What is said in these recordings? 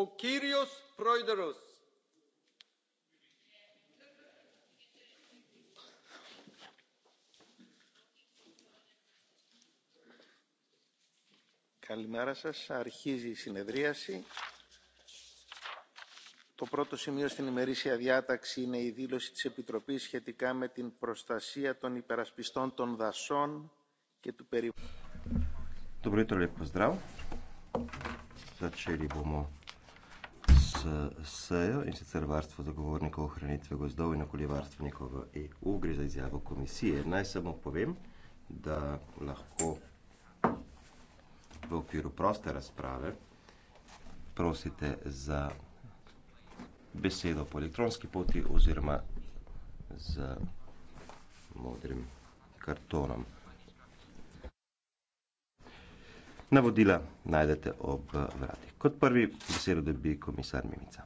ο κύριος πρόεδρος. Καλημέρα σας. Αρχίζει η συνεδρίαση. Το πρώτο σημείο στην ημερήσια διάταξη είναι η δήλωση της Επιτροπής σχετικά με την προστασία των υπερασπιστών των δασών και του περιβάλλοντος. Добро утро, лепо здраво. Зачели бомо sejo in sicer varstvo zagovornikov ohranitve gozdov in okoljevarstvenikov v EU, gre za izjavo komisije. Naj samo povem, da lahko v okviru proste razprave prosite za besedo po elektronski poti oziroma z modrim kartonom. Navodila najdete ob vratih. Kot prvi besedo dobi komisar Mimica.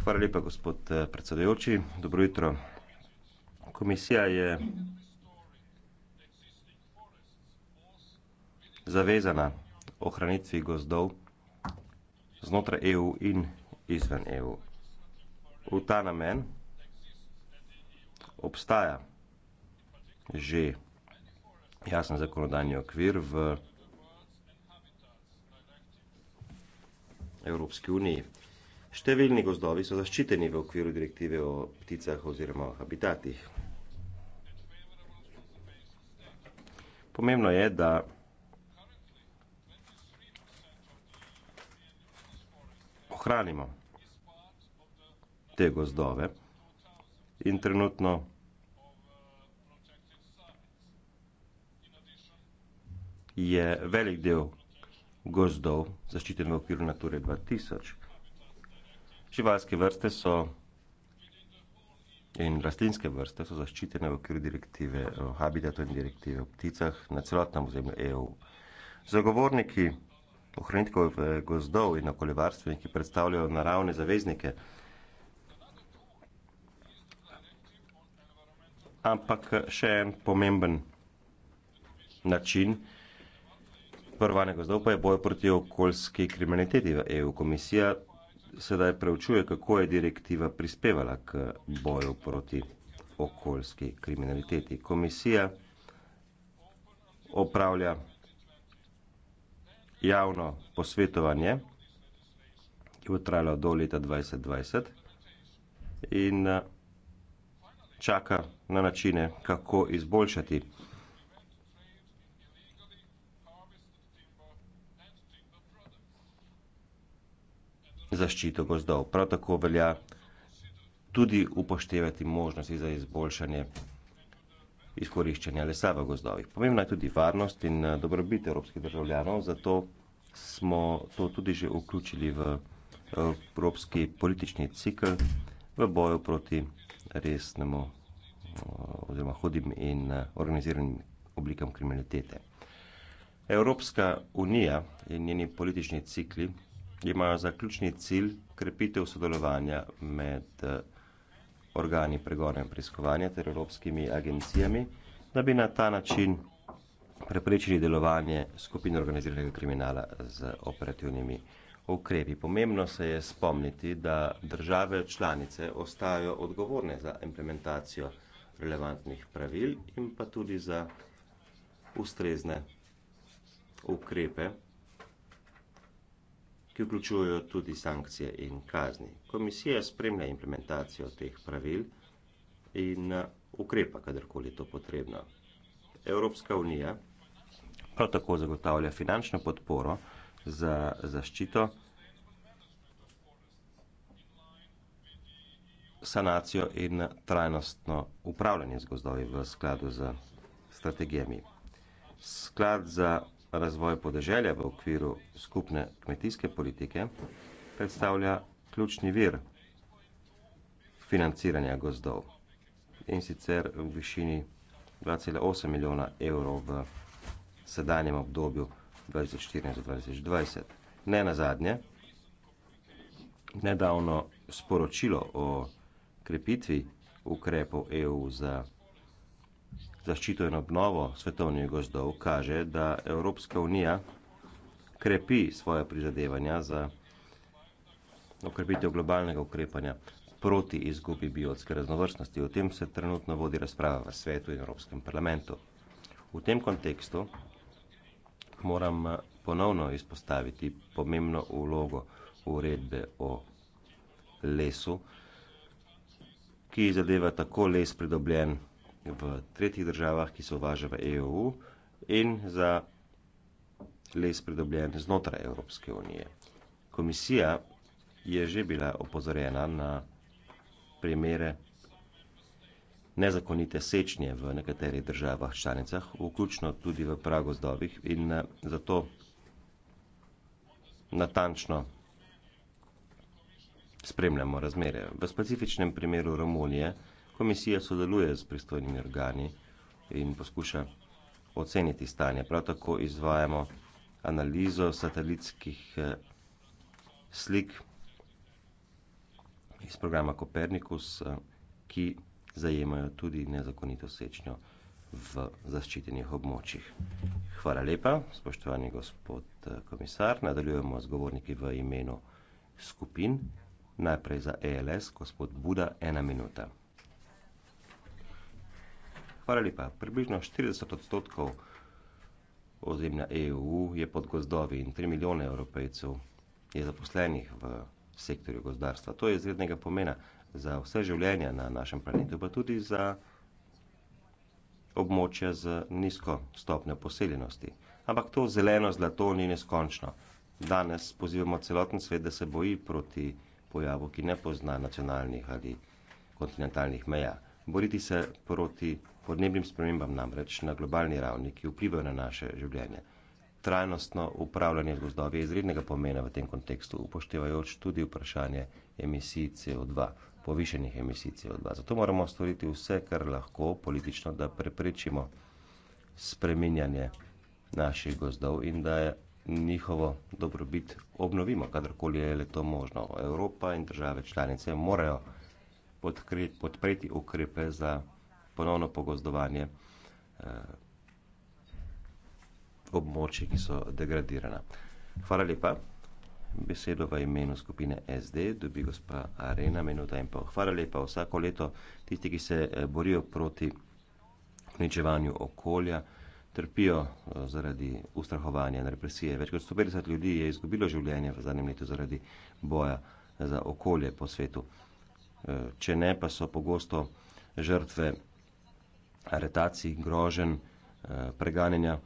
Hvala lepa, gospod eh, predsedujoči. Dobro jutro. Komisija je zavezana ohranitvi gozdov znotraj EU in izven EU. V ta namen obstaja že jasen zakonodajni okvir v Evropski uniji. Številni gozdovi so zaščiteni v okviru direktive o pticah oziroma o habitatih. Pomembno je, da ohranimo te gozdove in trenutno je velik del gozdov zaščiten v okviru Nature 2000. Živalske vrste so in rastlinske vrste so zaščitene v okviru direktive o habitatu in direktive o pticah na celotnem ozemlju EU. Zagovorniki ohranitkov gozdov in okoljevarstveniki predstavljajo naravne zaveznike, ampak še en pomemben način Odprt vanje gozdov pa je boj proti okoljski kriminaliteti v EU. Komisija sedaj preučuje, kako je direktiva prispevala k boju proti okoljski kriminaliteti. Komisija opravlja javno posvetovanje, ki bo trajalo do leta 2020 in eh, čaka na načine, kako izboljšati. zaščito gozdov. Prav tako velja tudi upoštevati možnosti za izboljšanje izkoriščanja lesa v gozdovih. Pomembna je tudi varnost in eh, dobrobit evropskih državljanov, zato smo to tudi že vključili v eh, evropski politični cikl v boju proti resnemu eh, oziroma hudim in organiziranim oblikam kriminalitete. Evropska unija in njeni politični cikli imajo za ključni cilj krepitev sodelovanja med eh, organi pregona in preiskovanja ter evropskimi agencijami, da bi na ta način preprečili delovanje skupin organiziranega kriminala z operativnimi ukrepi. Pomembno se je spomniti, da države članice ostajajo odgovorne za implementacijo relevantnih pravil in pa tudi za ustrezne ukrepe ki vključujejo tudi sankcije in kazni. Komisija spremlja implementacijo teh pravil in eh, ukrepa, kadarkoli je to potrebno. Evropska unija prav tako zagotavlja finančno podporo za zaščito, sanacijo in trajnostno upravljanje z gozdovi v skladu z strategijami. Sklad za razvoj podeželja v okviru skupne kmetijske politike predstavlja ključni vir financiranja gozdov in sicer v višini 2,8 milijona evrov v sedanjem obdobju 2014-2020. Ne na zadnje, nedavno sporočilo o krepitvi ukrepov EU za zaščito in obnovo svetovnih gozdov kaže, da Evropska unija krepi svoje prizadevanja za okrepitev globalnega ukrepanja proti izgubi biotske raznovrstnosti. O tem se trenutno vodi razprava v svetu in Evropskem parlamentu. V tem kontekstu moram eh, ponovno izpostaviti pomembno vlogo uredbe o lesu, ki zadeva tako les pridobljen v tretjih državah, ki se uvaža v EU in za les pridobljen znotraj Evropske unije. Komisija je že bila opozorjena na primere nezakonite sečnje v nekaterih državah članicah, vključno tudi v pragozdovih in eh, zato natančno spremljamo razmere. V specifičnem primeru Romunije Komisija sodeluje z pristojnimi organi in poskuša oceniti stanje. Prav tako izvajamo analizo satelitskih eh, slik iz programa Kopernikus, eh, ki zajemajo tudi nezakonito sečnjo v zaščitenih območjih. Hvala lepa, spoštovani gospod eh, komisar. Nadaljujemo z govorniki v imenu skupin. Najprej za ELS, gospod Buda, ena minuta skoraj lepa, približno 40 odstotkov ozemlja EU je pod gozdovi in 3 milijone evropejcev je zaposlenih v sektorju gozdarstva. To je izrednega pomena za vse življenje na našem planetu, pa tudi za območja z nizko stopnjo poseljenosti. Ampak to zeleno zlato ni neskončno. Danes pozivamo celoten svet, da se boji proti pojavu, ki ne pozna nacionalnih ali kontinentalnih meja. Boriti se proti podnebnim spremembam namreč na globalni ravni, ki vplivajo na naše življenje. Trajnostno upravljanje z gozdovi je izrednega pomena v tem kontekstu, upoštevajoč tudi vprašanje emisij CO2, povišenih emisij CO2. Zato moramo storiti vse, kar lahko politično, da preprečimo spreminjanje naših gozdov in da je njihovo dobrobit obnovimo, kadarkoli je le to možno. Evropa in države članice morajo podkre, podpreti ukrepe za ponovno pogozdovanje eh, območij, ki so degradirana. Hvala lepa. Besedo v imenu skupine SD dobi gospa Arena, minuta in pol. Hvala lepa vsako leto tisti, ki se eh, borijo proti uničevanju okolja, trpijo eh, zaradi ustrahovanja in represije. Več kot 150 ljudi je izgubilo življenje v zadnjem letu zaradi boja za okolje po svetu. Eh, če ne, pa so pogosto žrtve aretacij, grožen, eh, preganjenja,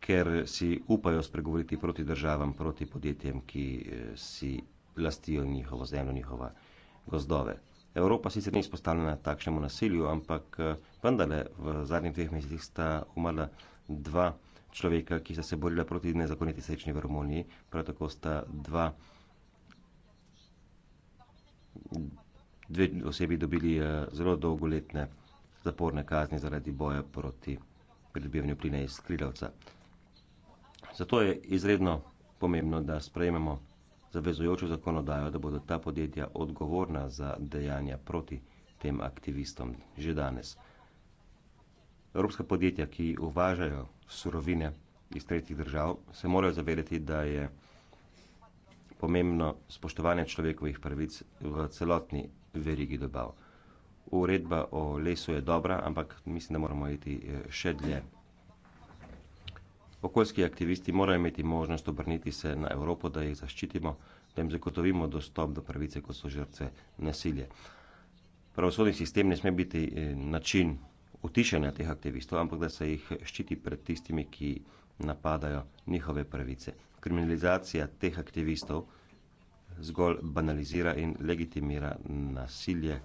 ker si upajo spregovoriti proti državam, proti podjetjem, ki eh, si lastijo njihovo zemljo, njihova gozdove. Evropa sicer ni izpostavljena takšnemu nasilju, ampak eh, vendarle v zadnjih dveh mesecih sta umrla dva človeka, ki sta se borila proti nezakoniti sečni v Romuniji, prav tako sta dva dve osebi dobili zelo dolgoletne zaporne kazni zaradi boja proti pridobivanju plina iz skrilavca. Zato je izredno pomembno, da sprejmemo zavezujočo zakonodajo, da bodo ta podjetja odgovorna za dejanja proti tem aktivistom že danes. Evropska podjetja, ki uvažajo surovine iz tretjih držav, se morajo zavedati, da je pomembno spoštovanje človekovih pravic v celotni verigi dobav uredba o lesu je dobra, ampak mislim, da moramo iti eh, še dlje. Okoljski aktivisti morajo imeti možnost obrniti se na Evropo, da jih zaščitimo, da jim zagotovimo dostop do pravice, ko so žrtve nasilje. Pravosodni sistem ne sme biti eh, način utišanja teh aktivistov, ampak da se jih ščiti pred tistimi, ki napadajo njihove pravice. Kriminalizacija teh aktivistov zgolj banalizira in legitimira nasilje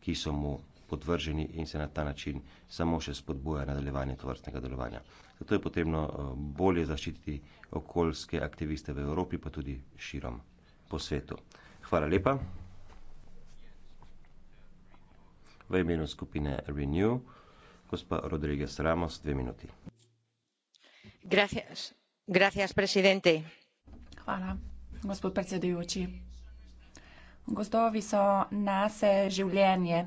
ki so mu podvrženi in se na ta način samo še spodbuja nadaljevanje tovrstnega delovanja. Zato je potrebno eh, bolje zaščititi okoljske aktiviste v Evropi, pa tudi širom po svetu. Hvala lepa. V imenu skupine Renew, gospa Rodriguez Ramos, dve minuti. Gracias. Gracias, presidente. Hvala, gospod predsedujoči. Gozdovi so nase življenje,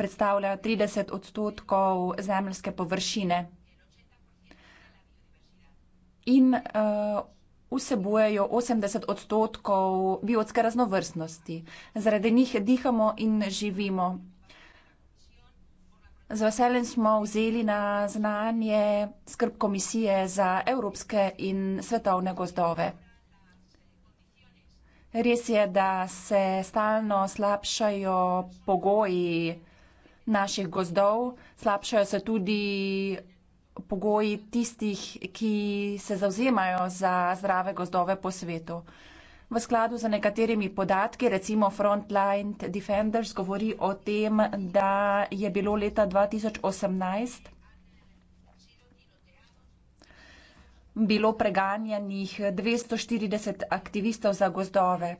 predstavljajo 30 odstotkov zemljske površine in uh, vsebujejo 80 odstotkov biotske raznovrstnosti. Zaradi njih dihamo in živimo. Z veseljem smo vzeli na znanje skrb komisije za evropske in svetovne gozdove. Res je, da se stalno slabšajo pogoji naših gozdov, slabšajo se tudi pogoji tistih, ki se zauzemajo za zdrave gozdove po svetu. V skladu z nekaterimi podatki, recimo Frontline Defenders govori o tem, da je bilo leta 2018 bilo preganjanih 240 aktivistov za gozdove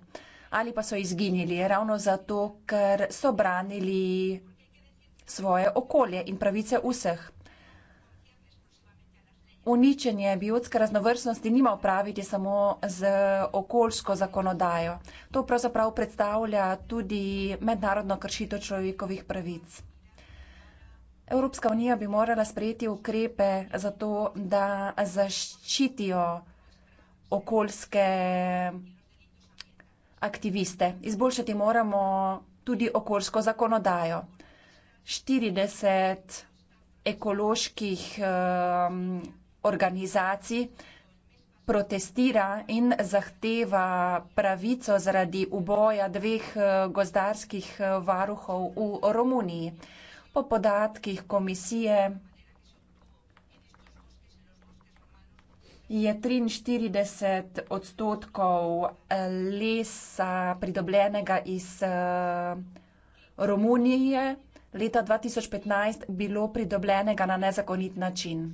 ali pa so izginili ravno zato, ker so branili svoje okolje in pravice vseh. Uničenje biotske raznovrstnosti nima opraviti samo z okoljsko zakonodajo. To pravzaprav predstavlja tudi mednarodno kršito človekovih pravic. Evropska unija bi morala sprejeti ukrepe za to, da zaščitijo okoljske aktiviste. Izboljšati moramo tudi okoljsko zakonodajo. 40 ekoloških organizacij protestira in zahteva pravico zaradi uboja dveh eh, gozdarskih eh, varuhov v Romuniji. Po podatkih komisije je triinštirideset odstotkov, lesa, pridobljenega iz, eh, Romunije, leta dva tisoč petnajst bilo pridobljenega na nezakonit način.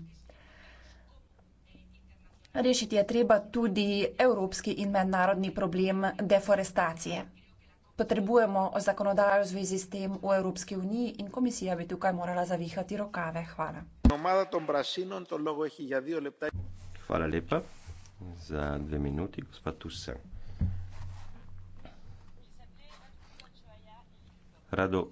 Rešiti je treba tudi evropski in mednarodni problem deforestacije potrebujemo zakonodajo v zvezi s tem v Evropski uniji in komisija bi tukaj morala zavihati rokave. Hvala. Hvala lepa. Za dve minuti, gospa Tussen. Rado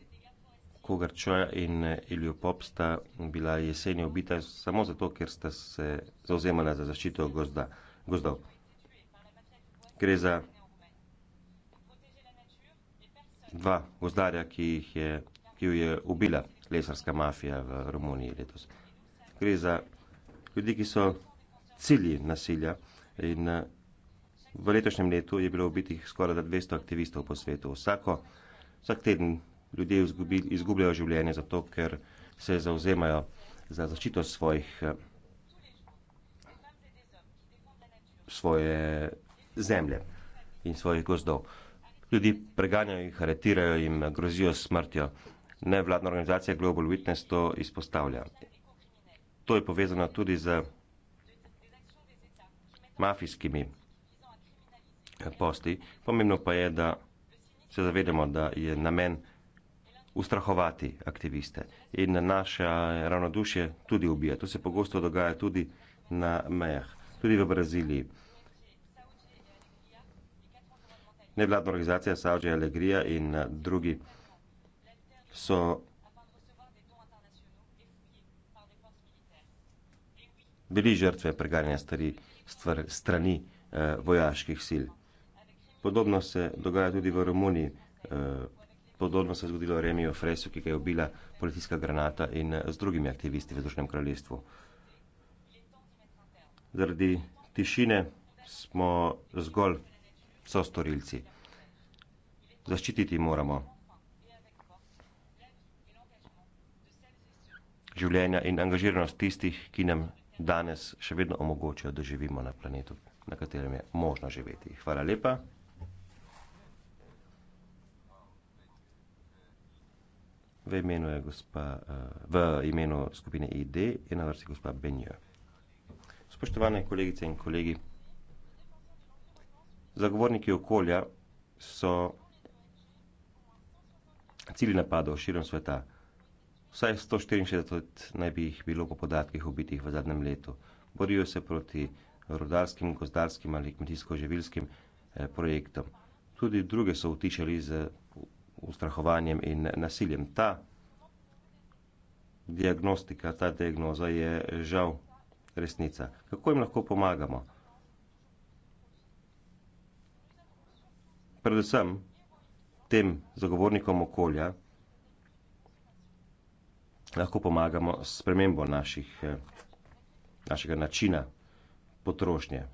Kogarčoja in eh, Elio Pop sta bila jeseni obita samo zato, ker sta se zauzemala za zaščito gozda, gozdov. Gre za dva gozdarja, ki, jih je, ki ju je ubila lesarska mafija v Romuniji letos. Gre za ljudi, ki so cilji nasilja in v letošnjem letu je bilo ubitih skoraj 200 aktivistov po svetu. Vsako, vsak teden ljudje izgubi, izgubljajo življenje zato, ker se zauzemajo za zaščito svojih svoje zemlje in svojih gozdov ljudi preganjajo, jih aretirajo in grozijo s smrtjo. Nevladna organizacija Global Witness to izpostavlja. To je povezano tudi z mafijskimi posti. Pomembno pa je, da se zavedamo, da je namen ustrahovati aktiviste in naše ravnodušje tudi ubija. To se pogosto dogaja tudi na mejah, tudi v Braziliji. Nevladna organizacija Saudi Alegria in eh, drugi so bili žrtve preganjanja stari stvar, strani eh, vojaških sil. Podobno se dogaja tudi v Romuniji. Eh, podobno se je zgodilo Remijo Fresu, ki ga je ubila policijska granata in eh, z drugimi aktivisti v Združenem kraljestvu. Zaradi tišine smo zgolj so storilci. Zaščititi moramo življenja in angažiranost tistih, ki nam danes še vedno omogočajo, da živimo na planetu, na katerem je možno živeti. Hvala lepa. V imenu, je gospa, eh, v imenu skupine ID je na vrsti gospa Benjo. Spoštovane kolegice in kolegi, zagovorniki okolja so cilj napadov širom sveta. Vsaj 164 naj bi jih bilo po podatkih ubitih v zadnjem letu. Borijo se proti rodarskim, gozdarskim ali kmetijsko-živilskim eh, projektom. Tudi druge so utišali z ustrahovanjem in nasiljem. Ta diagnostika, ta diagnoza je žal resnica. Kako jim lahko pomagamo? predvsem tem zagovornikom okolja lahko pomagamo s spremembo naših, eh, našega načina potrošnje.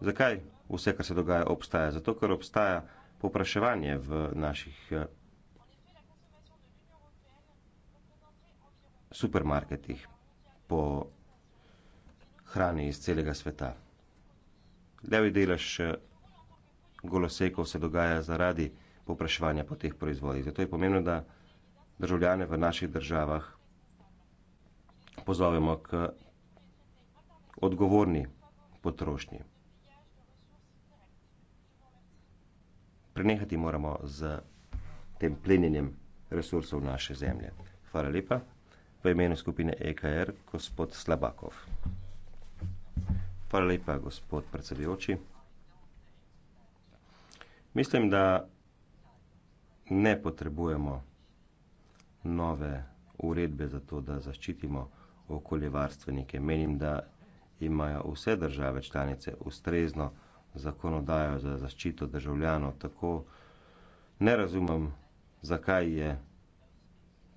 Zakaj vse, kar se dogaja, obstaja? Zato, ker obstaja popraševanje v naših eh, supermarketih po hrani iz celega sveta. Levi delež eh, golosekov se dogaja zaradi poprašovanja po teh proizvodih. Zato je pomembno, da državljane v naših državah pozovemo k odgovorni potrošnji. Prenehati moramo z tem plenjenjem resursov naše zemlje. Hvala lepa. V imenu skupine EKR, gospod Slabakov. Hvala lepa, gospod predsedujoči. Mislim, da ne potrebujemo nove uredbe za to, da zaščitimo okoljevarstvenike. Menim, da imajo vse države članice ustrezno zakonodajo za zaščito državljanov, tako ne razumem, zakaj je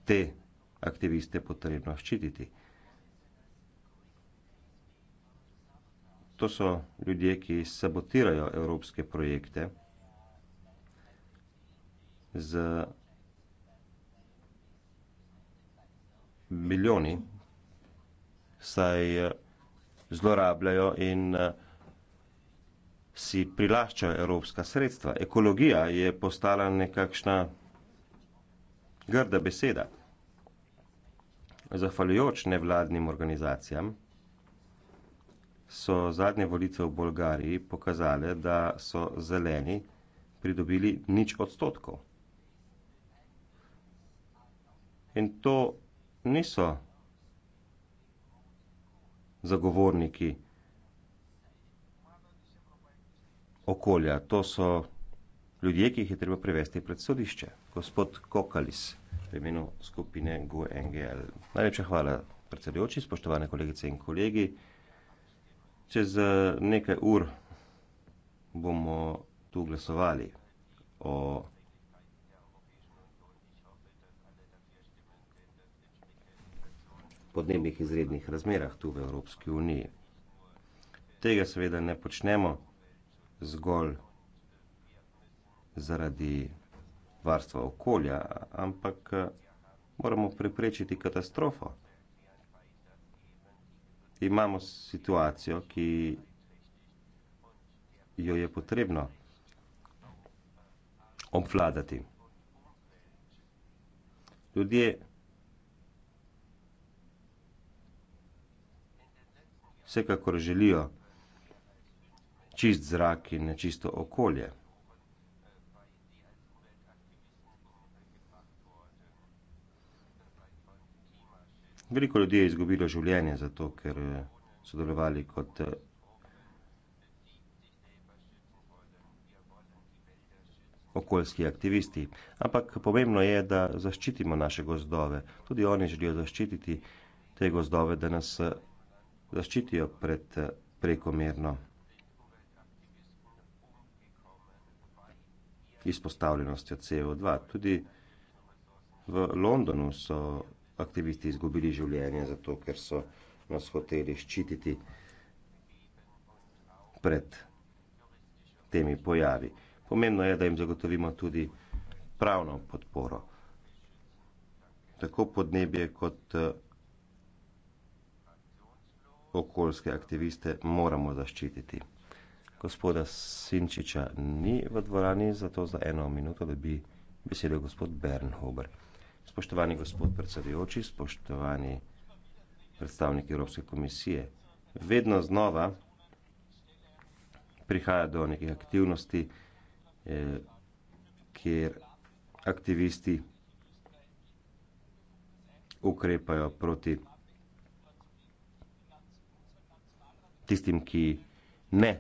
te aktiviste potrebno ščititi. to so ljudje ki sabotirajo evropske projekte z milijoni saj eh, zlorabljajo in eh, si prilaščajo evropska sredstva. Ekologija je postala nekakšna grda beseda, zahvaljujoč nevladnim organizacijam so zadnje volitve v Bolgariji pokazale, da so zeleni pridobili nič odstotkov. In to niso zagovorniki okolja, to so ljudje, ki jih je treba prevesti pred sodišče. Gospod Kokalis, v imenu skupine GUNGL. Najlepša hvala, predsedujoči, spoštovane kolegice in kolegi. Čez nekaj ur bomo tu glasovali o podnebnih izrednih razmerah tu v Evropski uniji. Tega seveda ne počnemo zgolj zaradi varstva okolja, ampak eh, moramo preprečiti katastrofo imamo situacijo, ki jo je potrebno obvladati. Ljudje vsekakor želijo čist zrak in čisto okolje. Veliko ljudi je izgubilo življenje zato, ker eh, so delovali kot eh, okoljski aktivisti. Ampak pomembno je, da zaščitimo naše gozdove. Tudi oni želijo zaščititi te gozdove, da nas eh, zaščitijo pred prekomerno izpostavljenostjo CO2. Tudi v Londonu so aktivisti izgubili življenje zato, ker so nas hoteli ščititi pred temi pojavi. Pomembno je, da jim zagotovimo tudi pravno podporo. Tako podnebje kot eh, okoljske aktiviste moramo zaščititi. Gospoda Sinčiča ni v dvorani, zato za eno minuto dobi besedo gospod Bernhober. Spoštovani gospod predsedujoči, spoštovani predstavniki Evropske komisije, vedno znova prihaja do nekih aktivnosti, eh, kjer aktivisti ukrepajo proti tistim, ki ne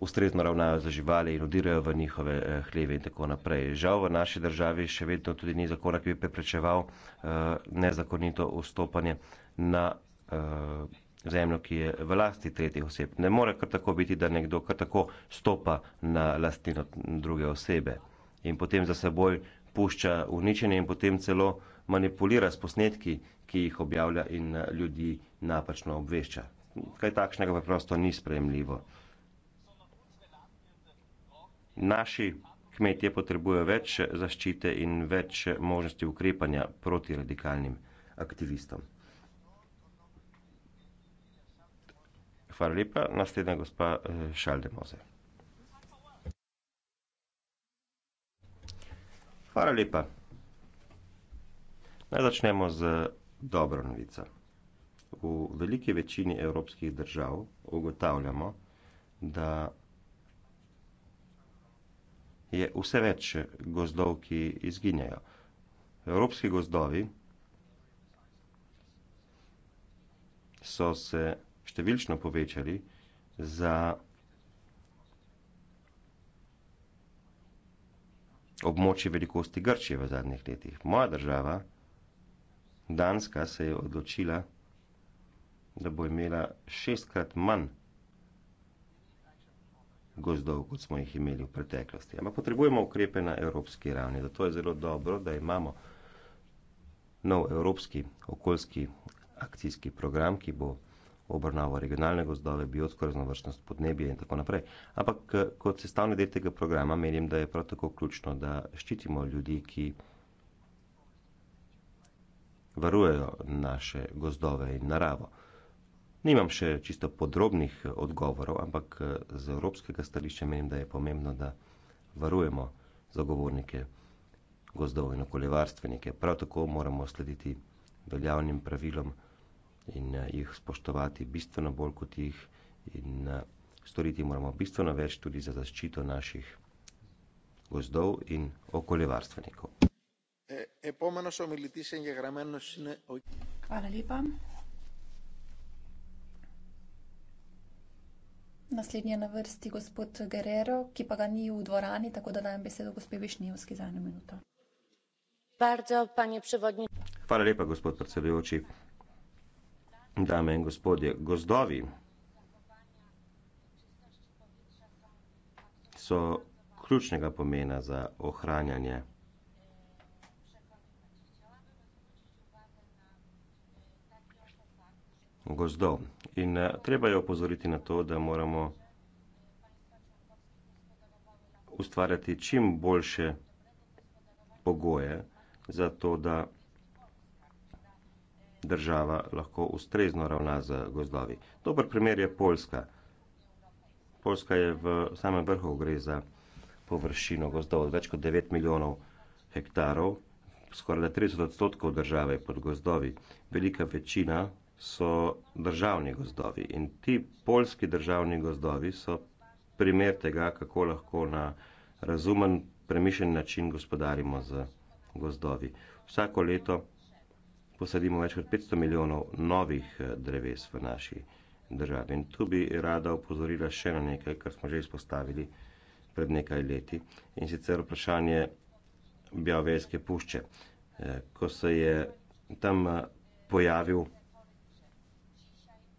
ustrezno ravnajo za živali in odirajo v njihove eh, hleve in tako naprej. Žal v naši državi še vedno tudi ni zakona, ki bi preprečeval eh, nezakonito vstopanje na eh, zemljo, ki je v lasti tretjih oseb. Ne more kar tako biti, da nekdo kar tako stopa na lastnino druge osebe in potem za seboj pušča uničenje in potem celo manipulira s posnetki, ki jih objavlja in ljudi napačno obvešča. Kaj takšnega preprosto ni sprejemljivo naši kmetje potrebujejo več zaščite in več možnosti ukrepanja proti radikalnim aktivistom. Hvala lepa. Naslednja gospa eh, Šaldemoze. Hvala lepa. Naj začnemo z dobro novico. V veliki večini evropskih držav ugotavljamo, da je vse več gozdov, ki izginjajo. Evropski gozdovi so se številčno povečali za območje velikosti Grčije v zadnjih letih. Moja država, Danska, se je odločila, da bo imela šestkrat manj gozdov, kot smo jih imeli v preteklosti. Ampak potrebujemo ukrepe na evropski ravni. Zato je zelo dobro, da imamo nov evropski okoljski akcijski program, ki bo obrnavo regionalne gozdove, biotsko raznovrstnost, podnebje in tako naprej. Ampak eh, kot sestavni del tega programa menim, da je prav tako ključno, da ščitimo ljudi, ki varujejo naše gozdove in naravo. Nimam še čisto podrobnih eh, odgovorov, ampak eh, z evropskega stališča menim, da je pomembno, da varujemo zagovornike gozdov in okoljevarstvenike. Prav tako moramo slediti veljavnim pravilom in eh, jih spoštovati bistveno bolj kot jih in storiti moramo bistveno več tudi za zaščito naših gozdov in okoljevarstvenikov. Hvala lepa. Naslednji je na vrsti gospod Guerrero, ki pa ga ni v dvorani, tako da dajem besedo gospe Višnjevski za eno minuto. Hvala lepa, gospod predsedujoči. Dame in gospodje, gozdovi so ključnega pomena za ohranjanje gozdov. In uh, treba je opozoriti na to, da moramo ustvarjati čim boljše pogoje za to, da država lahko ustrezno ravna z gozdovi. Dober primer je Poljska. Poljska je v samem vrhu, gre za površino gozdov več kot 9 milijonov hektarov, skoraj 30 odstotkov države je pod gozdovi. Velika večina so državni gozdovi. In ti polski državni gozdovi so primer tega, kako lahko na razumen, premišljen način gospodarimo z gozdovi. Vsako leto posadimo več kot 500 milijonov novih eh, dreves v naši državi. In tu bi rada upozorila še na nekaj, kar smo že izpostavili pred nekaj leti. In sicer vprašanje Bjavejske pušče. Eh, ko se je tam eh, pojavil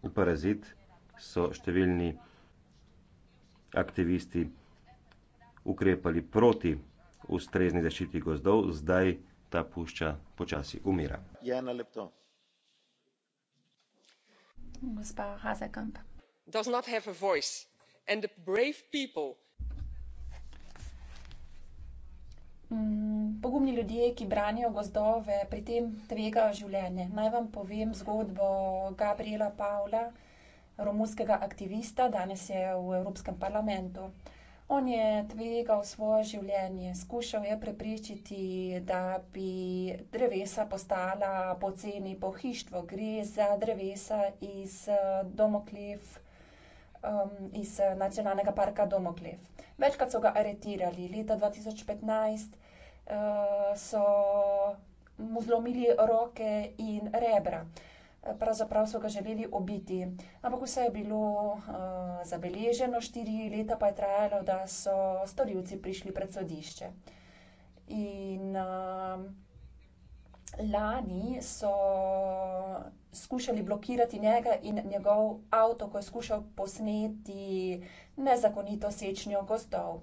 v parazit, so številni aktivisti ukrepali proti ustrezni zaščiti gozdov, zdaj ta pušča počasi umira. Je ena lepto. Gospa Hazekamp. Does not have a voice and the brave people. Mm pogumni ljudje, ki branijo gozdove, pri tem tvegajo življenje. Naj vam povem zgodbo Gabriela Pavla, romunskega aktivista, danes je v Evropskem parlamentu. On je tvegal svoje življenje, skušal je preprečiti, da bi drevesa postala poceni pohištvo. Gre za drevesa iz eh, Domoklev, um, iz nacionalnega parka Domoklev. Večkrat so ga aretirali, leta 2015 uh, so mu zlomili roke in rebra. Eh, pravzaprav so ga želeli ubiti. Ampak vse je bilo uh, zabeleženo, štiri leta pa je trajalo, da so storilci prišli pred sodišče. In uh, lani so skušali blokirati njega in njegov avto, ko je skušal posneti nezakonito sečnjo gozdov. Uh,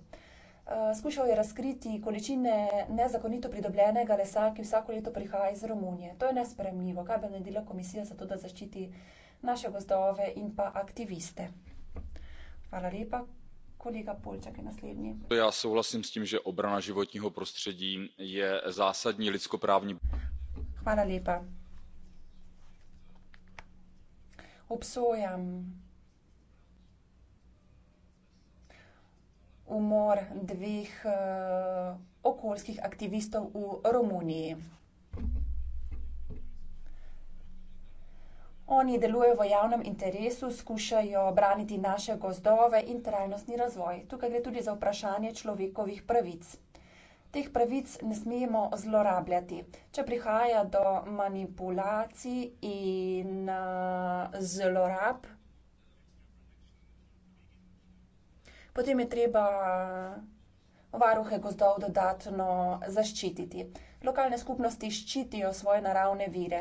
Eh, skušal je razkriti količine nezakonito pridobljenega lesa, ki vsako leto prihaja iz Romunije. To je nespremljivo. Kaj bi naredila komisija za to, da zaščiti naše gozdove in pa aktiviste? Hvala lepa. Kolega Polčak je naslednji. Ja, souhlasim s tím, že obrana životního prostředí je zásadní lidskoprávní. Hvala lepa. Obsojam umor dveh uh, okoljskih aktivistov v Romuniji. Oni delujejo v javnem interesu, skušajo braniti naše gozdove in trajnostni razvoj. Tukaj gre tudi za vprašanje človekovih pravic. Teh pravic ne smemo zlorabljati. Če prihaja do manipulacij in uh, zlorab, potem je treba varuhe gozdov dodatno zaščititi. Lokalne skupnosti ščitijo svoje naravne vire.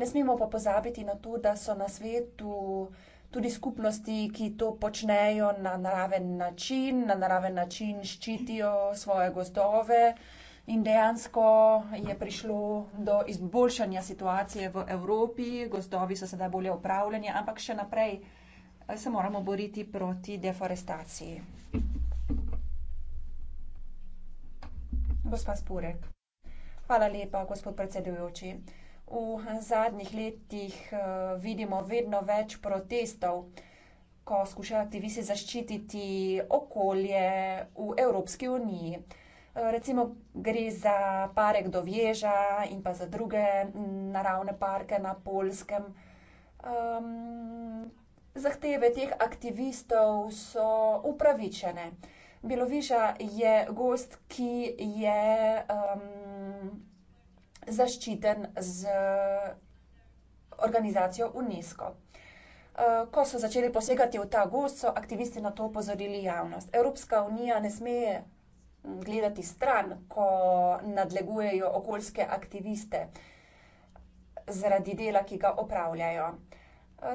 Ne smemo pa pozabiti na to, da so na svetu tudi skupnosti, ki to počnejo na naraven način, na naraven način ščitijo svoje gozdove in dejansko je prišlo do izboljšanja situacije v Evropi, gozdovi so sedaj bolje upravljeni, ampak še naprej se moramo boriti proti deforestaciji. Gospa Spurek. Hvala lepa, gospod predsedujoči. V zadnjih letih eh, vidimo vedno več protestov, ko skušajo aktivisti zaščititi okolje v Evropski uniji. Eh, recimo gre za parek do Veža in pa za druge naravne parke na Poljskem. Ehm, Zahteve teh aktivistov so upravičene. Beloviža je gost, ki je um, zaščiten z organizacijo UNESCO. Uh, ko so začeli posegati v ta gost, so aktivisti na to upozorili javnost. Evropska unija ne sme mm, gledati stran, ko nadlegujejo okoljske aktiviste zaradi dela, ki ga opravljajo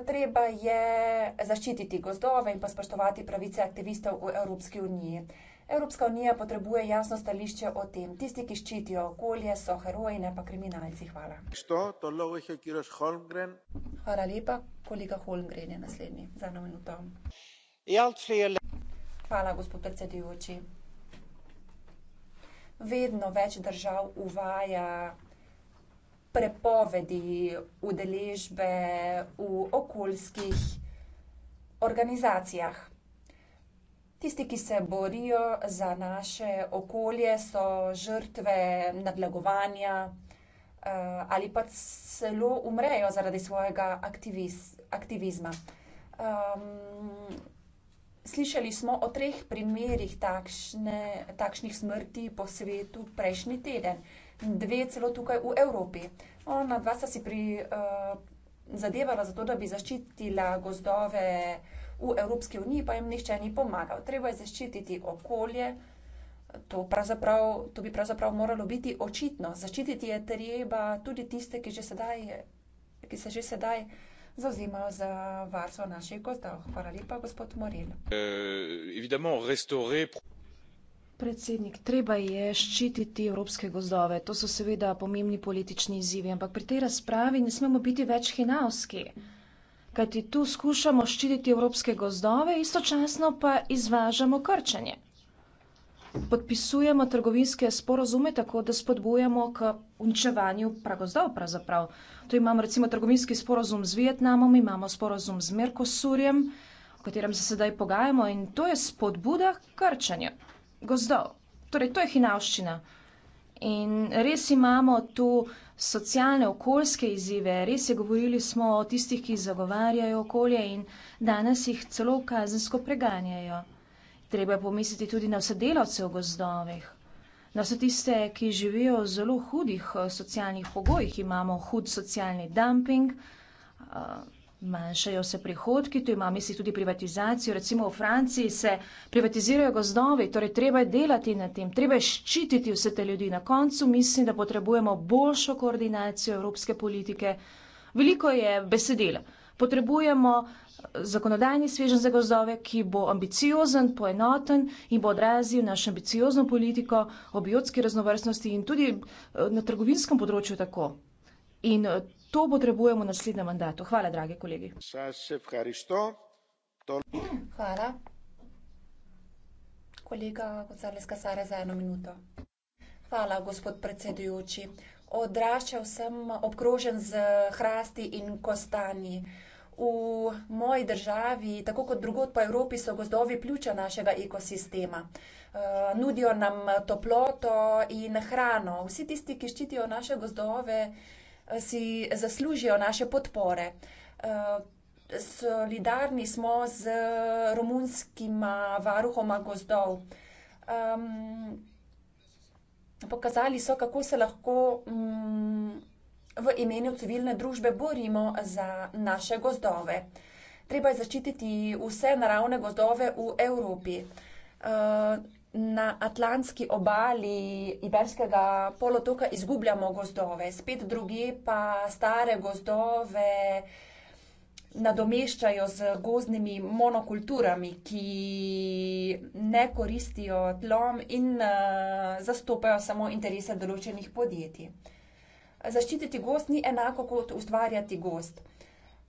treba je zaščititi gozdove in pa spoštovati pravice aktivistov v Evropski uniji. Evropska unija potrebuje jasno stališče o tem. Tisti, ki ščitijo okolje, so heroji, ne pa kriminalci. Hvala. Hvala lepa. Kolega Holmgren je naslednji. Za eno minuto. Hvala, gospod predsedujoči. Vedno več držav uvaja prepovedi udeležbe v okoljskih organizacijah. Tisti, ki se borijo za naše okolje, so žrtve nadlagovanja eh, ali pa celo umrejo zaradi svojega aktiviz aktivizma. Um, slišali smo o treh primerih takšne, takšnih smrti po svetu prejšnji teden. Uh, dve celo tukaj v Evropi. Ona dva sta si pri, uh, zadevala za to, da bi zaščitila gozdove v Evropski uniji, pa jim nihče ni pomagal. Treba je zaščititi okolje. To, to bi pravzaprav moralo biti očitno. Zaščititi je treba tudi tiste, ki, že sedaj, ki se že sedaj zauzimajo za varstvo naših gozdov. Hvala lepa, gospod Moril. Uh, eh, evidemo, restore... Predsednik, treba je ščititi evropske gozdove. To so seveda pomembni politični izzivi, ampak pri tej razpravi ne smemo biti več hinavski. Kajti tu skušamo ščititi evropske gozdove, istočasno pa izvažamo krčanje. Podpisujemo trgovinske sporozume tako, da spodbujamo k uničevanju pragozdov. Pravzaprav. Tu imamo recimo trgovinski sporozum z Vietnamom, imamo sporozum z Merkosurjem, o katerem se sedaj pogajamo in to je spodbuda k krčanju gozdov. Torej, to je hinavščina. In res imamo tu socialne, okoljske izzive, res je govorili smo o tistih, ki zagovarjajo okolje in danes jih celo kazensko preganjajo. Treba je pomisliti tudi na vse delavce v gozdovih, na vse tiste, ki živijo v zelo hudih eh, socialnih pogojih, imamo hud socialni dumping. Uh, Manjšajo se prihodki, tu ima misli tudi privatizacijo. Recimo v Franciji se privatizirajo gozdovi, torej treba je delati na tem, treba je ščititi vse te ljudi. Na koncu mislim, da potrebujemo boljšo koordinacijo evropske politike. Veliko je besedila. Potrebujemo eh, zakonodajni svežen za gozdove, ki bo ambiciozen, poenoten in bo odrazil našo ambiciozno politiko o biotski raznovrstnosti in tudi eh, na trgovinskem področju tako. In eh, To potrebujemo v naslednjem mandatu. Hvala, dragi kolegi. Hvala. Kolega Gonzales Kasare za eno minuto. Hvala, gospod predsedujoči. Odraščal sem obkrožen z hrasti in kostanji. V moji državi, tako kot drugod po Evropi, so gozdovi pljuča našega ekosistema. Eh, nudijo nam toploto in hrano. Vsi tisti, ki ščitijo naše gozdove, si zaslužijo naše podpore. Eh, solidarni smo z romunskima varuhoma gozdov. Pokazali so, kako se lahko mm, v imenu civilne družbe borimo za naše gozdove. Treba je zaščititi vse naravne gozdove v Evropi. Eh, na atlantski obali Iberskega polotoka izgubljamo gozdove, spet druge pa stare gozdove nadomeščajo z gozdnimi monokulturami, ki ne koristijo tlom in uh, zastopajo samo interese določenih podjetij. Zaščititi gost ni enako kot ustvarjati gost.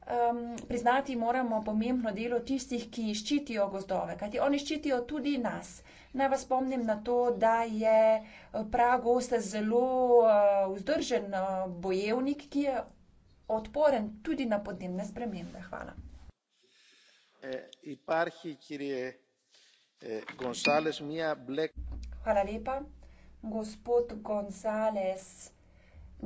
Um, priznati moramo pomembno delo tistih, ki ščitijo gozdove, kajti oni ščitijo tudi nas. Naj vas spomnim na to, da je eh, prav Ostas zelo eh, vzdržen eh, bojevnik, ki je odporen tudi na podnebne spremembe. Hvala. Hvala lepa. Gospod Gonzales,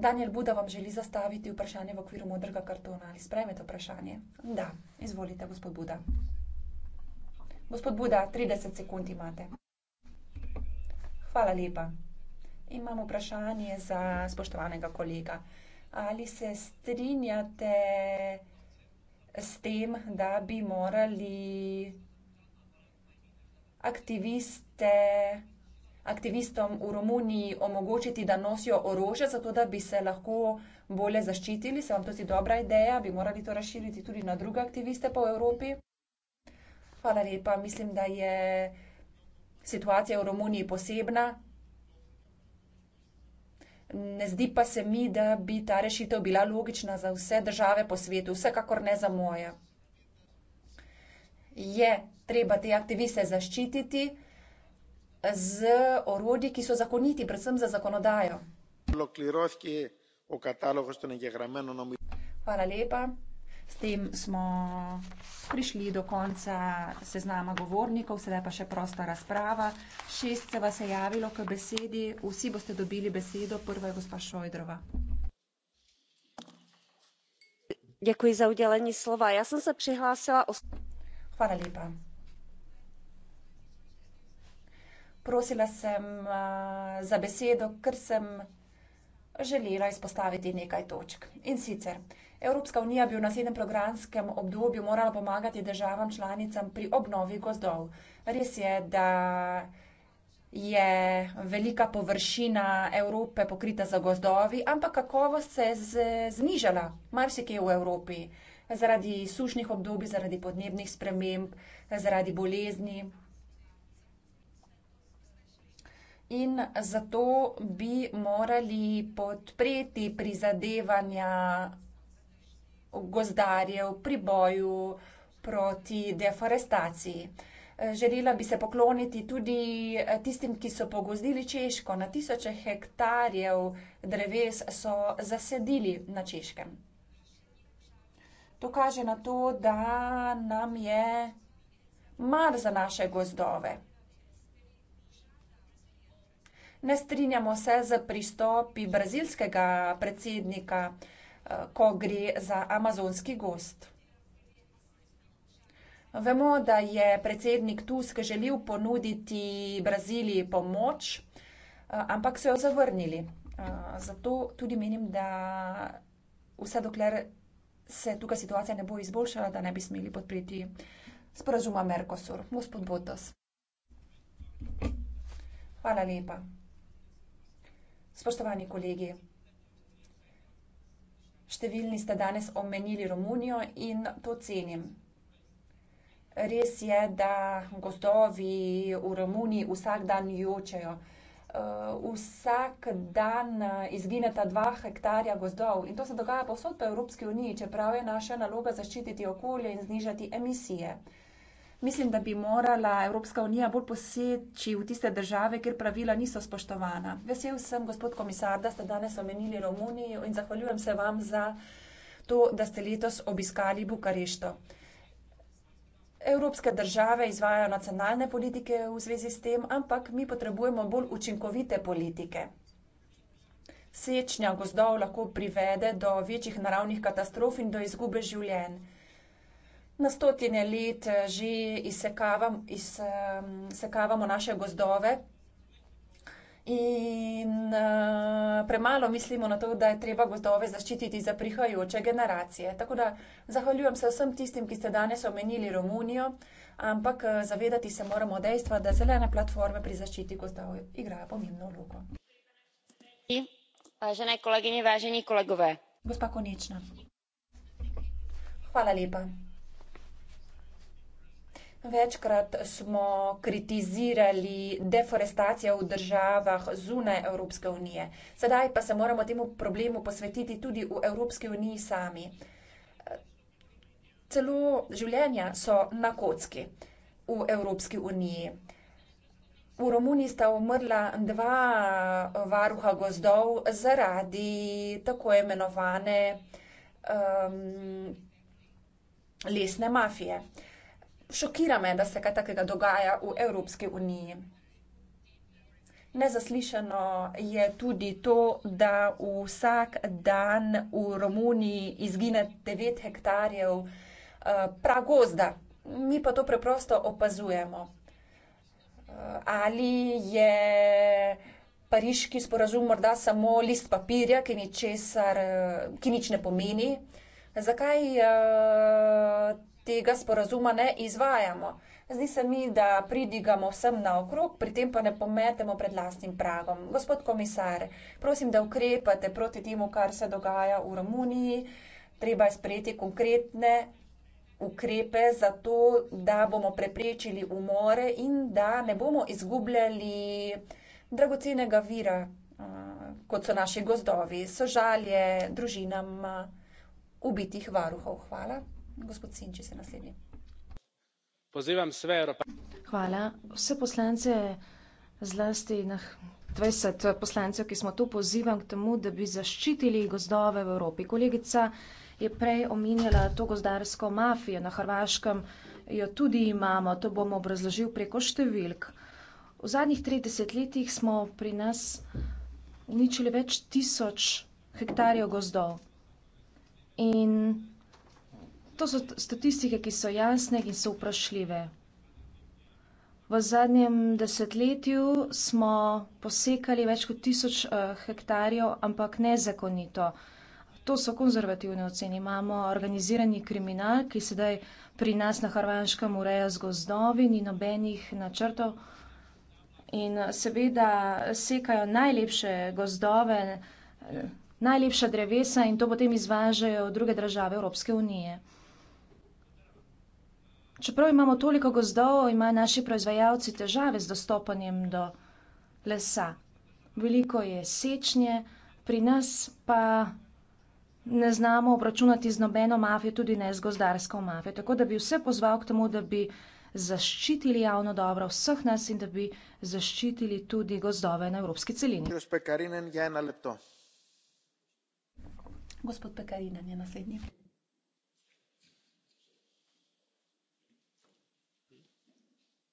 Daniel Buda vam želi zastaviti vprašanje v okviru modrega kartona. Ali sprejmete vprašanje? Da, izvolite, gospod Buda. Gospod Buda, 30 sekund imate. Hvala lepa. Imam vprašanje za spoštovanega kolega. Ali se strinjate s tem, da bi morali aktiviste, aktivistom v Romuniji omogočiti, da nosijo orožje, zato da bi se lahko bolje zaščitili? Se vam to zdi dobra ideja? Bi morali to razširiti tudi na druge aktiviste po Evropi? Hvala lepa. Mislim, da je situacija v Romuniji posebna. Ne zdi pa se mi, da bi ta rešitev bila logična za vse države po svetu, vsekakor ne za moje. Je treba te aktiviste zaščititi z orodji, ki so zakoniti, predvsem za zakonodajo. Hvala lepa. S tem smo prišli do konca seznama govornikov, sedaj pa še prosta razprava. Šest se vas je javilo k besedi, vsi boste dobili besedo, prva je gospa Šojdrova. Děkuji za udělení slova. Já jsem se přihlásila o... Hvala lepa. Prosila sem uh, za besedo, ker sem želela izpostaviti nekaj točk. In sicer, Evropska unija bi v naslednjem programskem obdobju morala pomagati državam članicam pri obnovi gozdov. Res je, da je velika površina Evrope pokrita za gozdovi, ampak kakovost se je znižala marsikje v Evropi zaradi sušnih obdobij, zaradi podnebnih sprememb, zaradi bolezni. In zato bi morali podpreti prizadevanja gozdarjev pri boju proti deforestaciji. Eh, želela bi se pokloniti tudi eh, tistim, ki so pogozdili Češko. Na tisoče hektarjev dreves so zasedili na Češkem. To kaže na to, da nam je mar za naše gozdove. Ne strinjamo se z pristopi brazilskega predsednika ko gre za amazonski gost. Vemo, da je predsednik Tusk želel ponuditi Braziliji pomoč, eh, ampak so jo zavrnili. Eh, zato tudi menim, da vse dokler se tukaj situacija ne bo izboljšala, da ne bi smeli podpreti sporazuma Mercosur. Gospod Botos. Hvala lepa. Spoštovani kolegi. Številni ste danes omenili Romunijo in to cenim. Res je, da gozdovi v Romuniji vsak dan jočejo. Eh, vsak dan eh, izgineta dva hektarja gozdov in to se dogaja posod po Evropski uniji, čeprav je naša naloga zaščititi okolje in znižati emisije. Mislim, da bi morala Evropska unija bolj poseči v tiste države, kjer pravila niso spoštovana. Vesel sem, gospod komisar, da ste danes omenili Romunijo in zahvaljujem se vam za to, da ste letos obiskali Bukarešto. Evropske države izvajajo nacionalne politike v zvezi s tem, ampak mi potrebujemo bolj učinkovite politike. Sečnja gozdov lahko privede do večjih naravnih katastrof in do izgube življenj na stotine let eh, že izsekavam, izsekavamo naše gozdove. In uh, premalo mislimo na to, da je treba gozdove zaščititi za prihajajoče generacije. Tako da zahvaljujem se vsem tistim, ki ste danes omenili Romunijo, ampak uh, zavedati se moramo dejstva, da zelene platforme pri zaščiti gozdov igrajo pomembno vlogo. Vážené kolegyne, vážení kolegové. Gospa Konečna. Hvala lepa. Večkrat smo kritizirali deforestacijo v državah zunaj Evropske unije. Sedaj pa se moramo temu problemu posvetiti tudi v Evropski uniji sami. Celo življenja so na kocki v Evropski uniji. V Romuniji sta umrla dva varuha gozdov zaradi tako imenovane um, lesne mafije. Šokira me, da se kaj takega dogaja v Evropski uniji. Nezaslišano je tudi to, da vsak dan v Romuniji izgine 9 hektarjev eh, pragozda. Mi pa to preprosto opazujemo. Eh, ali je pariški sporazum morda samo list papirja, ki ni česar, eh, ki nič ne pomeni? Zakaj tega sporazuma ne izvajamo. Zdi se mi, da pridigamo vsem naokrog, pri tem pa ne pometemo pred lastnim pragom. Gospod komisar, prosim, da ukrepate proti temu, kar se dogaja v Romuniji. Treba je sprejeti konkretne ukrepe za to, da bomo preprečili umore in da ne bomo izgubljali dragocenega vira, kot so naši gozdovi. Sožalje družinam ubitih varuhov. Hvala. Hvala. Vse poslance, zlasti nah dvajset poslancev, ki smo tu, pozivam k temu, da bi zaščitili gozdove v Evropi. Kolegica je prej omenjala to gozdarsko mafijo na Hrvaškem. Jo tudi imamo, to bom obrazložil preko številk. V zadnjih trideset letih smo pri nas uničili več tisoč hektarjev gozdov. In To so statistike, ki so jasne in so vprašljive. V zadnjem desetletju smo posekali več kot tisoč eh, hektarjev, ampak nezakonito. To so konzervativne ocene. Imamo organizirani kriminal, ki sedaj pri nas na Hrvaškem ureja z gozdovi, ni nobenih načrtov. In eh, seveda sekajo najlepše gozdove, eh, najlepša drevesa in to potem izvažajo v druge države Evropske unije. Čeprav imamo toliko gozdov, imajo naši proizvajalci težave z dostopanjem do lesa. Veliko je sečnje, pri nas pa ne znamo obračunati z nobeno mafijo, tudi ne z gozdarsko mafijo. Tako da bi vse pozval k temu, da bi zaščitili javno dobro vseh nas in da bi zaščitili tudi gozdove na evropski celini. Gospod Pekarinen je naslednji.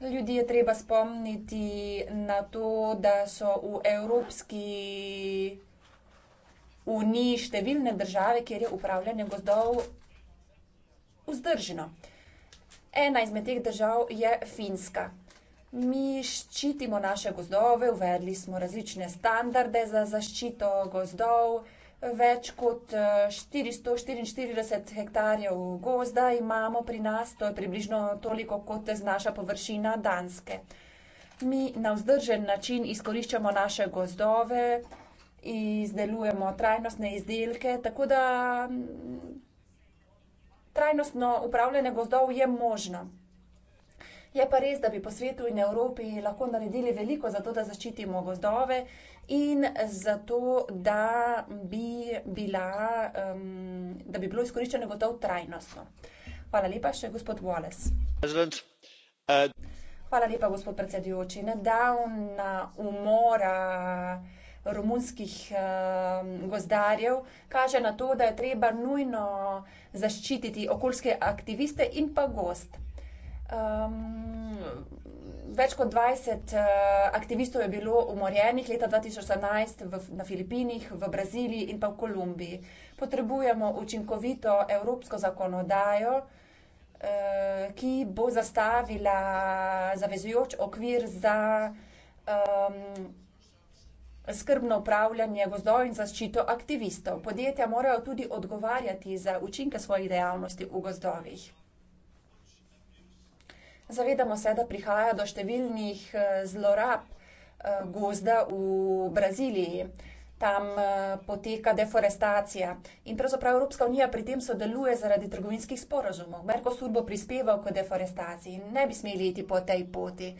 Ljudje je treba spomniti na to, da so v Evropski uniji številne države, kjer je upravljanje gozdov vzdrženo. Ena izmed teh držav je Finska. Mi ščitimo naše gozdove, uvedli smo različne standarde za zaščito gozdov. Več kot 444 eh, hektarjev gozda imamo pri nas, to je približno toliko, kot znaša površina Danske. Mi na vzdržen način izkoriščamo naše gozdove, izdelujemo trajnostne izdelke, tako da mm, trajnostno upravljanje gozdov je možno. Je pa res, da bi po svetu in Evropi lahko naredili veliko za to, da zaščitimo gozdove in zato, da bi, bila, um, da bi bilo izkoriščanje gotov trajnostno. Hvala lepa še gospod Wallace. Eh, Hvala lepa gospod predsedujoči. Nedavna umora romunskih uh, gozdarjev kaže na to, da je treba nujno zaščititi okoljske aktiviste in pa gost. Um, več kot 20 uh, eh, aktivistov je bilo umorjenih leta 2018 v, na Filipinih, v Braziliji in pa v Kolumbiji. Potrebujemo učinkovito evropsko zakonodajo, uh, ki bo zastavila zavezujoč okvir za um, skrbno upravljanje gozdov in zaščito aktivistov. Podjetja morajo tudi odgovarjati za učinke svojih dejavnosti v gozdovih. Zavedamo se, da prihaja do številnih eh, zlorab eh, gozda v Braziliji. Tam eh, poteka deforestacija in pravzaprav Evropska unija pri tem sodeluje zaradi trgovinskih sporazumov. Merkosur bo prispeval k deforestaciji in ne bi smeli iti po tej poti.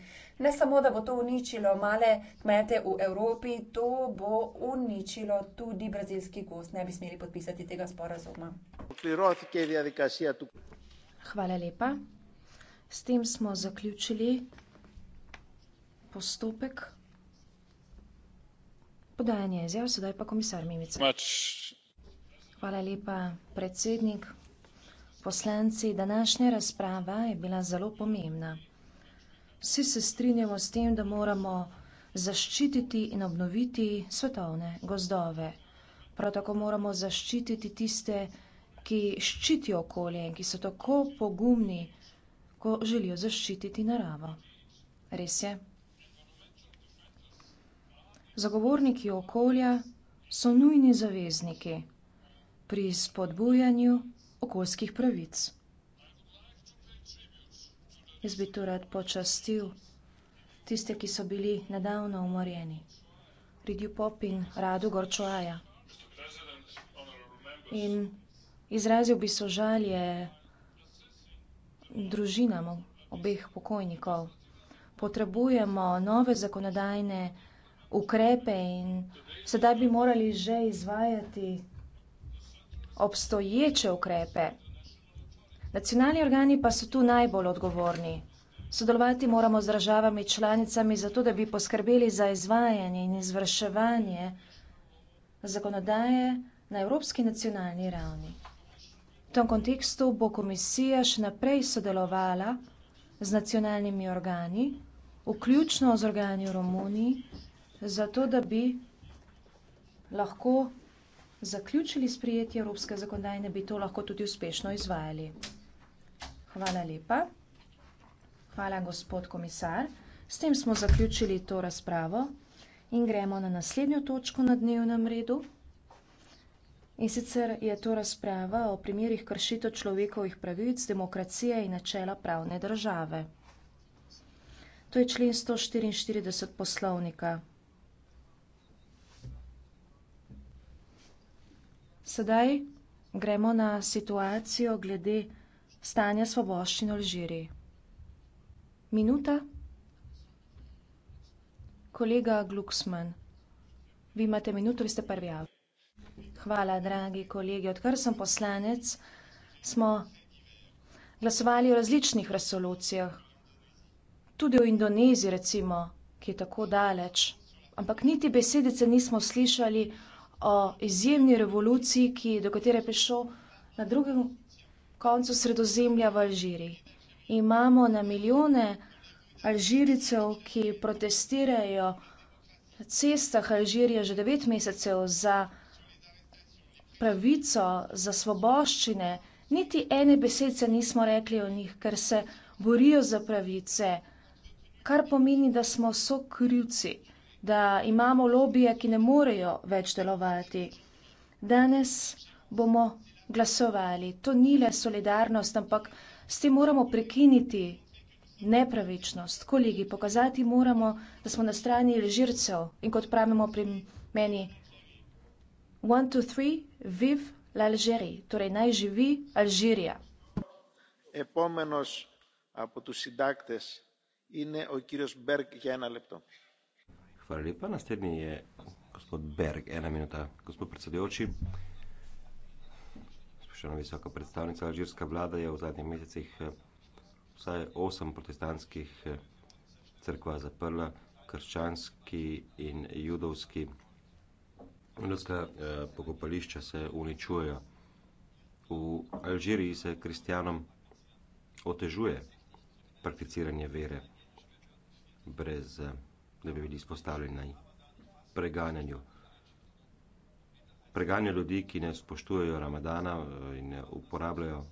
Ne samo, da bo to uničilo male kmete v Evropi, to bo uničilo tudi brazilski gost. Ne bi smeli podpisati tega sporazuma. Hvala lepa. S tem smo zaključili postopek podajanja izjav, sedaj pa komisar Mimica. Mač. Hvala lepa, predsednik. Poslanci, današnja razprava je bila zelo pomembna. Vsi se strinjamo s tem, da moramo zaščititi in obnoviti svetovne gozdove. Prav tako moramo zaščititi tiste, ki ščitijo okolje in ki so tako pogumni, ko želijo zaščititi naravo. Res je. Zagovorniki okolja so nujni zavezniki pri spodbujanju okoljskih pravic. Jaz bi tu rad počastil tiste, ki so bili nedavno umorjeni. Ridju Popin, Radu Gorčoaja. In izrazil bi sožalje družinam obeh pokojnikov. Potrebujemo nove zakonodajne ukrepe in sedaj bi morali že izvajati obstoječe ukrepe. Nacionalni organi pa so tu najbolj odgovorni. Sodelovati moramo z državami članicami, zato da bi poskrbeli za izvajanje in izvrševanje zakonodaje na evropski nacionalni ravni tem kontekstu bo komisija še naprej sodelovala z nacionalnimi organi, vključno z organi v Romuniji, zato da bi lahko zaključili sprijetje evropske zakonodajne, bi to lahko tudi uspešno izvajali. Hvala lepa. Hvala, gospod komisar. S tem smo zaključili to razpravo in gremo na naslednjo točko na dnevnem redu. In sicer je to razprava o primerih kršitev človekovih pravic, demokracije in načela pravne države. To je člen 144 poslovnika. Sedaj gremo na situacijo glede stanja svoboščin v Alžiriji. Minuta. Kolega Glucksmann, vi imate minuto, vi ste prvi avtor. Hvala, dragi kolegi. Odkar sem poslanec, smo glasovali o različnih resolucijah. Tudi o Indoneziji, recimo, ki je tako daleč. Ampak niti besedice nismo slišali o izjemni revoluciji, ki, do katere je prišlo na drugem koncu sredozemlja v Alžiriji. Imamo na milijone Alžiricev, ki protestirajo na cestah Alžirije že devet mesecev za revolucijo pravico, za svoboščine, niti ene besedce nismo rekli o njih, ker se borijo za pravice, kar pomeni, da smo so krivci, da imamo lobije, ki ne morejo več delovati. Danes bomo glasovali. To ni le solidarnost, ampak s tem moramo prekiniti nepravičnost. Kolegi, pokazati moramo, da smo na strani ležircev in kot pravimo pri meni, one, two, three. Viv l'Algérie, torej naj živi Alžirija. Ja, Hvala lepa, naslednji je gospod Berg, ena minuta. Gospod predsedujoči, spoštovana visoka predstavnica, alžirska vlada je v zadnjih mesecih eh, vsaj osem protestantskih eh, cerkva zaprla, krščanski in judovski. Ljudska eh, pokopališča se uničujejo. V Alžiriji se kristijanom otežuje prakticiranje vere, brez eh, da bi bili izpostavljeni preganjanju. Preganjanje ljudi, ki ne spoštujejo ramadana eh, in uporabljajo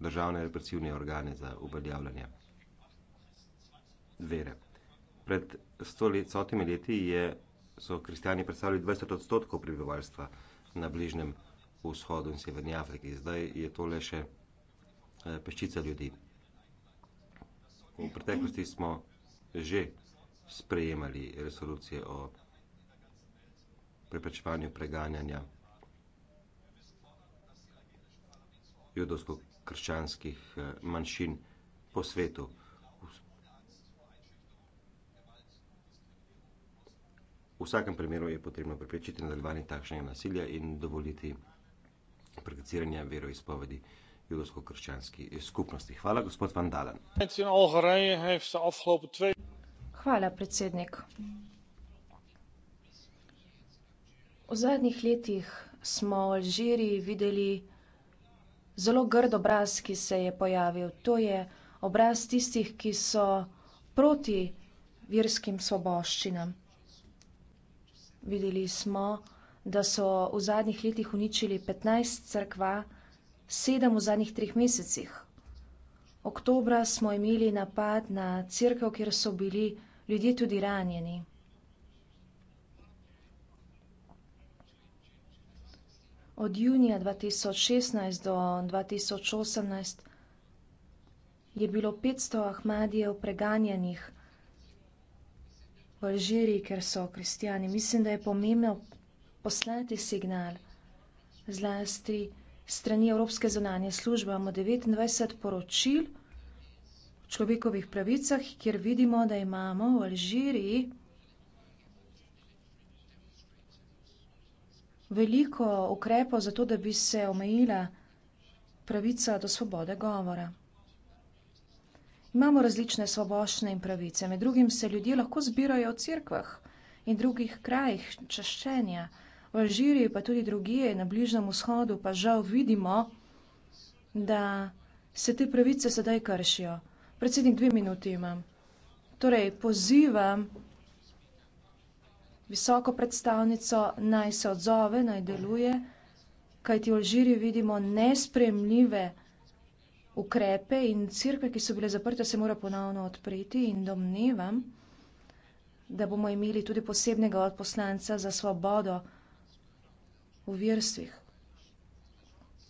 državne represivne organe za uveljavljanje vere. Pred stoletimi leti je so kristijani predstavljali 20 odstotkov prebivalstva na Bližnjem vzhodu in Severni Afriki. Zdaj je to le še eh, peščica ljudi. V preteklosti smo že sprejemali resolucije o preprečevanju preganjanja judovsko-krščanskih eh, manjšin po svetu. V vsakem primeru je potrebno preprečiti nadaljevanje takšnega nasilja in dovoliti prakticiranje veroizpovedi judovsko-krščanski skupnosti. Hvala, gospod Van Dalen. Hvala, predsednik. V zadnjih letih smo v Alžiriji videli zelo grd obraz, ki se je pojavil. To je obraz tistih, ki so proti verskim svoboščinam videli smo, da so v zadnjih letih uničili 15 crkva, sedem v zadnjih treh mesecih. Oktobra smo imeli napad na crkve, kjer so bili ljudje tudi ranjeni. Od junija 2016 do 2018 je bilo 500 ahmadijev preganjenih v Alžiriji, ker so kristijani. Mislim, da je pomembno poslati signal zlasti strani Evropske zunanje službe. Imamo 29 poročil o človekovih pravicah, kjer vidimo, da imamo v Alžiriji veliko ukrepov za to, da bi se omejila pravica do svobode govora. Imamo različne svobošne in pravice. Med drugim se ljudje lahko zbirajo v cerkvah in drugih krajih čaščenja. V Alžiriji pa tudi drugije na Bližnem vzhodu pa žal vidimo, da se te pravice sedaj kršijo. Predsednik, dve minuti imam. Torej, pozivam visoko predstavnico naj se odzove, naj deluje, kajti v Alžiriji vidimo nespremljive pravice ukrepe in crkve, ki so bile zaprte, se mora ponovno odpreti in domnevam, da bomo imeli tudi posebnega odposlanca za svobodo v virstvih.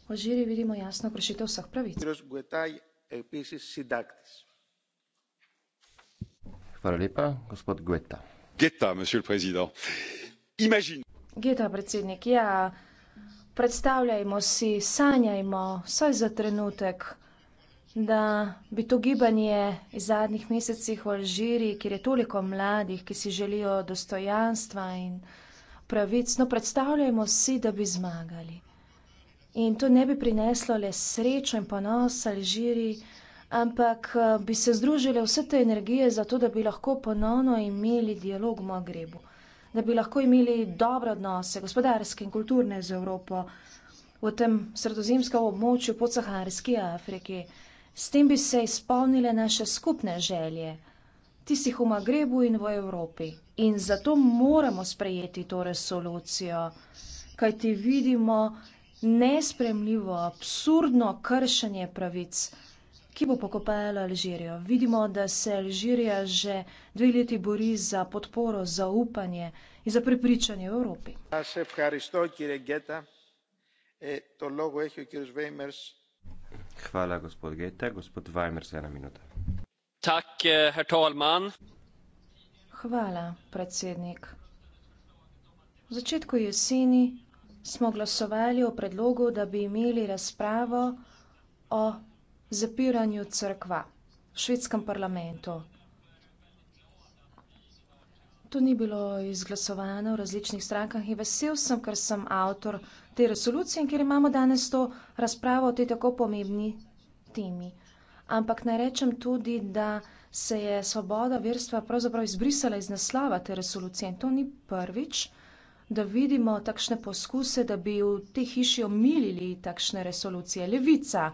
V žiri vidimo jasno kršitev vseh pravic. Hvala lepa, gospod Gueta. Gueta, monsieur président. Imagine. Gueta, predsednik, ja, predstavljajmo si, sanjajmo, saj za trenutek da bi to gibanje v zadnjih mesecih v Alžiriji, kjer je toliko mladih, ki si želijo dostojanstva in pravic, no predstavljajmo si, da bi zmagali. In to ne bi prineslo le srečo in ponos Alžiriji, ampak eh, bi se združile vse te energije za to, da bi lahko ponovno imeli dialog v Magrebu, da bi lahko imeli dobre odnose, gospodarske in kulturne z Evropo, v tem sredozemskem območju podsaharski Afriki. S tem bi se izpolnile naše skupne želje. Ti si v Magrebu in v Evropi. In zato moramo sprejeti to resolucijo, kaj ti vidimo nespremljivo, absurdno kršenje pravic, ki bo pokopajalo Alžirijo. Vidimo, da se Alžirija že dve leti bori za podporo, za upanje in za prepričanje v Evropi. Hvala, kjer je Geta. E, to logo je, kjer je Zvejmers. Eh, herr talman! Hvala, predsednik. V začetku jeseni smo glasovali o predlogu, da bi imeli razpravo o zapiranju crkva v švedskem parlamentu. To ni bilo izglasovano v različnih strankah in vesel sem, ker sem avtor te resolucije in ker imamo danes to razpravo o tej tako pomembni temi. Ampak naj rečem tudi, da se je svoboda verstva pravzaprav izbrisala iz naslova te resolucije in to ni prvič, da vidimo takšne poskuse, da bi v te hiši omilili takšne resolucije. Levica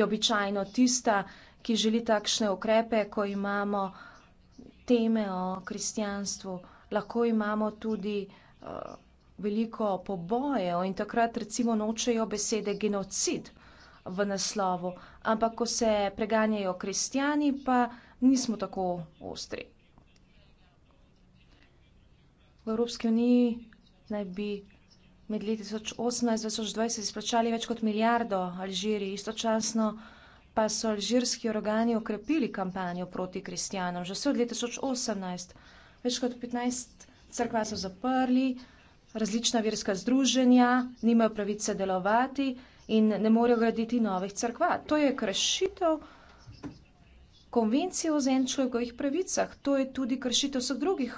je običajno tista, ki želi takšne ukrepe, ko imamo teme o kristjanstvu. Lahko imamo tudi. Uh, veliko pobojev in takrat recimo nočejo besede genocid v naslovu, ampak ko se preganjajo kristjani, pa nismo tako ostri. V Evropski uniji naj bi med leti 2018-2020 izplačali več kot milijardo Alžiriji, istočasno pa so alžirski organi okrepili kampanjo proti kristjanom. Že vse od leta 2018 več kot 15 crkva so zaprli, različna verska združenja nimajo pravice delovati in ne morejo graditi novih crkva. To je kršitev konvencije o zen človekovih pravicah. To je tudi kršitev vseh drugih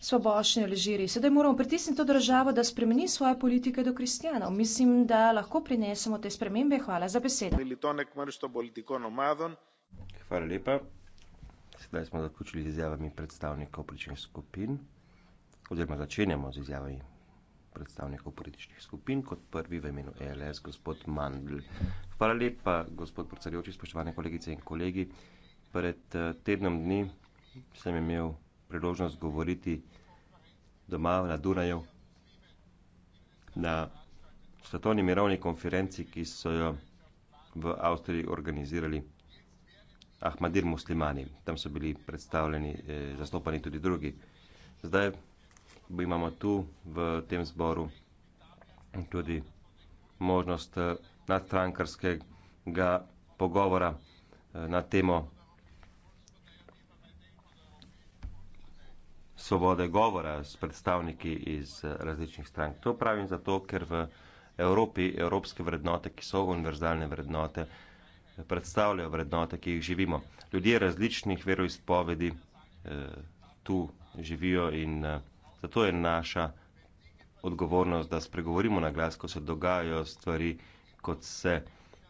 svobošnje ležiri. Sedaj moramo pritisniti to državo, da spremeni svoje politike do kristjanov. Mislim, da lahko prinesemo te spremembe. Hvala za besedo. Hvala lepa. Sedaj smo zaključili z izjavami predstavnikov pričnih skupin, oziroma začenjamo z izjavami predstavnikov političnih skupin, kot prvi v imenu ELS, gospod Mandl. Hvala lepa, gospod predsedujoči, spoštovane kolegice in kolegi. Pred eh, tednom dni sem imel priložnost govoriti doma na Dunaju na svetovni mirovni konferenci, ki so jo v Avstriji organizirali Ahmadir Muslimani. Tam so bili predstavljeni, eh, zastopani tudi drugi. Zdaj imamo tu v tem zboru tudi možnost eh, nadstrankarskega pogovora eh, na temo svobode govora s predstavniki iz eh, različnih strank. To pravim zato, ker v Evropi evropske vrednote, ki so univerzalne vrednote, predstavljajo vrednote, ki jih živimo. Ljudje različnih veroizpovedi eh, tu živijo in eh, Zato je naša odgovornost, da spregovorimo na glas, ko se dogajajo stvari, kot se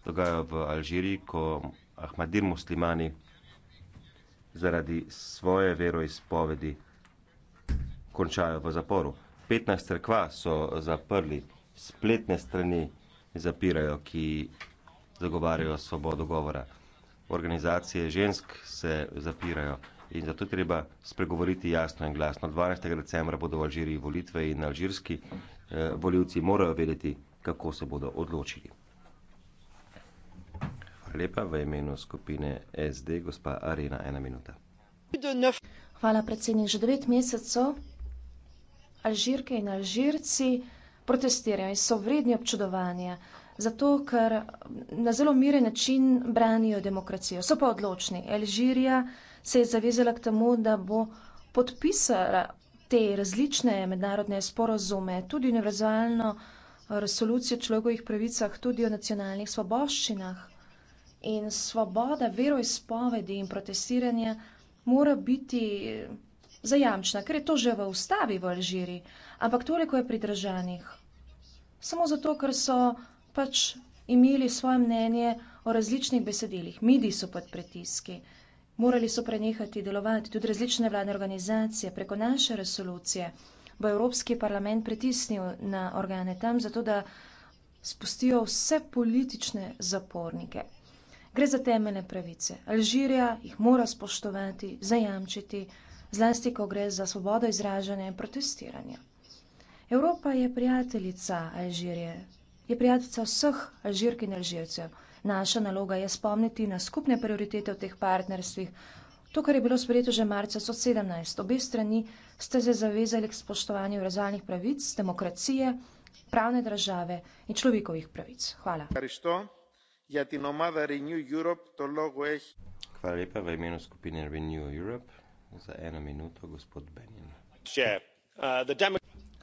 dogajajo v Alžiriji, ko Ahmadir muslimani zaradi svoje veroizpovedi končajo v zaporu. 15 crkva so zaprli, spletne strani zapirajo, ki zagovarjajo svobodo govora. Organizacije žensk se zapirajo. In zato treba spregovoriti jasno in glasno. 12. decembra bodo v Alžiriji volitve in alžirski eh, voljivci morajo vedeti, kako se bodo odločili. Hvala lepa v imenu skupine SD, gospa Arena, ena minuta. Hvala predsednik, že devet mesecev Alžirke in Alžirci protestirajo in so vredni občudovanja, zato ker na zelo miren način branijo demokracijo. So pa odločni. Alžirija se je zavezala k temu, da bo podpisala te različne mednarodne sporozume, tudi univerzalno eh, resolucijo o človekovih pravicah, tudi o nacionalnih svoboščinah. In svoboda veroizpovedi in protestiranja mora biti eh, zajamčena, ker je to že v ustavi v Alžiri, ampak toliko je pridržanih. Samo zato, ker so pač imeli svoje mnenje o različnih besedilih. Midi so pod pritiski. Morali so prenehati delovati tudi različne vladne organizacije. Preko naše resolucije bo Evropski parlament pritisnil na organe tam, zato da spustijo vse politične zapornike. Gre za temeljne pravice. Alžirija jih mora spoštovati, zajamčiti, zlasti, ko gre za svobodo izražanja in protestiranja. Evropa je prijateljica Alžirije, je prijateljica vseh Alžirk in Alžircev. Naša naloga je spomniti na skupne prioritete v teh partnerstvih. To, kar je bilo sprejeto že marca 2017, obe strani ste se zavezali k spoštovanju razvaljnih pravic, demokracije, pravne države in človekovih pravic. Hvala. Ja Hvala lepa v imenu skupine Renew Europe. Za eno minuto, gospod Benjen. Uh,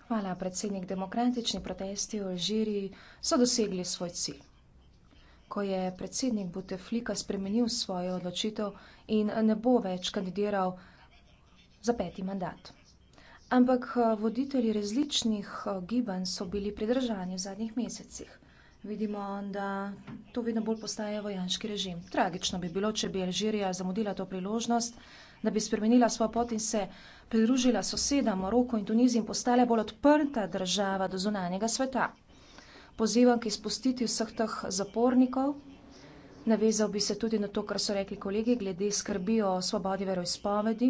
Hvala, predsednik. Demokratični protesti v Alžiriji so dosegli svoj cilj ko je predsednik Buteflika spremenil svojo odločitev in ne bo več kandidiral za peti mandat. Ampak eh, voditelji različnih eh, gibanj so bili pridržani v zadnjih mesecih. Vidimo, da to vedno bolj postaje vojanski režim. Tragično bi bilo, če bi Alžirija zamudila to priložnost, da bi spremenila svojo pot in se pridružila sosedam Moroko in Tunizi in postala bolj odprta država do zunanjega sveta pozivam k izpustiti vseh teh zapornikov. Navezal bi se tudi na to, kar so rekli kolegi, glede skrbi o svobodi veroizpovedi.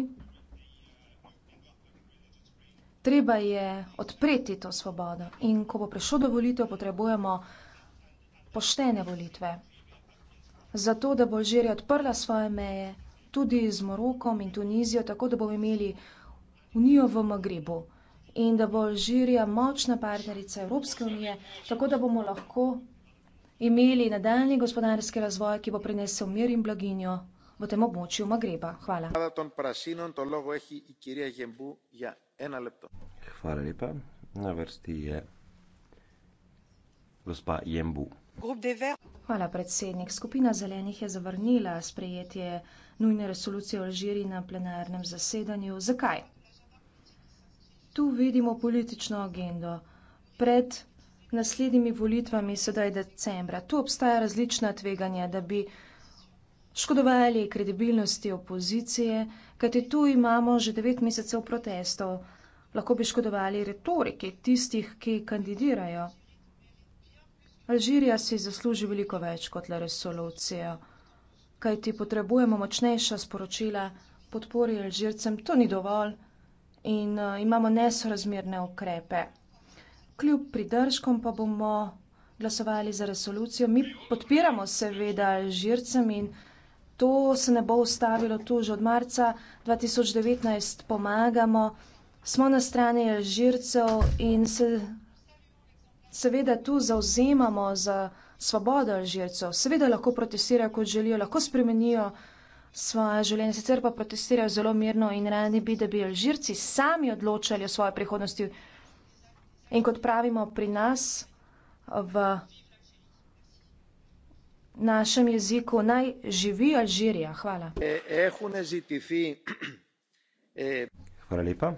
Treba je odpreti to svobodo in ko bo prišlo do volitev, potrebujemo poštene volitve. Zato, da bo Alžirija odprla svoje meje tudi z Morokom in Tunizijo, tako da bomo imeli unijo v Magrebu in da bo Alžirija močna partnerica Evropske unije, tako da bomo lahko imeli nadaljni gospodarski razvoj, ki bo prinesel mir in blaginjo v tem območju Magreba. Hvala. Hvala ja, lepa. Na vrsti je gospa Jembu. Hvala, predsednik. Skupina zelenih je zavrnila sprejetje nujne resolucije o Alžiriji na plenarnem zasedanju. Zakaj? tu vidimo politično agendo. Pred naslednjimi volitvami, sedaj decembra, tu obstaja različna tveganja, da bi škodovali kredibilnosti opozicije, kajti tu imamo že devet mesecev protestov. Lahko bi škodovali retorike tistih, ki kandidirajo. Alžirija si zasluži veliko več kot le resolucijo, kajti potrebujemo močnejša sporočila podpori Alžircem. To ni dovolj in uh, imamo nesorazmerne ukrepe. Kljub pridržkom pa bomo glasovali za resolucijo. Mi podpiramo seveda žircem in to se ne bo ustavilo tu že od marca 2019. Pomagamo, smo na strani žircev in se seveda tu zauzemamo za svobodo žircev. Seveda lahko protestirajo, kot želijo, lahko spremenijo svoje življenje. Sicer pa protestirajo zelo mirno in radi bi, da bi Alžirci sami odločali o svoji prihodnosti. In kot pravimo pri nas v našem jeziku, naj živi Alžirija. Hvala. E, e, e, Hvala lepa.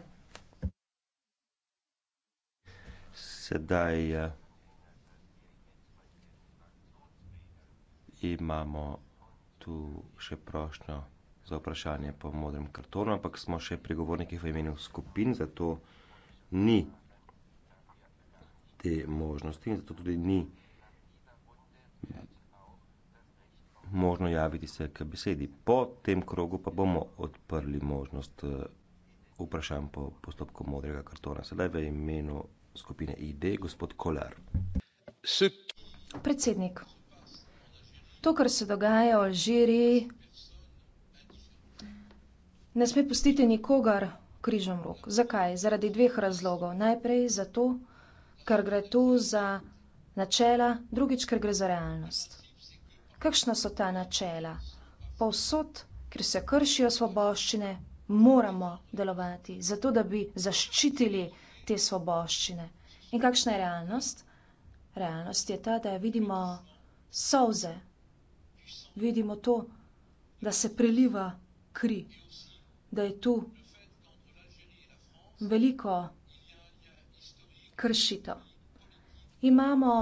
Sedaj eh, imamo tu še prošnjo za vprašanje po modrem kartonu, ampak smo še pregovorniki v imenu skupin, zato ni te možnosti in zato tudi ni možno javiti se k besedi. Po tem krogu pa bomo odprli možnost eh, vprašanj po postopku modrega kartona. Sedaj v imenu skupine ID, gospod Kolar. Predsednik. To, kar se dogaja v Alžiriji, ne sme pustiti nikogar križem rok. Zakaj? Zaradi dveh razlogov. Najprej zato, ker gre tu za načela, drugič, ker gre za realnost. Kakšna so ta načela? Povsod, kjer se kršijo svoboščine, moramo delovati, zato da bi zaščitili te svoboščine. In kakšna je realnost? Realnost je ta, da vidimo solze vidimo to, da se priliva kri, da je tu veliko kršitev. Imamo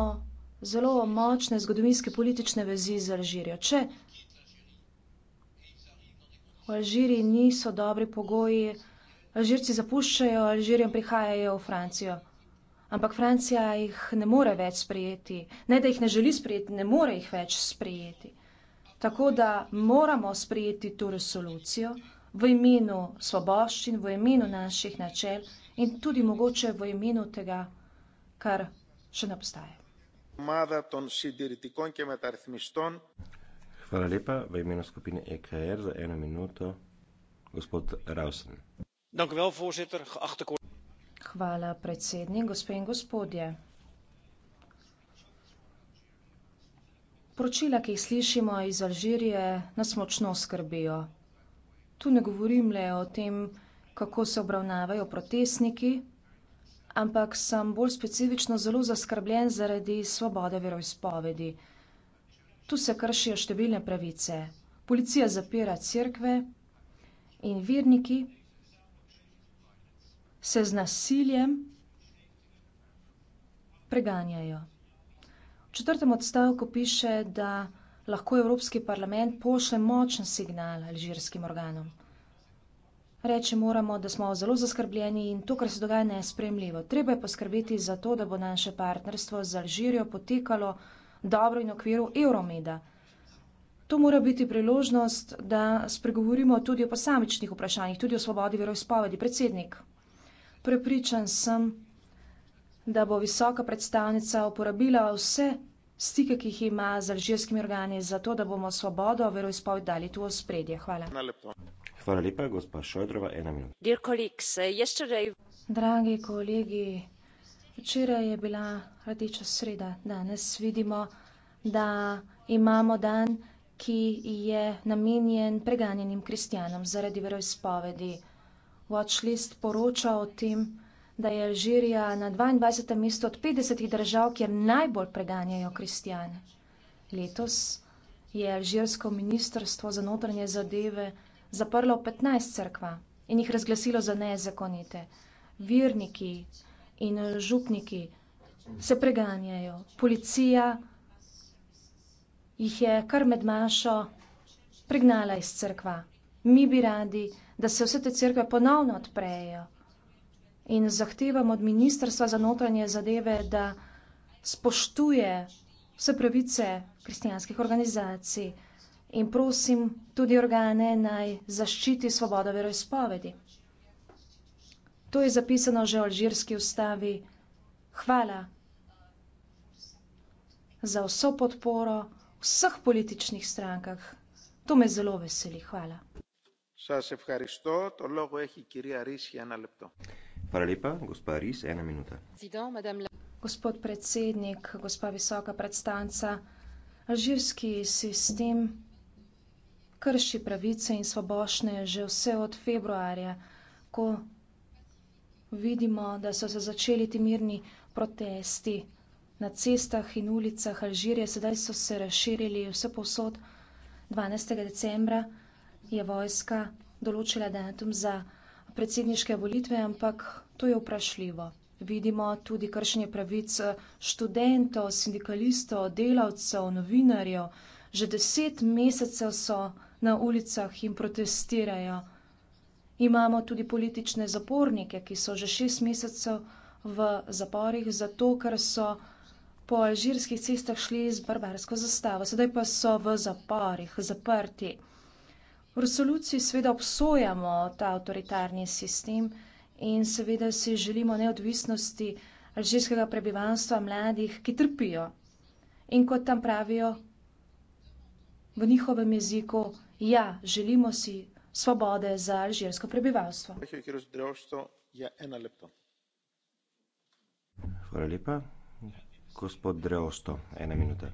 zelo močne zgodovinske politične vezi z Alžirijo. Če v Alžiriji niso dobri pogoji, Alžirci zapuščajo Alžirijo in prihajajo v Francijo. Ampak Francija jih ne more več sprejeti. Ne, da jih ne želi sprejeti, ne more jih več sprejeti. Tako da moramo sprejeti to resolucijo v imenu svoboščin, v imenu naših načel in tudi mogoče v imenu tega, kar še ne obstaja. Hvala lepa v imenu skupine EKR za eno minuto. Gospod Rausen. Hvala predsednik, gospe in gospodje. Poročila, ki jih slišimo iz Alžirije, nas močno skrbijo. Tu ne govorim le o tem, kako se obravnavajo protestniki, ampak sem bolj specifično zelo zaskrbljen zaradi svobode veroizpovedi. Tu se kršijo številne pravice. Policija zapira crkve in verniki se z nasiljem preganjajo četrtem odstavku piše, da lahko Evropski parlament pošle močen signal alžirskim organom. Reči moramo, da smo zelo zaskrbljeni in to, kar se dogaja, je nespremljivo. Treba je poskrbeti za to, da bo naše partnerstvo z Alžirijo potekalo dobro in v okviru Euromeda. To mora biti priložnost, da spregovorimo tudi o posamičnih vprašanjih, tudi o svobodi veroizpovedi. Predsednik, prepričan sem, da bo visoka predstavnica uporabila vse stike, ki jih ima z alžirskimi organi, zato da bomo svobodo veroizpoved dali tu v spredje. Hvala. Hvala lepa, gospa Šojdrova, ena minuta. Eh, Dragi kolegi, včeraj je bila rdeča sreda, danes vidimo, da imamo dan, ki je namenjen preganjenim kristjanom zaradi veroizpovedi. Watchlist poroča o tem, da je Alžirija na 22. mestu od 50 držav, kjer najbolj preganjajo kristijane. Letos je Alžirsko ministrstvo za notranje zadeve zaprlo 15 crkva in jih razglasilo za nezakonite. Virniki in župniki se preganjajo, policija jih je kar med mašo pregnala iz crkva. Mi bi radi, da se vse te crkve ponovno odprejo in zahtevam od Ministrstva za notranje zadeve, da spoštuje vse pravice kristijanskih organizacij in prosim tudi organe naj zaščiti svobodo veroizpovedi. To je zapisano že v alžirski ustavi. Hvala za vso podporo vseh političnih strankah. To me zelo veseli. Hvala. Sas evharisto, to logo ehi kirija Risi, ena lepto. Hvala lepa. Gospa Ris, ena minuta. Gospod predsednik, gospa visoka predstavnica, alžirski sistem krši pravice in svobošne že vse od februarja, ko vidimo, da so se začeli ti mirni protesti na cestah in ulicah Alžirije, sedaj so se razširili vse posod. 12. decembra je vojska določila datum za predsedniške volitve, ampak To je vprašljivo. Vidimo tudi kršenje pravic študentov, sindikalistov, delavcev, novinarjev. Že deset mesecev so na ulicah in protestirajo. Imamo tudi politične zapornike, ki so že šest mesecev v zaporih, zato ker so po alžirskih cestah šli z barbarsko zastavo. Sedaj pa so v zaporih, zaprti. V resoluciji sveda obsojamo ta avtoritarni sistem in seveda si želimo neodvisnosti alžirskega prebivalstva, mladih, ki trpijo. In kot tam pravijo v njihovem jeziku, ja, želimo si svobode za alžirsko prebivalstvo. Hvala lepa. Gospod Dreosto, ena minuta.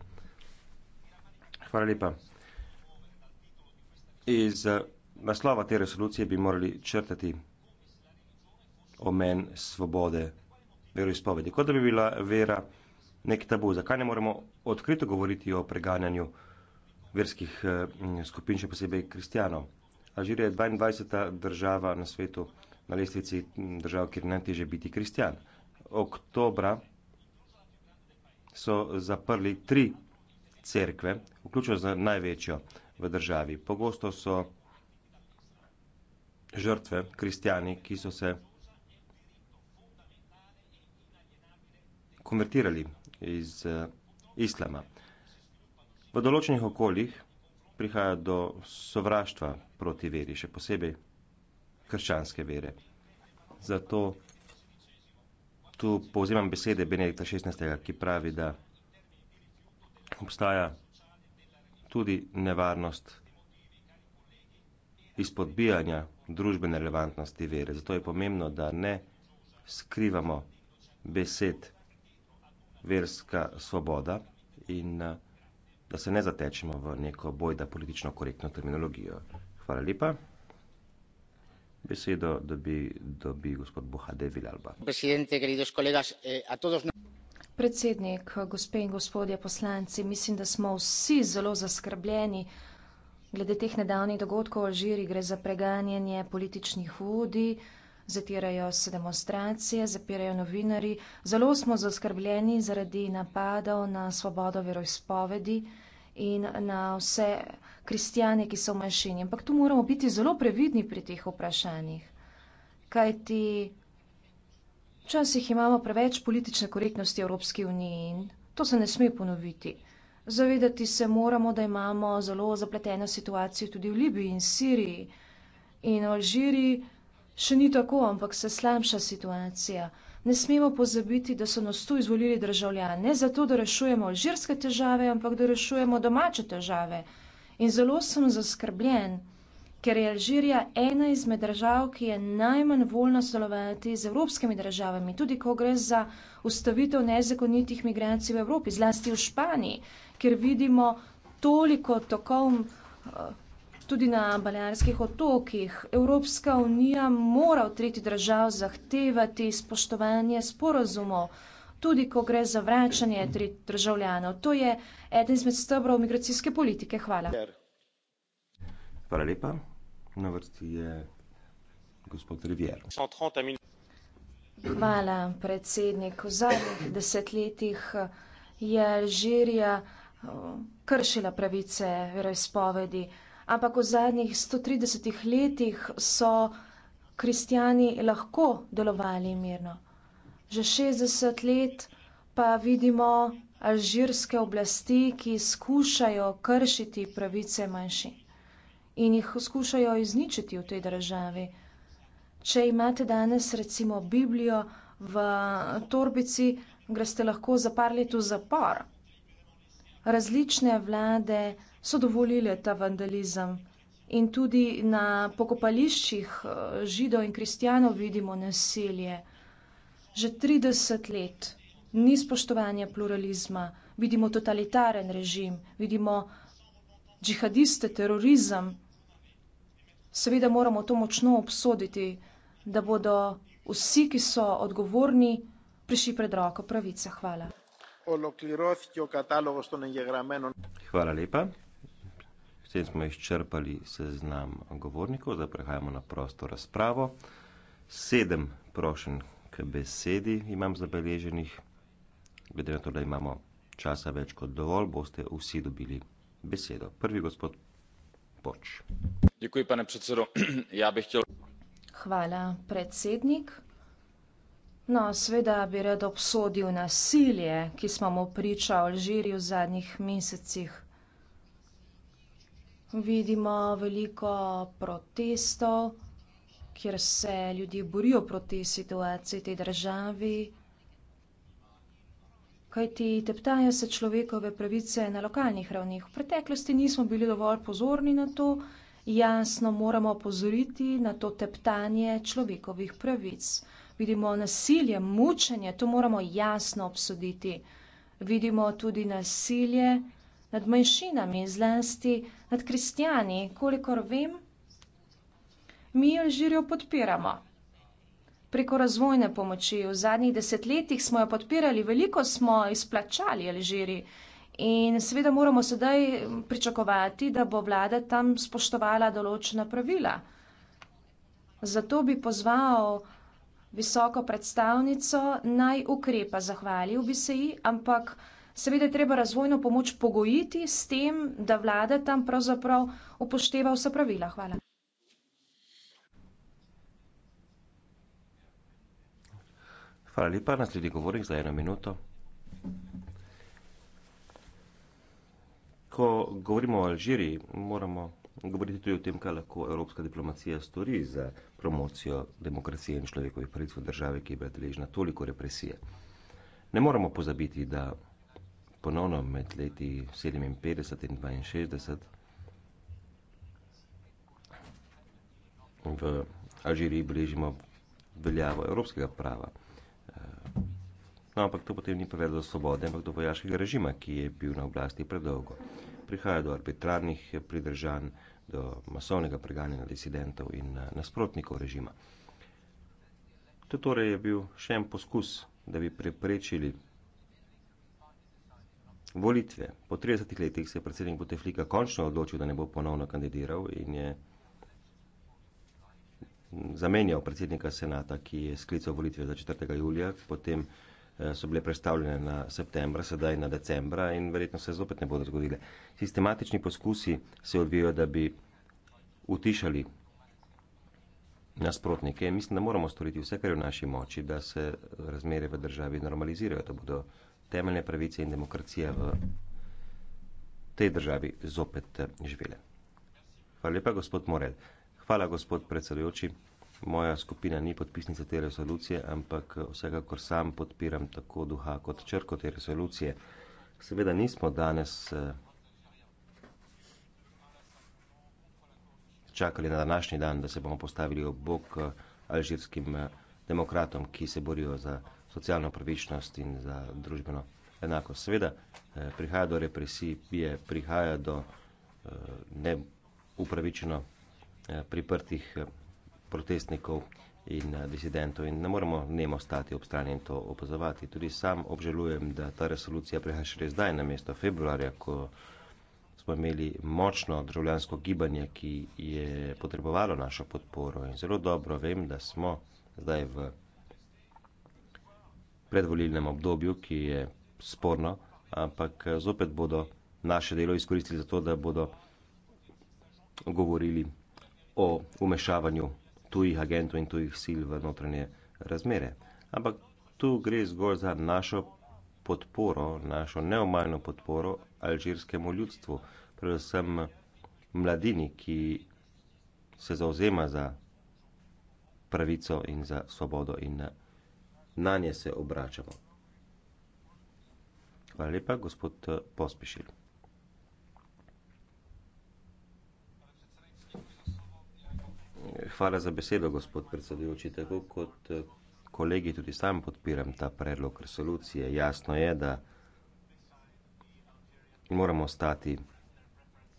Hvala lepa. Iz naslova te resolucije bi morali črtati omen svobode veroizpovedi. Kot da bi bila vera nek tabu. Zakaj ne moremo odkrito govoriti o preganjanju verskih eh, skupin, še posebej kristijanov? Alžirija je 22. država na svetu na lestvici držav, kjer najtežje biti kristijan. Oktobra so zaprli tri cerkve, vključno z največjo v državi. Pogosto so žrtve, kristijani, ki so se konvertirali iz eh, islama. V določenih okoljih prihaja do sovraštva proti veri, še posebej krščanske vere. Zato tu povzemam besede Benedikta XVI., ki pravi, da obstaja tudi nevarnost izpodbijanja družbene relevantnosti vere. Zato je pomembno, da ne skrivamo besed verska svoboda in eh, da se ne zatečemo v neko bojda politično korektno terminologijo. Hvala lepa. Besedo dobi, dobi gospod Bohade Vilalba. Eh, no- Predsednik, gospe in gospodje poslanci, mislim, da smo vsi zelo zaskrbljeni glede teh nedavnih dogodkov v Alžiri. Gre za preganjanje političnih vodij zatirajo se demonstracije, zapirajo novinari. Zelo smo zaskrbljeni zaradi napadov na svobodo veroizpovedi in na vse kristijane, ki so v manjšini. Ampak tu moramo biti zelo previdni pri teh vprašanjih, kajti včasih imamo preveč politične korektnosti v Evropski uniji in to se ne sme ponoviti. Zavedati se moramo, da imamo zelo zapleteno situacijo tudi v Libiji in Siriji in v Alžiriji še ni tako, ampak se slabša situacija. Ne smemo pozabiti, da so nas tu izvolili državljani, ne zato, da rešujemo alžirske težave, ampak da rešujemo domače težave. In zelo sem zaskrbljen, ker je Alžirija ena izmed držav, ki je najmanj voljna sodelovati z evropskimi državami, tudi ko gre za ustavitev nezakonitih migracij v Evropi, zlasti v Španiji, kjer vidimo toliko tokov. Uh, eh, tudi na Balearskih otokih. Evropska unija mora v tretji držav zahtevati spoštovanje sporozumov, tudi ko gre za vračanje tretj državljanov. To je eden izmed stebrov migracijske politike. Hvala. Hvala lepa. Na vrsti je gospod Rivier. Hvala, predsednik. V zadnjih desetletjih je Alžirija uh, kršila pravice veroizpovedi ampak v zadnjih 130 letih so kristijani lahko delovali mirno. Že 60 let pa vidimo alžirske oblasti, ki skušajo kršiti pravice manjšin in jih skušajo izničiti v tej državi. Če imate danes recimo Biblijo v torbici, greste lahko za par let v zapor. Različne vlade so dovolile ta vandalizem. In tudi na pokopališčih eh, židov in kristijanov vidimo nasilje. Že 30 let ni spoštovanja pluralizma, vidimo totalitaren režim, vidimo džihadiste, terorizem. Seveda moramo to močno obsoditi, da bodo vsi, ki so odgovorni, prišli pred roko pravice. Hvala. Hvala lepa tem smo izčrpali seznam govornikov, da prehajamo na prosto razpravo. Sedem prošen k besedi imam zabeleženih. Glede na to, da imamo časa več kot dovolj, boste vsi dobili besedo. Prvi gospod Poč. Dekuji, pane predsedo. ja bi htjel... Hvala, predsednik. No, sveda bi rad obsodil nasilje, ki smo mu priča v Alžiriju v zadnjih mesecih vidimo veliko protestov, kjer se ljudje borijo proti situaciji te državi, kajti teptajo se človekove pravice na lokalnih ravnih. V preteklosti nismo bili dovolj pozorni na to, jasno moramo opozoriti na to teptanje človekovih pravic. Vidimo nasilje, mučenje, to moramo jasno obsoditi. Vidimo tudi nasilje, nad manjšinami, zlasti nad kristijani, kolikor vem, mi jo žirjo podpiramo. Preko razvojne pomoči v zadnjih desetletjih smo jo podpirali, veliko smo izplačali Alžiri in seveda moramo sedaj pričakovati, da bo vlada tam spoštovala določena pravila. Zato bi pozval visoko predstavnico naj ukrepa, zahvalil bi se ji, ampak Seveda je treba razvojno pomoč pogojiti s tem, da vlade tam pravzaprav upošteva vsa pravila. Hvala. Hvala lepa. Naslednji govornik za eno minuto. Ko govorimo o Alžiriji, moramo govoriti tudi o tem, kaj lahko evropska diplomacija stori za promocijo demokracije in človekovih pravic v državi, ki je bila deležna toliko represije. Ne moramo pozabiti, da ponovno med leti 57 in 62 v Alžiriji bližimo veljavo evropskega prava. No, ampak to potem ni povedalo do svobode, ampak do vojaškega režima, ki je bil na oblasti predolgo. Prihaja do arbitrarnih pridržanj, do masovnega preganjanja disidentov in nasprotnikov režima. To torej je bil še en poskus, da bi preprečili volitve. Po 30 letih se je predsednik Buteflika končno odločil, da ne bo ponovno kandidiral in je zamenjal predsednika senata, ki je sklical volitve za 4. julija, potem eh, so bile predstavljene na septembra, sedaj na decembra in verjetno se zopet ne bodo zgodile. Sistematični poskusi se odvijajo, da bi utišali nasprotnike. Mislim, da moramo storiti vse, kar je v naši moči, da se razmere v državi normalizirajo, da bodo temeljne pravice in demokracije v tej državi zopet eh, živele. Hvala lepa, gospod Morel. Hvala, gospod predsedujoči. Moja skupina ni podpisnica te resolucije, ampak eh, vsekakor sam podpiram tako duha kot črko te resolucije. Seveda nismo danes eh, čakali na današnji dan, da se bomo postavili ob bok alžirskim demokratom, ki se borijo za socialno pravičnost in za družbeno enako. Seveda eh, prihaja do represije, prihaja do eh, neupravičeno eh, priprtih protestnikov in disidentov in ne moremo nemo stati ob strani in to opazovati. Tudi sam obžalujem, da ta resolucija prihaja šele zdaj na mesto februarja, ko smo imeli močno državljansko gibanje, ki je potrebovalo našo podporo in zelo dobro vem, da smo zdaj v predvolilnem obdobju, ki je sporno, ampak zopet bodo naše delo izkoristili za to, da bodo govorili o umešavanju tujih agentov in tujih sil v notranje razmere. Ampak tu gre zgolj za našo podporo, našo neomajno podporo alžirskemu ljudstvu, predvsem mladini, ki se zauzema za pravico in za svobodo in na nje se obračamo. Hvala lepa, gospod eh, Pospišil. Hvala za besedo, gospod predsedujoči. Tako kot eh, kolegi, tudi sam podpiram ta predlog resolucije. Jasno je, da moramo stati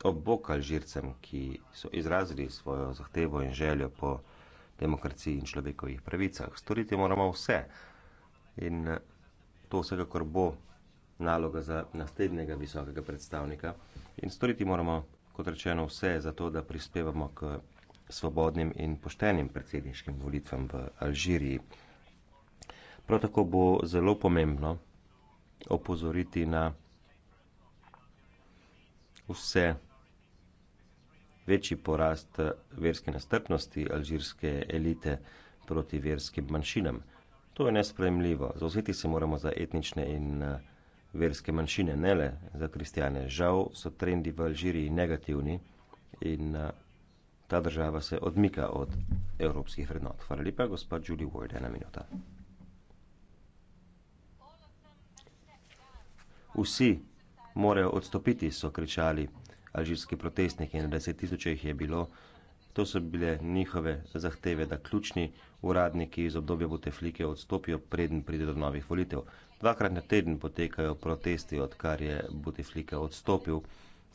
ob bok Alžircem, ki so izrazili svojo zahtevo in željo po demokraciji in človekovih pravicah. Storiti moramo vse in eh, to vsekakor bo naloga za naslednjega visokega predstavnika. In storiti moramo, kot rečeno, vse za to, da prispevamo k svobodnim in poštenim predsedniškim volitvam v Alžiriji. Prav tako bo zelo pomembno opozoriti na vse večji porast eh, verske nastrpnosti alžirske elite proti verskim manjšinam. To je nespremljivo. Zauzeti se moramo za etnične in eh, verske manjšine, ne le za kristijane. Žal so trendi v Alžiriji negativni in eh, ta država se odmika od evropskih vrednot. Hvala lepa, gospod Julie Ward, ena minuta. Vsi morajo odstopiti, so kričali alžirski protestniki in 10 tisoč jih je bilo. To so bile njihove zahteve, da ključni uradniki iz obdobja Buteflike odstopijo predn pride do novih volitev. Dvakrat na teden potekajo protesti, odkar je Buteflike odstopil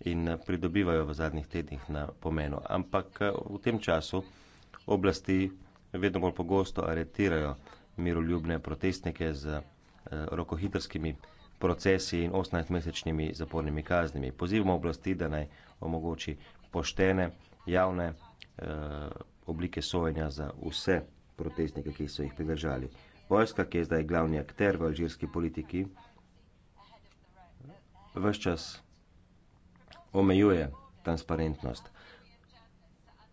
in pridobivajo v zadnjih tednih na pomenu. Ampak v tem času oblasti vedno bolj pogosto aretirajo miroljubne protestnike z eh, rokohitrskimi procesi in 18-mesečnimi zapornimi kaznimi. Pozivamo oblasti, da naj omogoči poštene, javne eh, oblike sojenja za vse protestnike, ki so jih pridržali. Vojska, ki je zdaj glavni akter v alžirski politiki, vse čas omejuje transparentnost.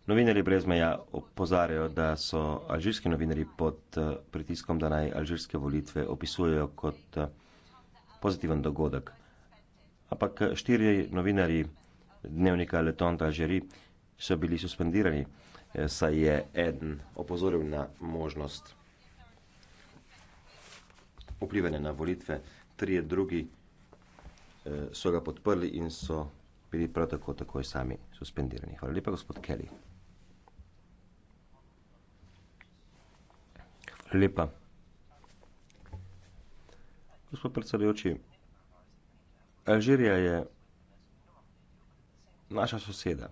Novinari brez meja opozarjajo, da so alžirski novinari pod eh, pritiskom, da naj alžirske volitve opisujejo kot eh, pozitiven dogodek. Ampak eh, štiri novinari dnevnika Letonta Žeri so bili suspendirani, eh, saj je eden opozoril na možnost vplivanja na volitve, trije drugi eh, so ga podprli in so bili prav tako takoj sami suspendirani. Hvala lepa, gospod Kelly. Hvala lepa. Gospod predsedujoči, Alžirija je naša soseda,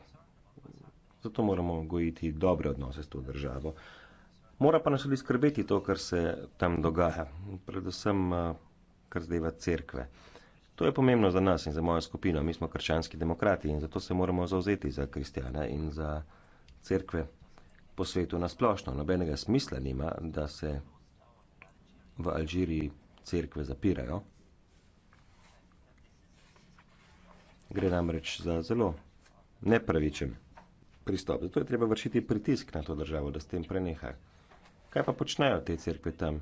zato moramo gojiti dobre odnose s to državo. Mora pa nas tudi skrbeti to, kar se tam dogaja, predvsem eh, kar zdajva cerkve. To je pomembno za nas in za mojo skupino, mi smo krščanski demokrati in zato se moramo zauzeti za kristjane in za cerkve po svetu nasplošno. Nobenega smisla nima, da se v Alžiriji cerkve zapirajo. Gre namreč za zelo nepravičen pristop. Zato je treba vršiti pritisk na to državo, da s tem preneha. Kaj pa počnejo te cerkve tam?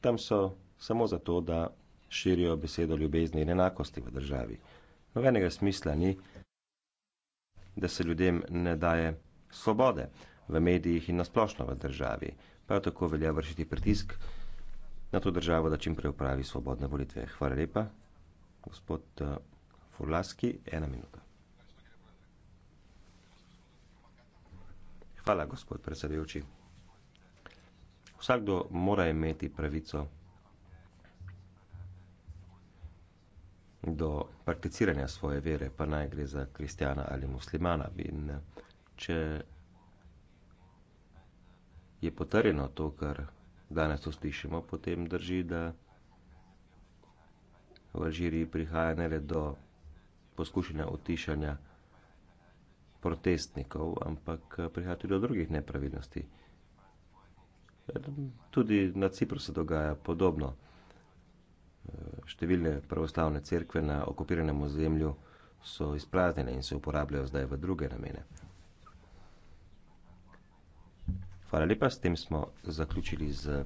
Tam so samo zato, da širijo besedo ljubezni in enakosti v državi. Novenega smisla ni, da se ljudem ne daje svobode v medijih in nasplošno v državi. Prav tako velja vršiti pritisk na to državo, da čim prej upravi svobodne volitve. Hvala lepa, gospod eh, Furlaski, ena minuta. Hvala, gospod predsedujoči. Vsakdo mora imeti pravico do prakticiranja svoje vere, pa naj gre za kristjana ali muslimana. In eh, če je potrjeno to, kar danes to slišimo, potem drži, da v Alžiriji prihaja ne le do poskušanja otišanja protestnikov, ampak prihaja tudi do drugih nepravilnosti. Tudi na Cipru se dogaja podobno. Številne pravoslavne cerkve na okupiranem ozemlju so izpraznjene in se uporabljajo zdaj v druge namene. Hvala lepa, s tem smo zaključili z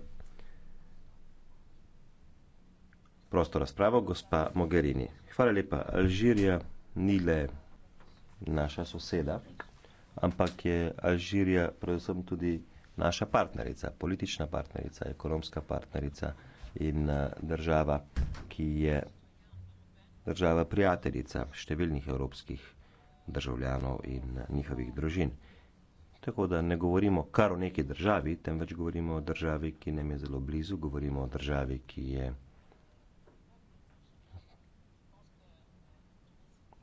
prosto razpravo, gospa Mogherini. Hvala lepa, Alžirija ni le naša soseda, ampak je Alžirija predvsem tudi naša partnerica, politična partnerica, ekonomska partnerica in eh, država, ki je država prijateljica številnih evropskih državljanov in eh, njihovih družin. Tako da ne govorimo kar o neki državi, temveč govorimo o državi, ki nam je zelo blizu, govorimo o državi, ki je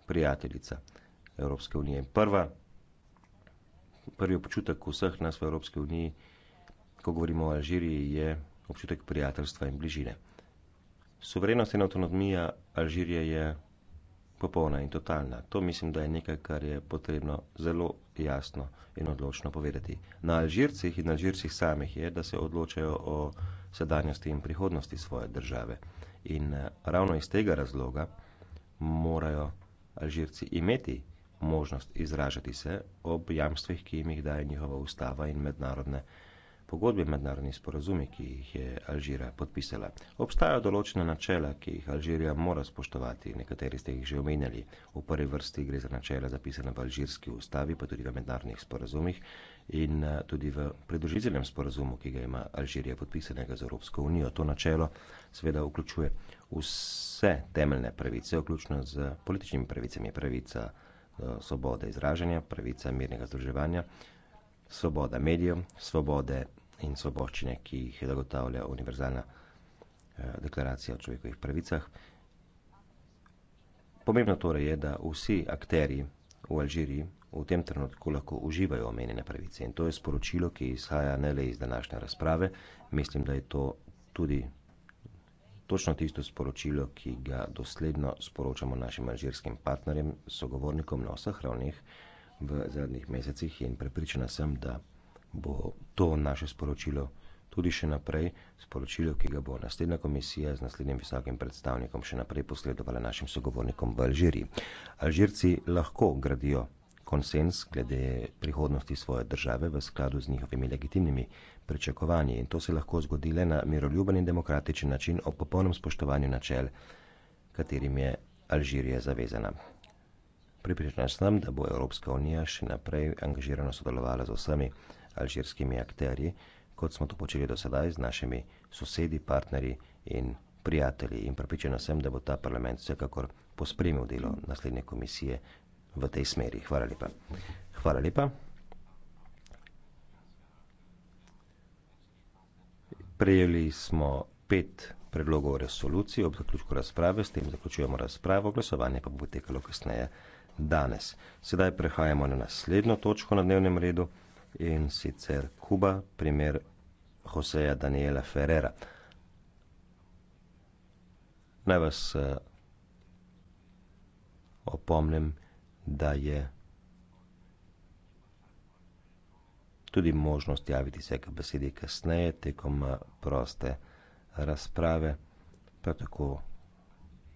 prijateljica Evropske unije. Prva, prvi občutek vseh nas v Evropske uniji, ko govorimo o Alžiriji, je občutek prijateljstva in bližine. Suverenost in avtonomija Alžirije je popolna in totalna. To mislim, da je nekaj, kar je potrebno zelo jasno in odločno povedati. Na Alžircih in na Alžircih samih je, da se odločajo o sedanjosti in prihodnosti svoje države. In eh, ravno iz tega razloga morajo Alžirci imeti možnost izražati se ob jamstvih, ki jim jih daje njihova ustava in mednarodne pogodbi mednarodni sporazumi, ki jih je Alžira podpisala, obstajajo določene načela, ki jih Alžirija mora spoštovati. Nekateri ste jih že omenjali. V prvi vrsti gre za načela zapisane v alžirski ustavi, pa tudi v mednarodnih sporazumih in eh, tudi v predružiteljem sporazumu, ki ga ima Alžirija podpisanega z Evropsko unijo. To načelo seveda vključuje vse temeljne pravice, vključno z političnimi pravicami, pravica eh, svobode izražanja, pravica mirnega združevanja, svoboda medijev, svobode in svoboščine, ki jih zagotavlja univerzalna eh, deklaracija o človekovih pravicah. Pomembno torej je, da vsi akteri v Alžiriji v tem trenutku lahko uživajo omenjene pravice. In to je sporočilo, ki izhaja ne le iz današnje razprave, mislim, da je to tudi točno tisto sporočilo, ki ga dosledno sporočamo našim alžirskim partnerjem, sogovornikom na vseh ravneh v zadnjih mesecih in prepričana sem, da bo to naše sporočilo tudi še naprej, sporočilo, ki ga bo naslednja komisija z naslednjim visokim predstavnikom še naprej posredovala našim sogovornikom v Alžiriji. Alžirci lahko gradijo konsens glede prihodnosti svoje države v skladu z njihovimi legitimnimi pričakovanji in to se lahko zgodi le na miroljuben in demokratičen način ob popolnem spoštovanju načel, katerim je Alžirija zavezana. Pripričan sem, da bo Evropska unija še naprej angažirano sodelovala z vsemi alžirskimi akterji, kot smo to počeli do sedaj z našimi sosedi, partnerji in prijatelji. In pripričana sem, da bo ta parlament vsekakor pospremil delo naslednje komisije v tej smeri. Hvala lepa. Hvala lepa. Prejeli smo pet predlogov resolucij ob zaključku razprave, s tem zaključujemo razpravo, glasovanje pa bo potekalo kasneje danes. Sedaj prehajamo na naslednjo točko na dnevnem redu in sicer Kuba, primer Joseja Daniela Ferrera. Naj vas eh, opomnim, da je tudi možnost javiti se k besedi kasneje tekom eh, proste razprave, prav tako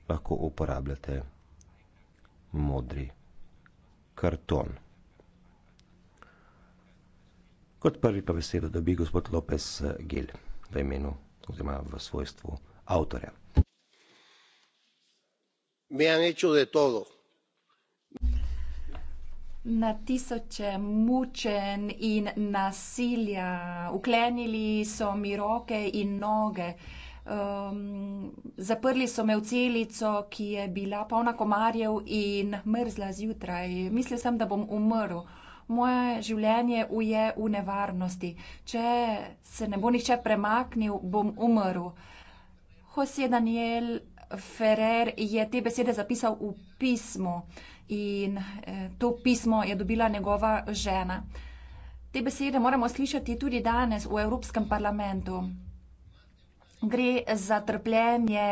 lahko uporabljate modri karton. Kot prvi pa besedo dobi gospod Lopes eh, Gel v imenu oziroma v svojstvu avtorja. Na tisoče mučenj in nasilja, uklenili so mi roke in noge. Um, zaprli so me v celico, ki je bila polna komarjev in mrzla zjutraj. Mislil sem, da bom umrl moje življenje uje v nevarnosti. Če se ne bo nihče premaknil, bom umrl. Jose Daniel Ferrer je te besede zapisal v pismo in eh, to pismo je dobila njegova žena. Te besede moramo slišati tudi danes v Evropskem parlamentu. Gre za trpljenje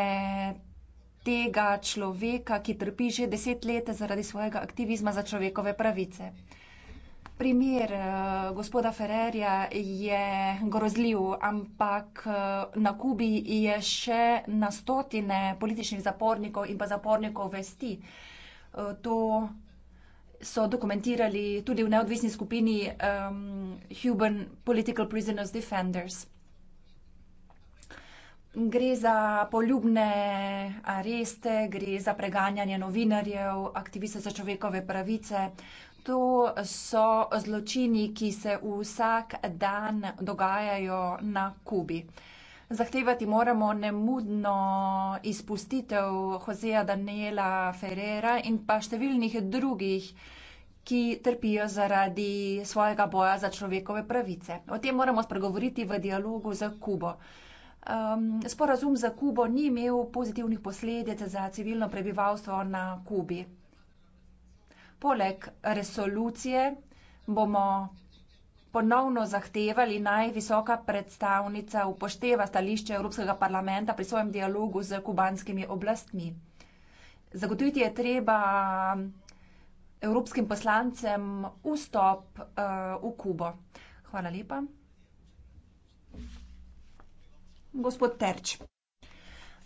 tega človeka, ki trpi že deset let zaradi svojega aktivizma za človekove pravice. Primer uh, gospoda Ferrerja je grozljiv, ampak uh, na Kubi je še na stotine političnih zapornikov in pa zapornikov vesti. Uh, to so dokumentirali tudi v neodvisni skupini um, Human Political Prisoners Defenders. Gre za poljubne areste, gre za preganjanje novinarjev, aktiviste za človekove pravice, to so zločini, ki se vsak dan dogajajo na Kubi. Zahtevati moramo nemudno izpustitev Joseja Daniela Ferrera in pa številnih drugih, ki trpijo zaradi svojega boja za človekove pravice. O tem moramo spregovoriti v dialogu za Kubo. Um, sporazum za Kubo ni imel pozitivnih posledic za civilno prebivalstvo na Kubi. Poleg resolucije bomo ponovno zahtevali, naj visoka predstavnica upošteva stališče Evropskega parlamenta pri svojem dialogu z kubanskimi oblastmi. Zagotoviti je treba evropskim poslancem vstop uh, v Kubo. Hvala lepa. Gospod Terč.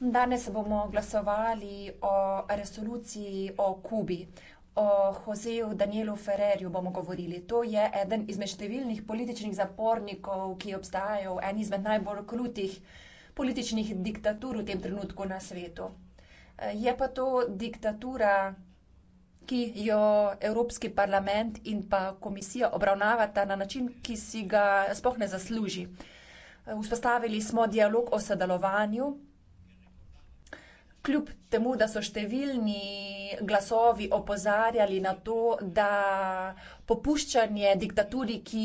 Danes bomo glasovali o resoluciji o Kubi o Joseju Danielu Ferrerju bomo govorili. To je eden izmed številnih političnih zapornikov, ki obstajajo v eni izmed najbolj krutih političnih diktatur v tem trenutku na svetu. Je pa to diktatura, ki jo Evropski parlament in pa komisija obravnavata na način, ki si ga spohne zasluži. Vzpostavili smo dialog o sodelovanju, kljub temu, da so številni glasovi opozarjali na to, da popuščanje diktaturi, ki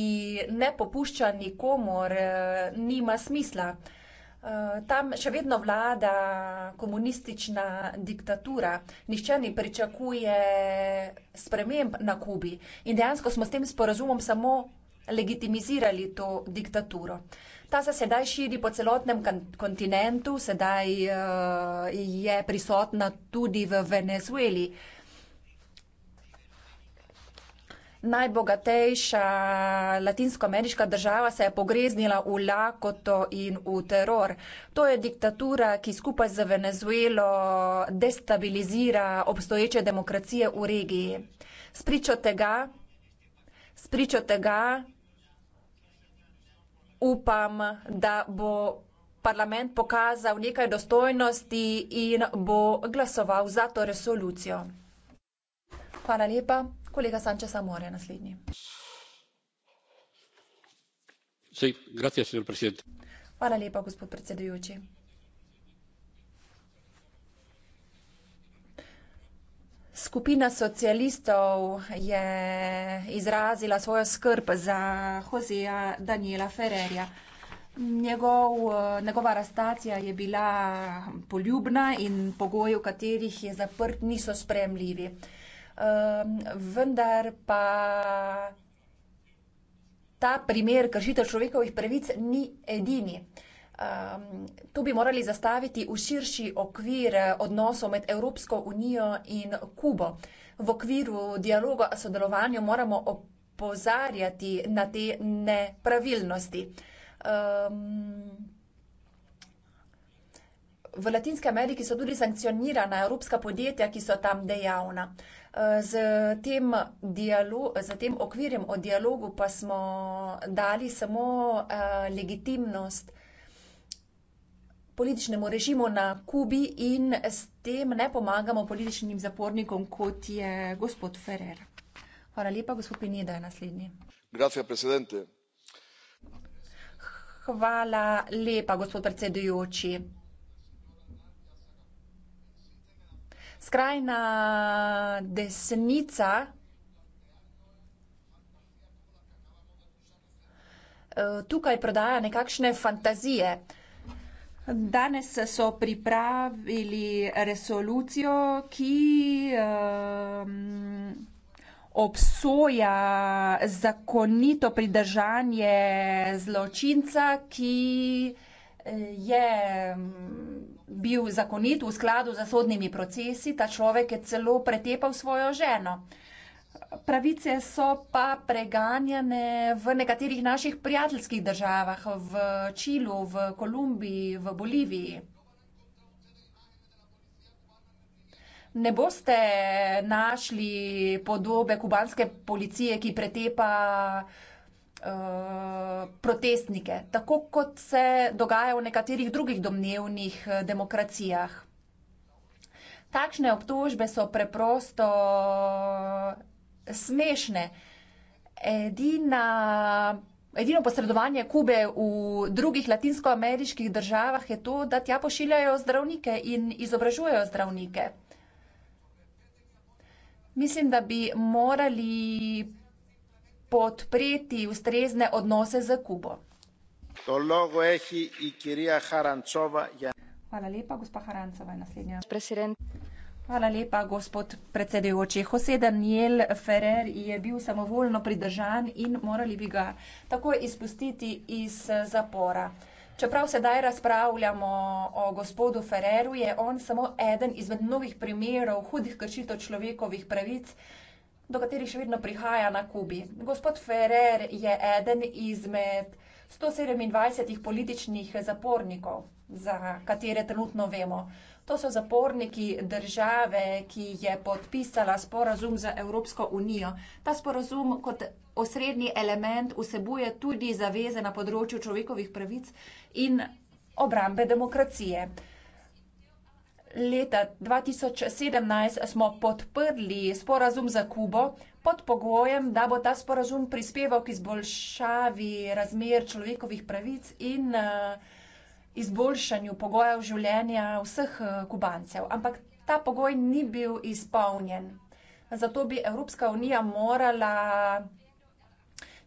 ne popušča nikomor, eh, nima smisla. Eh, tam še vedno vlada komunistična diktatura, nišče ni pričakuje sprememb na Kubi. In dejansko smo s tem sporazumom samo legitimizirali to diktaturo. Ta se sedaj širi po celotnem kontinentu, sedaj uh, je prisotna tudi v Venezueli. Najbogatejša latinsko-ameriška država se je pogreznila v lakoto in v teror. To je diktatura, ki skupaj z Venezuelo destabilizira obstoječe demokracije v regiji. Spričo tega, spričo tega upam, da bo parlament pokazal nekaj dostojnosti in bo glasoval za to resolucijo. Hvala lepa. Kolega Sanče Samore, naslednji. Hvala lepa, gospod predsedujoči. Skupina socialistov je izrazila svojo skrb za Joseja Daniela Ferrerja. Njegov, njegova arrestacija je bila poljubna in pogoji, v katerih je zaprt, niso spremljivi. Ehm, vendar pa ta primer kršitev človekovih pravic ni edini um, to bi morali zastaviti v širši okvir eh, odnosov med Evropsko unijo in Kubo. V okviru dialoga o sodelovanju moramo opozarjati na te nepravilnosti. Um, V Latinske Ameriki so tudi sankcionirana evropska podjetja, ki so tam dejavna. Eh, z tem, dialog, z tem okvirjem o dialogu pa smo dali samo eh, legitimnost uh, političnemu režimu na Kubi in s tem ne pomagamo političnim zapornikom, kot je gospod Ferrer. Hvala lepa, gospod Pineda je naslednji. Hvala lepa, gospod predsedujoči. Skrajna desnica eh, tukaj prodaja nekakšne fantazije. Danes so pripravili resolucijo, ki ehm, obsoja zakonito pridržanje zločinca, ki eh, je ehm, bil zakonit v skladu z zasodnimi procesi. Ta človek je celo pretepal svojo ženo pravice so pa preganjane v nekaterih naših prijateljskih državah, v Čilu, v Kolumbiji, v Boliviji. Ne boste našli podobe kubanske policije, ki pretepa eh, protestnike, tako kot se dogaja v nekaterih drugih domnevnih eh, demokracijah. Takšne obtožbe so preprosto smešne. Edina, edino posredovanje Kube v drugih latinskoameriških državah je to, da tja pošiljajo zdravnike in izobražujejo zdravnike. Mislim, da bi morali podpreti ustrezne odnose z Kubo. Hvala lepa, gospa Harancova je naslednja. Hvala lepa, gospod predsedujoči. Jose Daniel Ferrer je bil samovoljno pridržan in morali bi ga takoj izpustiti iz zapora. Čeprav sedaj razpravljamo o gospodu Ferreru, je on samo eden izmed mnogih primerov hudih kršitev človekovih pravic, do katerih še vedno prihaja na Kubi. Gospod Ferrer je eden izmed 127 političnih zapornikov, za katere trenutno vemo. To so zaporniki države, ki je podpisala sporazum z Evropsko unijo. Ta sporazum kot osrednji element vsebuje tudi zaveze na področju človekovih pravic in obrambe demokracije. Leta 2017 smo podprli sporazum za Kubo pod pogojem, da bo ta sporazum prispeval k izboljšavi razmer človekovih pravic in uh, izboljšanju pogojev življenja vseh eh, kubancev, ampak ta pogoj ni bil izpolnjen. Zato bi Evropska unija morala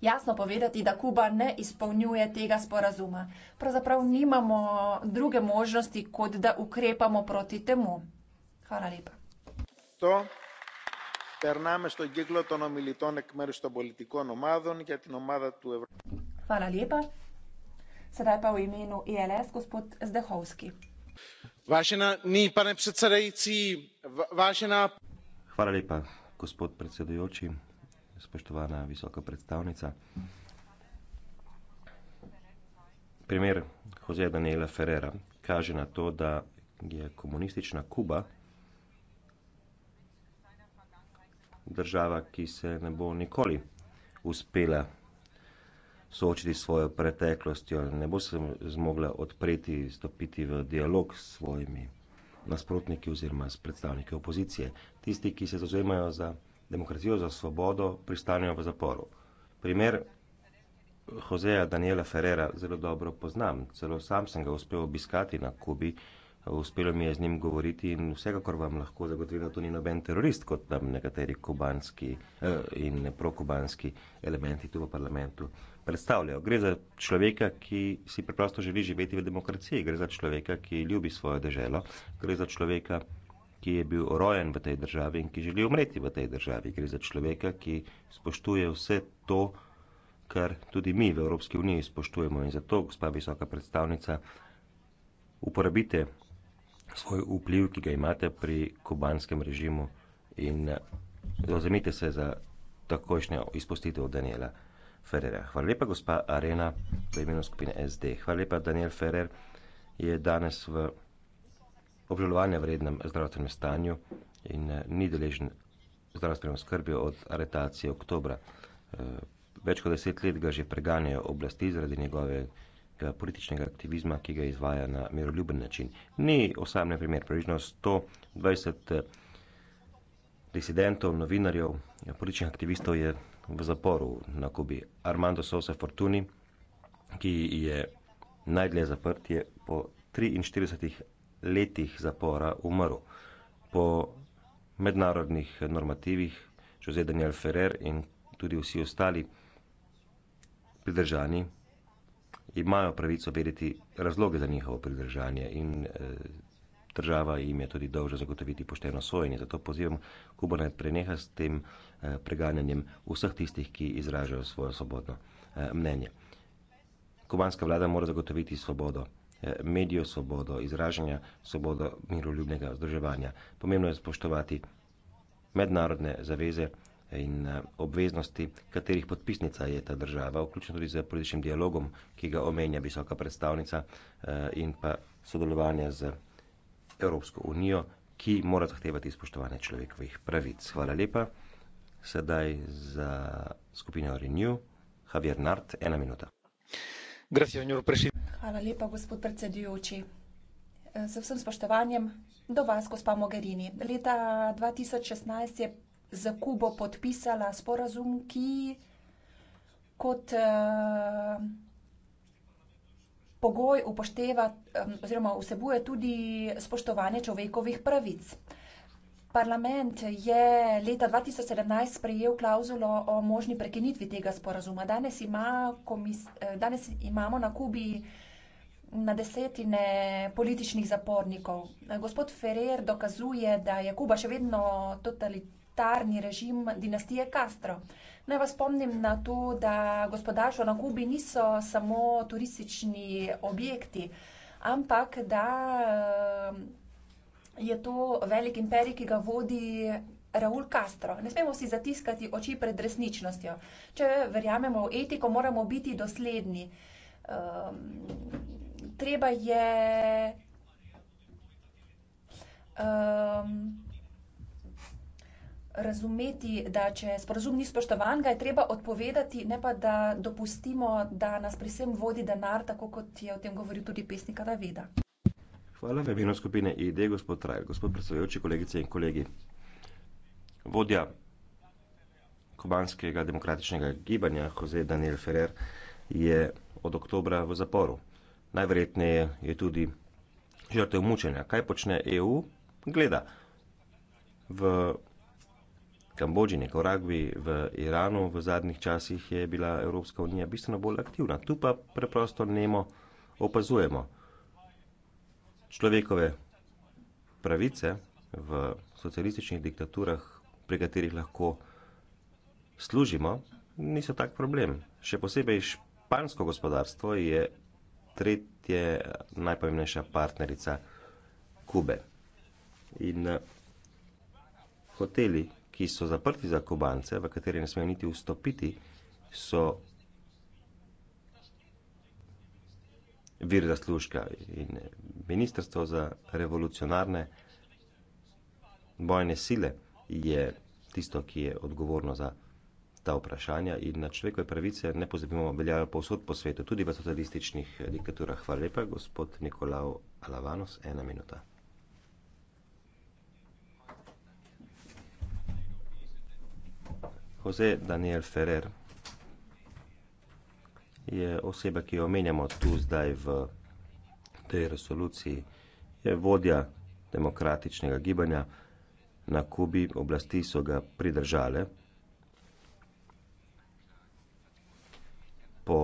jasno povedati, da Kuba ne izpolnjuje tega sporazuma. Pravzaprav nimamo druge možnosti, kot da ukrepamo proti temu. Hvala lepa. To. Hvala lepa. E pane predsedajoči spoštovana visoka predstavnica primer joseja daniela ferreira kaže na to da je komunistična kuba država ki se ne bo nikoli uspela soočiti s svojo preteklostjo, ne bo se zmogla odpreti, stopiti v dialog s svojimi nasprotniki oziroma s predstavniki opozicije. Tisti, ki se zauzemajo za demokracijo, za svobodo, pristanejo v zaporu. Primer Joseja Daniela Ferrera zelo dobro poznam, celo sam sem ga uspel obiskati na Kubi, uspelo mi je z njim govoriti in vsekakor vam lahko zagotovim, da to ni noben terorist, kot tam nekateri kubanski eh, in prokubanski elementi tu v parlamentu predstavljajo. Gre za človeka, ki si preprosto želi živeti v demokraciji, gre za človeka, ki ljubi svojo državo, gre za človeka, ki je bil rojen v tej državi in ki želi umreti v tej državi, gre za človeka, ki spoštuje vse to, kar tudi mi v Evropski uniji spoštujemo. In zato, gospa visoka predstavnica, uporabite svoj vpliv, ki ga imate pri kubanskem režimu in zauzemite se za takošnjo izpustitev Daniela. Ferrerja. Hvala lepa, gospa Arena, v imenu skupine SD. Hvala lepa, Daniel Ferrer je danes v obžalovanju vrednem zdravstvenem stanju in eh, ni deležen zdravstvenem skrbi od aretacije oktobra. Eh, več kot deset let ga že preganjajo oblasti zaradi njegovega političnega aktivizma, ki ga izvaja na miroljuben način. Ni osamljen primer, približno 120 eh, disidentov, novinarjev, političnih aktivistov je v zaporu na Kubi. Armando Sosa Fortuni, ki je najdlje zaprt, je po 43 letih zapora umrl. Po mednarodnih normativih Jose Daniel Ferrer in tudi vsi ostali pridržani imajo pravico vedeti razloge za njihovo pridržanje in eh, Država jim je tudi dolžna zagotoviti pošteno sojenje, zato pozivam Kubo naj preneha s tem eh, preganjanjem vseh tistih, ki izražajo svojo svobodno eh, mnenje. Kubanska vlada mora zagotoviti svobodo, eh, medijo svobodo, izražanja svobodo miroljubnega združevanja. Pomembno je spoštovati mednarodne zaveze eh, in eh, obveznosti, katerih podpisnica je ta država, vključno tudi z političnim dialogom, ki ga omenja visoka predstavnica eh, in pa sodelovanje z. Evropsko unijo, ki mora zahtevati spoštovanje človekovih pravic. Hvala lepa. Sedaj za skupino Renew, Javier Nart, ena minuta. Hvala lepa, gospod predsedujoči. Z vsem spoštovanjem do vas, gospa Mogherini. Leta 2016 je za Kubo podpisala sporazum, ki kot. Uh, pogoj upošteva oziroma vsebuje tudi spoštovanje človekovih pravic. Parlament je leta 2017 sprejel klauzulo o možni prekinitvi tega sporazuma. Danes, ima komis, eh, danes imamo na Kubi na desetine političnih zapornikov. Gospod Ferrer dokazuje, da je Kuba še vedno totalitarni režim dinastije Castro. Naj vas spomnim na to, da gospodarstvo na Kubi niso samo turistični objekti, ampak da je to velik imperij, ki ga vodi Raul Castro. Ne smemo si zatiskati oči pred resničnostjo. Če verjamemo v etiko, moramo biti dosledni. Ehm, treba je. Ehm, razumeti, da če sporozum ni spoštovan, ga je treba odpovedati, ne pa da dopustimo, da nas pri vsem vodi denar, tako kot je o tem govoril tudi pesnik Davida. Hvala v imenu skupine ID, e gospod Trajl, gospod predsedujoči, kolegice in kolegi. Vodja kubanskega demokratičnega gibanja, Jose Daniel Ferrer, je od oktobra v zaporu. Najverjetneje je tudi žrtev mučenja. Kaj počne EU? Gleda. V Kambodži, Nikaragvi, v Iranu v zadnjih časih je bila Evropska unija bistveno bolj aktivna. Tu pa preprosto nemo opazujemo človekove pravice v socialističnih diktaturah, pri katerih lahko služimo, niso tak problem. Še posebej špansko gospodarstvo je tretje najpomembnejša partnerica Kube. In eh, hoteli, ki so zaprti za kubance, v kateri ne smejo niti vstopiti, so vir zaslužka in ministrstvo za revolucionarne bojne sile je tisto, ki je odgovorno za ta vprašanja in na človekove pravice ne pozabimo veljajo povsod po svetu, tudi v socialističnih diktaturah. Hvala lepa, gospod Nikolao Alavanos, ena minuta. Jose Daniel Ferrer je oseba, ki jo omenjamo tu zdaj v tej resoluciji, je vodja demokratičnega gibanja na Kubi, oblasti so ga pridržale. Po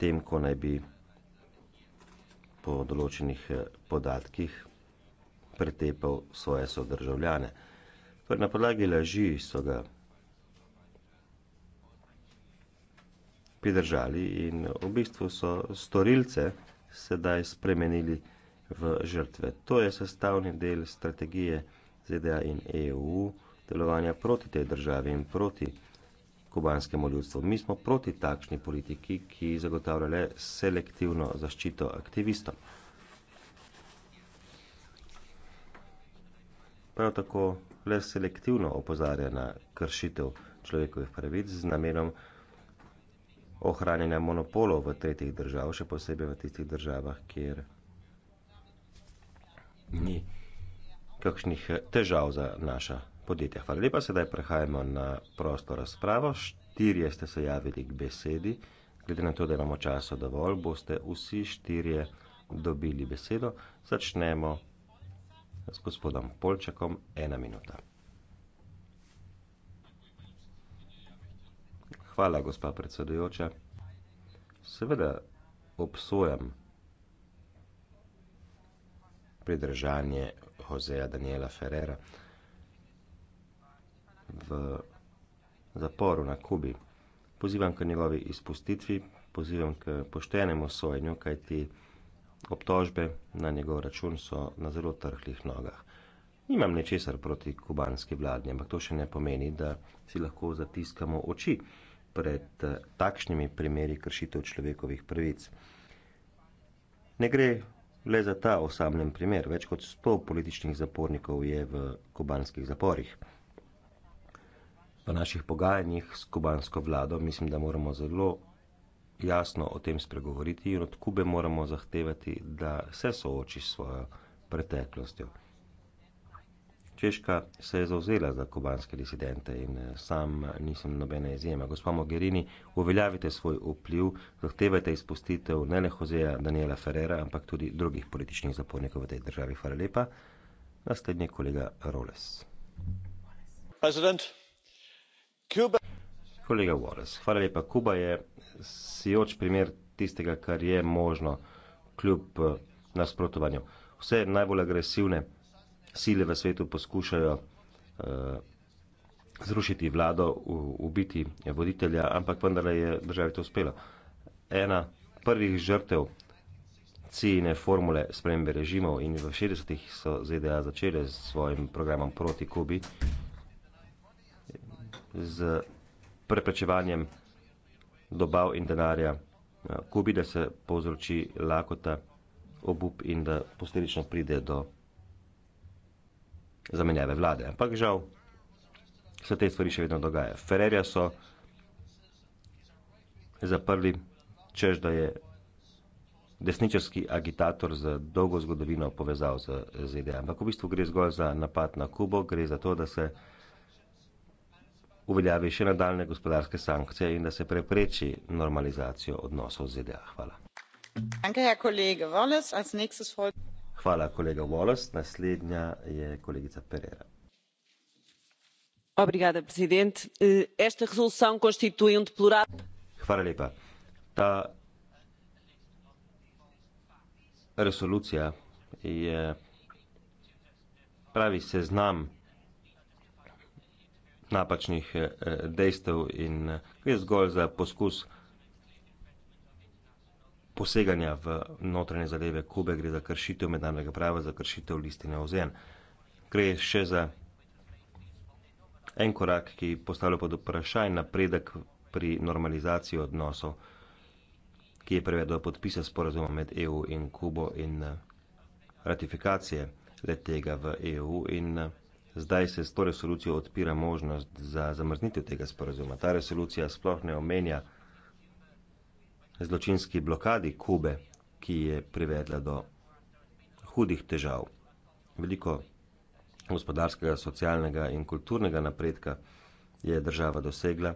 tem, ko naj bi po določenih podatkih pretepal svoje sodržavljane na podlagi laži so ga pridržali in v bistvu so storilce sedaj spremenili v žrtve. To je sestavni del strategije ZDA in EU delovanja proti tej državi in proti kubanskemu ljudstvu. Mi smo proti takšni politiki, ki zagotavlja le selektivno zaščito aktivistom. Prav tako le selektivno opozarja na kršitev človekovih pravic z namenom ohranjanja monopolov v tretjih državah, še posebej v tistih državah, kjer ni kakšnih težav za naša podjetja. Hvala lepa, sedaj prehajamo na prosto razpravo. Štirje ste se javili k besedi. Glede na to, da imamo časa dovolj, boste vsi štirje dobili besedo. Začnemo z gospodom Polčakom ena minuta. Hvala, gospa predsedujoča. Seveda obsojam pridržanje Hozeja Daniela Ferrera v zaporu na Kubi. Pozivam k njegovi izpustitvi, pozivam k poštenemu sojenju, kajti ti Obtožbe na njegov račun so na zelo trhlih nogah. Nimam ničesar proti kubanski vladi, ampak to še ne pomeni, da si lahko zatiskamo oči pred eh, takšnimi primeri kršitev človekovih pravic. Ne gre le za ta osamljen primer, več kot sto političnih zapornikov je v kubanskih zaporih. V naših pogajanjih s kubansko vlado mislim, da moramo zelo jasno o tem spregovoriti in od Kube moramo zahtevati, da se sooči s svojo preteklostjo. Češka se je zauzela za kubanske disidente in eh, sam eh, nisem nobena izjema. Gospa Mogherini, uveljavite svoj vpliv, zahtevajte izpustitev ne le Hozeja Daniela Ferrera, ampak tudi drugih političnih zapornikov v tej državi. Hvala lepa. Naslednji kolega Roles. President. Kuba. Kolega Wallace, hvala lepa. Kuba je sijoč primer tistega, kar je možno, kljub eh, nasprotovanju. Vse najbolj agresivne sile v svetu poskušajo uh, zrušiti vlado, u, ubiti voditelja, ampak vendar je državi to uspelo. Ena prvih žrtev ciljne formule spremembe režimov in v 60-ih so ZDA začele s svojim programom proti Kubi z preprečevanjem dobav in denarja eh, Kubi, da se povzroči lakota, obup in da posledično pride do zamenjave vlade. Ampak žal se te stvari še vedno dogaja. Ferrerja so zaprli, čež da je desničarski agitator z dolgo zgodovino povezal z ZDA. Ampak v bistvu gre zgolj za napad na Kubo, gre za to, da se uveljavi še nadaljne gospodarske sankcije in da se prepreči normalizacijo odnosov z ZDA. Hvala. Hvala, kolega Wallace. Naslednja je kolegica Pereira. Eh, um Hvala lepa. Ta resolucija je pravi seznam napačnih eh, dejstev in eh, gre zgolj za poskus poseganja v notranje zadeve Kube, gre za kršitev mednarodnega prava, za kršitev listine OZN. Gre še za en korak, ki postavlja pod vprašaj napredek pri normalizaciji odnosov, ki je prevedel podpise sporazuma med EU in Kubo in eh, ratifikacije letega v EU in Zdaj se s to resolucijo odpira možnost za zamrznitev tega sporozuma. Ta resolucija sploh ne omenja zločinski blokadi Kube, ki je privedla do hudih težav. Veliko gospodarskega, socialnega in kulturnega napredka je država dosegla.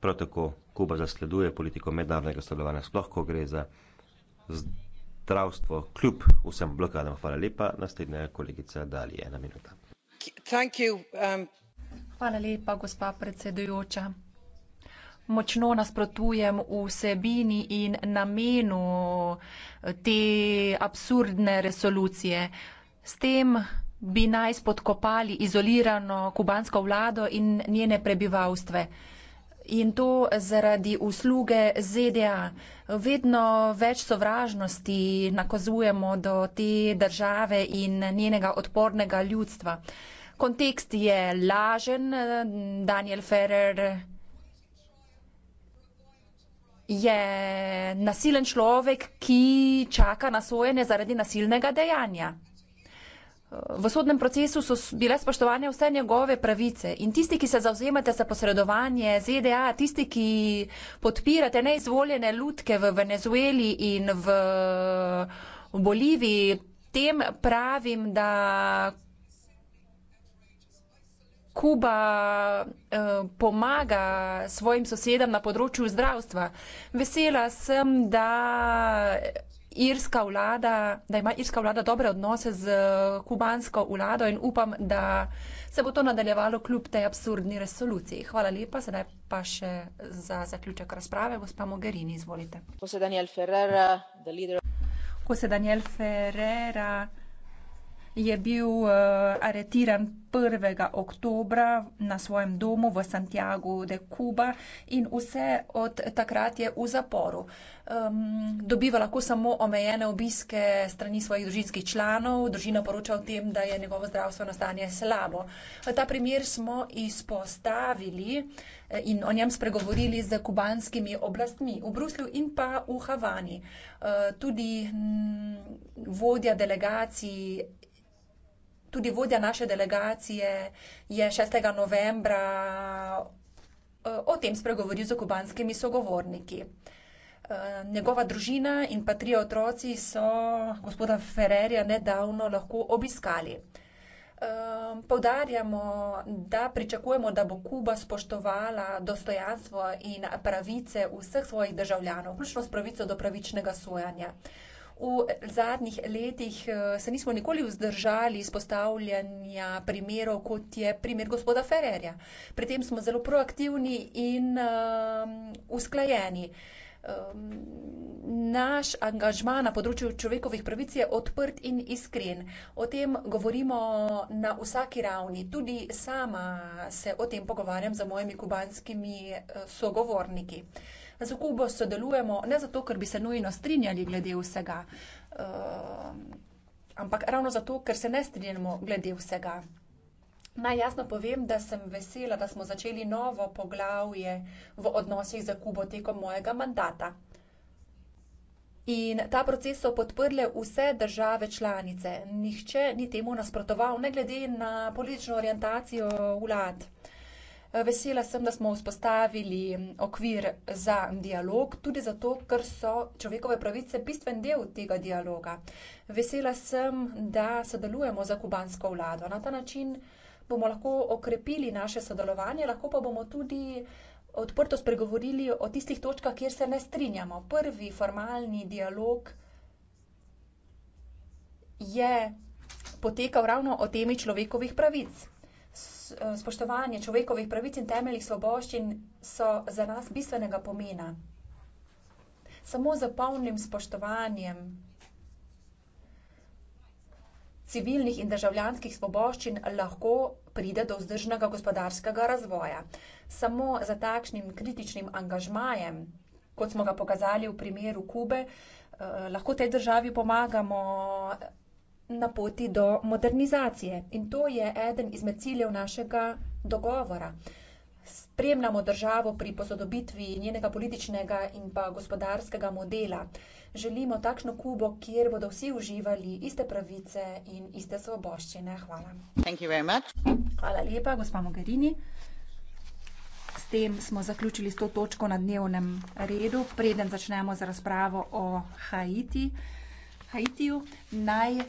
Prav tako Kuba zasleduje politiko mednarodnega sodelovanja, sploh ko gre za zdravstvo, kljub vsem blokadam. Hvala lepa. Naslednja je kolegica Dali, ena minuta. Um, Hvala lepa, gospa predsedujoča. Močno nasprotujem vsebini in namenu eh, te absurdne resolucije. S tem bi naj spodkopali izolirano kubansko vlado in njene prebivalstve in to zaradi usluge ZDA. Vedno več sovražnosti nakazujemo do te države in njenega odpornega ljudstva. Kontekst je lažen, Daniel Ferrer je nasilen človek, ki čaka na sojenje zaradi nasilnega dejanja. V sodnem procesu so bile spoštovane vse njegove pravice in tisti, ki se zauzemate za posredovanje ZDA, tisti, ki podpirate neizvoljene lutke v Venezueli in v Boliviji, tem pravim, da Kuba eh, pomaga svojim sosedam na področju zdravstva. Vesela sem, da irska vlada, da ima irska vlada dobre odnose z eh, kubansko vlado in upam, da se bo to nadaljevalo kljub tej absurdni resoluciji. Hvala lepa, sedaj pa še za zaključek razprave, gospa Mogherini, izvolite. Ko se Daniel Ferrera, the leader... Ko se Daniel Ferrera je bil uh, aretiran 1. oktobra na svojem domu v Santiago de Cuba in vse od takrat je v zaporu. Um, dobiva lahko samo omejene obiske strani svojih družinskih članov, družina poroča o tem, da je njegovo zdravstveno stanje slabo. Ta primer smo izpostavili eh, in o njem spregovorili z kubanskimi oblastmi v Bruslju in pa v Havani. Uh, tudi m, mm, vodja delegacij tudi vodja naše delegacije je 6. novembra eh, o tem spregovoril z kubanskimi sogovorniki. Eh, njegova družina in pa trije otroci so gospoda Ferrerja nedavno lahko obiskali. Eh, poudarjamo, da pričakujemo, da bo Kuba spoštovala dostojanstvo in pravice vseh svojih državljanov, vključno s pravico do pravičnega sojanja. V zadnjih letih eh, se nismo nikoli vzdržali izpostavljanja primerov, kot je primer gospoda Ferrerja. Pri tem smo zelo proaktivni in um, usklajeni. Um, naš angažma na področju človekovih pravic je odprt in iskren. O tem govorimo na vsaki ravni. Tudi sama se o tem pogovarjam z mojimi kubanskimi eh, sogovorniki da z Kubo sodelujemo ne zato, ker bi se nujno strinjali glede vsega, uh, ampak ravno zato, ker se ne strinjamo glede vsega. Naj jasno povem, da sem vesela, da smo začeli novo poglavje v odnosih z Kubo tekom mojega mandata. In ta proces so podprle vse države članice. Nihče ni temu nasprotoval, ne glede na politično orientacijo vlad. Uh, Vesela sem, da smo vzpostavili okvir za dialog, tudi zato, ker so človekove pravice bistven del tega dialoga. Vesela sem, da sodelujemo za kubansko vlado. Na ta način bomo lahko okrepili naše sodelovanje, lahko pa bomo tudi odprto spregovorili o tistih točkah, kjer se ne strinjamo. Prvi formalni dialog je potekal ravno o temi človekovih pravic. Eh, spoštovanje človekovih pravic in temeljnih svoboščin so za nas bistvenega pomena. Samo z polnim spoštovanjem civilnih in državljanskih svoboščin lahko pride do vzdržnega gospodarskega razvoja. Samo za takšnim kritičnim angažmajem, kot smo ga pokazali v primeru Kube, eh, lahko tej državi pomagamo, na poti do modernizacije. In to je eden izmed ciljev našega dogovora. Spremljamo državo pri posodobitvi njenega političnega in pa gospodarskega modela. Želimo takšno Kubo, kjer bodo vsi uživali iste pravice in iste svoboščine. Hvala. Hvala lepa, gospa Mogherini. S tem smo zaključili s to točko na dnevnem redu. Preden začnemo z razpravo o Haiti, Haitiju, naj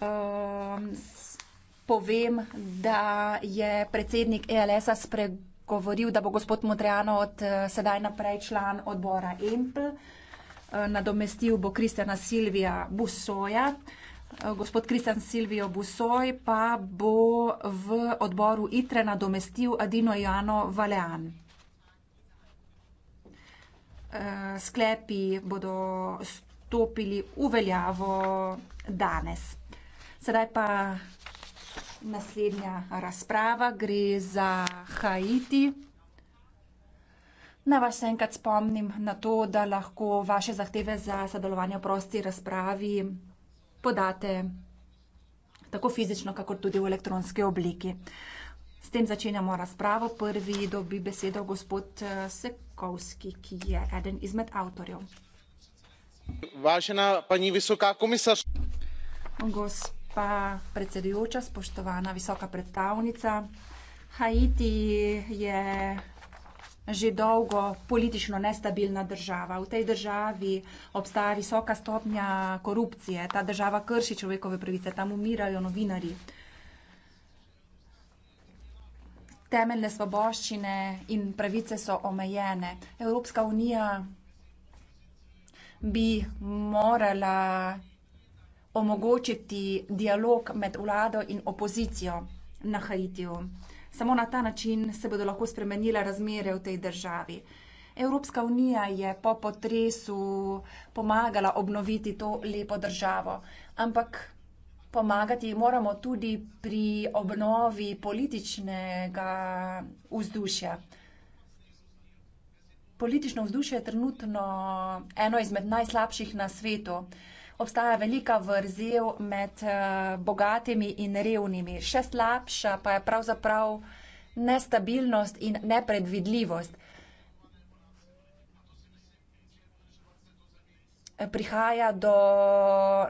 um, povem, da je predsednik ELS-a spregovoril, da bo gospod Motrejano od eh, sedaj naprej član odbora EMPL. Eh, nadomestil bo Kristjana Silvija Busoja. Eh, gospod Kristjan Silvijo Busoj pa bo v odboru ITRE nadomestil Adino Jano Valean. Sklepi bodo stopili v veljavo danes. Sedaj pa naslednja razprava gre za Haiti. Na vas enkrat spomnim na to, da lahko vaše zahteve za sodelovanje v prosti razpravi podate tako fizično, kako tudi v elektronski obliki. S tem začenjamo razpravo. Prvi dobi besedo gospod eh, Sekovski, ki je eden izmed avtorjev. Vážená paní vysoká komisař. Gospod gospa predsedujoča, spoštovana visoka predstavnica. Haiti je že dolgo politično nestabilna država. V tej državi obstaja visoka stopnja korupcije, ta država krši človekove pravice, tam umirajo novinari. Temeljne svoboščine in pravice so omejene. Evropska unija bi morala omogočiti dialog med vlado in opozicijo na Haitiju. Samo na ta način se bodo lahko spremenile razmere v tej državi. Evropska unija je po potresu pomagala obnoviti to lepo državo, ampak pomagati moramo tudi pri obnovi političnega vzdušja. Politično vzdušje je trenutno eno izmed najslabših na svetu obstaja velika vrzel med eh, bogatimi in revnimi. Še slabša pa je pravzaprav nestabilnost in nepredvidljivost. prihaja do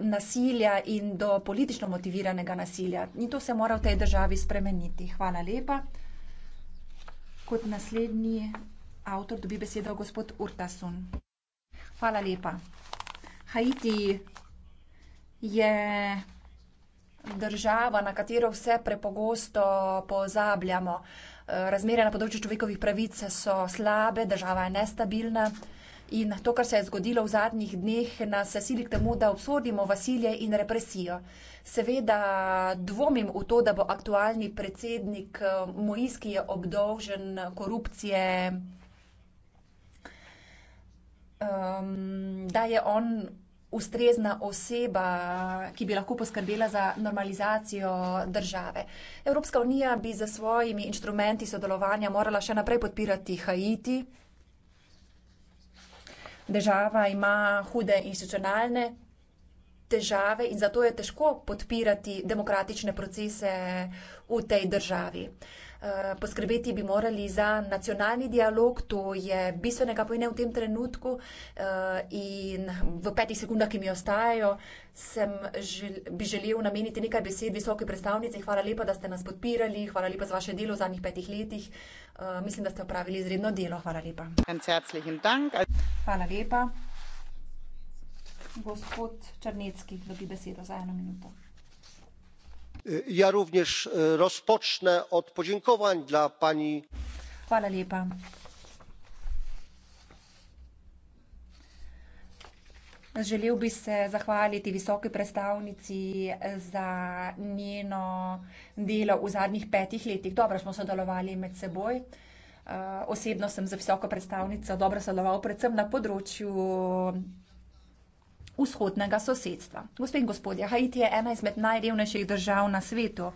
nasilja in do politično motiviranega nasilja. In to se mora v tej državi spremeniti. Hvala lepa. Kot naslednji avtor dobi besedo gospod Urtasun. Hvala lepa. Haiti je država, na katero vse prepogosto pozabljamo. Eh, razmere na področju človekovih pravic so slabe, država je nestabilna. In to, kar se je zgodilo v zadnjih dneh, nas sili k temu, da obsodimo vasilje in represijo. Seveda dvomim v to, da bo aktualni predsednik eh, Mojski obdolžen korupcije, um, da je on ustrezna oseba, ki bi lahko poskrbela za normalizacijo države. Evropska unija bi za svojimi inštrumenti sodelovanja morala še naprej podpirati Haiti. Država ima hude institucionalne težave in zato je težko podpirati demokratične procese v tej državi. Eh, poskrbeti bi morali za nacionalni dialog, to je bistvenega pojene v tem trenutku eh, in v petih sekundah, ki mi ostajajo, sem, žel, bi želel nameniti nekaj besed visoke predstavnice. Hvala lepa, da ste nas podpirali, hvala lepa za vaše delo v zadnjih petih letih. Eh, mislim, da ste opravili izredno delo. Hvala lepa. Hvala lepa. Gospod Črnecki dobi besedo za eno minuto ja również e, rozpocznę od podziękowań dla pani želel bi se zahvaliti visoki predstavnici za njeno delo v zadnjih petih letih. Dobro smo sodelovali med seboj. E, osebno sem z visoko predstavnico dobro sodeloval predvsem na področju vzhodnega sosedstva. Gospod in gospodje, Haiti je ena izmed najrevnejših držav na svetu.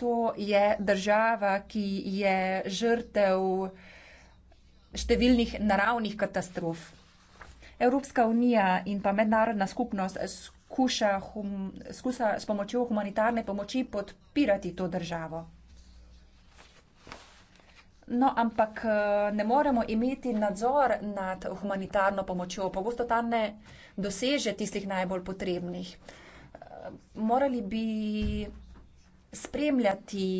To je država, ki je žrtev številnih naravnih katastrof. Evropska unija in pa mednarodna skupnost skuša, hum, skuša s pomočjo humanitarne pomoči podpirati to državo. No, ampak eh, ne moremo imeti nadzor nad humanitarno pomočjo. Pogosto ta ne doseže tistih najbolj potrebnih. Eh, morali bi spremljati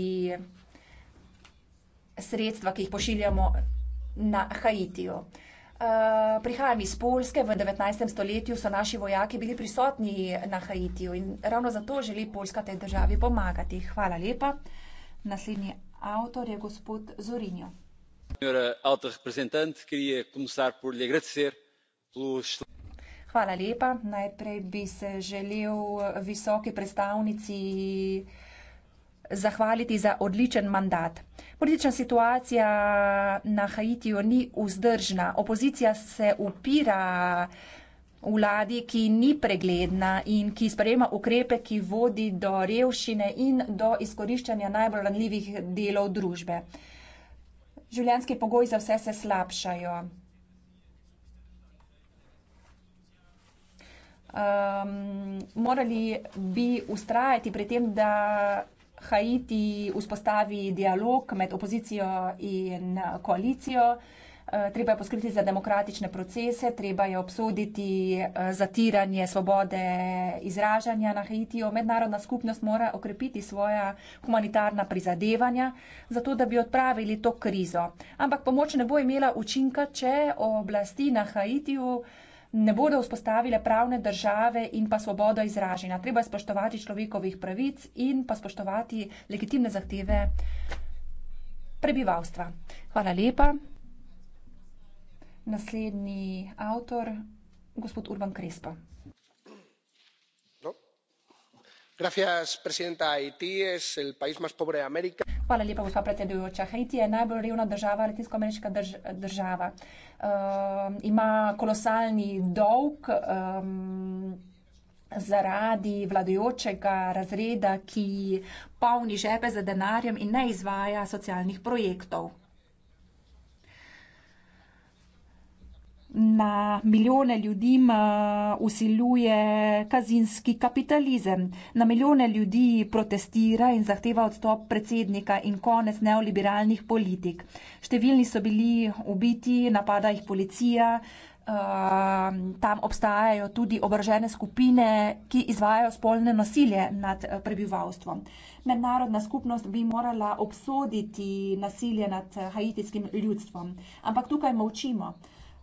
sredstva, ki jih pošiljamo na Haitijo. Eh, prihajam iz Polske, v 19. stoletju so naši vojaki bili prisotni na Haitiju in ravno zato želi Polska tej državi pomagati. Hvala lepa. Naslednji avtor je gospod zorrinho. gospa alta reprezentantka hvala lepa. najprej bi se želel eh, visoki predstavnici eh, zahvaliti za odličen mandat. politična situacija eh, na haitiju ni vzdržna. opozicija se upira vladi, ki ni pregledna in ki sprejema ukrepe, ki vodi do revščine in do izkoriščanja najbolj ranljivih delov družbe. Življenjski pogoji za vse se slabšajo. Um, morali bi ustrajati pri tem, da Haiti vzpostavi dialog med opozicijo in koalicijo. Eh, treba je poskrbeti za demokratične procese, treba je obsoditi eh, zatiranje svobode izražanja na Haitiju. Mednarodna skupnost mora okrepiti svoja humanitarna prizadevanja, zato da bi odpravili to krizo. Ampak pomoč ne bo imela učinka, če oblasti na Haitiju ne bodo vzpostavile pravne države in pa svobodo izražanja. Treba je spoštovati človekovih pravic in pa spoštovati legitimne zahteve prebivalstva. Hvala lepa. Naslednji avtor, gospod Urban Crespa. No. Hvala lepa, gospa predsedujoča. Haiti je najbolj revna država latinskoameriška država. Ehm, ima kolosalni dolg, ehm, zaradi vladajočega razreda, ki polni žepe z denarjem in ne izvaja socialnih projektov. na milijone ljudi usiljuje kazinski kapitalizem. Na milijone ljudi protestira in zahteva odstop predsednika in konec neoliberalnih politik. Številni so bili ubiti, napada jih policija. Uh, tam obstajajo tudi obražene skupine, ki izvajajo spolne nasilje nad eh, prebivalstvom. Mednarodna skupnost bi morala obsoditi nasilje nad eh, haitijskim ljudstvom, ampak tukaj molčimo. Uh,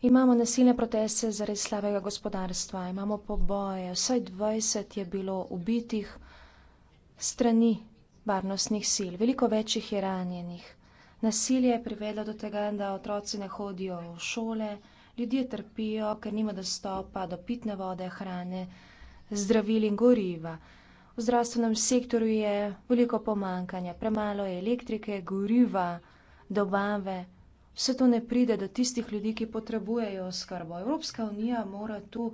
Imamo nasilne proteste zaradi slabega gospodarstva, imamo poboje, vsaj 20 je bilo ubitih strani varnostnih sil, veliko večjih je ranjenih. Nasilje je privedlo do tega, da otroci ne hodijo v šole, ljudje trpijo, ker nima dostopa do pitne vode, hrane, zdravil in goriva. V zdravstvenem sektorju je veliko pomankanja, premalo je elektrike, goriva, dobave vse to ne pride do tistih ljudi, ki potrebujejo oskrbo. Evropska unija mora tu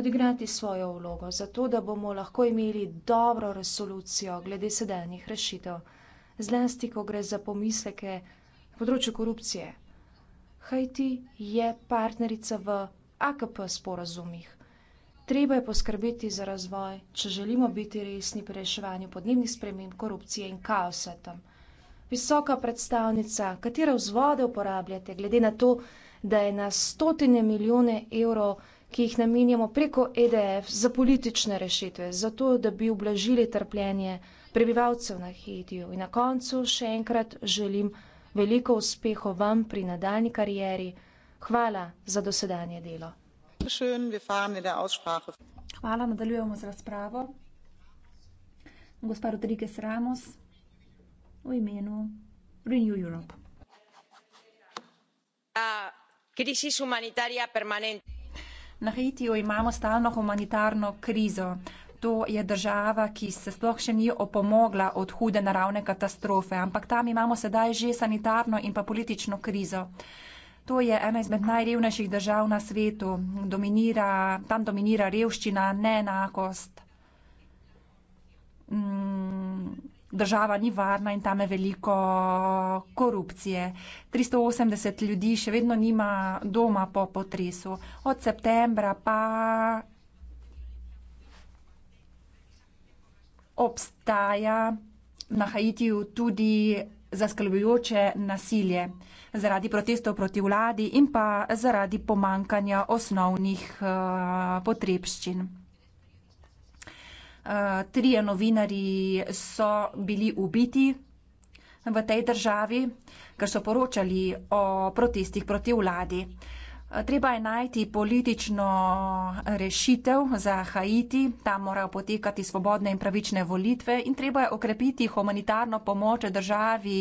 odigrati svojo vlogo, zato da bomo lahko imeli dobro resolucijo glede sedajnih rešitev, zlasti, ko gre za pomisleke na področju korupcije. Haiti je partnerica v AKP sporazumih. Treba je poskrbeti za razvoj, če želimo biti resni pri reševanju podnebnih sprememb, korupcije in kaosa tam visoka predstavnica, katere vzvode uporabljate, glede na to, da je na stotine milijone evrov, ki jih namenjamo preko EDF za politične rešitve, za to, da bi oblažili trpljenje prebivalcev na Hitiju. In na koncu še enkrat želim veliko uspeho vam pri nadaljni karieri. Hvala za dosedanje delo. Hvala, nadaljujemo z razpravo. Gospod Rodriguez Ramos señora presidenta na haitiju imamo stalno humanitarno krizo. To je država, ki se sploh še ni opomogla od hude naravne katastrofe, ampak tam imamo sedaj že sanitarno in pa politično krizo. To je ena izmed najrevnejših držav na svetu. Dominira, tam dominira revščina, neenakost. Mm država ni varna in tam je veliko korupcije. 380 ljudi še vedno nima doma po potresu. Od septembra pa obstaja na Haitiju tudi zaskrbljujoče nasilje zaradi protestov proti vladi in pa zaradi pomankanja osnovnih uh, potrebščin. Eh, trije novinari so bili ubiti v tej državi, ker so poročali o protestih proti vladi. Eh, treba je najti politično rešitev za Haiti, tam morajo potekati svobodne in pravične volitve in treba je okrepiti humanitarno pomoč državi,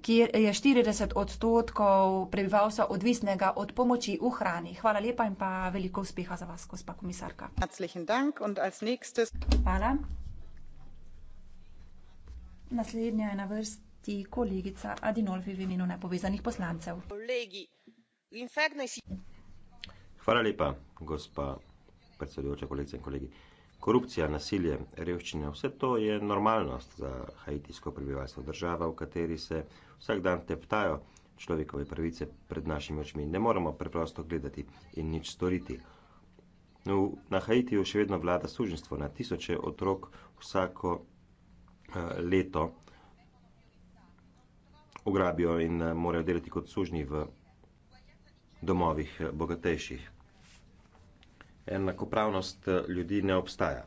kjer je 40 odstotkov prebivalstva odvisnega od pomoči v hrani. Hvala lepa in pa veliko uspeha za vas, gospa komisarka. Hvala. Naslednja je na vrsti kolegica Adinolfi v imenu nepovezanih poslancev. Hvala lepa, gospa predsedujoča, kolegice in kolegi korupcija, nasilje, revščina, vse to je normalnost za haitijsko prebivalstvo. Država, v kateri se vsak dan teptajo človekove pravice pred našimi očmi. Ne moremo preprosto gledati in nič storiti. No, na Haitiju še vedno vlada suženstvo. Na tisoče otrok vsako uh, leto ugrabijo in uh, morajo delati kot sužni v domovih eh, bogatejših enakopravnost eh, ljudi ne obstaja,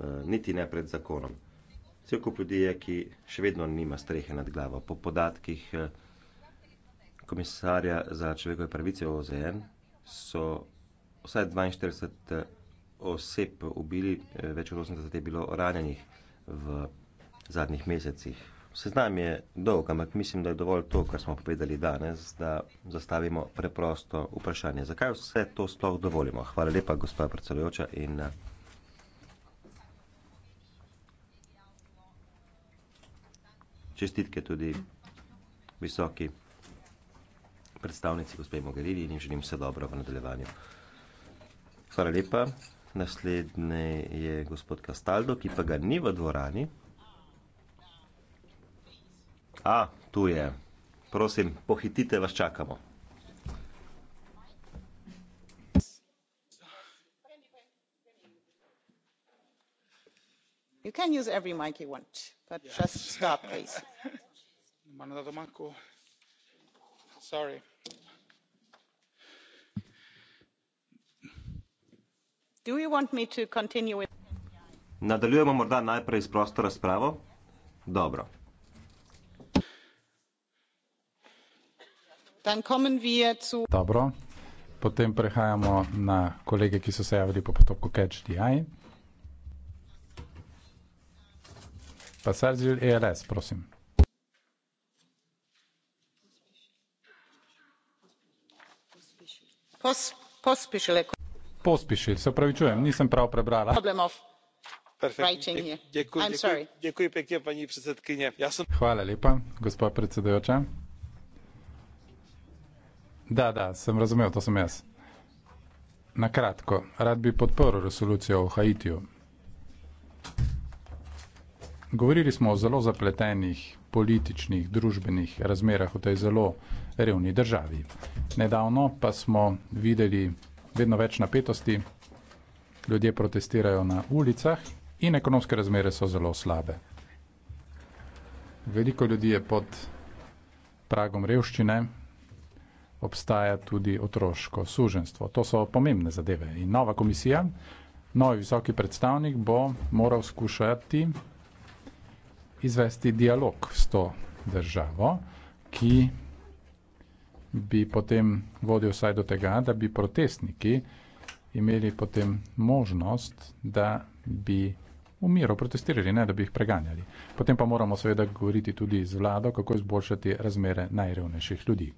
eh, niti ne pred zakonom. Cel kup ljudi je, ki še vedno nima strehe nad glavo. Po podatkih eh, komisarja za človekove pravice OZN so vsaj 42 oseb ubili, več kot 80 je bilo ranjenih v zadnjih mesecih Seznam je dolg, ampak mislim, da je dovolj to, kar smo povedali danes, da zastavimo preprosto vprašanje. Zakaj vse to sploh dovolimo? Hvala lepa, gospod predsedujoča. In... Eh, čestitke tudi visoki predstavnici gospe Mogherini in želim vse dobro v nadaljevanju. Hvala lepa. Naslednji je gospod Kastaldo, ki pa ga ni v dvorani. A, tu je. Prosim, pohitite, vas čakamo. You can use every mic you want, but yes. just stop, please. Sorry. Do you want me to continue with... Nadaljujemo morda najprej s prosto razpravo? Dobro. Dobro, potem prehajamo na kolege, ki so se javili po postopku Catch the Eye. Pa Sergil ELS, prosim. Pospišil, se opravičujem, nisem prav prebrala. Hvala lepa, gospa predsedujoča. Da, da, sem razumel, to sem jaz. Na kratko, rad bi podporil resolucijo o Haitiju. Govorili smo o zelo zapletenih političnih, družbenih razmerah v tej zelo revni državi. Nedavno pa smo videli vedno več napetosti, ljudje protestirajo na ulicah in ekonomske razmere so zelo slabe. Veliko ljudi je pod pragom revščine, obstaja tudi otroško suženstvo. To so pomembne zadeve. In nova komisija, novi visoki predstavnik bo moral skušati izvesti dialog s to državo, ki bi potem vodil vsaj do tega, da bi protestniki imeli potem možnost, da bi v miru protestirali, ne da bi jih preganjali. Potem pa moramo seveda govoriti tudi z vlado, kako izboljšati razmere najrevnejših ljudi.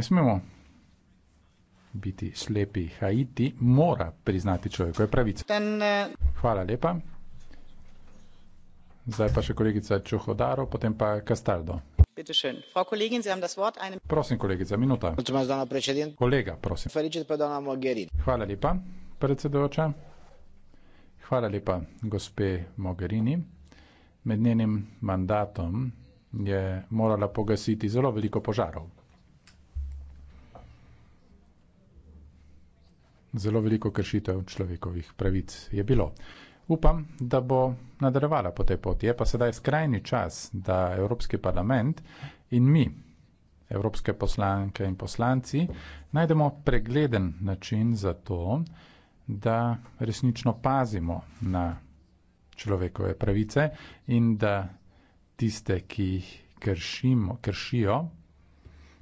Ne smemo biti slepi. Haiti mora priznati človekove pravice. Eh, Hvala lepa. Zdaj pa še kolegica Čuhodaro, potem pa Kastardo. Prosim, kolegica, minuta. Kolega, prosim. Hvala lepa, predsedujoča. Hvala lepa, gospe Mogherini. Med njenim mandatom je morala pogasiti zelo veliko požarov. zelo veliko kršitev človekovih pravic je bilo. Upam, da bo nadaljevala po tej poti. Je pa sedaj skrajni čas, da Evropski parlament in mi, evropske poslanke in poslanci, najdemo pregleden način za to, da resnično pazimo na človekove pravice in da tiste, ki jih kršimo, kršijo,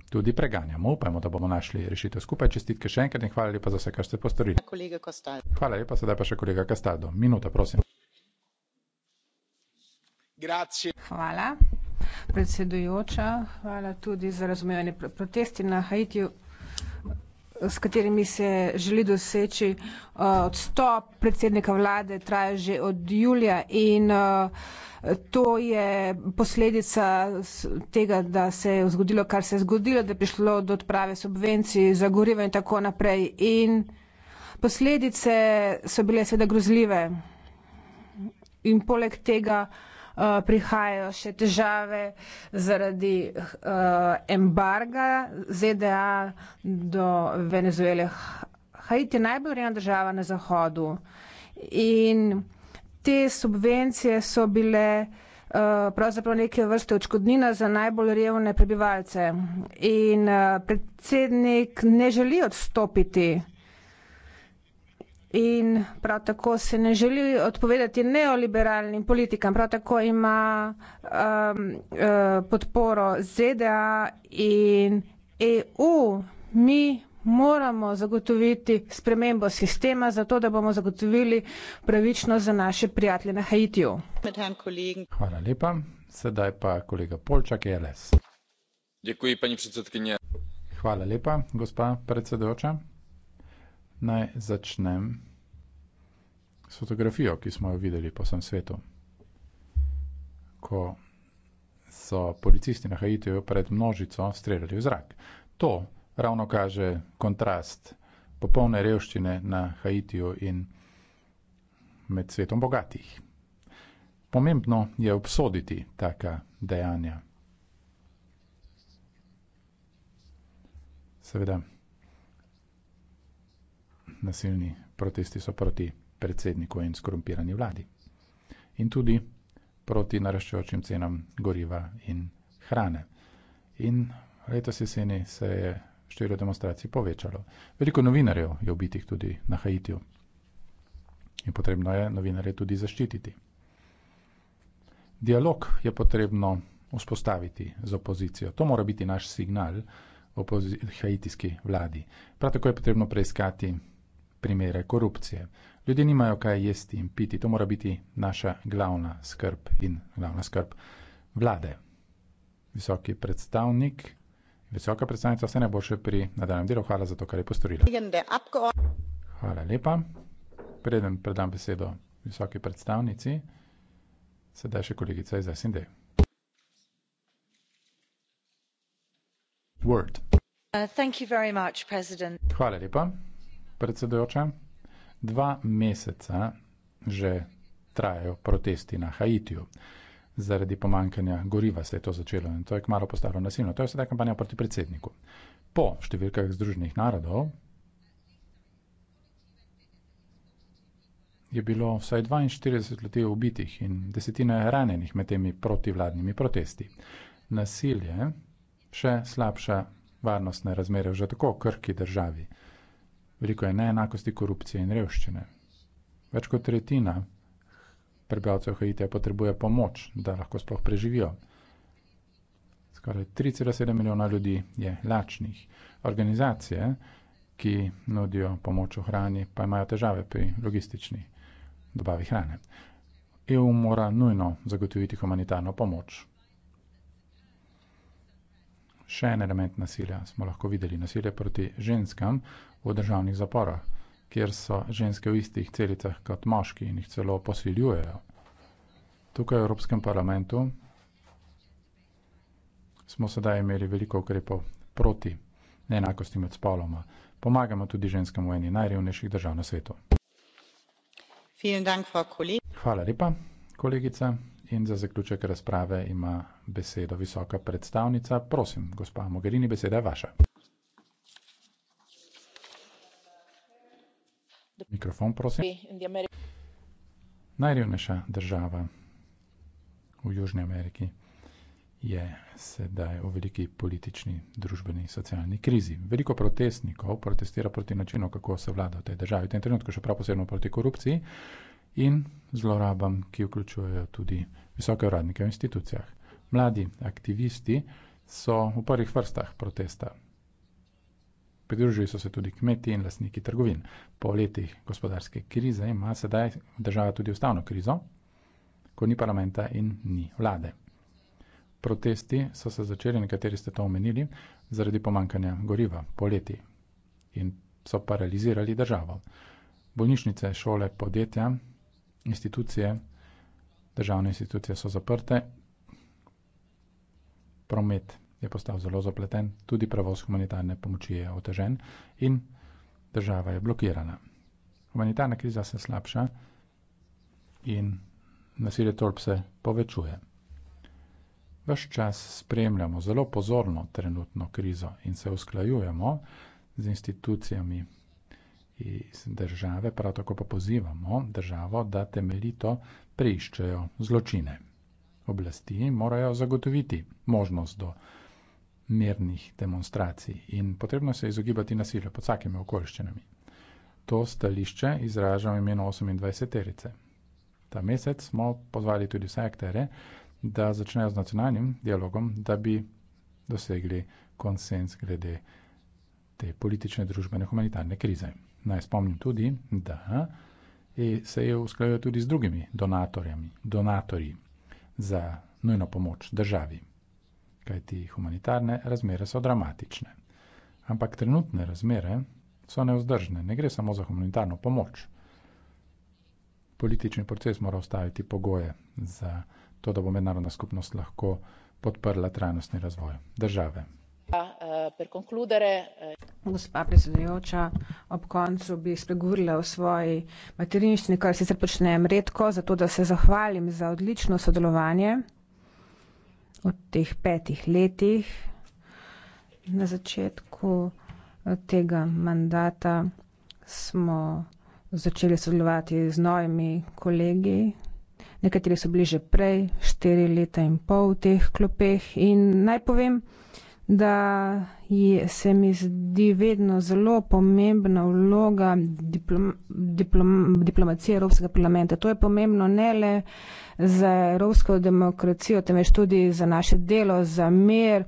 tudi preganjamo. Upajmo, da bomo našli rešitev skupaj. Čestitke še enkrat in hvala lepa za vse, kar ste postorili. Hvala lepa, sedaj pa še kolega Kastaldo. Minuta, prosim. Grazie. Hvala, predsedujoča. Hvala tudi za razumevanje. Protesti na Haitiju s katerimi se želi doseči uh, odstop predsednika vlade, traja že od julija in uh, to je posledica tega, da se je zgodilo, kar se je zgodilo, da je prišlo do odprave subvencij za gorivo in tako naprej. In posledice so bile seveda grozljive. In poleg tega, Eh, prihajajo še težave zaradi uh, embarga ZDA do Venezuele. Haiti je najbolj urejena država na zahodu in te subvencije so bile uh, pravzaprav neke vrste očkodnina za najbolj revne prebivalce. In uh, predsednik ne želi odstopiti in prav tako se ne želi odpovedati neoliberalnim politikam. Prav tako ima um, uh, podporo ZDA in EU. Mi moramo zagotoviti spremembo sistema, zato da bomo zagotovili pravično za naše prijatelje na Haitiju. Hvala lepa. Sedaj pa kolega Polčak, e LS. Dekuji, pani predsedkinje. Hvala lepa, gospa predsedujoča. Naj začnem s fotografijo, ki smo jo videli po vsem svetu. Ko so policisti na Haitiju pred množico streljali v zrak. To ravno kaže kontrast popolne revščine na Haitiju in med svetom bogatih. Pomembno je obsoditi taka dejanja. Seveda, nasilni protesti so proti predsedniku in skorumpirani vladi. In tudi proti naraščajočim cenam goriva in hrane. In letos jeseni se je število demonstracij povečalo. Veliko novinarjev je ubitih tudi na Haitiju. In potrebno je novinarje tudi zaščititi. Dialog je potrebno vzpostaviti z opozicijo. To mora biti naš signal opozi- haitijski vladi. Prav tako je potrebno preiskati primere korupcije. Ljudje nimajo kaj jesti in piti, to mora biti naša glavna skrb in glavna skrb vlade. Visoki predstavnik, visoka predstavnica, vse najboljše pri nadaljem delu. Hvala za to, kar je postorila. Hvala lepa. Preden predam besedo visoki predstavnici, sedaj še kolegica iz SND. Word. Uh, Hvala lepa, predsedujoča. Dva meseca že trajajo protesti na Haitiju. Zaradi pomankanja goriva se je to začelo in to je kmalo postalo nasilno. To je sedaj kampanja proti predsedniku. Po številkah Združenih narodov je bilo vsaj 42 ljudi ubitih in desetina je ranjenih med temi protivladnimi protesti. Nasilje še slabša varnostne razmere v že tako krki državi. Veliko je neenakosti, korupcije in revščine. Več kot tretjina prebivalcev Haitija potrebuje pomoč, da lahko sploh preživijo. Skoraj 3,7 milijona ljudi je lačnih. Organizacije, ki nudijo pomoč v hrani, pa imajo težave pri logistični dobavi hrane. EU mora nujno zagotoviti humanitarno pomoč še en element nasilja. Smo lahko videli nasilje proti ženskam v državnih zaporah, kjer so ženske v istih celicah kot moški in jih celo posiljujejo. Tukaj v Evropskem parlamentu smo sedaj imeli veliko ukrepov proti neenakosti med spoloma. Pomagamo tudi ženskam v eni najrevnejših držav na svetu. Hvala lepa, kolegica. In za zaključek razprave ima besedo visoka predstavnica. Prosim, gospa Mogherini, beseda je vaša. Mikrofon, prosim. Najrevnejša država v Južni Ameriki je sedaj v veliki politični, družbeni, socialni krizi. Veliko protestnikov protestira proti načinu, kako se vlada v tej državi, v tem trenutku še prav posebno proti korupciji in zlorabam, ki vključujejo tudi visoke uradnike v institucijah. Mladi aktivisti so v prvih vrstah protesta. Pridružili so se tudi kmeti in lastniki trgovin. Po letih gospodarske krize ima sedaj država tudi ustavno krizo, ko ni parlamenta in ni vlade. Protesti so se začeli, nekateri ste to omenili, zaradi pomankanja goriva po leti in so paralizirali državo. Bolnišnice, šole, podjetja institucije, državne institucije so zaprte, promet je postal zelo zapleten, tudi prevoz humanitarne pomoči je otežen in država je blokirana. Humanitarna kriza se slabša in nasilje tolp se povečuje. Ves čas spremljamo zelo pozorno trenutno krizo in se usklajujemo z institucijami iz države, prav tako pa pozivamo državo, da temeljito preiščejo zločine. Oblasti morajo zagotoviti možnost do mirnih demonstracij in potrebno se je izogibati nasilju pod vsakimi okoliščinami. To stališče izražam imeno 28 terice. Ta mesec smo pozvali tudi vse aktere, da začnejo z nacionalnim dialogom, da bi dosegli konsens glede te politične, družbene, humanitarne krize. Naj spomnim tudi, da se je usklajujo tudi z drugimi donatorji za nujno pomoč državi. Kaj ti humanitarne razmere so dramatične. Ampak trenutne razmere so neozdržne. Ne gre samo za humanitarno pomoč. Politični proces mora ustaviti pogoje za to, da bo mednarodna skupnost lahko podprla trajnostni razvoj države. Eh, eh, Gospa predsedujoča, ob koncu bi spregovorila o svoji materinščini, kar sicer počnem redko, zato da se zahvalim za odlično sodelovanje v teh petih letih. Na začetku eh, tega mandata smo začeli sodelovati z novimi kolegi, nekateri so bili že prej štiri leta in pol v teh klopeh in naj povem, da ji se mi zdi vedno zelo pomembna vloga diplom, diplom, diplomacije Evropskega parlamenta. To je pomembno ne le za evropsko demokracijo, temveč tudi za naše delo, za mir,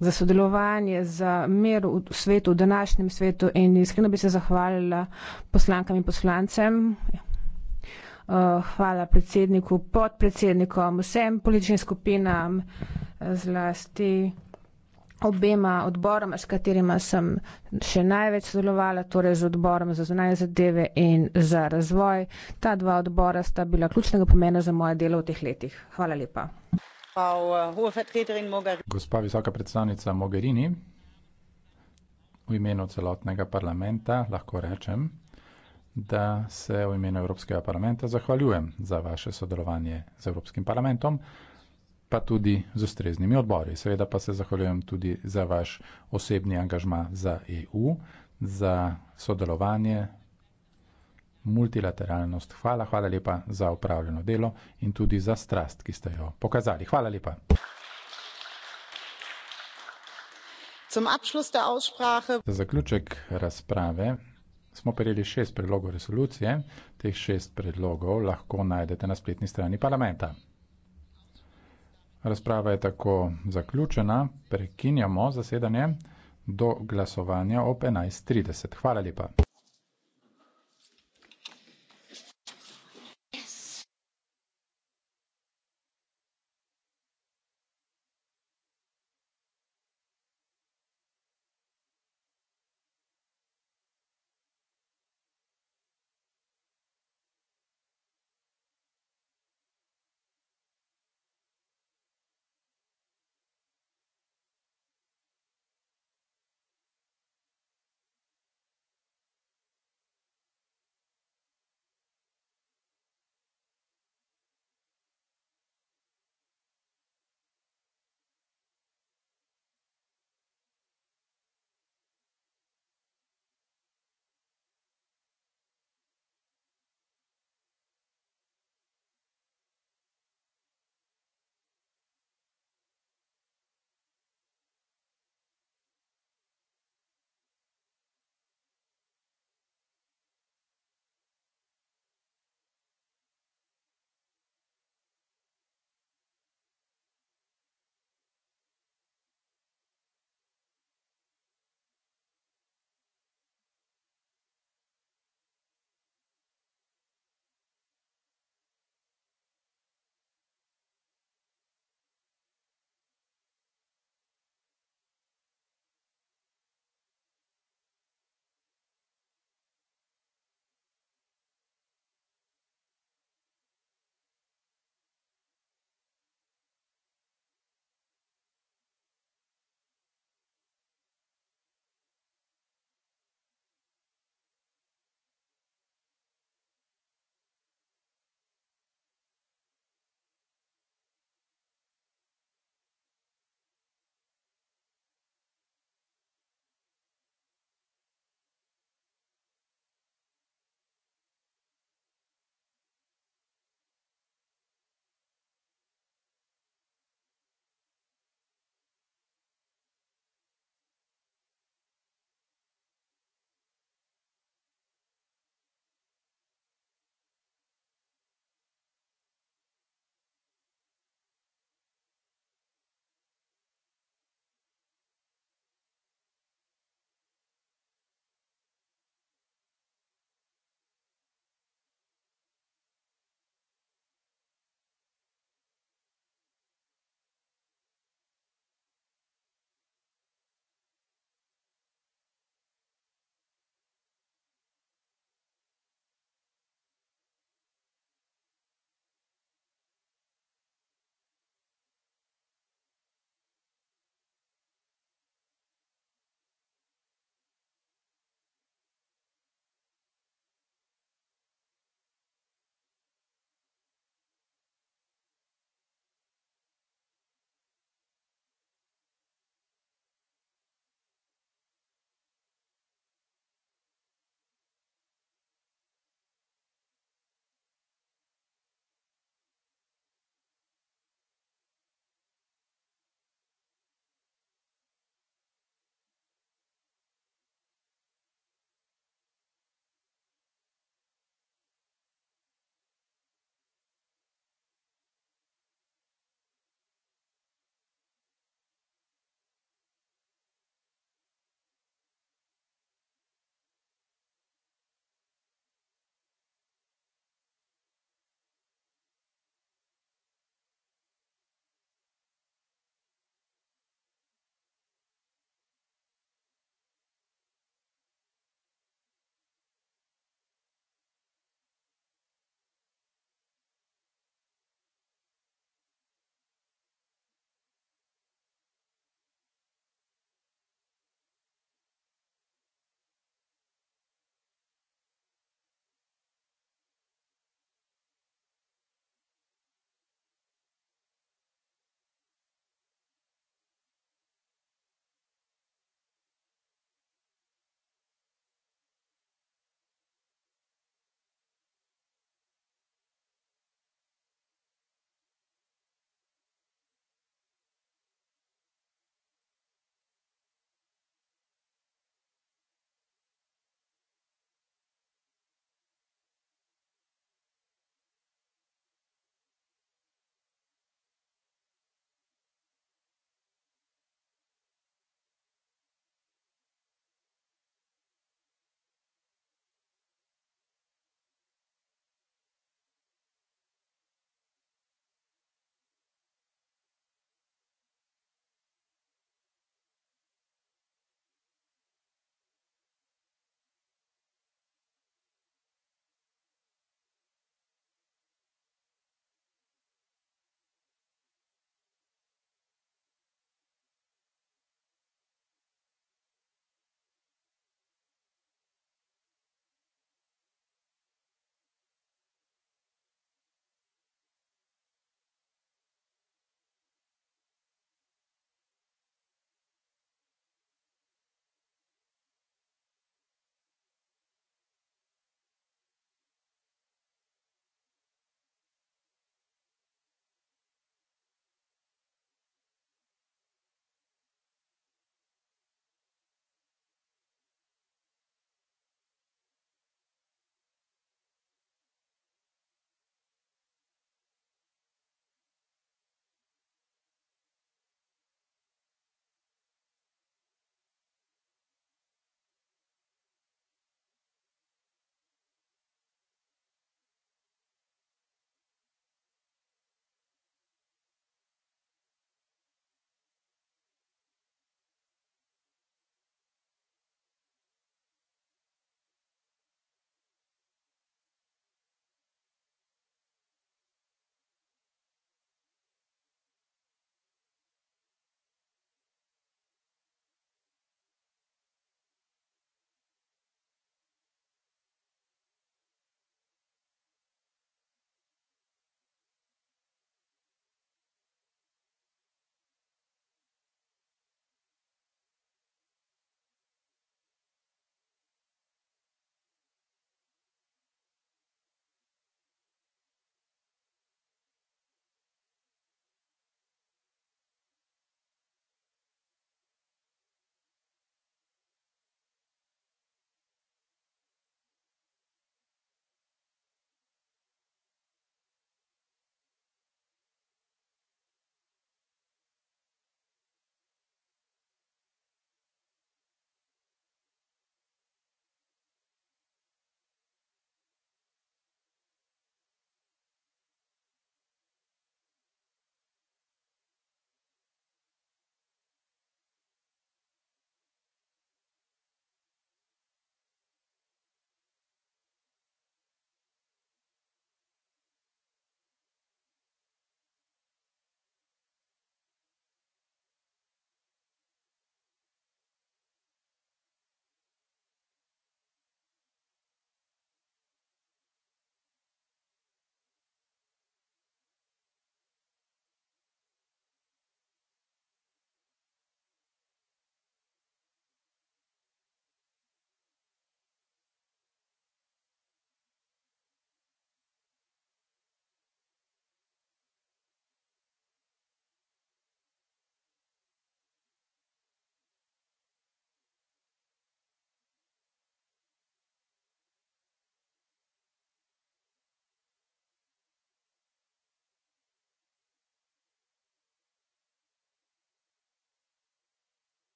za sodelovanje, za mir v svetu, v današnjem svetu in iskreno bi se zahvalila poslankam in poslancem. Eh, hvala predsedniku, podpredsednikom, vsem političnim skupinam, eh, zlasti obema odboroma, s katerima sem še največ sodelovala, torej z odborom za zunanje zadeve in za razvoj. Ta dva odbora sta bila ključnega pomena za moje delo v teh letih. Hvala lepa. Eh, Gospa visoka predstavnica Mogherini, v imenu celotnega parlamenta lahko rečem, da se v imenu Evropskega parlamenta zahvaljujem za vaše sodelovanje z Evropskim parlamentom pa tudi z ustreznimi odbori. Seveda pa se zahvaljujem tudi za vaš osebni angažma za EU, za sodelovanje, multilateralnost. Hvala, hvala lepa za upravljeno delo in tudi za strast, ki ste jo pokazali. Hvala lepa. Za zaključek razprave smo prejeli šest predlogov resolucije. Teh šest predlogov lahko najdete na spletni strani parlamenta. Razprava je tako zaključena. Prekinjamo zasedanje do glasovanja ob 11.30. Hvala lepa.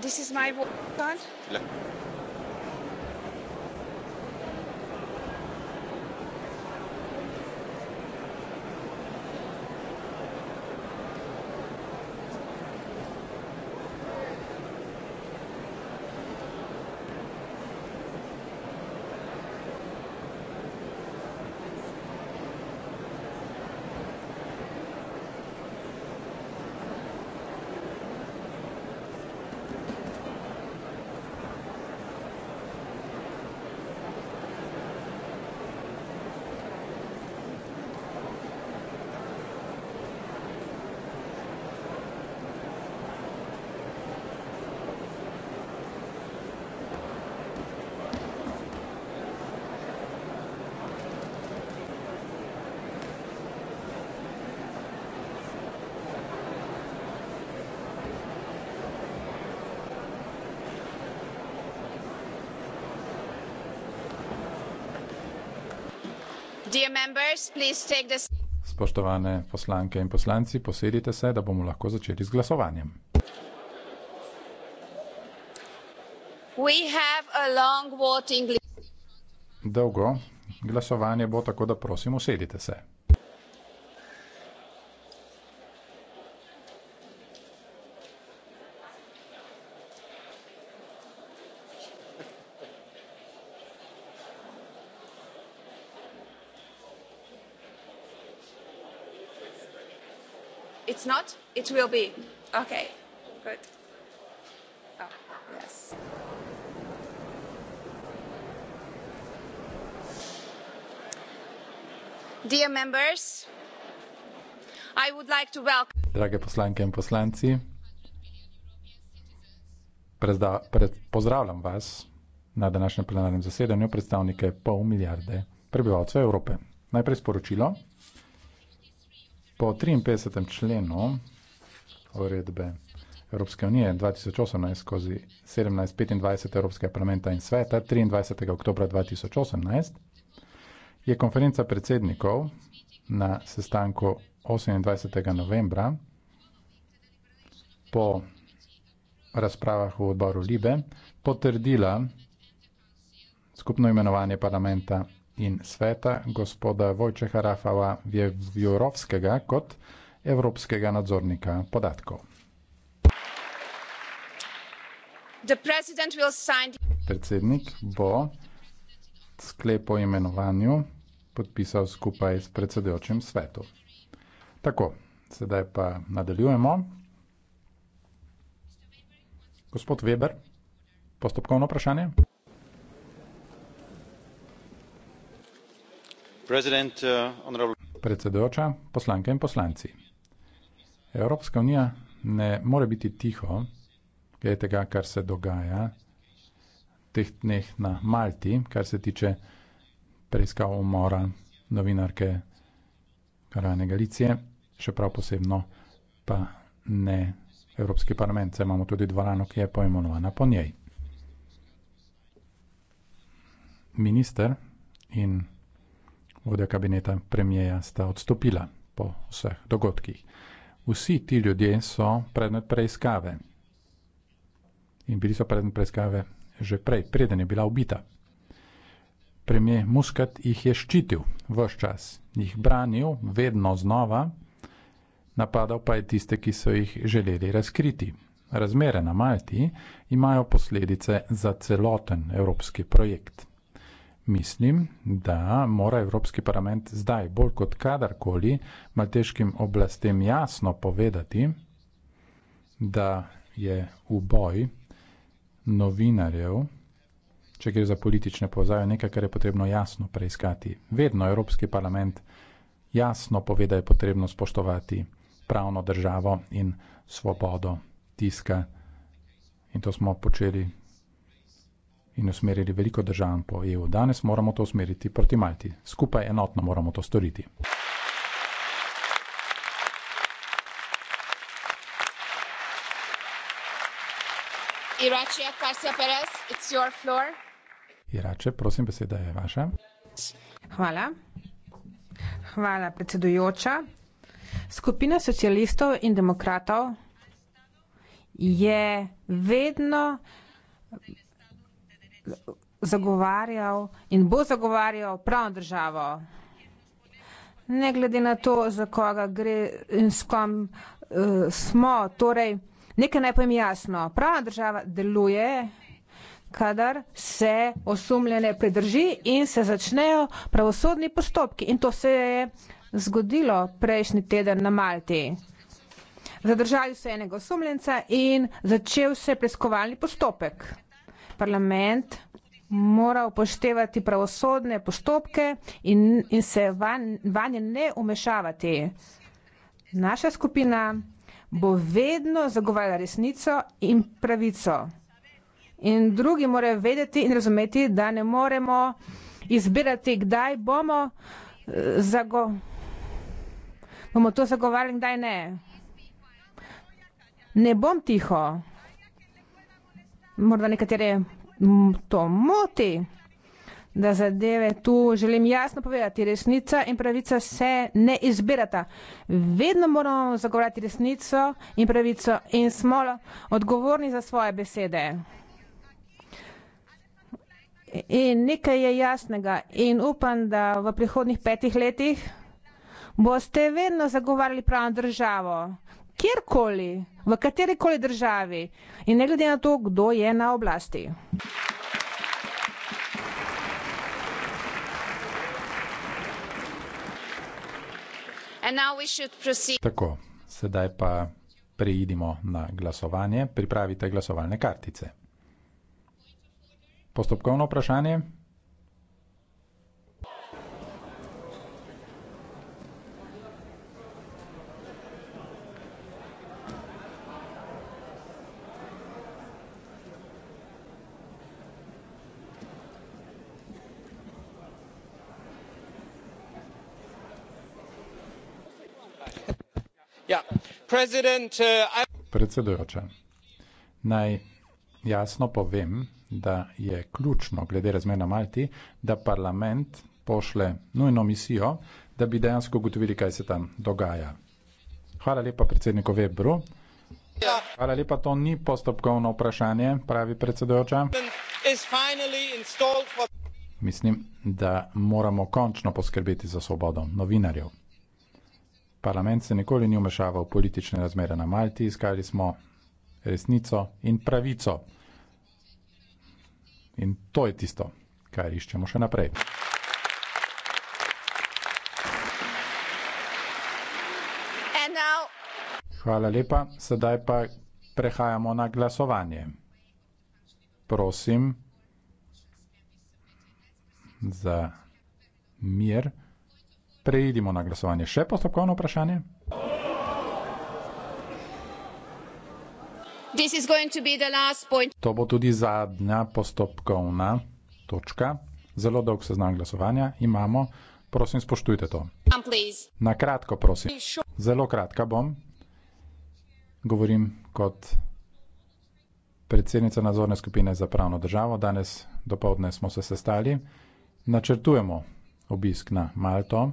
this is my voice card. Spoštovane poslanke in poslanci, posedite se, da bomo lahko začeli z glasovanjem. Dolgo glasovanje bo tako, da prosim, usedite se. it will be okay good oh, yes dear members i would like to welcome drage poslanke in poslanci prezda, pre, pozdravljam vas na današnjem plenarnem zasedanju predstavnike pol milijarde prebivalcev Evrope. Najprej sporočilo. Po 53. členu uredbe Evropske unije 2018 skozi 1725 Evropskega parlamenta in sveta 23. oktober 2018 je konferenca predsednikov na sestanku 28. novembra po razpravah v odboru Libe potrdila skupno imenovanje parlamenta in sveta gospoda Vojčeha Rafava Vjevjurovskega kot evropskega nadzornika podatkov. Predsednik bo sklep o imenovanju podpisal skupaj s predsedujočim svetu. Tako, sedaj pa nadaljujemo. Gospod Weber, postopkovno vprašanje. Eh, Predsedujoča, poslanke in poslanci. Evropska unija ne more biti tiho, glede tega, kar se dogaja teh dneh na Malti, kar se tiče preiskav umora novinarke Karane Galicije, še prav posebno pa ne Evropski parlament, saj imamo tudi dvorano, ki je poimenovana po njej. Minister in vodja kabineta premijeja sta odstopila po vseh dogodkih. Vsi ti ljudje so predmet preiskave. In bili so predmet preiskave že prej, preden je bila ubita. Premijer Muskat jih je ščitil vse čas, jih branil, vedno znova, napadal pa je tiste, ki so jih želeli razkriti. Razmere na Malti imajo posledice za celoten evropski projekt. Mislim, da mora Evropski parlament zdaj bolj kot kadarkoli malteškim oblastem jasno povedati, da je uboj novinarjev, če gre za politične povzaje, nekaj, kar je potrebno jasno preiskati. Vedno Evropski parlament jasno pove, da je potrebno spoštovati pravno državo in svobodo tiska. In to smo počeli in usmerili veliko držav po EU. Danes moramo to usmeriti proti Malti. Skupaj enotno moramo to storiti. Irače, prosim, beseda je vaša. Hvala. Hvala, predsedujoča. Skupina socialistov in demokratov je vedno zagovarjal in bo zagovarjal pravno državo. Ne glede na to, za koga gre in s kom uh, smo. Torej, nekaj naj povem jasno. Pravna država deluje, kadar se osumljene pridrži in se začnejo pravosodni postopki. In to se je zgodilo prejšnji teden na Malti. Zadržali so enega osumljenca in začel se preiskovalni postopek parlament mora upoštevati pravosodne postopke in, in se vanje van ne umešavati. Naša skupina bo vedno zagovarjala resnico in pravico. In drugi morajo vedeti in razumeti, da ne moremo izbirati, kdaj bomo, eh, zago bomo to zagovarjali in kdaj ne. Ne bom tiho morda nekatere mm, to moti, da zadeve tu želim jasno povedati. Resnica in pravica se ne izbirata. Vedno moramo zagovarjati resnico in pravico in smo odgovorni za svoje besede. In nekaj je jasnega in upam, da v prihodnih petih letih boste vedno zagovarjali pravno državo, kjerkoli, v katerikoli državi in ne glede na to, kdo je na oblasti. Tako, sedaj pa preidimo na glasovanje. Pripravite glasovalne kartice. Postopkovno vprašanje? Uh, predsedujoča naj jasno povem da je ključno glede razmer na malti da parlament pošlje nujno misijo da bi dejansko ugotovili kaj se tam dogaja hvala lepa predsedniku webru hvala lepa to ni postopkovno vprašanje pravi predsedujoča mislim da moramo končno poskrbeti za svobodo novinarjev Parlament se nikoli ni umešaval v politične razmere na Malti, iskali smo resnico in pravico. In to je tisto, kar iščemo še naprej. Hvala lepa, sedaj pa prehajamo na glasovanje. Prosim za mir preidimo na glasovanje. Še postopkovno vprašanje? To bo tudi zadnja postopkovna točka. Zelo dolg seznam glasovanja imamo. Prosim, spoštujte to. Na kratko, prosim. Zelo kratka bom. Govorim kot predsednica nadzorne skupine za pravno državo. Danes dopoledne smo se sestali. Načrtujemo obisk na Malto,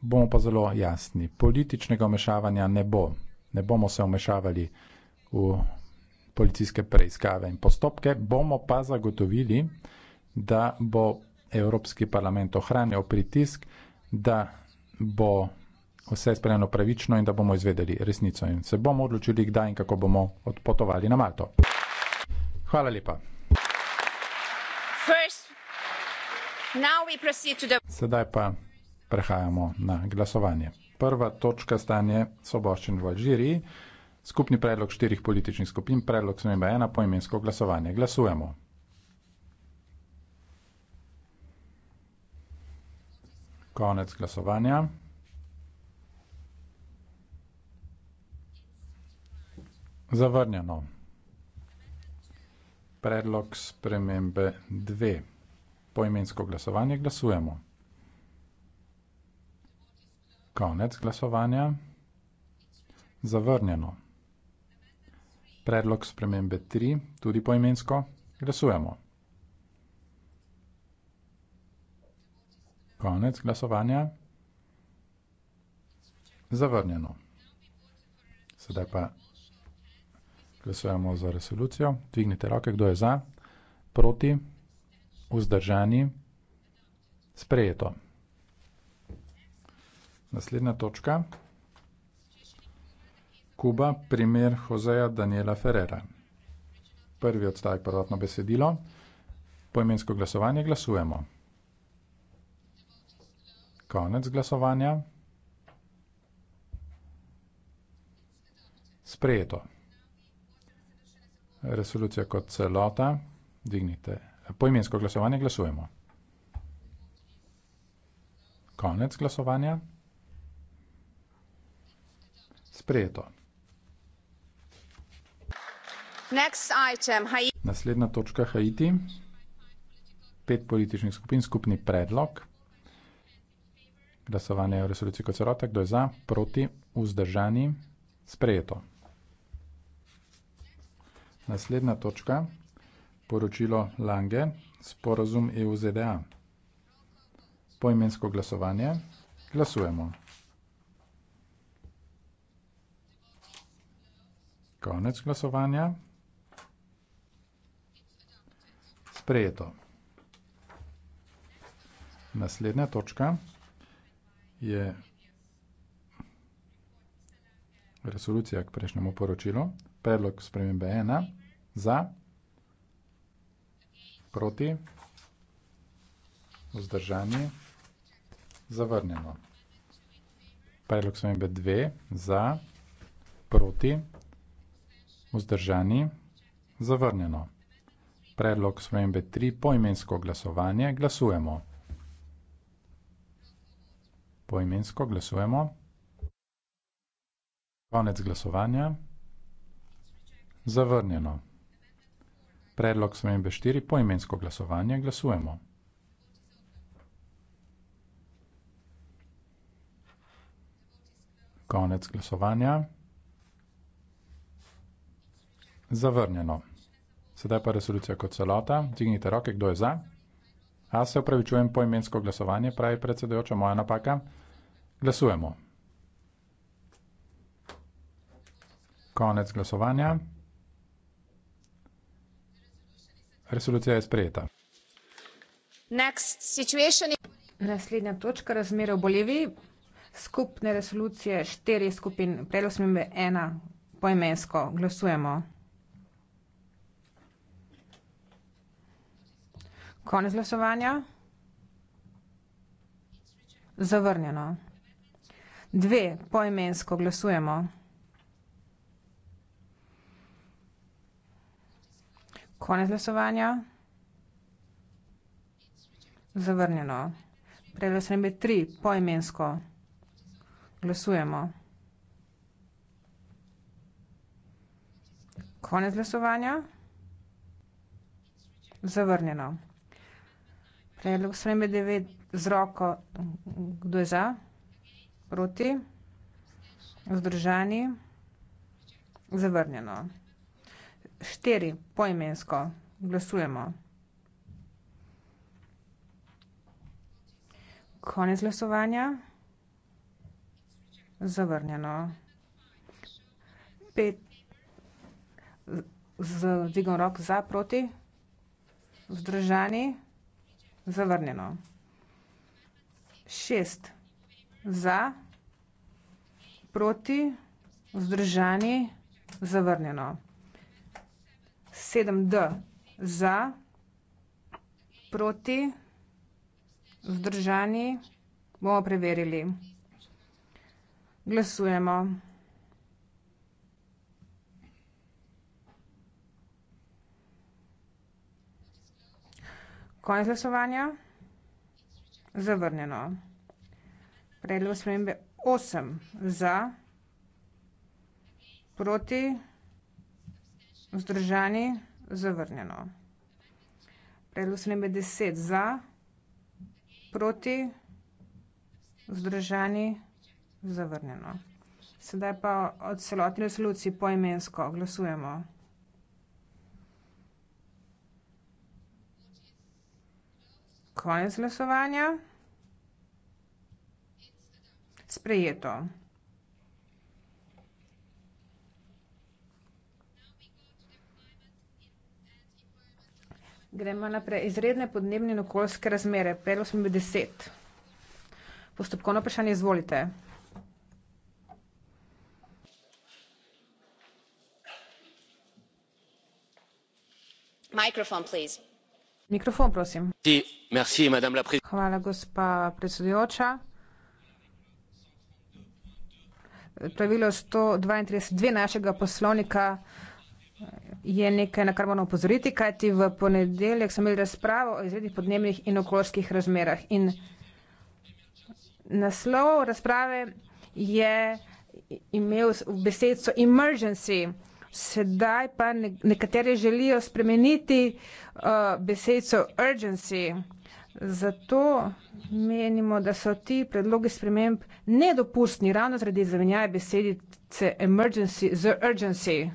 bomo pa zelo jasni. Političnega omešavanja ne bo. Ne bomo se omešavali v policijske preiskave in postopke, bomo pa zagotovili, da bo Evropski parlament ohranil pritisk, da bo vse sprejeno pravično in da bomo izvedeli resnico in se bomo odločili, kdaj in kako bomo odpotovali na Malto. Hvala lepa. First, sedaj pa prehajamo na glasovanje. Prva točka stanje soboščen v Alžiriji, skupni predlog štirih političnih skupin, predlog smemba ena, poimensko glasovanje. Glasujemo. Konec glasovanja. Zavrnjeno. Predlog spremembe 2. Poimensko glasovanje glasujemo. Konec glasovanja. Zavrnjeno. Predlog spremembe 3, tudi poimensko, glasujemo. Konec glasovanja. Zavrnjeno. Sedaj pa glasujemo za resolucijo. Dvignite roke, kdo je za, proti, vzdržani, sprejeto. Naslednja točka. Kuba, primer Joseja Daniela Ferrera. Prvi odstavek, prvotno besedilo. Poimensko glasovanje glasujemo. Konec glasovanja. Sprejeto. Resolucija kot celota. Dignite. Poimensko glasovanje glasujemo. Konec glasovanja sprejeto. Naslednja točka Haiti, pet političnih skupin, skupni predlog, glasovanje o resoluciji kot celota, kdo je za, proti, vzdržani, sprejeto. Naslednja točka, poročilo Lange, sporozum EU-ZDA, poimensko glasovanje, glasujemo. Konec glasovanja. Sprejeto. Naslednja točka je resolucija k prejšnjemu poročilu. Predlog spremembe ena za, proti, vzdržanje, zavrnjeno. Predlog spremembe dve za, proti, vzdržanje vzdržani zavrnjeno predlog svojembe 3 poimensko glasovanje glasujemo poimensko glasujemo konec glasovanja zavrnjeno predlog svojembe 4 poimensko glasovanje glasujemo konec glasovanja Zavrnjeno. Sedaj pa resolucija kot celota. Dignite roke, kdo je za. A se upravičujem po imensko glasovanje, pravi predsedojoča moja napaka. Glasujemo. Konec glasovanja. Resolucija je sprejeta. Naslednja točka razmere v Boliviji. Skupne resolucije štiri skupin, predlog smembe ena, poimensko glasujemo. Konec glasovanja. Zavrnjeno. Dve poimensko glasujemo. Konec glasovanja. Zavrnjeno. Predlasnem je tri poimensko glasujemo. Konec glasovanja. Zavrnjeno. Predlog spremembe devet z roko, kdo je za? Proti? Vzdržani? Zavrnjeno. Štiri, poimensko, glasujemo. Konec glasovanja. Zavrnjeno. Pet. Z dvigom rok za, proti? Vzdržani? Zavrnjeno. Šest. Za. Proti. Vzdržani. Zavrnjeno. Sedem D. Za. Proti. Vzdržani. Bomo preverili. Glasujemo. Konec glasovanja. Zavrnjeno. Predlog spremembe 8 za, proti, vzdržani, zavrnjeno. Predlog spremembe 10 za, proti, vzdržani, zavrnjeno. Sedaj pa od celotne resolucije poimensko glasujemo. konec glasovanja. Sprejeto. Gremo naprej. Izredne podnebne in okoljske razmere. Predlog smo bili deset. Postopkovno vprašanje izvolite. Mikrofon, prosim. Mikrofon, prosim. Hvala, gospa predsedujoča. Pravilo 132. dve našega poslovnika je nekaj, na kar moram opozoriti, kajti v ponedeljek smo imeli razpravo o izrednih podnebnih in okoljskih razmerah in naslov razprave je imel besedico emergency sedaj pa ne, nekateri želijo spremeniti uh, besedico urgency. Zato menimo, da so ti predlogi sprememb nedopustni ravno zaradi zamenjaje besedice emergency z urgency.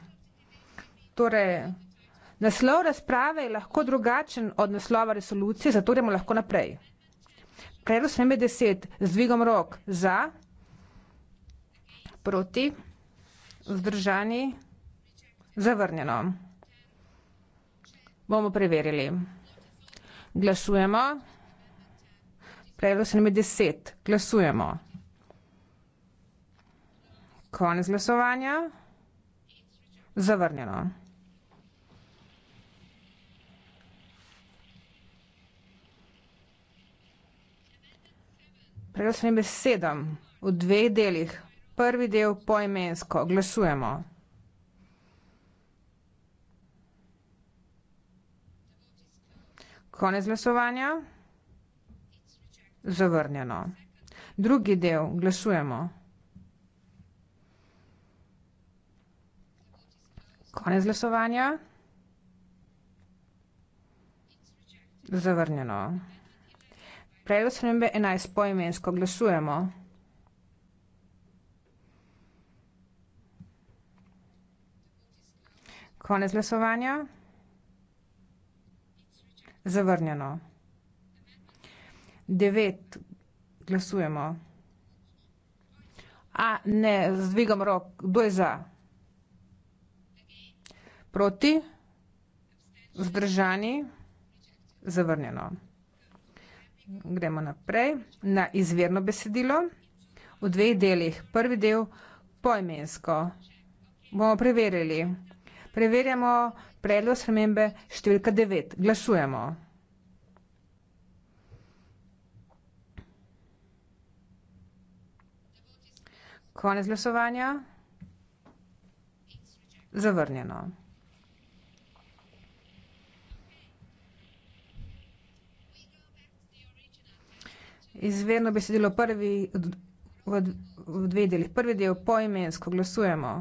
Torej, naslov razprave je lahko drugačen od naslova resolucije, zato gremo lahko naprej. Predlog sprememe 10 z dvigom rok za, proti, vzdržani. Zavrnjeno. Bomo preverili. Glasujemo. Predlog se nam je deset. Glasujemo. Konec glasovanja. Zavrnjeno. Predlog se nam je sedem v dveh delih. Prvi del poimensko. Glasujemo. Konec glasovanja. Zavrnjeno. Drugi del. Glasujemo. Konec glasovanja. Zavrnjeno. Predlog spremembe 11. Poimensko glasujemo. Konec glasovanja. Zavrnjeno. Devet. Glasujemo. A, ne, zdvigam rok. Kdo je za? Proti? Zdržani? Zavrnjeno. Gremo naprej na izvirno besedilo v dveh delih. Prvi del pojmensko. Bomo preverili. Preverjamo Predlog spremembe številka 9. Glasujemo. Konec glasovanja. Zavrnjeno. Izvedno besedilo prvi v dveh delih. Prvi del poimensko glasujemo.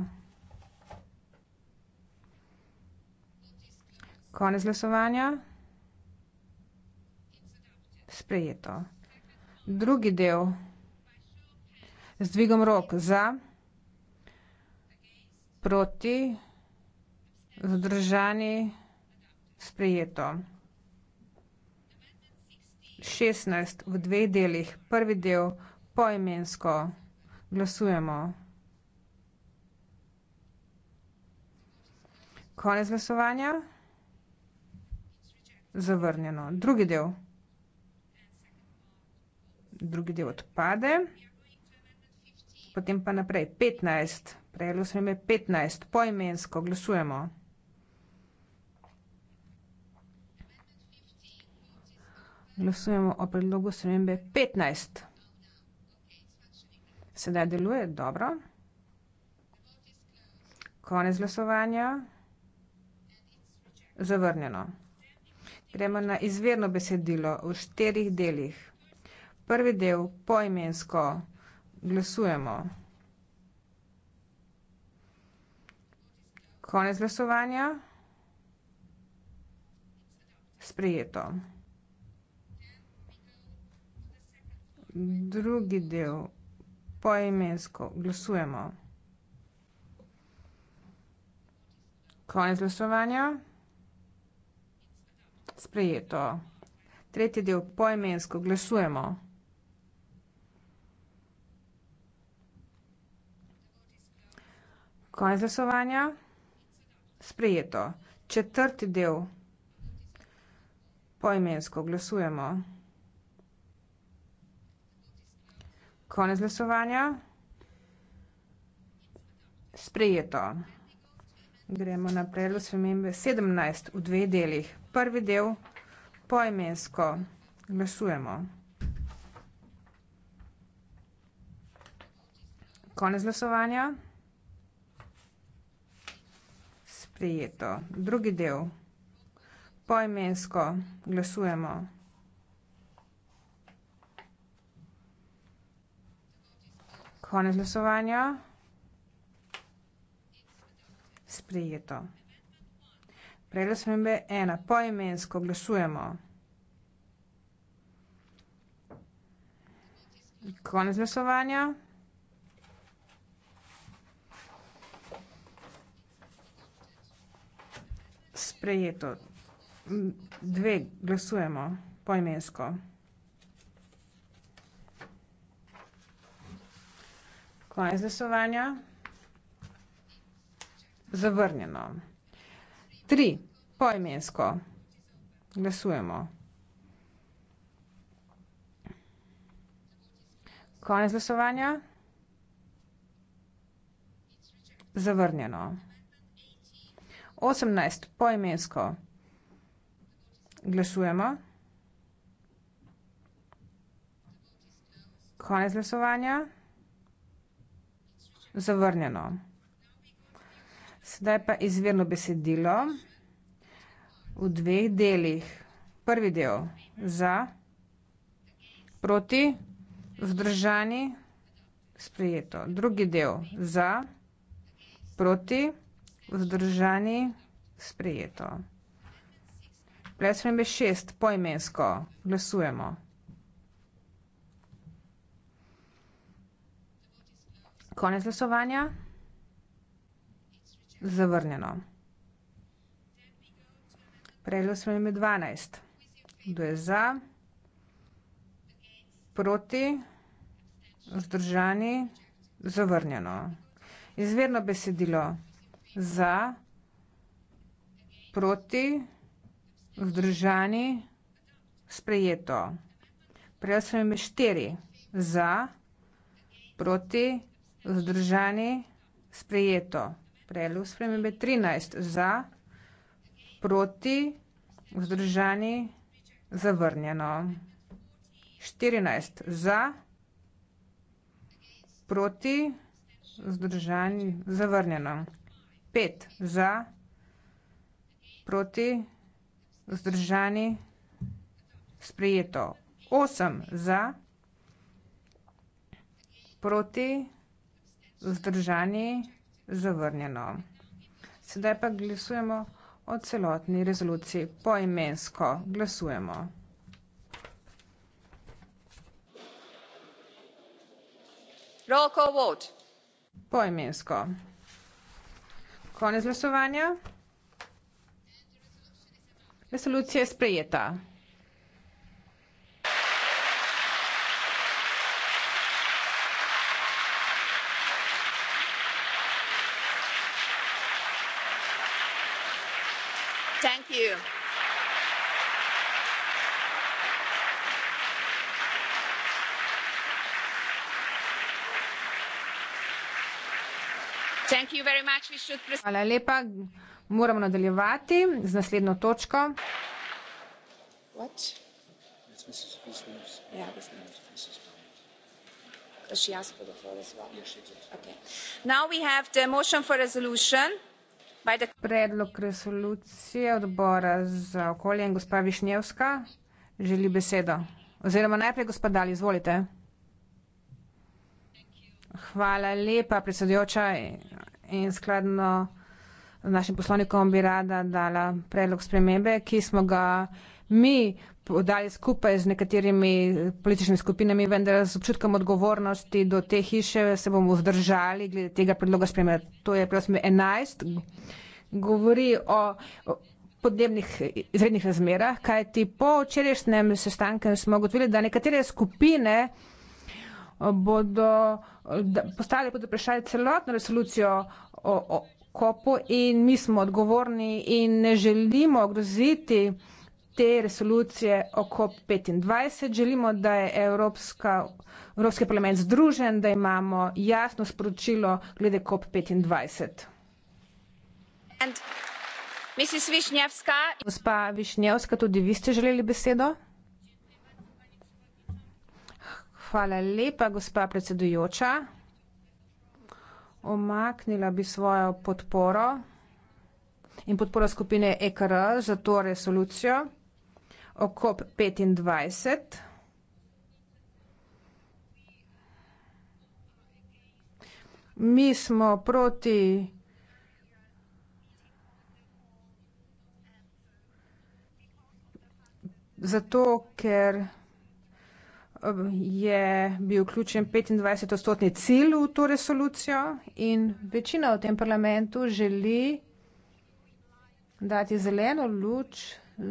Konec glasovanja. Sprejeto. Drugi del. Z dvigom rok za, proti, zdržani, sprejeto. 16 v dveh delih. Prvi del poimensko. Glasujemo. Konec glasovanja zavrnjeno. Drugi del. Drugi del odpade. Potem pa naprej. 15. Prejelo sem ime 15. Poimensko. Glasujemo. Glasujemo o predlogu spremembe 15. Sedaj deluje dobro. Konec glasovanja. Zavrnjeno. Gremo na izvirno besedilo v štirih delih. Prvi del poimensko glasujemo. Konec glasovanja. Sprejeto. Drugi del poimensko glasujemo. Konec glasovanja. Sprejeto. Tretji del poimensko. Glasujemo. Konec glasovanja. Sprejeto. Četrti del poimensko. Glasujemo. Konec glasovanja. Sprejeto. Gremo naprej do spremembe 17 v dveh delih prvi del poimensko. Glasujemo. Konec glasovanja. Sprejeto. Drugi del poimensko. Glasujemo. Konec glasovanja. Sprejeto. Predlog spremembe ena. Poimensko glasujemo. Konec glasovanja. Sprejeto. Dve glasujemo poimensko. Konec glasovanja. Zavrnjeno. Tri, poimensko. Glasujemo. Konec glasovanja. Zavrnjeno. 18, poimensko. Glasujemo. Konec glasovanja. Zavrnjeno. Sedaj pa izvirno besedilo v dveh delih. Prvi del za, proti, vzdržani, sprejeto. Drugi del za, proti, vzdržani, sprejeto. Ples spremembe šest, poimensko, glasujemo. Konec glasovanja zavrnjeno. Predlog smo imeli 12. Kdo je za? Proti? Zdržani? Zavrnjeno. Izvirno besedilo za, proti, vzdržani, sprejeto. Prej smo imeli štiri. Za, proti, vzdržani, sprejeto predlog spremembe 13 za, proti, vzdržani, zavrnjeno. 14 za, proti, vzdržani, zavrnjeno. 5 za, proti, vzdržani, sprejeto. 8 za, proti, vzdržani, sprejeto zavrnjeno. Sedaj pa glasujemo o celotni rezoluciji. Poimensko glasujemo. Poimensko. Konec glasovanja. Resolucija je sprejeta. Hvala lepa. Moramo nadaljevati z naslednjo točko. Predlog resolucije odbora za okolje in gospa Višnjevska želi besedo. Oziroma najprej gospa Dal, izvolite. Hvala lepa, predsedujoča in skladno našim poslovnikom bi rada dala predlog spremembe, ki smo ga mi podali skupaj z nekaterimi političnimi skupinami, vendar z občutkom odgovornosti do te hiše se bomo vzdržali glede tega predloga spremembe. To je predlog 11, govori o podnebnih izrednih razmerah, kajti po včerajšnjem sestanku smo ugotovili, da nekatere skupine bodo postavili pod vprašanje celotno resolucijo o, o kopu in mi smo odgovorni in ne želimo groziti te resolucije o COP25. Želimo, da je Evropska, Evropski parlament združen, da imamo jasno sporočilo glede COP25. Gospa Višnjevska, tudi vi ste želeli besedo? Hvala lepa, gospa predsedujoča. Omaknila bi svojo podporo in podporo skupine EKR za to resolucijo o COP25. Mi smo proti zato, ker je bil vključen 25-odstotni cilj v to resolucijo in večina v tem parlamentu želi dati zeleno luč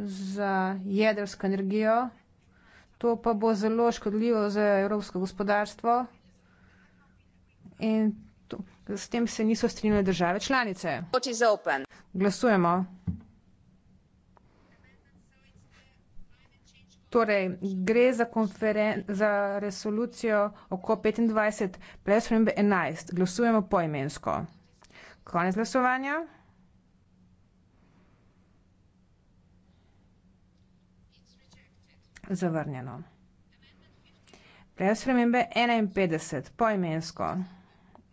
za jedrsko energijo. To pa bo zelo škodljivo za evropsko gospodarstvo in to, s tem se niso strinjali države članice. Glasujemo. Torej, gre za, konferen, za resolucijo oko 25, brez premembe 11. Glasujemo poimensko. Konec glasovanja. Zavrnjeno. Brez premembe 51, poimensko.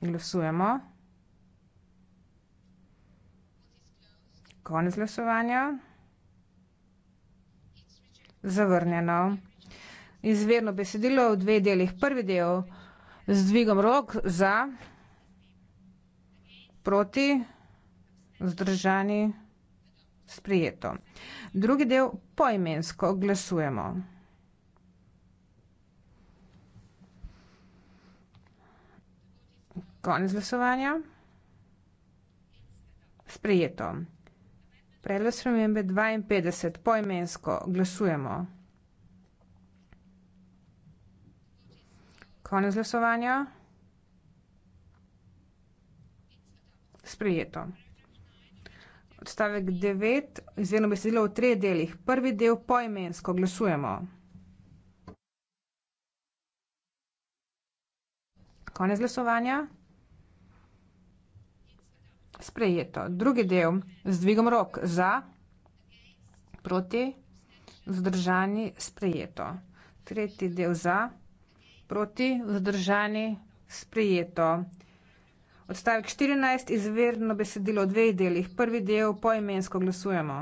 Glasujemo. Konec glasovanja. Zavrnjeno. Izvirno besedilo v dveh delih. Prvi del z dvigom rok za, proti, zdržani, sprijeto. Drugi del poimensko glasujemo. Konec glasovanja. Sprijeto. Predlog spremembe 52, poimensko, glasujemo. Konec glasovanja. Sprijeto. Odstavek 9, izvedno besedilo v treh delih. Prvi del poimensko, glasujemo. Konec glasovanja. Sprejeto. Drugi del. Z dvigom rok. Za. Proti. Zdržani. Sprejeto. Tretji del. Za. Proti. Zdržani. Sprejeto. Odstavek 14. Izverno besedilo v dveh delih. Prvi del. Poimensko glasujemo.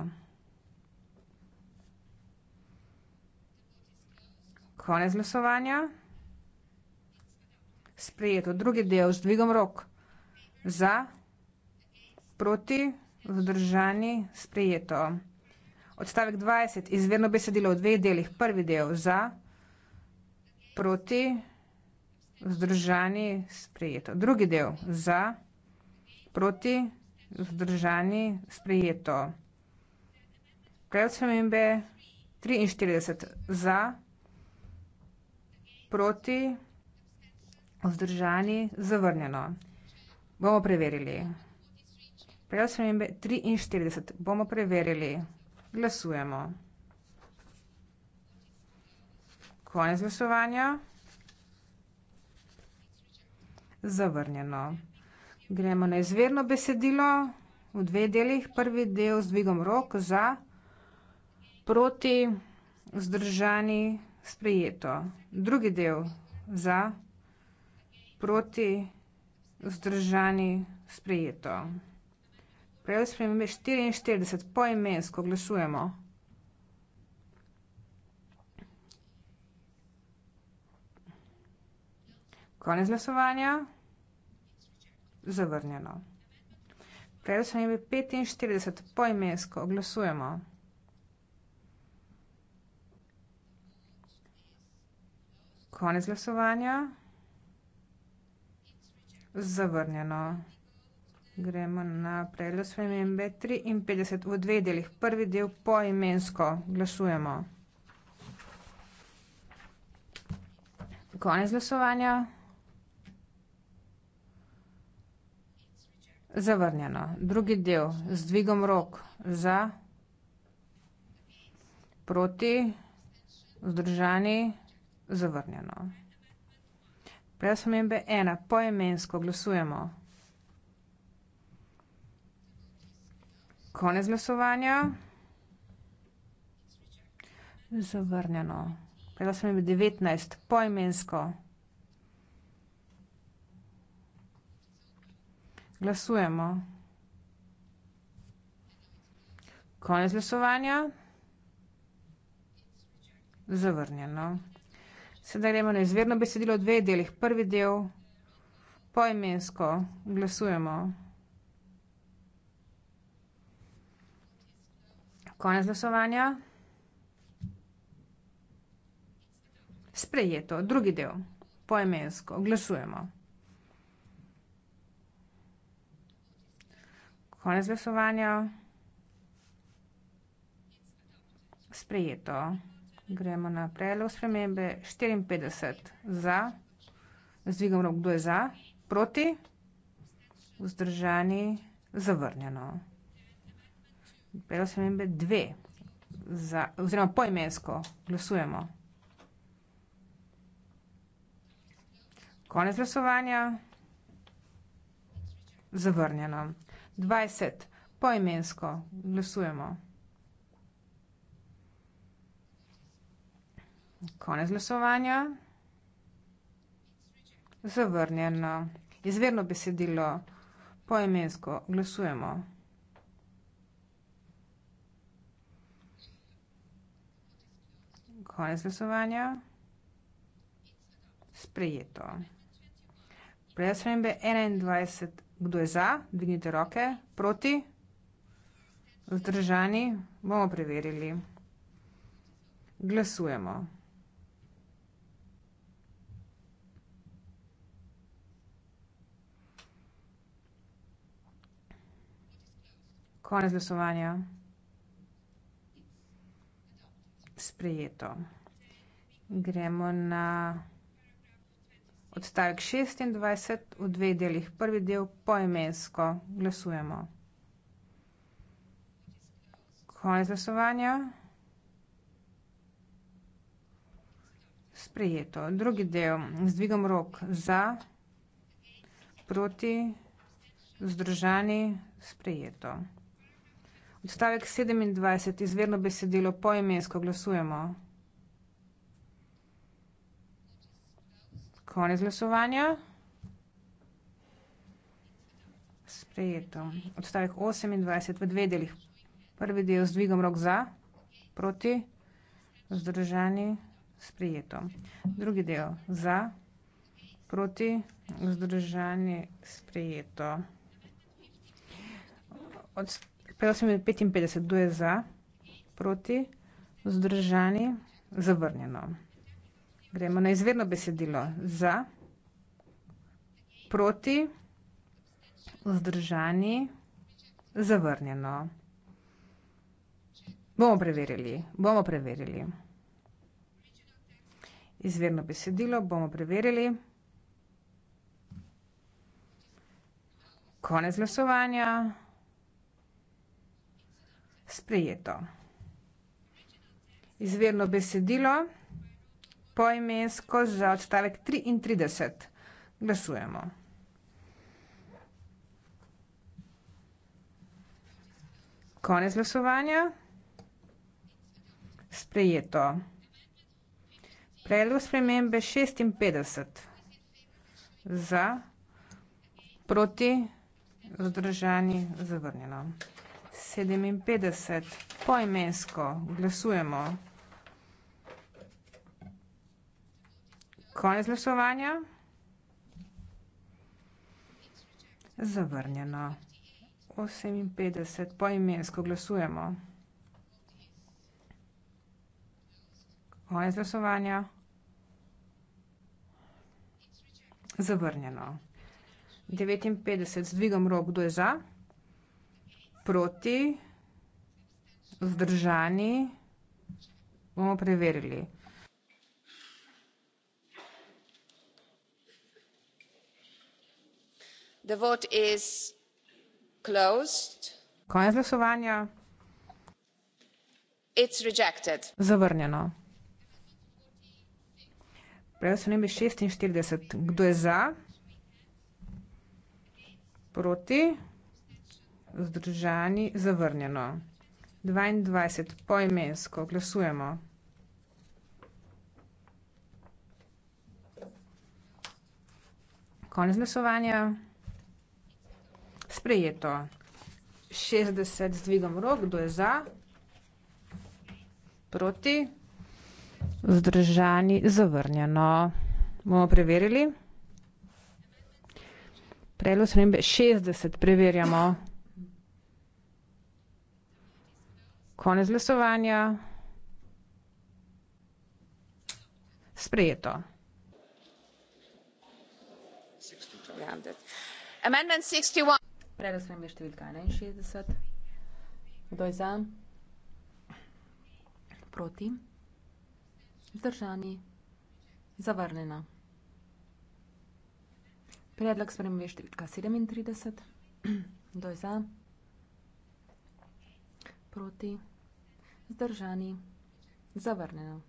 Konec glasovanja. Sprejeto. Drugi del. Z dvigom rok. Za. Za proti, vzdržani, sprejeto. Odstavek 20, izvirno besedilo v dveh delih. Prvi del za, proti, vzdržani, sprejeto. Drugi del za, proti, vzdržani, sprejeto. Prejel spremembe 43 za, proti, vzdržani, zavrnjeno. Bomo preverili. Predlog spremembe 43. Bomo preverili. Glasujemo. Konec glasovanja. Zavrnjeno. Gremo na izverno besedilo v dveh delih. Prvi del z dvigom rok za, proti, vzdržani, sprejeto. Drugi del za, proti, vzdržani, sprejeto. Predlog spremembe 44, poimensko glasujemo. Konec glasovanja. Zavrnjeno. Predlog spremembe 45, poimensko glasujemo. Konec glasovanja. Zavrnjeno. Gremo na predlog spremembe 53 v dveh delih. Prvi del poimensko glasujemo. Konec glasovanja. Zavrnjeno. Drugi del z dvigom rok za, proti, vzdržani, zavrnjeno. Predlog spremembe 1 poimensko glasujemo. Konec glasovanja. Zavrnjeno. Pela sem imel 19, poimensko. Glasujemo. Konec glasovanja. Zavrnjeno. Sedaj gremo na izvirno besedilo v dveh delih. Prvi del, poimensko. Glasujemo. Glasujemo. Konec glasovanja. Sprejeto. Drugi del. Poemensko. Glasujemo. Konec glasovanja. Sprejeto. Gremo na predlog spremembe. 54 za. Zdvigam rok, kdo je za. Proti. Vzdržani. Zavrnjeno predlog spremembe dve, za, oziroma poimensko glasujemo. Konec glasovanja. Zavrnjeno. 20. Poimensko glasujemo. Konec glasovanja. Zavrnjeno. Izverno besedilo. Poimensko glasujemo. konec glasovanja. Sprejeto. Predaj spremembe 21. Kdo je za? Dvignite roke. Proti? Zdržani? Bomo preverili. Glasujemo. Konec glasovanja. sprejeto. Gremo na odstavek 26 v dveh delih. Prvi del poimensko. Glasujemo. Konec glasovanja. Sprejeto. Drugi del. Zdvigam rok za, proti, vzdržani. Sprejeto. Odstavek 27, izvirno besedilo, poimensko glasujemo. Konec glasovanja. Sprejeto. Odstavek 28 v dveh delih. Prvi del z dvigom rok za, proti, vzdržani, sprejeto. Drugi del za, proti, vzdržani, sprejeto. Odstavek 55, kdo je za, proti, vzdržani, zavrnjeno. Gremo na izvedno besedilo. Za, proti, vzdržani, zavrnjeno. Bomo preverili, bomo preverili. Izvedno besedilo bomo preverili. Konec glasovanja sprejeto. Izvirno besedilo, poimensko za odstavek 33. Glasujemo. Konec glasovanja. Sprejeto. Predlog spremembe 56. Za, proti, zdržani, zavrnjeno. 57, poimensko, glasujemo. Konec glasovanja. Zavrnjeno. 58, poimensko, glasujemo. Konec glasovanja. Zavrnjeno. 59, zdvigam rok, kdo je za proti, vzdržani? Bomo preverili. The vote is closed. Konec glasovanja. It's rejected. Zavrnjeno. Prejel sem nebe 46. Kdo je za? Proti? vzdržani, zavrnjeno. 22. Poimensko glasujemo. Konec glasovanja. Sprejeto. 60 z dvigom rok. Kdo je za? Proti? Vzdržani, zavrnjeno. Bomo preverili. Predlog spremembe 60 preverjamo. Konec glasovanja. Sprejeto. Predlog sprememb je številka 61. Kdo je za? Proti? Zdržani? Zavrnjena. Predlog sprememb je številka 37. Kdo je za? Proti. Zdržani. Zavrnjeno.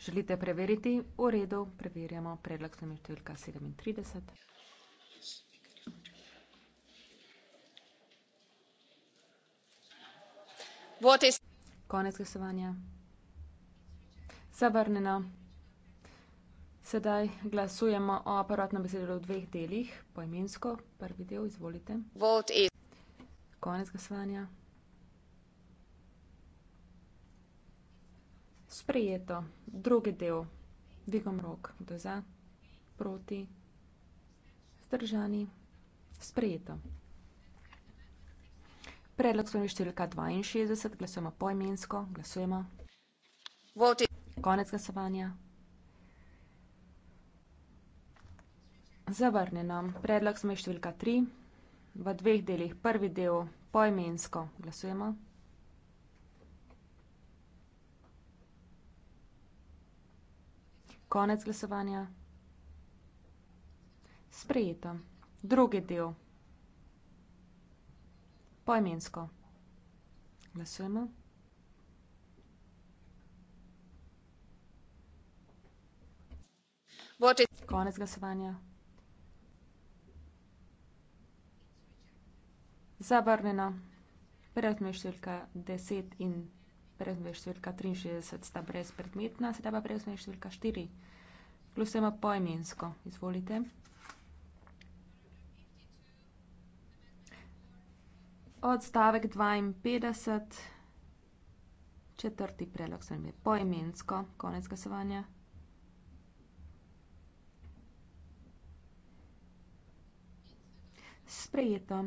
Želite preveriti? V redu, preverjamo predlog številka 37. Is... Konec glasovanja. Zavrnjeno. Sedaj glasujemo o prvotnem besedilu v dveh delih, poimensko. Prvi del, izvolite. Vote is... Konec glasovanja. Sprejeto. Drugi del. Dvigom rok. Kdo za? Proti? Zdržani? Sprejeto. Predlog slovenje številka 62. Glasujemo poimensko. Glasujemo. Voti. Konec glasovanja. Zavrnjeno. Predlog smo je številka 3 v dveh delih. Prvi del poimensko glasujemo. Konec glasovanja. Sprejeto. Drugi del. Poimensko. Glasujemo. Konec glasovanja. zavrnjena, brezmej številka 10 in brezmej številka 63 sta brezpredmetna, sedaj pa brezmej številka 4. Glasujemo poimensko, izvolite. Odstavek 52, četrti predlog, se mi je poimensko, konec glasovanja. Sprejeto.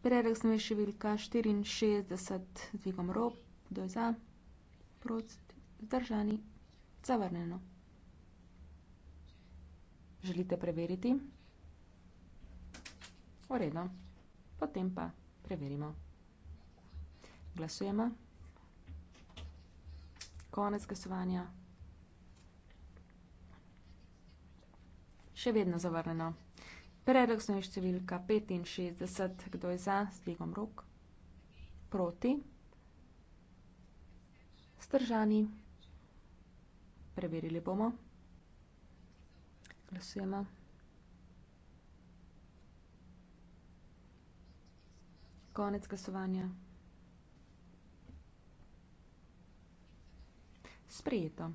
Predlog sem je številka 64, dvigom rob, kdo je za, proti, zdržani, zavrneno. Želite preveriti? V redu. Potem pa preverimo. Glasujemo. Konec glasovanja. Še vedno zavrneno. Predlog so številka 65, kdo je za, s dvigom rok, proti, stržani, preverili bomo, glasujemo. Konec glasovanja. Sprejeto.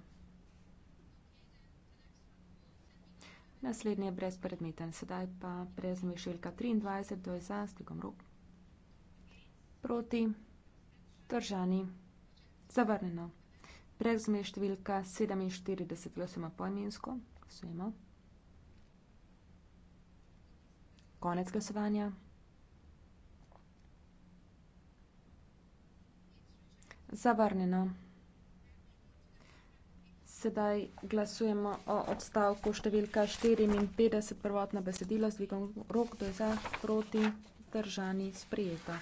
Naslednji je brezpredmeten, sedaj pa prezme šelka 23, to je za stikom rok. Proti, držani, zavrneno. Prezme številka 47, glasujemo poimensko, glasujemo. Konec glasovanja. Zavrneno. Sedaj glasujemo o odstavku številka 54, prvotna besedila, z dvigom rok, kdo je za, proti, držani, sprijeta.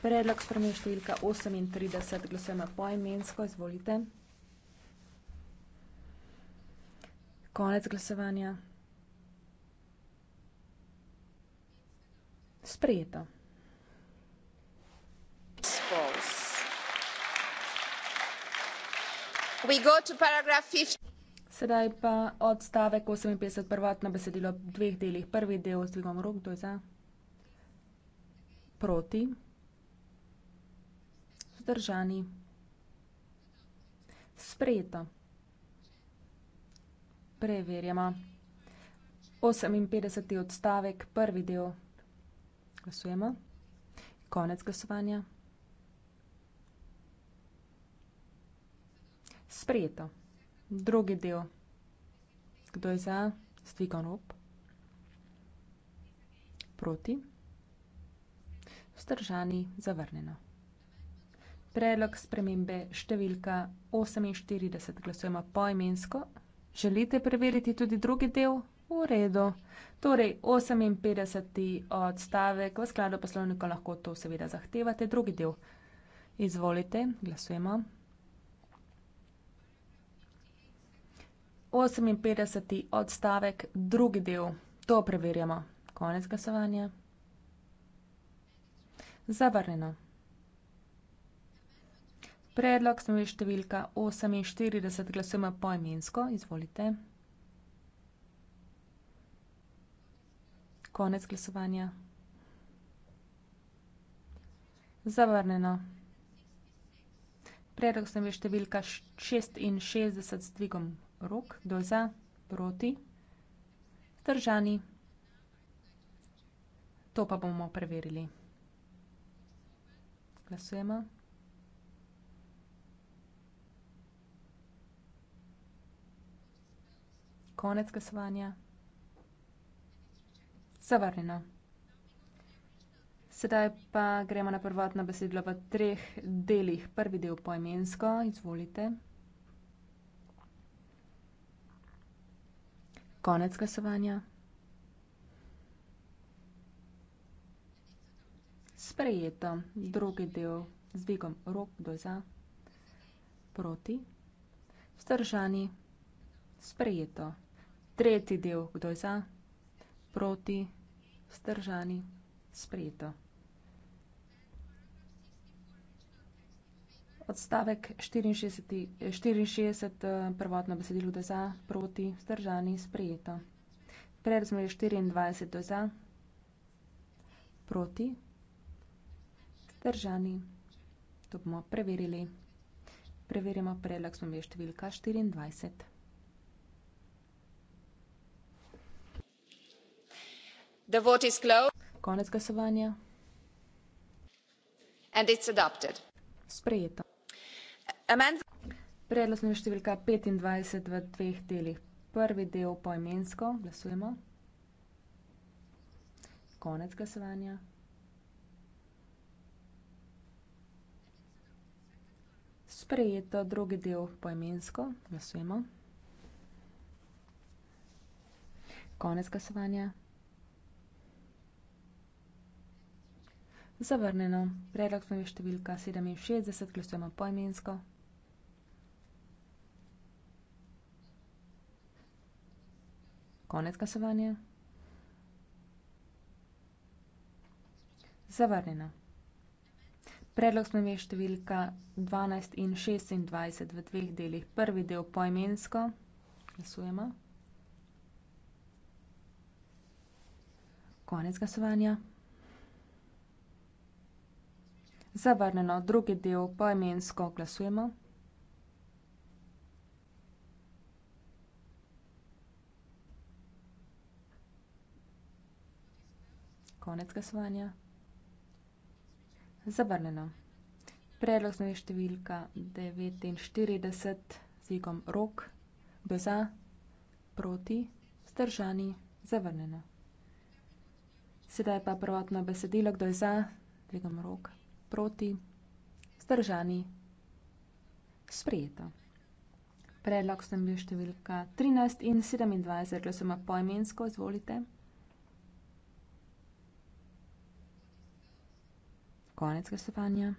Predlog spremenja številka 38, glasujemo poimensko, izvolite. Konec glasovanja. Sprijeta. Sedaj pa odstavek 58, prvotno besedilo v dveh delih. Prvi del z dvigom rok, kdo je za? Proti? Zdržani? Sprejeto? Preverjamo. 58. odstavek, prvi del. Glasujemo. Konec glasovanja. Sprejeto. Drugi del. Kdo je za? Stvigan rop. Proti. Vzdržani. Zavrnjeno. Predlog spremembe številka 48. Glasujemo poimensko. Želite preveriti tudi drugi del? V redu. Torej, 58. odstavek v skladu poslovnika lahko to seveda zahtevate. Drugi del. Izvolite, glasujemo. 58. odstavek, drugi del, to preverjamo. Konec glasovanja. Zavrnjeno. Predlog smo imeli številka 48, glasujemo poimensko, izvolite. Konec glasovanja. Zavrnjeno. Predlog smo imeli številka 66 s dvigom rok. Kdo za? Proti? Zdržani? To pa bomo preverili. Glasujemo. Konec glasovanja. Zavrnjeno. Sedaj pa gremo na prvotno besedilo v treh delih. Prvi del poimensko, izvolite. Konec glasovanja. Sprejeto. Drugi del z dvigom rok do za. Proti. Vzdržani. Sprejeto. Tretji del, kdo je za? Proti. Vzdržani. Sprejeto. odstavek 64, 64 eh, prvotno besedilo za, proti, vzdržani, sprejeto. Prej smo je 24 za, proti, vzdržani. To bomo preverili. Preverimo predlog smo je številka 24. The vote is closed. Konec glasovanja. And it's adopted. Sprejeto. Predlog sem številka petindvajset v dveh delih. Prvi del poimensko, glasujemo. Konec glasovanja. Sprejeto, drugi del poimensko, glasujemo. Konec glasovanja. Zavrnjeno. Predlog sprememb številka sedeminšestdeset, glasujemo poimensko. konec glasovanja. Zavrnjeno. Predlog smo imeli številka 12 in 26 v dveh delih. Prvi del poimensko. Glasujemo. Konec glasovanja. Zavrnjeno. Drugi del poimensko. Glasujemo. Konec glasovanja. Zavrnjeno. Predlog znovi številka 49 z igom rok, bza, proti, zdržani, zavrnjeno. Sedaj pa prvotno besedilo, kdo je za, dvigom rok, proti, zdržani, sprejeto. Predlog sem bil številka 13 in 27, glasujemo poimensko, izvolite. konec glasovanja.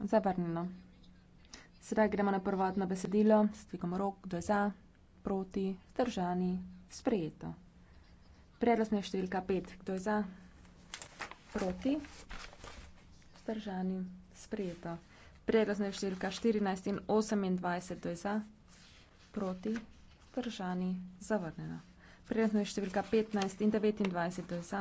Zavrnjeno. Sedaj gremo na prvotno besedilo, stikom rok, kdo je za, proti, vzdržani, sprejeto. Predlasna je številka 5, kdo je za, proti, vzdržani, sprejeto. Predlasna je številka 14 in 28, kdo je za, proti, vzdržani, zavrnjeno. Prijetno je številka 15 in 29, to je za.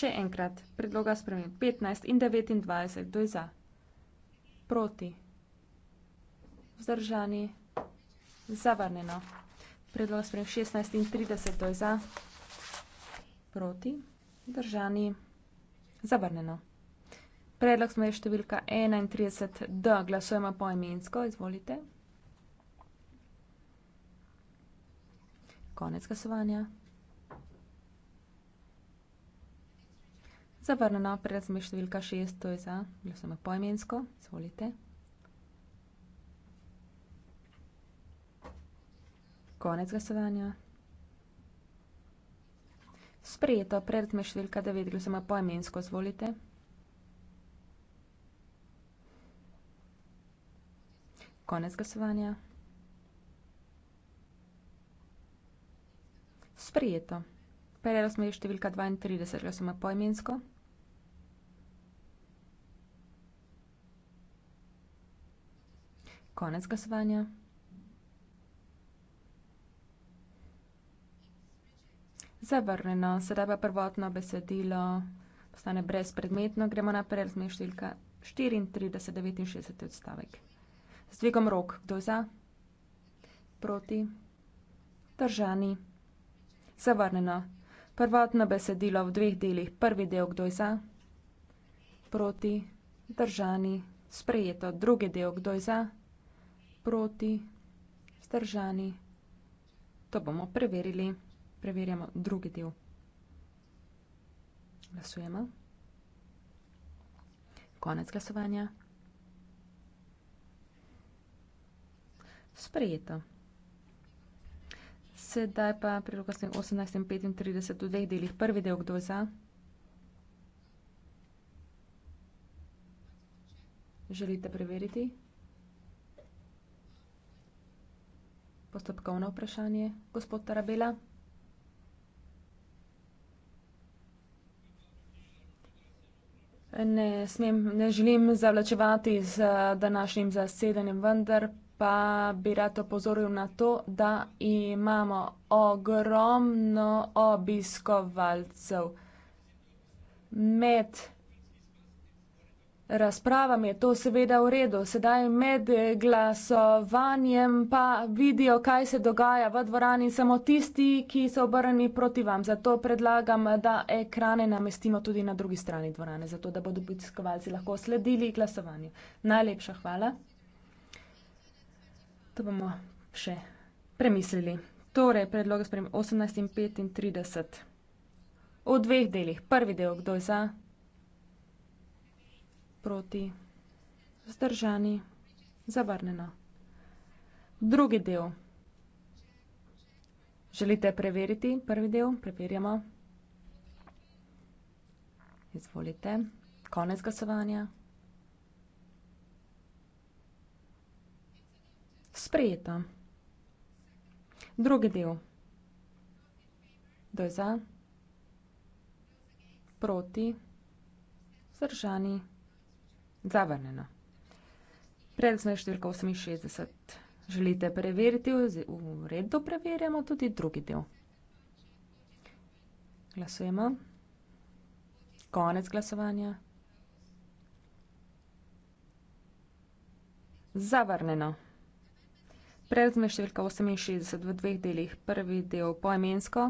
Še enkrat, predloga spremljen. 15 in 29, to je za. Proti. Vzdržani. Zavrneno. Predloga spremljen. 16 in 30, to je za. Proti. Vzdržani. Zavrneno. Predlog smo je številka 31, da glasujemo poimensko, izvolite. Predlog. konec glasovanja. Zavrnjeno, prerazme številka 6, to je za, glasujemo poimensko, izvolite. Konec glasovanja. Sprejeto, prerazme številka 9, glasujemo poimensko, izvolite. Konec glasovanja. Sprijeto. Peljala smo jo številka 32, ga sem jo poimensko. Konec glasovanja. Zavrneno. Sedaj pa prvotno besedilo postane brezpredmetno. Gremo naprej, razmej številka 34, 69 odstavek. Z dvigom rok. Kdo za? Proti? Držani. Držani zavrnjeno. Prvotno besedilo v dveh delih, prvi del kdo je za, proti, držani, sprejeto, drugi del kdo je za, proti, zdržani. To bomo preverili. Preverjamo drugi del. Glasujemo. Konec glasovanja. Sprejeto. Sedaj pa priloga 18 in 35 v dveh delih. Prvi del kdo za? Želite preveriti? Postopkovno vprašanje, gospod Tarabela. Ne, smem, ne želim zavlačevati z današnjim zasedanjem, vendar pa bi rad opozoril na to, da imamo ogromno obiskovalcev. Med razpravami je to seveda v redu, sedaj med glasovanjem pa vidijo, kaj se dogaja v dvorani samo tisti, ki so obrnjeni proti vam. Zato predlagam, da ekrane namestimo tudi na drugi strani dvorane, zato da bodo obiskovalci lahko sledili glasovanju. Najlepša hvala. To bomo še premislili. Torej, predlog je sprejem 18 in 35. V dveh delih. Prvi del, kdo je za, proti, vzdržani, zavrnjeno. Drugi del. Želite preveriti prvi del? Preverjamo. Izvolite. Konec glasovanja. sprejeta. Drugi del. Kdo je za, proti, zdržani, zavrnjeno. Predstavljena je številka 68. Želite preveriti, v redu preverjamo tudi drugi del. Glasujemo. Konec glasovanja. Zavrnjeno. Predzme številka 68 v dveh delih. Prvi del poemensko.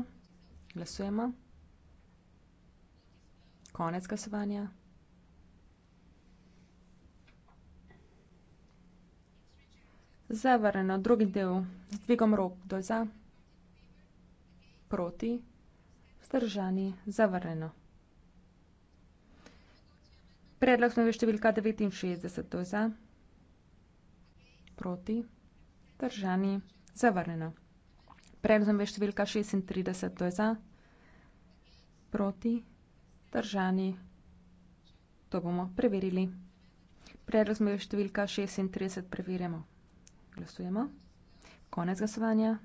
Glasujemo. Konec glasovanja. Zavrneno. Drugi del. Z dvigom rok do za. Proti. Vzdržani. Zavrneno. Predlog smo številka 69 do za. Proti. Zdržani. Zavrnjeno. Prevzem je številka 36, to je za. Proti. Zdržani. To bomo preverili. Prevzem je številka 36, preverjamo. Glasujemo. Konec glasovanja.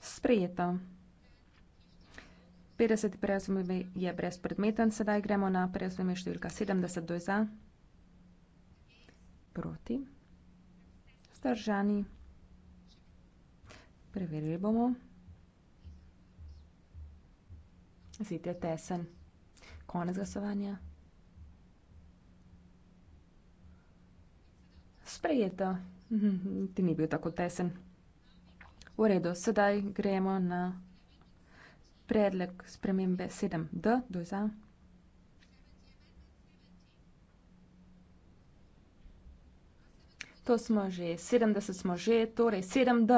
Sprejeto. 50 prevzem je brezpredmeten, sedaj gremo na prevzem je številka 70, to je za. Zdržani proti, vzdržani. Preverili bomo. Zid je tesen. Konec glasovanja. Sprejeto. Mhm, ti ni bil tako tesen. V redu, sedaj gremo na predlog spremembe 7D. Doj za. To smo že, 70 smo že, torej 7D.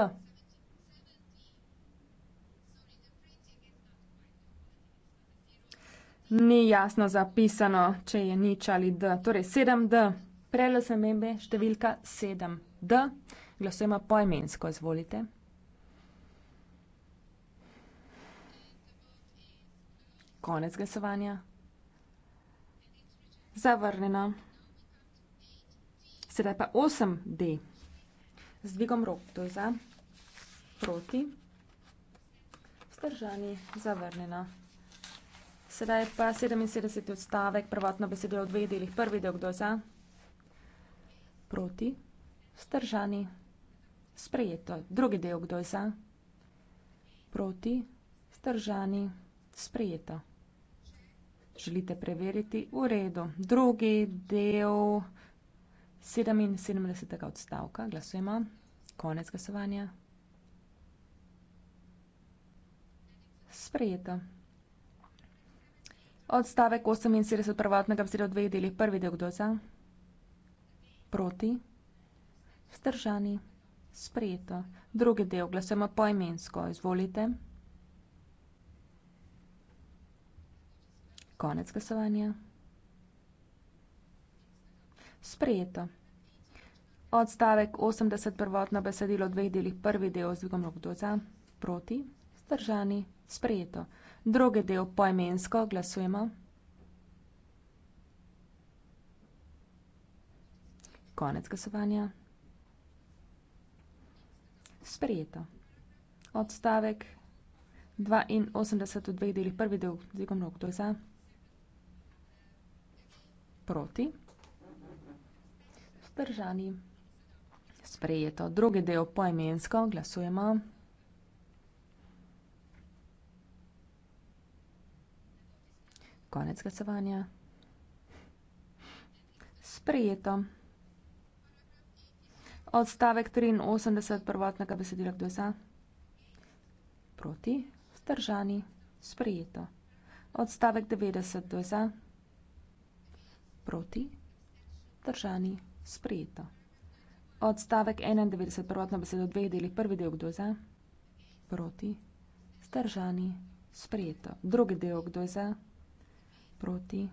Ni jasno zapisano, če je nič ali D. Torej 7D, prele sem imbe številka 7D. Glasujemo poimensko, izvolite. Konec glasovanja. Zavrneno. Sedaj pa 8D. Z dvigom rok, to je za, proti, vzdržani, zavrnjeno. Sedaj pa 77. odstavek, prvotno besedo je v dveh delih, prvi del, kdo za, proti, vzdržani, sprejeto. Drugi del, kdo je za, proti, vzdržani, sprejeto. Želite preveriti? V redu. Drugi del... 77. odstavka, glasujemo, konec glasovanja. Sprejeto. Odstavek 78 prvotnega vzira v dveh delih. Prvi del kdo za? Proti. Vzdržani. Sprejeto. Drugi del glasujemo poimensko. Izvolite. Konec glasovanja sprejeta. Odstavek 80 prvotno besedilo v dveh delih prvi del z dvigom rok do za, proti, zdržani, sprejeto. Drugi del poimensko glasujemo. Konec glasovanja. Sprejeto. Odstavek 82 v dveh delih prvi del z dvigom rok do za, proti vzdržani. Sprejeto. Drugi del poimensko. Glasujemo. Konec glasovanja. Sprejeto. Odstavek 83 prvotnega besedila kdo za? Proti. Vzdržani. Sprejeto. Odstavek 90 kdo za? Proti. Vzdržani. Sprejeto sprejeto. Odstavek 91, prvotno besedo dve deli, prvi del kdo je za, proti, zdržani, sprejeto. Drugi del kdo je za, proti,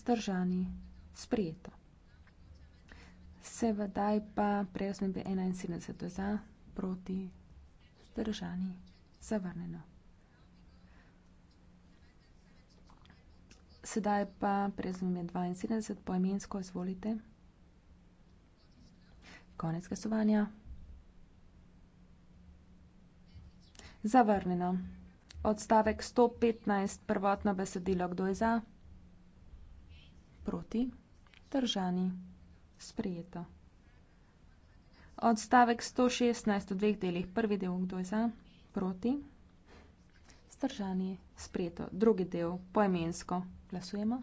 zdržani, sprejeto. Sedaj pa prejasnim bi 71 za, proti, zdržani, zavrnjeno. Sedaj pa prezime 72, poimensko izvolite. Konec glasovanja. Zavrnjeno. Odstavek 115, prvotno besedilo, kdo je za? Proti. Držani. Sprijeto. Odstavek 116 v dveh delih. Prvi del, kdo je za? Proti. Zdržani. Sprijeto. Drugi del, poemensko. Glasujemo.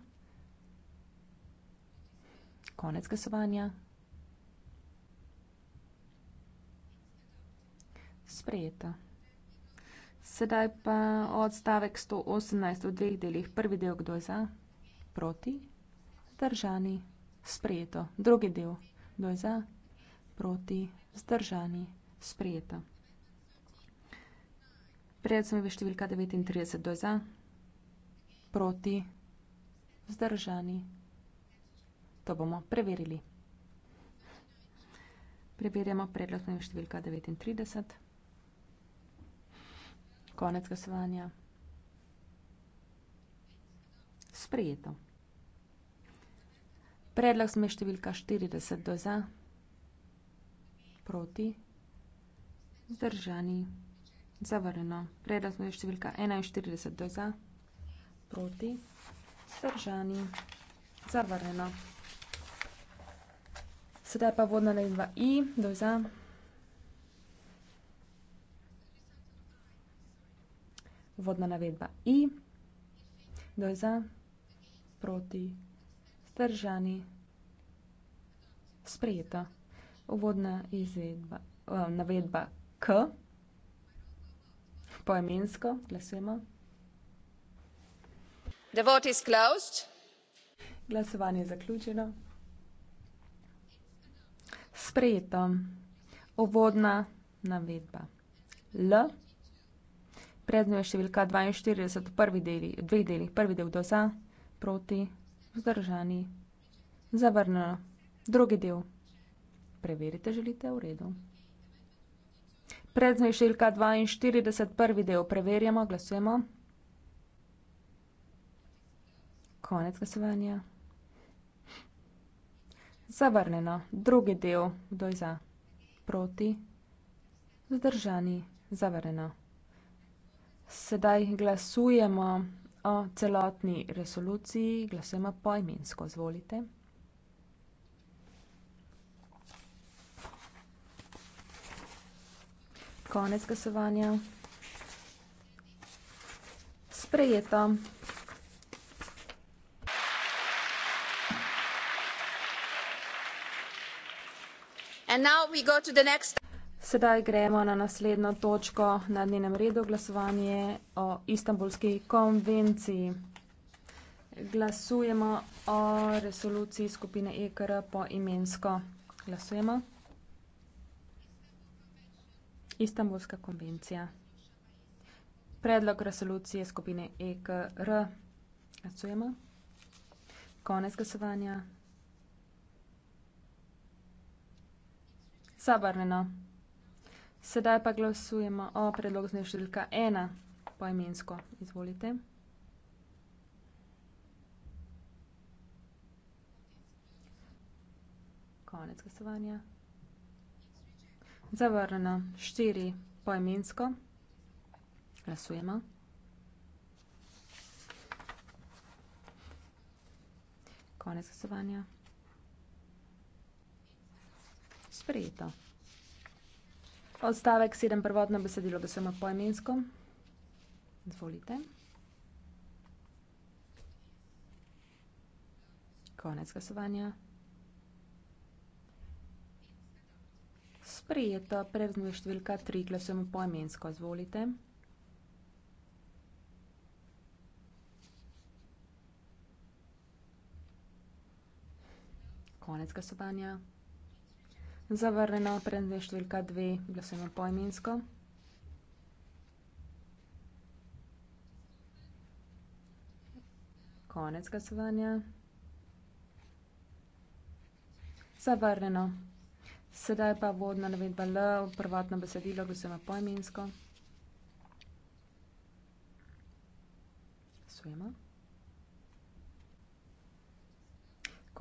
Konec glasovanja. sprejeta. Sedaj pa odstavek 118 v dveh delih. Prvi del, kdo je za? Proti. Zdržani. Sprejeto. Drugi del, kdo je za? Proti. Zdržani. Sprejeto. Prijed sem je številka 39, kdo je za? Proti. Zdržani. To bomo preverili. Preverjamo predlog na številka 39. Konec glasovanja. Sprejeto. Predlog sme številka 40 do za, proti, zdržani, zavrnjeno. Predlog sme številka 41 do za, proti, zdržani, zavrnjeno. Sedaj pa vodna ledva I do za, proti. uvodna navedba i, do za, proti, stržani, sprijeta, uvodna izvedba, uh, navedba k, poemensko, glasujemo. The vote is closed. Glasovanje je zaključeno. Sprejeto. Uvodna navedba. L. Prednjo je številka 42, prvi deli, dveh delih, prvi del dosa, proti, vzdržani, zavrnjeno. Drugi del, preverite, želite v redu. Prednjo je številka 42, prvi del, preverjamo, glasujemo. Konec glasovanja. Zavrnjeno, drugi del, kdo je za, proti, zdržani, zavrnjeno. Sedaj glasujemo o celotni resoluciji, glasujemo poimensko, zvolite. Konec glasovanja. Sprejeto. And now we go to the next. Sedaj gremo na naslednjo točko na dnevnem redu glasovanje o Istanbulski konvenciji. Glasujemo o resoluciji skupine EKR po imensko. Glasujemo. Istanbulska konvencija. Predlog resolucije skupine EKR. Glasujemo. Konec glasovanja. Sabarneno. Sedaj pa glasujemo o predlogu z številka ena, poimensko. Izvolite. Konec glasovanja. Zavrnjeno. Štiri, poimensko. Glasujemo. Konec glasovanja. Sprejeto. Odstavek sedem prvotno besedilo besemo poimensko. Zvolite. Konec glasovanja. Sprejeto. Preveznjo številka tri glasujemo poimensko. Zvolite. Konec glasovanja. Zavrnjeno, prednje številka dve, glasujemo poimensko. Konec glasovanja. Zavrnjeno. Sedaj pa vodna navedba L, prvotno besedilo, glasujemo poimensko. Glasujemo.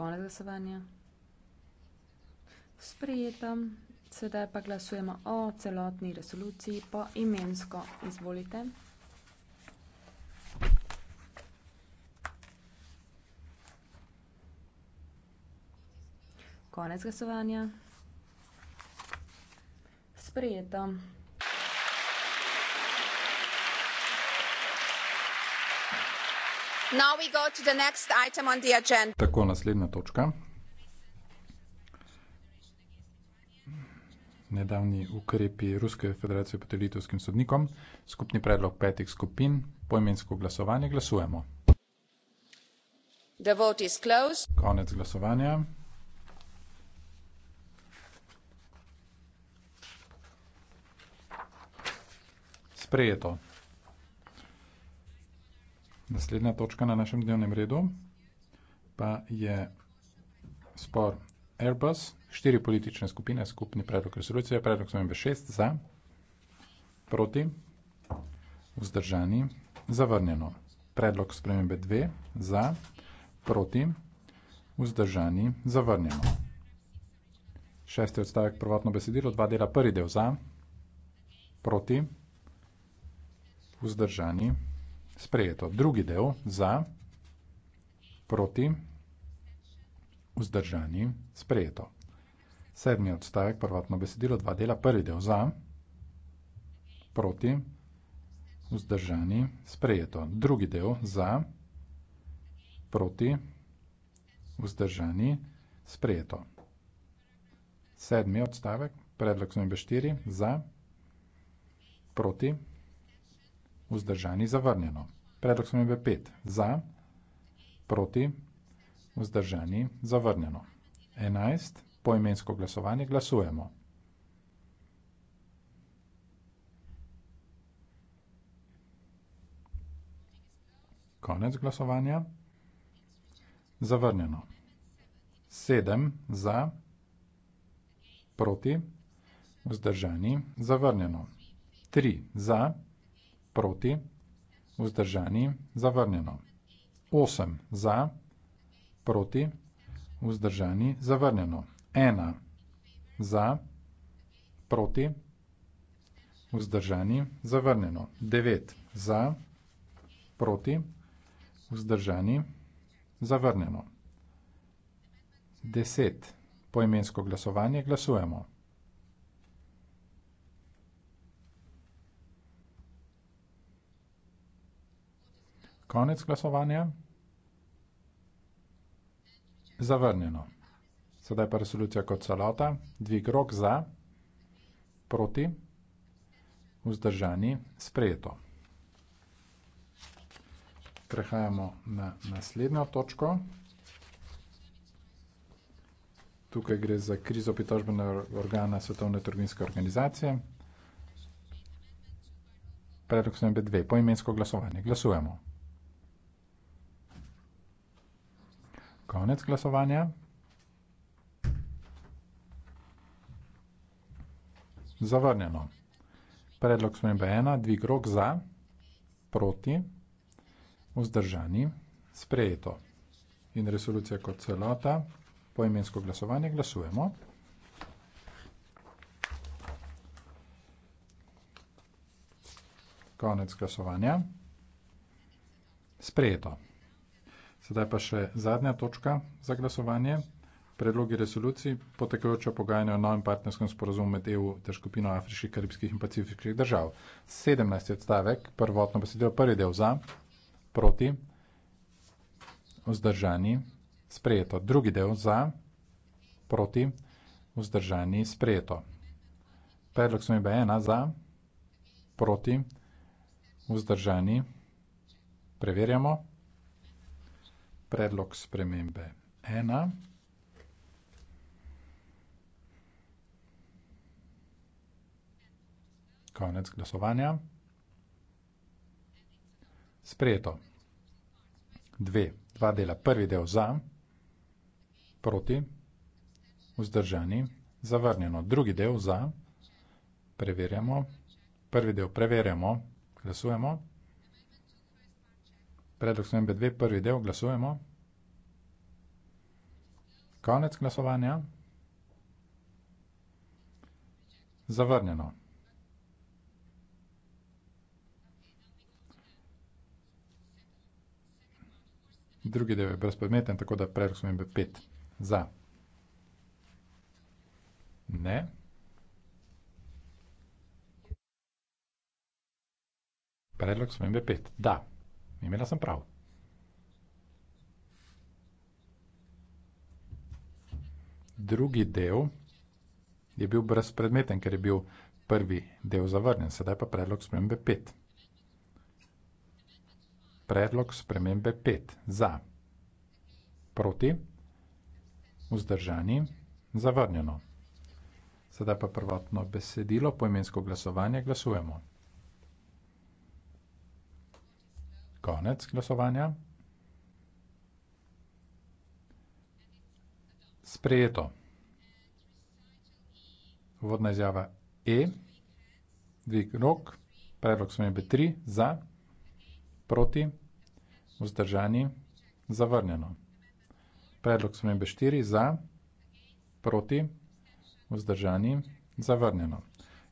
Konec glasovanja. Sprejeta. Sedaj pa glasujemo o celotni resoluciji po imensko. Izvolite. Konec glasovanja. Sprejeta. Tako, naslednja točka. nedavni ukrepi Ruske federacije proti litovskim sodnikom, skupni predlog petih skupin, poimensko glasovanje, glasujemo. The vote is closed. Konec glasovanja. Sprejeto. Naslednja točka na našem dnevnem redu pa je spor Airbus štiri politične skupine, skupni predlog resolucije, predlog so imeli šest za, proti, vzdržani, zavrnjeno. Predlog spremembe dve, za, proti, vzdržani, zavrnjeno. Šesti odstavek prvotno besedilo, dva dela, prvi del za, proti, vzdržani, sprejeto. Drugi del za, proti, vzdržani, sprejeto. Sedmi odstavek, prvotno besedilo, dva dela, prvi del za, proti, vzdržani, sprejeto. Drugi del za, proti, vzdržani, sprejeto. Sedmi odstavek, predlog smo imeli štiri, za, proti, vzdržani, zavrnjeno. Predlog smo imeli pet, za, proti, vzdržani, zavrnjeno. Enajst odstavek poimensko glasovanje glasujemo. Konec glasovanja. Zavrnjeno. Sedem za, proti, vzdržani, zavrnjeno. Tri za, proti, vzdržani, zavrnjeno. Osem za, proti, vzdržani, zavrnjeno ena za, proti, vzdržani, zavrnjeno. Devet za, proti, vzdržani, zavrnjeno. Deset. Poimensko glasovanje glasujemo. Konec glasovanja. Zavrnjeno. Sedaj pa resolucija kot celota. Dvig rok za, proti, vzdržani, sprejeto. Prehajamo na naslednjo točko. Tukaj gre za krizo pitožbenega organa Svetovne trgovinske organizacije. Predlog sem dve, poimensko glasovanje. Glasujemo. Konec glasovanja. Zavrnjeno. Predlog smembe 1, dvig rok za, proti, vzdržani, sprejeto. In resolucija kot celota, poimensko glasovanje, glasujemo. Konec glasovanja. Sprejeto. Sedaj pa še zadnja točka za glasovanje predlogi resolucij, potekajoča pogajanja o novem partnerskem sporozumu med EU ter skupino afriških, karibskih in pacifiških držav. 17. odstavek, prvotno besedilo, prvi del za, proti, vzdržani, sprejeto. Drugi del za, proti, vzdržani, sprejeto. Predlog smo imeli ena za, proti, vzdržani, preverjamo. Predlog spremembe ena. konec glasovanja. Sprejeto. Dve, dva dela. Prvi del za, proti, vzdržani, zavrnjeno. Drugi del za, preverjamo. Prvi del preverjamo, glasujemo. Predlog smo imeli dve, prvi del glasujemo. Konec glasovanja. Zavrnjeno. drugi del je brezpredmeten, tako da predlog spremembe 5 za. Ne. Predlog spremembe 5. Da, imela sem prav. Drugi del je bil brezpredmeten, ker je bil prvi del zavrnjen, sedaj pa predlog spremembe 5. Predlog spremembe 5. Za. Proti. Vzdržani. Zavrnjeno. Sedaj pa prvotno besedilo poimensko glasovanje glasujemo. Konec glasovanja. Sprejeto. Uvodna izjava E. Dvig rok. Predlog smo imeli tri. Za. Proti? Vzdržani? Zavrnjeno. Predlog smembe 4 za? Proti? Vzdržani? Zavrnjeno.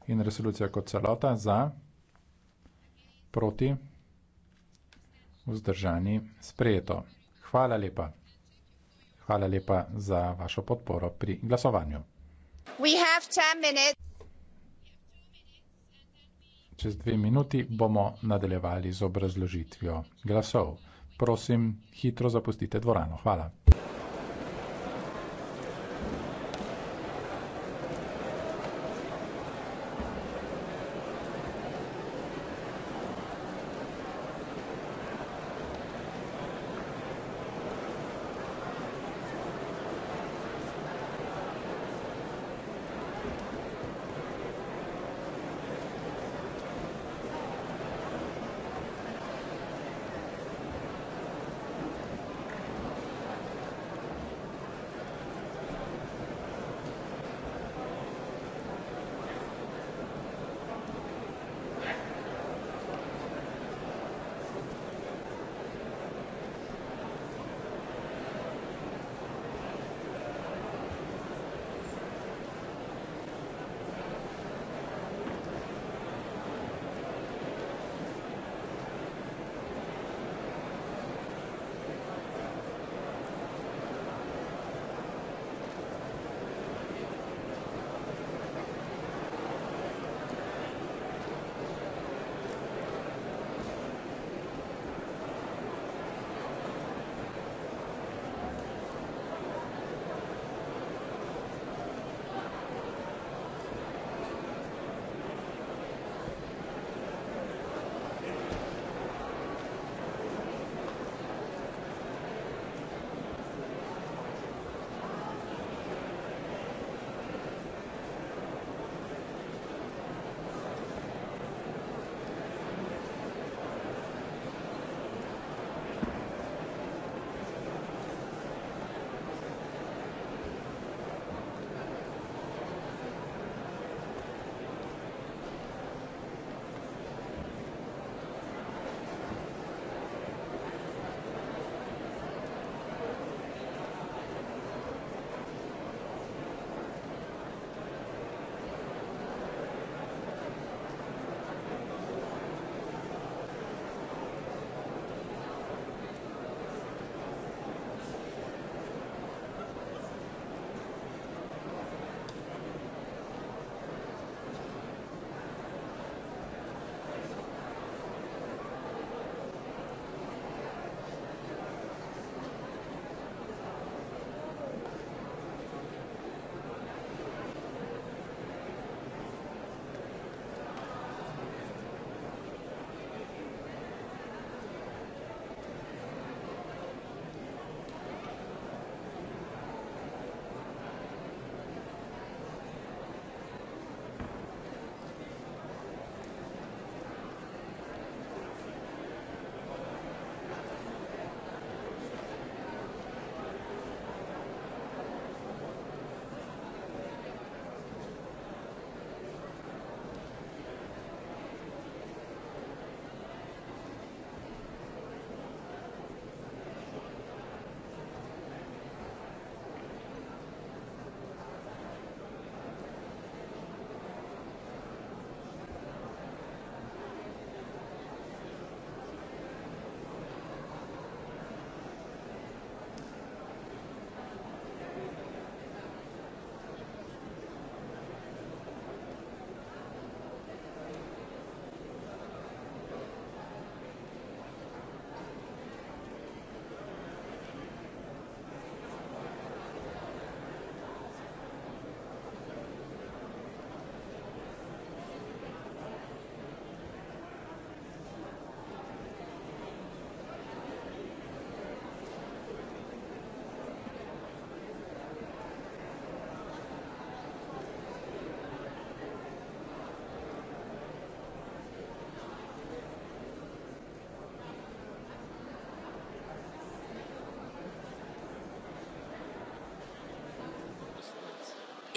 In resolucija kot celota za? Proti? Vzdržani? Sprejeto. Hvala lepa. Hvala lepa za vašo podporo pri glasovanju. We have 10 minutes. Čez dve minuti bomo nadaljevali z obrazložitvijo glasov. Prosim, hitro zapustite dvorano. Hvala.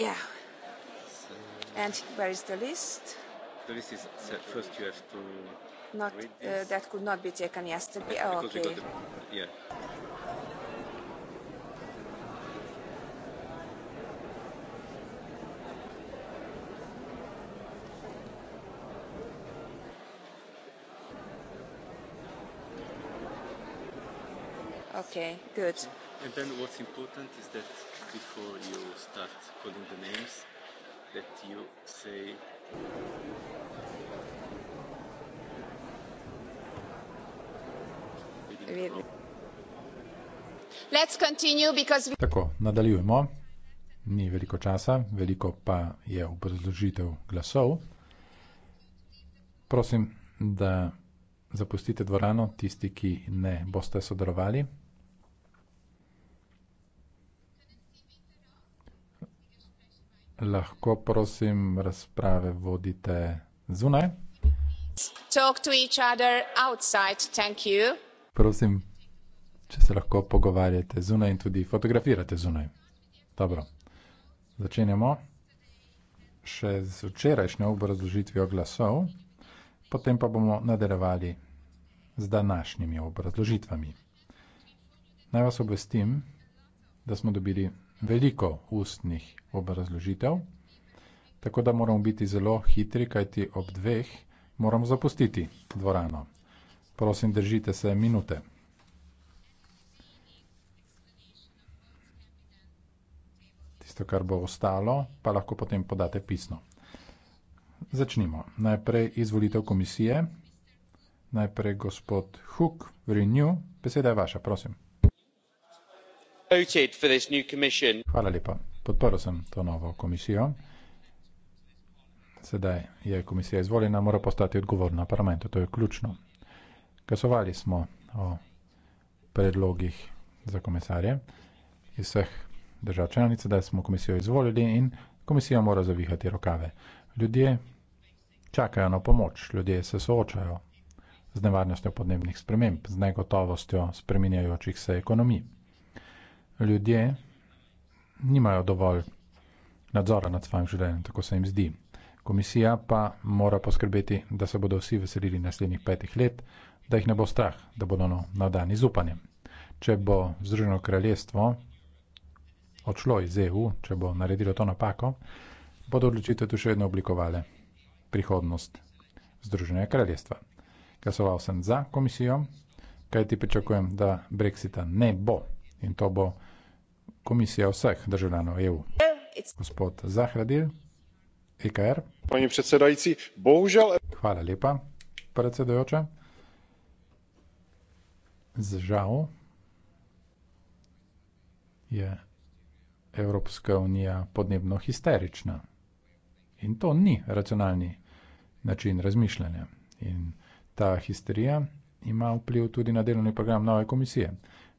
yeah. And where is the list? The list is set first. You have to. Not uh, that could not be taken yesterday. Oh, okay. The, yeah. Okay. Good. And then what's important is that before you start calling the names that you say Tako, nadaljujemo. Ni veliko časa, veliko pa je obrazložitev glasov. Prosim, da zapustite dvorano tisti, ki ne boste sodelovali. lahko, prosim, razprave vodite zunaj. Talk to each other outside, thank you. Prosim, če se lahko pogovarjate zunaj in tudi fotografirate zunaj. Dobro, začenjamo. Še z včerajšnjo obrazložitvijo glasov, potem pa bomo nadaljevali z današnjimi obrazložitvami. Naj vas obvestim, da smo dobili veliko ustnih obrazložitev, tako da moramo biti zelo hitri, kajti ob dveh moramo zapustiti dvorano. Prosim, držite se minute. Tisto, kar bo ostalo, pa lahko potem podate pisno. Začnimo. Najprej izvolitev komisije. Najprej gospod Huk, Renew. Beseda je vaša, prosim voted for this new commission. Hvala lepa. Podprl sem to novo komisijo. Sedaj je komisija izvoljena, mora postati odgovorna parlamentu, to je ključno. Glasovali smo o predlogih za komisarje iz vseh držav članic, da smo komisijo izvolili in komisija mora zavihati rokave. Ljudje čakajo na pomoč, ljudje se soočajo z nevarnostjo podnebnih sprememb, z negotovostjo spreminjajočih se ekonomij ljudje nimajo dovolj nadzora nad svojim življenjem, tako se jim zdi. Komisija pa mora poskrbeti, da se bodo vsi veselili naslednjih petih let, da jih ne bo strah, da bodo no, nadani z upanjem. Če bo Združeno kraljestvo odšlo iz EU, če bo naredilo to napako, bodo odločitev tu še vedno oblikovale prihodnost Združenega kraljestva. Glasoval sem za komisijo, kajti pričakujem, da Brexita ne bo in to bo komisija vseh državljanov EU. Gospod Zahradil, IKR. E Pani predsedajci, bohužel. Hvala lepa, predsedajoča. Žal je Evropska unija podnebno histerična in to ni racionalni način razmišljanja. In ta histerija ima vpliv tudi na delovni program nove komisije.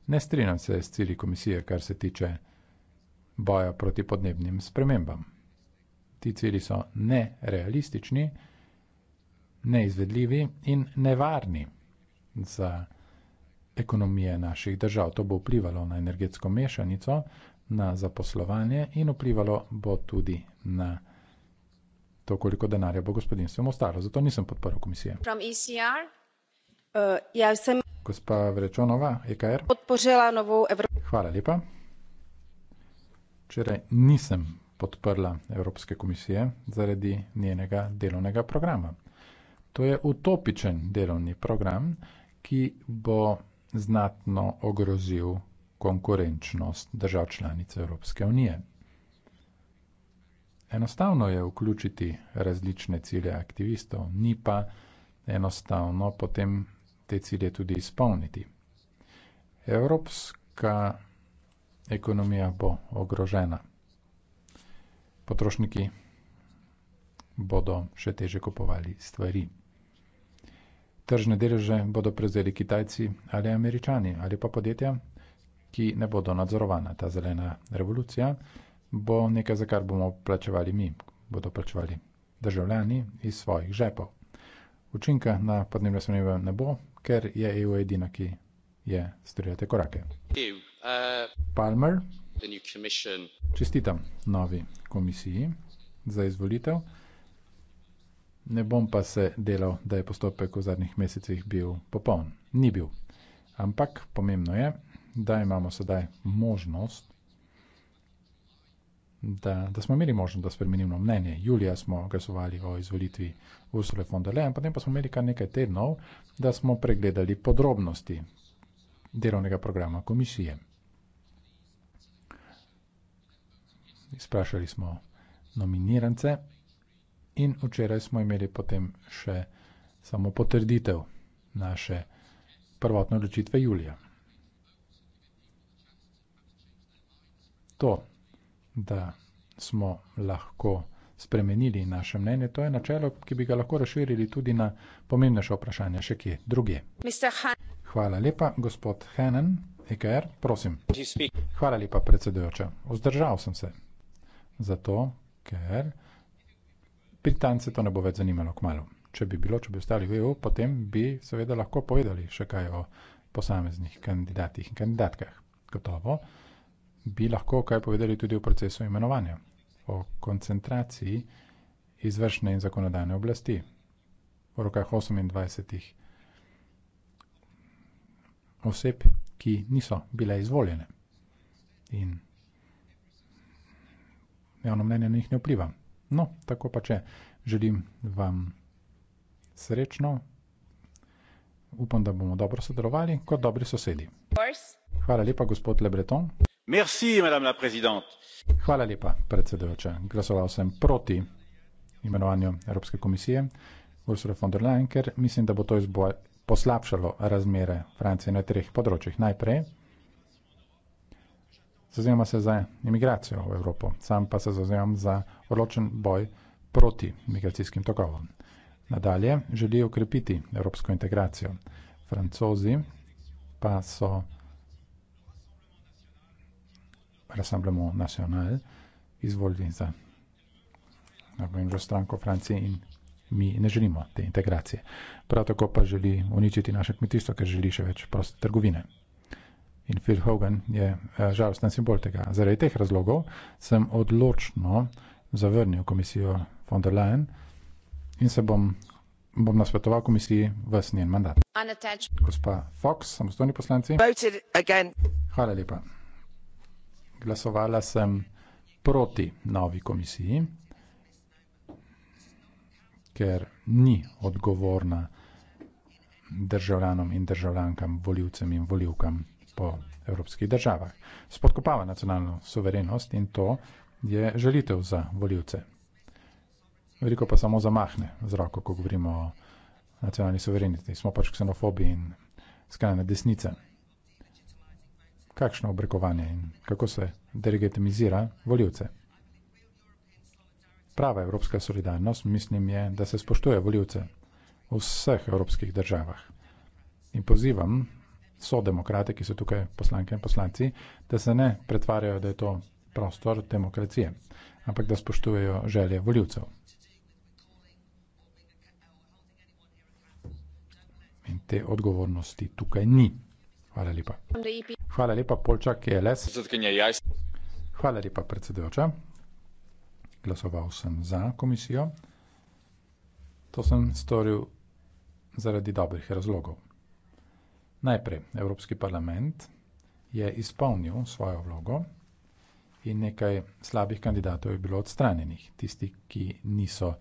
Ne strinjam se s cili komisije, kar se tiče boja proti podnebnim spremembam. Ti cili so nerealistični, neizvedljivi in nevarni za ekonomije naših držav. To bo vplivalo na energetsko mešanico, na zaposlovanje in vplivalo bo tudi na to, koliko denarja bo gospodinstvom ostalo. Zato nisem podporil komisije. From ECR. Eh, ja sem gospa Vrečonova, EKR. Podporila novo Evro... Hvala lepa. Včeraj nisem podprla Evropske komisije zaradi njenega delovnega programa. To je utopičen delovni program, ki bo znatno ogrozil konkurenčnost držav članic Evropske unije. Enostavno je vključiti različne cilje aktivistov, ni pa enostavno potem te cilje tudi izpolniti. Evropska ekonomija bo ogrožena. Potrošniki bodo še teže kupovali stvari. Tržne deleže bodo prevzeli Kitajci ali Američani ali pa podjetja, ki ne bodo nadzorovana. Ta zelena revolucija bo nekaj, za kar bomo plačevali mi, bodo plačevali državljani iz svojih žepov. Učinka na podnebne spremembe ne bo, ker je EU edina, ki je storila te korake. Palmer, čestitam novi komisiji za izvolitev. Ne bom pa se delal, da je postopek v zadnjih mesecih bil popoln. Ni bil. Ampak pomembno je, da imamo sedaj možnost da, da smo imeli možnost, da spremenimo mnenje. Julija smo glasovali o izvolitvi Ursula von der Leyen, potem pa smo imeli kar nekaj tednov, da smo pregledali podrobnosti delovnega programa komisije. Sprašali smo nominirance in včeraj smo imeli potem še samo potrditev naše prvotne odločitve Julija. To, da smo lahko spremenili naše mnenje. To je načelo, ki bi ga lahko razširili tudi na pomembnejše vprašanje, še kje druge. Hvala lepa, gospod Henen, EKR, prosim. Hvala lepa, predsedujoča. Vzdržal sem se zato, ker Britance to ne bo več zanimalo k malu. Če bi bilo, če bi ostali v EU, potem bi seveda lahko povedali še kaj o posameznih kandidatih in kandidatkah. Gotovo bi lahko kaj povedali tudi o procesu imenovanja, o koncentraciji izvršne in zakonodajne oblasti v rokah 28 oseb, ki niso bile izvoljene in javno mnenje na njih ne vpliva. No, tako pa če želim vam srečno, upam, da bomo dobro sodelovali kot dobri sosedi. Hvala lepa, gospod Lebreton madame la présidente hvala lepa predsedujoča glasoval sem proti imenovanju evropske komisije ursula von der leyen ker mislim da bo to izboj poslabšalo razmere francije na treh področjih najprej zavzemam se za imigracijo v evropo sam pa se zavzemam za odločen boj proti migracijskim tokovom nadalje želi okrepiti evropsko integracijo francozi pa so Rassemblement National, izvolili za najmanjšo stranko Francije in mi ne želimo te integracije. Prav tako pa želi uničiti naše kmetijstvo, ker želi še več proste trgovine. In Phil Hogan je eh, žalosten simbol tega. Zaradi teh razlogov sem odločno zavrnil komisijo von der Leyen in se bom, bom nasvetoval komisiji vs njen mandat. Gospa Fox, samostojni poslanci. Hvala lepa glasovala sem proti novi komisiji, ker ni odgovorna državljanom in državljankam, voljivcem in voljivkam po evropskih državah. Spodkopava nacionalno suverenost in to je želitev za voljivce. Veliko pa samo zamahne z roko, ko govorimo o nacionalni suverenosti. Smo pač ksenofobi in skrajne desnice kakšno obrekovanje in kako se delegitimizira voljivce. Prava evropska solidarnost, mislim, je, da se spoštuje voljivce v vseh evropskih državah. In pozivam so demokrate, ki so tukaj poslanke in poslanci, da se ne pretvarjajo, da je to prostor demokracije, ampak da spoštujejo želje voljivcev. In te odgovornosti tukaj ni. Hvala lepa. Hvala lepa, Polčak je les. Hvala lepa, predsedujoča. Glasoval sem za komisijo. To sem storil zaradi dobrih razlogov. Najprej, Evropski parlament je izpolnil svojo vlogo in nekaj slabih kandidatov je bilo odstranjenih, tisti, ki niso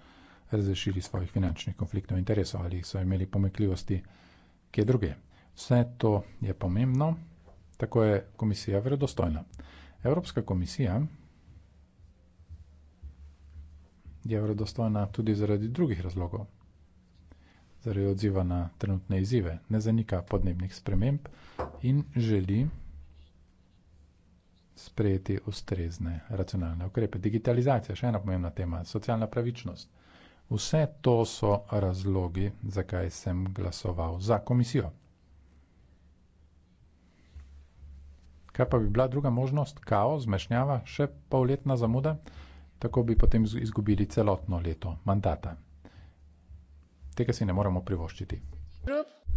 razrešili svojih finančnih konfliktov interesov ali so imeli pomekljivosti kje druge. Vse to je pomembno, tako je komisija verodostojna. Evropska komisija je verodostojna tudi zaradi drugih razlogov, zaradi odziva na trenutne izzive, ne zanika podnebnih sprememb in želi sprejeti ustrezne racionalne ukrepe. Digitalizacija, še ena pomembna tema, socialna pravičnost. Vse to so razlogi, zakaj sem glasoval za komisijo. Kaj pa bi bila druga možnost, kaos, zmešnjava, še polletna zamuda, tako bi potem izgubili celotno leto mandata. Tega si ne moremo privoščiti.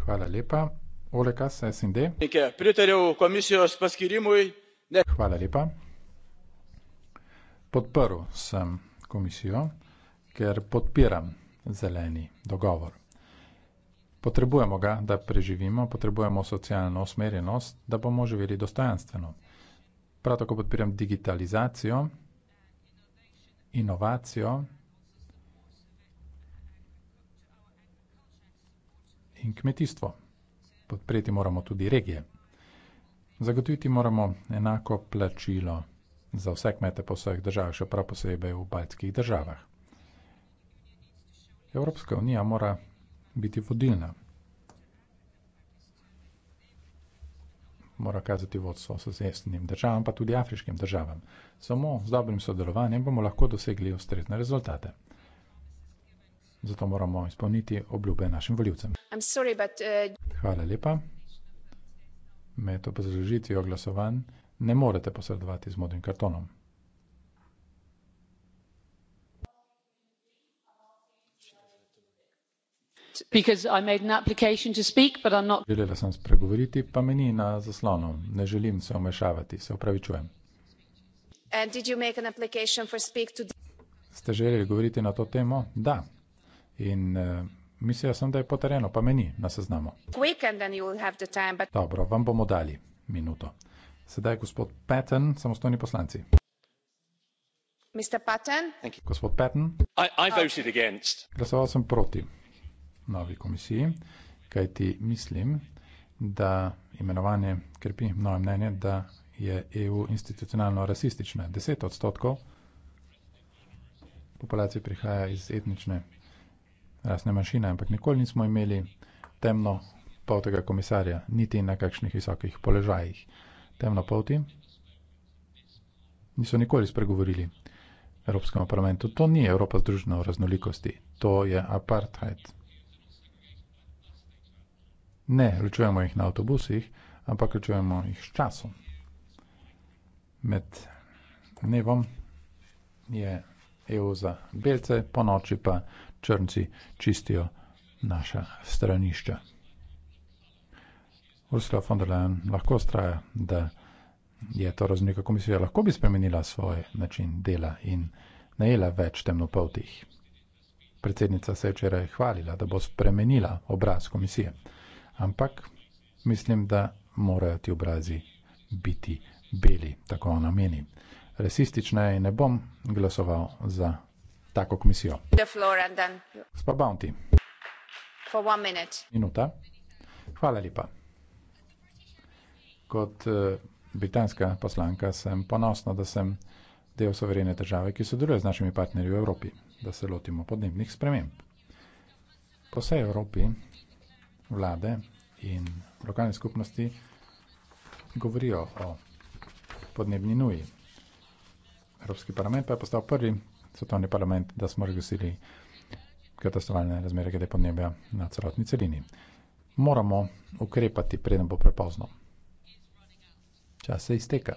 Hvala lepa. Olekas, SND. Hvala lepa. Podprl sem komisijo, ker podpiram zeleni dogovor. Potrebujemo ga, da preživimo, potrebujemo socialno usmerjenost, da bomo živeli dostojanstveno. Prav tako podpiram digitalizacijo, inovacijo in kmetijstvo. Podpreti moramo tudi regije. Zagotoviti moramo enako plačilo za vse kmete po vseh državah, še prav posebej v baltskih državah. Evropska unija mora biti vodilna. Mora kazati vodstvo sosednjim državam, pa tudi afriškim državam. Samo z dobrim sodelovanjem bomo lahko dosegli ustrezne rezultate. Zato moramo izpolniti obljube našim voljivcem. Uh, Hvala lepa. Med obrazložitvijo glasovanj ne morete posredovati z modrim kartonom. because i made an application to speak but i'm not. želela sem spregovoriti pa me ni na zaslonu ne želim se vmešavati se opravičujem. and did you make an application for speak to. ste želeli govoriti na to temo da in. Eh, mislila sem, da je potrjeno, pa meni na seznamu. But... Dobro, vam bomo dali minuto. Sedaj gospod Patten, samostojni poslanci. Gospod Patten. I, I oh. Glasoval sem proti novi komisiji, kajti mislim, da imenovanje krpi moje mnenje, da je EU institucionalno rasistična. Deset odstotkov populacije prihaja iz etnične rasne manjšine, ampak nikoli nismo imeli temno poltega komisarja, niti na kakšnih visokih položajih. Temno polti niso nikoli spregovorili Evropskemu parlamentu. To ni Evropa združena v raznolikosti, to je apartheid. Ne ločujemo jih na avtobusih, ampak ločujemo jih s časom. Med dnevom je EU za belce, po noči pa črnci čistijo naša stranišča. Ursula von der Leyen lahko ustraja, da je to raznika komisija, lahko bi spremenila svoj način dela in najela več temnopoltih. Predsednica se je včeraj hvalila, da bo spremenila obraz komisije ampak mislim, da morajo ti obrazi biti beli, tako ona meni. Rasistična je in ne bom glasoval za tako komisijo. Gospa Bounty. For one minute. Minuta. Hvala lepa. Kot eh, britanska poslanka sem ponosna, da sem del soverene države, ki sodeluje z našimi partnerji v Evropi, da se lotimo podnebnih sprememb. Po vsej Evropi vlade in lokalne skupnosti govorijo o podnebni nuji. Evropski parlament pa je postal prvi svetovni parlament, da smo razglasili katastrofalne razmere glede podnebja na celotni celini. Moramo ukrepati, preden bo prepozno. Čas se izteka.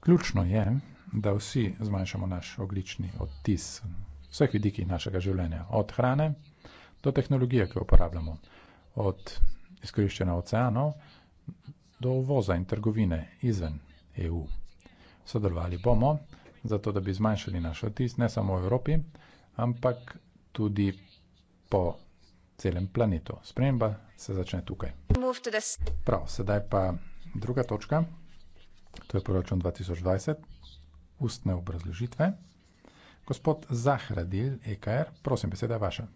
Ključno je, da vsi zmanjšamo naš oglični odtis vseh vidikih našega življenja. Od hrane, do tehnologije, ki jo uporabljamo, od izkoriščanja oceanov do uvoza in trgovine izven EU. Sodelovali bomo, zato da bi zmanjšali naš odtis ne samo v Evropi, ampak tudi po celem planetu. Sprememba se začne tukaj. Prav, sedaj pa druga točka, to je proračun 2020, ustne obrazložitve. Gospod Zahradil, EKR, prosim, beseda je vaša.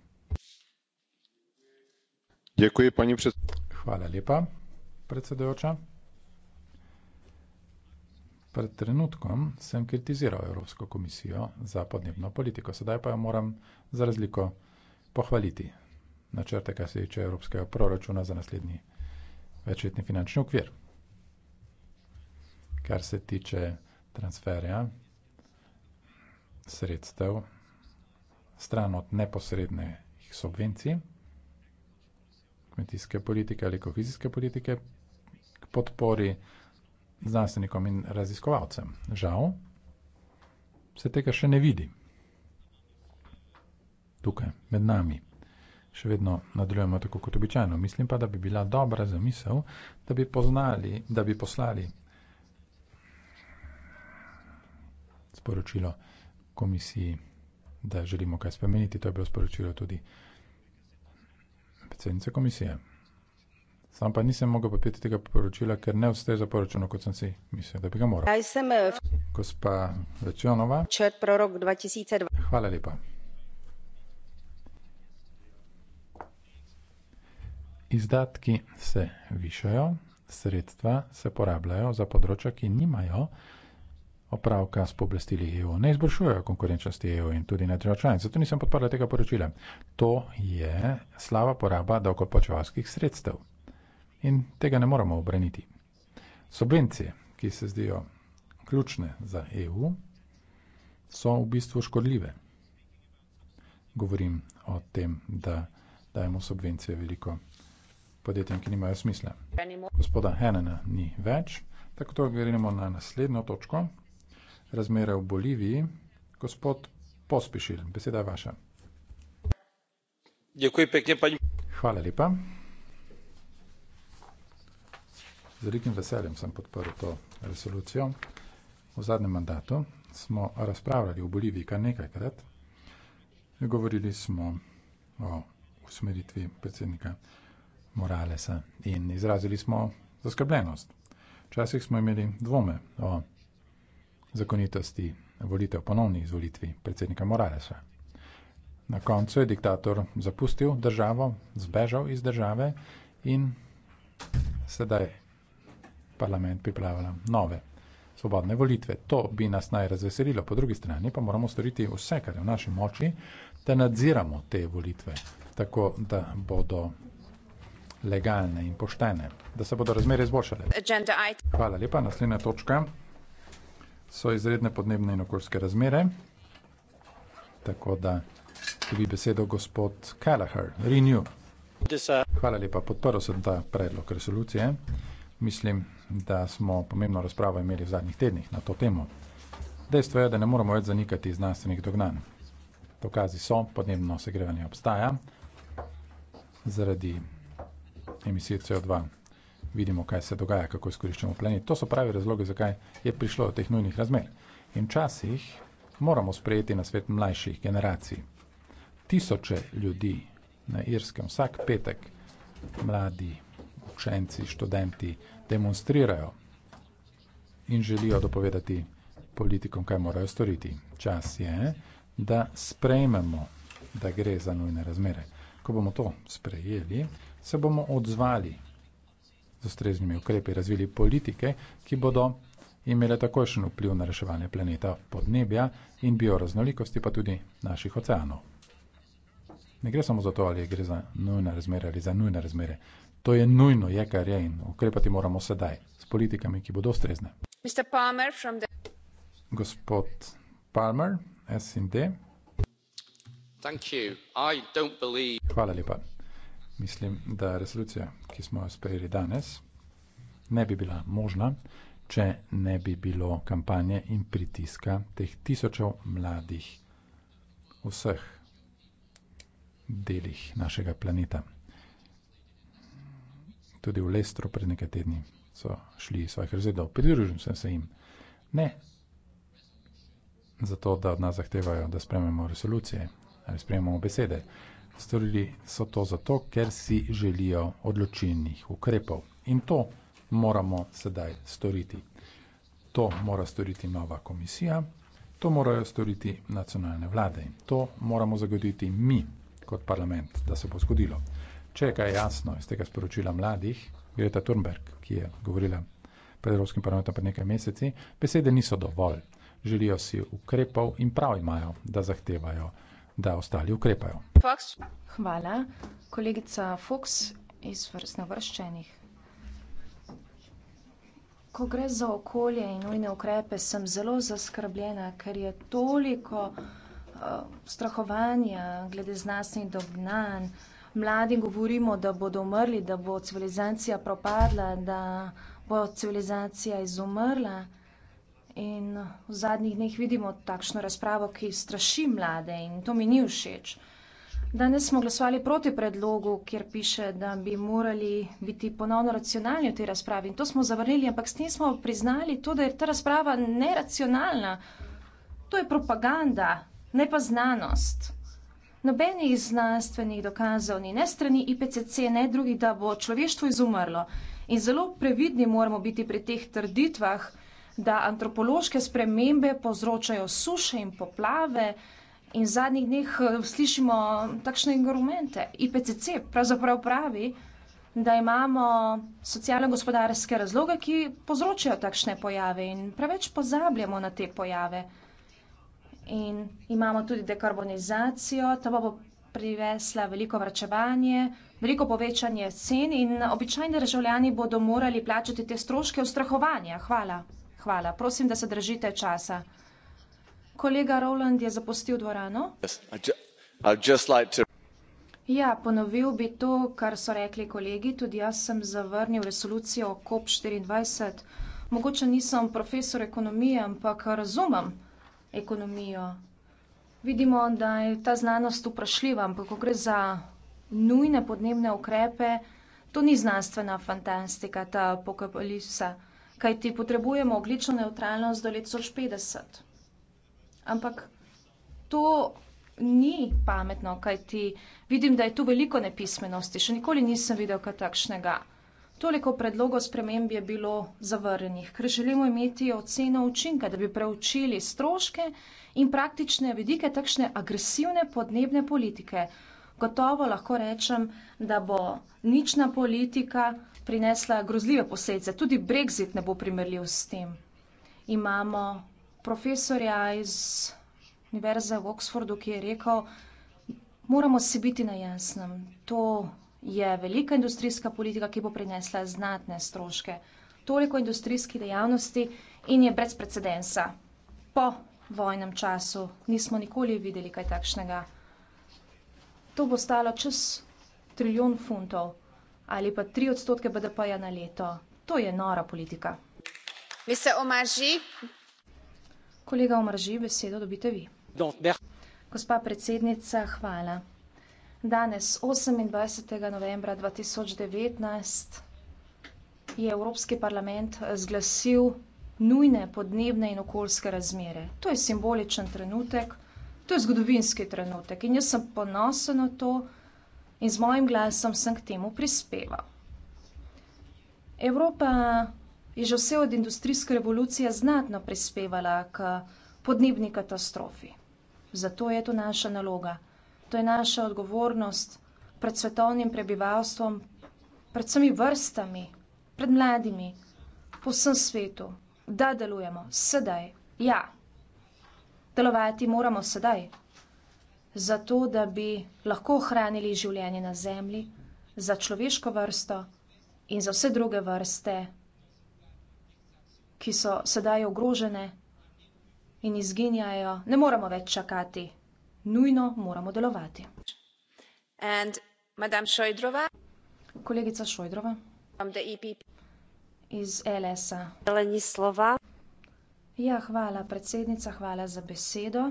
Děkuji, paní před... Hvala lepa, predsedujoča. Pred trenutkom sem kritiziral Evropsko komisijo za podnebno politiko, sedaj pa jo moram za razliko pohvaliti načrte, kar se tiče Evropskega proračuna za naslednji večletni finančni okvir. Kar se tiče transferja sredstev stran od neposrednih subvencij, kmetijske politike ali kohezijske politike k podpori znanstvenikom in raziskovalcem. Žal se tega še ne vidi. Tukaj, med nami. Še vedno nadaljujemo tako kot običajno. Mislim pa, da bi bila dobra zamisel, da bi poznali, da bi poslali sporočilo komisiji, da želimo kaj spremeniti. To je bilo sporočilo tudi predsednice komisije. Sam pa nisem mogel popiti tega poročila, ker ne ustreza poročilu, kot sem si mislil, da bi ga moral. Ja, eh, Gospa Večjonova. Črt prorok 2020. Hvala lepa. Izdatki se višajo, sredstva se porabljajo za področja, ki nimajo opravka s pooblastili EU. Ne izboljšujejo konkurenčnosti EU in tudi ne držav članic. Zato nisem podparila tega poročila. To je slaba poraba davkoplačevalskih sredstev. In tega ne moramo obraniti. Subvencije, ki se zdijo ključne za EU, so v bistvu škodljive. Govorim o tem, da dajemo subvencije veliko podjetjem, ki nimajo smisla. Gospoda Henena ni več, tako to gremo na naslednjo točko razmere v Boliviji. Gospod Pospišil, beseda je vaša. Hvala lepa. Z velikim veseljem sem podprl to resolucijo. V zadnjem mandatu smo razpravljali v Boliviji kar nekajkrat. Govorili smo o usmeritvi predsednika Moralesa in izrazili smo zaskrbljenost. Včasih smo imeli dvome o zakonitosti volitev ponovni izvolitvi predsednika Moralesa. Na koncu je diktator zapustil državo, zbežal iz države in sedaj parlament pripravlja nove svobodne volitve. To bi nas naj razveselilo, po drugi strani pa moramo storiti vse, kar je v naši moči, da nadziramo te volitve, tako da bodo legalne in poštene, da se bodo razmere izboljšale. Hvala lepa, naslednja točka so izredne podnebne in okoljske razmere. Tako da dobi besedo gospod Kelleher, Renew. Hvala lepa, podprl sem ta predlog resolucije. Mislim, da smo pomembno razpravo imeli v zadnjih tednih na to temo. Dejstvo je, da ne moramo več zanikati znanstvenih dognanj. Dokazi so, podnebno segrevanje obstaja zaradi emisije CO2 vidimo, kaj se dogaja, kako izkoriščamo planet. To so pravi razlogi, zakaj je prišlo do teh nujnih razmer. In včasih moramo sprejeti na svet mlajših generacij. Tisoče ljudi na Irskem vsak petek, mladi učenci, študenti, demonstrirajo in želijo dopovedati politikom, kaj morajo storiti. Čas je, da sprejmemo, da gre za nujne razmere. Ko bomo to sprejeli, se bomo odzvali z ustreznimi ukrepi razvili politike, ki bodo imele takojšen vpliv na reševanje planeta, podnebja in bioraznolikosti, pa tudi naših oceanov. Ne gre samo za to, ali gre za nujne razmere ali za nujne razmere. To je nujno, je kar je in ukrepati moramo sedaj s politikami, ki bodo ustrezne. Palmer the... Gospod Palmer, SD. Hvala lepa mislim, da resolucija, ki smo jo sprejeli danes, ne bi bila možna, če ne bi bilo kampanje in pritiska teh tisočev mladih v vseh delih našega planeta. Tudi v Lestru pred nekaj tedni so šli iz svojih razredov, pridružil sem se jim. Ne zato, da od nas zahtevajo, da sprememo resolucije ali sprememo besede, storili so to zato, ker si želijo odločilnih ukrepov. In to moramo sedaj storiti. To mora storiti nova komisija, to morajo storiti nacionalne vlade, to moramo zagoditi mi kot parlament, da se bo zgodilo. Če je kaj jasno iz tega sporočila mladih, Greta Thunberg, ki je govorila pred Evropskim parlamentom pred nekaj meseci, besede niso dovolj. Želijo si ukrepov in prav imajo, da zahtevajo da ostali ukrepajo. Hvala. Kolegica Fuchs iz vrstnevrščenih. Ko gre za okolje in nujne ukrepe, sem zelo zaskrbljena, ker je toliko uh, strahovanja glede znanstvenih dognanj. Mladi govorimo, da bodo umrli, da bo civilizacija propadla, da bo civilizacija izumrla. In v zadnjih dneh vidimo takšno razpravo, ki straši mlade in to mi ni všeč. Danes smo glasovali proti predlogu, kjer piše, da bi morali biti ponovno racionalni v tej razpravi. In to smo zavrnili, ampak s tem smo priznali to, da je ta razprava neracionalna. To je propaganda, ne pa znanost. Nobenih znanstvenih dokazov ni, ne strani IPCC, ne drugi, da bo človeštvo izumrlo. In zelo previdni moramo biti pri teh trditvah da antropološke spremembe povzročajo suše in poplave. In v zadnjih dneh eh, slišimo takšne argumente. IPCC pravzaprav pravi, da imamo socialno-gospodarske razloge, ki povzročajo takšne pojave in preveč pozabljamo na te pojave. In imamo tudi dekarbonizacijo, to bo privesla veliko vračevanje, veliko povečanje cen in običajni državljani bodo morali plačati te stroške ustrahovanja. Hvala. Hvala. Prosim, da se držite časa. Kolega Rowland je zapustil dvorano. Ja, ponovil bi to, kar so rekli kolegi. Tudi jaz sem zavrnil resolucijo COP24. Mogoče nisem profesor ekonomije, ampak razumem ekonomijo. Vidimo, da je ta znanost vprašljiva, ampak ko gre za nujne podnebne ukrepe, to ni znanstvena fantastika, ta apokalipsa kajti potrebujemo oglično neutralnost do leta 2050. Ampak to ni pametno, kajti vidim, da je tu veliko nepismenosti. Še nikoli nisem videl kaj takšnega. Toliko predlogov sprememb je bilo zavrnjenih, ker želimo imeti oceno učinka, da bi preučili stroške in praktične vidike takšne agresivne podnebne politike. Gotovo lahko rečem, da bo nična politika prinesla grozljive posledice. Tudi brexit ne bo primerljiv s tem. Imamo profesorja iz Univerze v Oxfordu, ki je rekel, moramo si biti na jasnem. To je velika industrijska politika, ki bo prinesla znatne stroške. Toliko industrijskih dejavnosti in je brez precedensa. Po vojnem času nismo nikoli videli kaj takšnega. To bo stalo čez trilijon funtov ali pa tri odstotke BDP-ja na leto. To je nora politika. Mi se omaži. Kolega omaži, besedo dobite vi. Gospa predsednica, hvala. Danes, 28. novembra 2019, je Evropski parlament eh, zglasil nujne podnebne in okoljske razmere. To je simboličen trenutek, to je zgodovinski trenutek in jaz sem ponosen na to, in z mojim glasom sem k temu prispeval. Evropa je že vse od industrijske revolucije znatno prispevala k podnebni katastrofi. Zato je to naša naloga, to je naša odgovornost pred svetovnim prebivalstvom, pred vsemi vrstami, pred mladimi, po vsem svetu, da delujemo sedaj. Ja, delovati moramo sedaj zato da bi lahko ohranili življenje na Zemlji, za človeško vrsto in za vse druge vrste, ki so sedaj ogrožene in izginjajo. Ne moramo več čakati, nujno moramo delovati. Kolegica Šojdrova e iz LS-a. Ja, hvala, predsednica, hvala za besedo.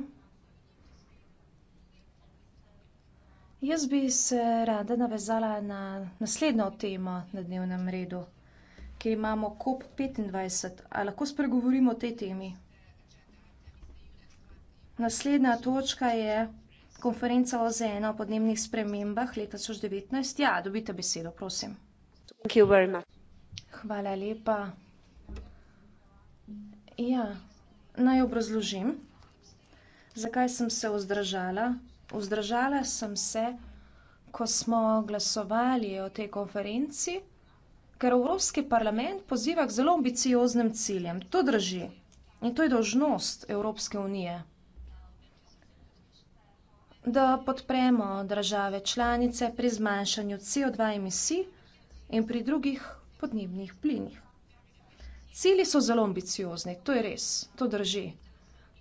Jaz bi se rada navezala na naslednjo temo na dnevnem redu, ki imamo COP25. Ali lahko spregovorimo o tej temi? Naslednja točka je konferenca o ZN o podnebnih spremembah leta 2019. Ja, dobite besedo, prosim. Hvala lepa. Ja, naj obrazložim, zakaj sem se vzdržala Vzdržala sem se, ko smo glasovali o tej konferenci, ker Evropski parlament poziva k zelo ambicioznim ciljem. To drži in to je dožnost Evropske unije. Da podpremo države članice pri zmanjšanju CO2 emisij in pri drugih podnebnih plinih. Cili so zelo ambiciozni, to je res, to drži.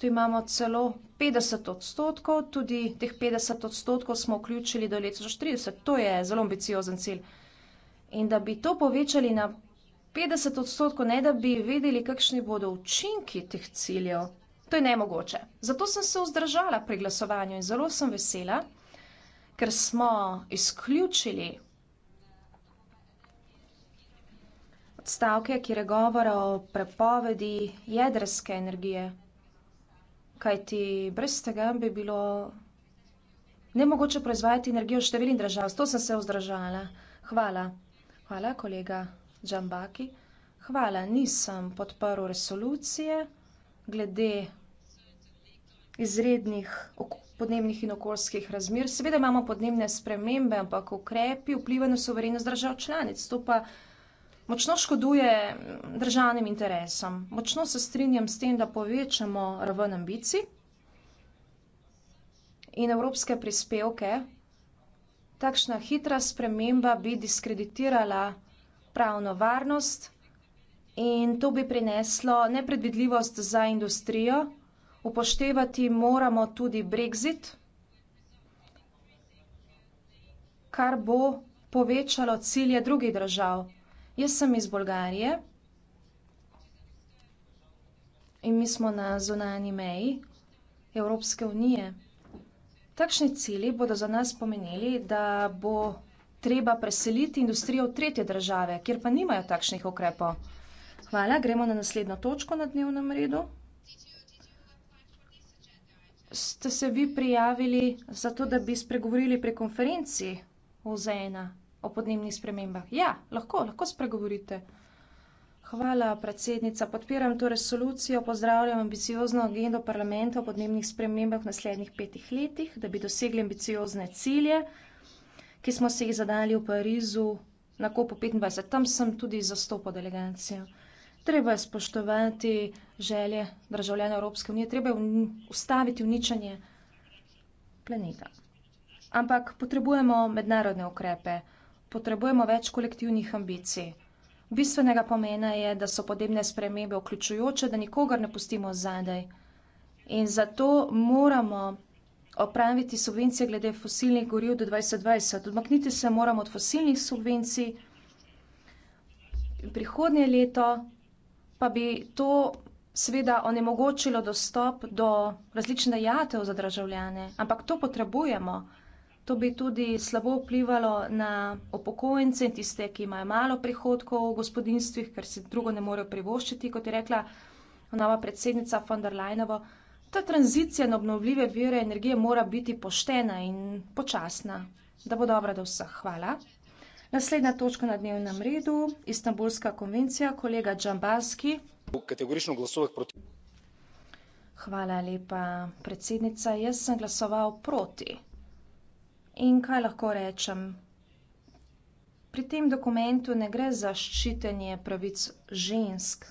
Tu imamo celo 50 odstotkov, tudi teh 50 odstotkov smo vključili do leta 2030. To je zelo ambiciozen cilj. In da bi to povečali na 50 odstotkov, ne da bi vedeli, kakšni bodo učinki teh ciljev, to je nemogoče. Zato sem se vzdržala pri glasovanju in zelo sem vesela, ker smo izključili odstavke, kjer je govora o prepovedi jedrske energije kajti brez tega bi bilo nemogoče proizvajati energijo številnih držav. To sem se vzdržala. Hvala. Hvala, kolega Džambaki. Hvala, nisem podprl resolucije glede izrednih podnebnih in okoljskih razmir. Seveda imamo podnebne spremembe, ampak ukrepi vplivajo na soverenost držav članic. To pa Močno škoduje državnim interesom. Močno se strinjam s tem, da povečamo raven ambicij in evropske prispevke. Takšna hitra sprememba bi diskreditirala pravno varnost in to bi prineslo nepredvidljivost za industrijo. Upoštevati moramo tudi brexit, kar bo povečalo cilje drugih držav. Jaz sem iz Bolgarije in mi smo na zunanji meji Evropske unije. Takšni cili bodo za nas pomenili, da bo treba preseliti industrijo v tretje države, kjer pa nimajo takšnih ukrepov. Hvala, gremo na naslednjo točko na dnevnem redu. Ste se vi prijavili za to, da bi spregovorili pri konferenci o ZNA? o podnebnih spremembah. Ja, lahko, lahko spregovorite. Hvala, predsednica. Podpiram to resolucijo, pozdravljam ambiciozno agendo parlamenta o podnebnih spremembah v naslednjih petih letih, da bi dosegli ambiciozne cilje, ki smo se jih zadali v Parizu na kopu 25. Tam sem tudi zastopal delegacijo. Treba je spoštovati želje državljanov Evropske unije, treba je ustaviti uničanje planeta. Ampak potrebujemo mednarodne ukrepe potrebujemo več kolektivnih ambicij. Bistvenega pomena je, da so podnebne spremembe vključujoče, da nikogar ne pustimo zadaj. In zato moramo opraviti subvencije glede fosilnih goriv do 2020. Odmakniti se moramo od fosilnih subvencij. Prihodnje leto pa bi to seveda onemogočilo dostop do različne jatev za državljane. Ampak to potrebujemo. To bi tudi slabo vplivalo na opokojence, tiste, ki imajo malo prihodkov v gospodinstvih, ker si drugo ne morejo privoščiti, kot je rekla nova predsednica von der Leinovo. Ta tranzicija na obnovljive vire energije mora biti poštena in počasna, da bo dobra do vseh. Hvala. Naslednja točka na dnevnem redu, Istanbulska konvencija, kolega Džambalski. Kategorično glasovah proti. Hvala lepa, predsednica. Jaz sem glasoval proti. In kaj lahko rečem? Pri tem dokumentu ne gre za ščitenje pravic žensk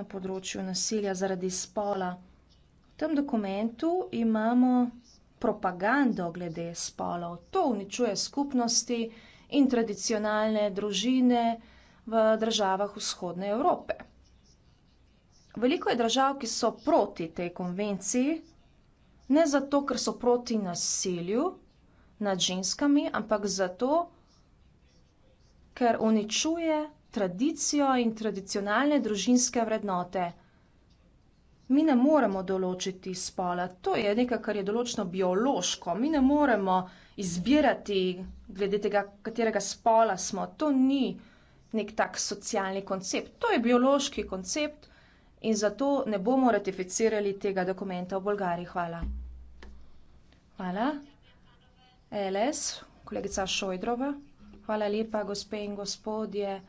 na področju nasilja zaradi spola. V tem dokumentu imamo propagando glede spolov. To uničuje skupnosti in tradicionalne družine v državah vzhodne Evrope. Veliko je držav, ki so proti tej konvenciji, ne zato, ker so proti nasilju nad ženskami, ampak zato, ker uničuje tradicijo in tradicionalne družinske vrednote. Mi ne moremo določiti spola, to je nekaj, kar je določeno biološko. Mi ne moremo izbirati, glede tega, katerega spola smo. To ni nek tak socialni koncept, to je biološki koncept in zato ne bomo ratificirali tega dokumenta v Bolgariji. Hvala. Hvala. LS, kolegica Šojdrova. Hvala lepa, gospe in gospodje.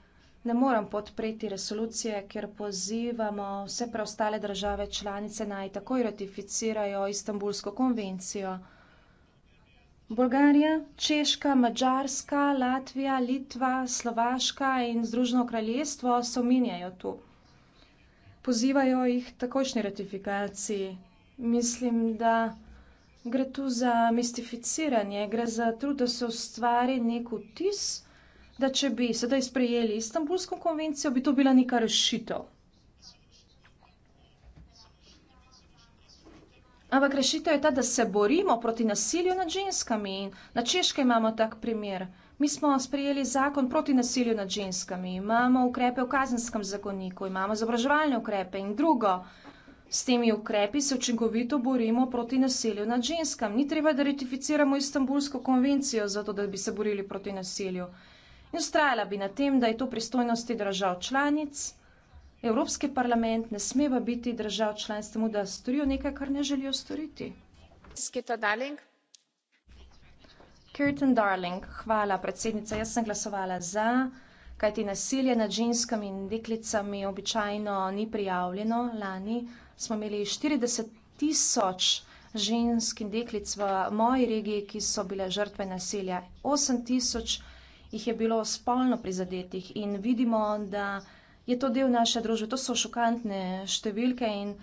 Ne moram podpreti resolucije, ker pozivamo vse preostale države članice naj takoj ratificirajo Istanbulsko konvencijo. Bolgarija, Češka, Mačarska, Latvija, Litva, Slovaška in Združeno kraljestvo se omenjajo tu pozivajo jih takošnji ratifikaciji. Mislim, da gre tu za mistificiranje, gre za trud, da se ustvari nek vtis, da če bi sedaj sprejeli Istanbulsko konvencijo, bi to bila neka rešitev. Ampak rešitev je ta, da se borimo proti nasilju nad ženskami in na češke imamo tak primer. Mi smo sprejeli zakon proti nasilju nad ženskami, imamo ukrepe v kazenskem zakoniku, imamo izobraževalne ukrepe in drugo. S temi ukrepi se učinkovito borimo proti nasilju nad ženskami. Ni treba, da ratificiramo Istanbulsko konvencijo, zato da bi se borili proti nasilju. In ustrajala bi na tem, da je to pristojnosti držav članic. Evropski parlament ne sme pa biti držav članic temu, da storijo nekaj, kar ne želijo storiti. Kirton Darling, hvala predsednica. Jaz sem glasovala za, kajti nasilje nad ženskami in deklicami običajno ni prijavljeno. Lani smo imeli 40 tisoč žensk in deklic v moji regiji, ki so bile žrtve nasilja. 8 tisoč jih je bilo spolno prizadetih in vidimo, da je to del naše družbe. To so šokantne številke in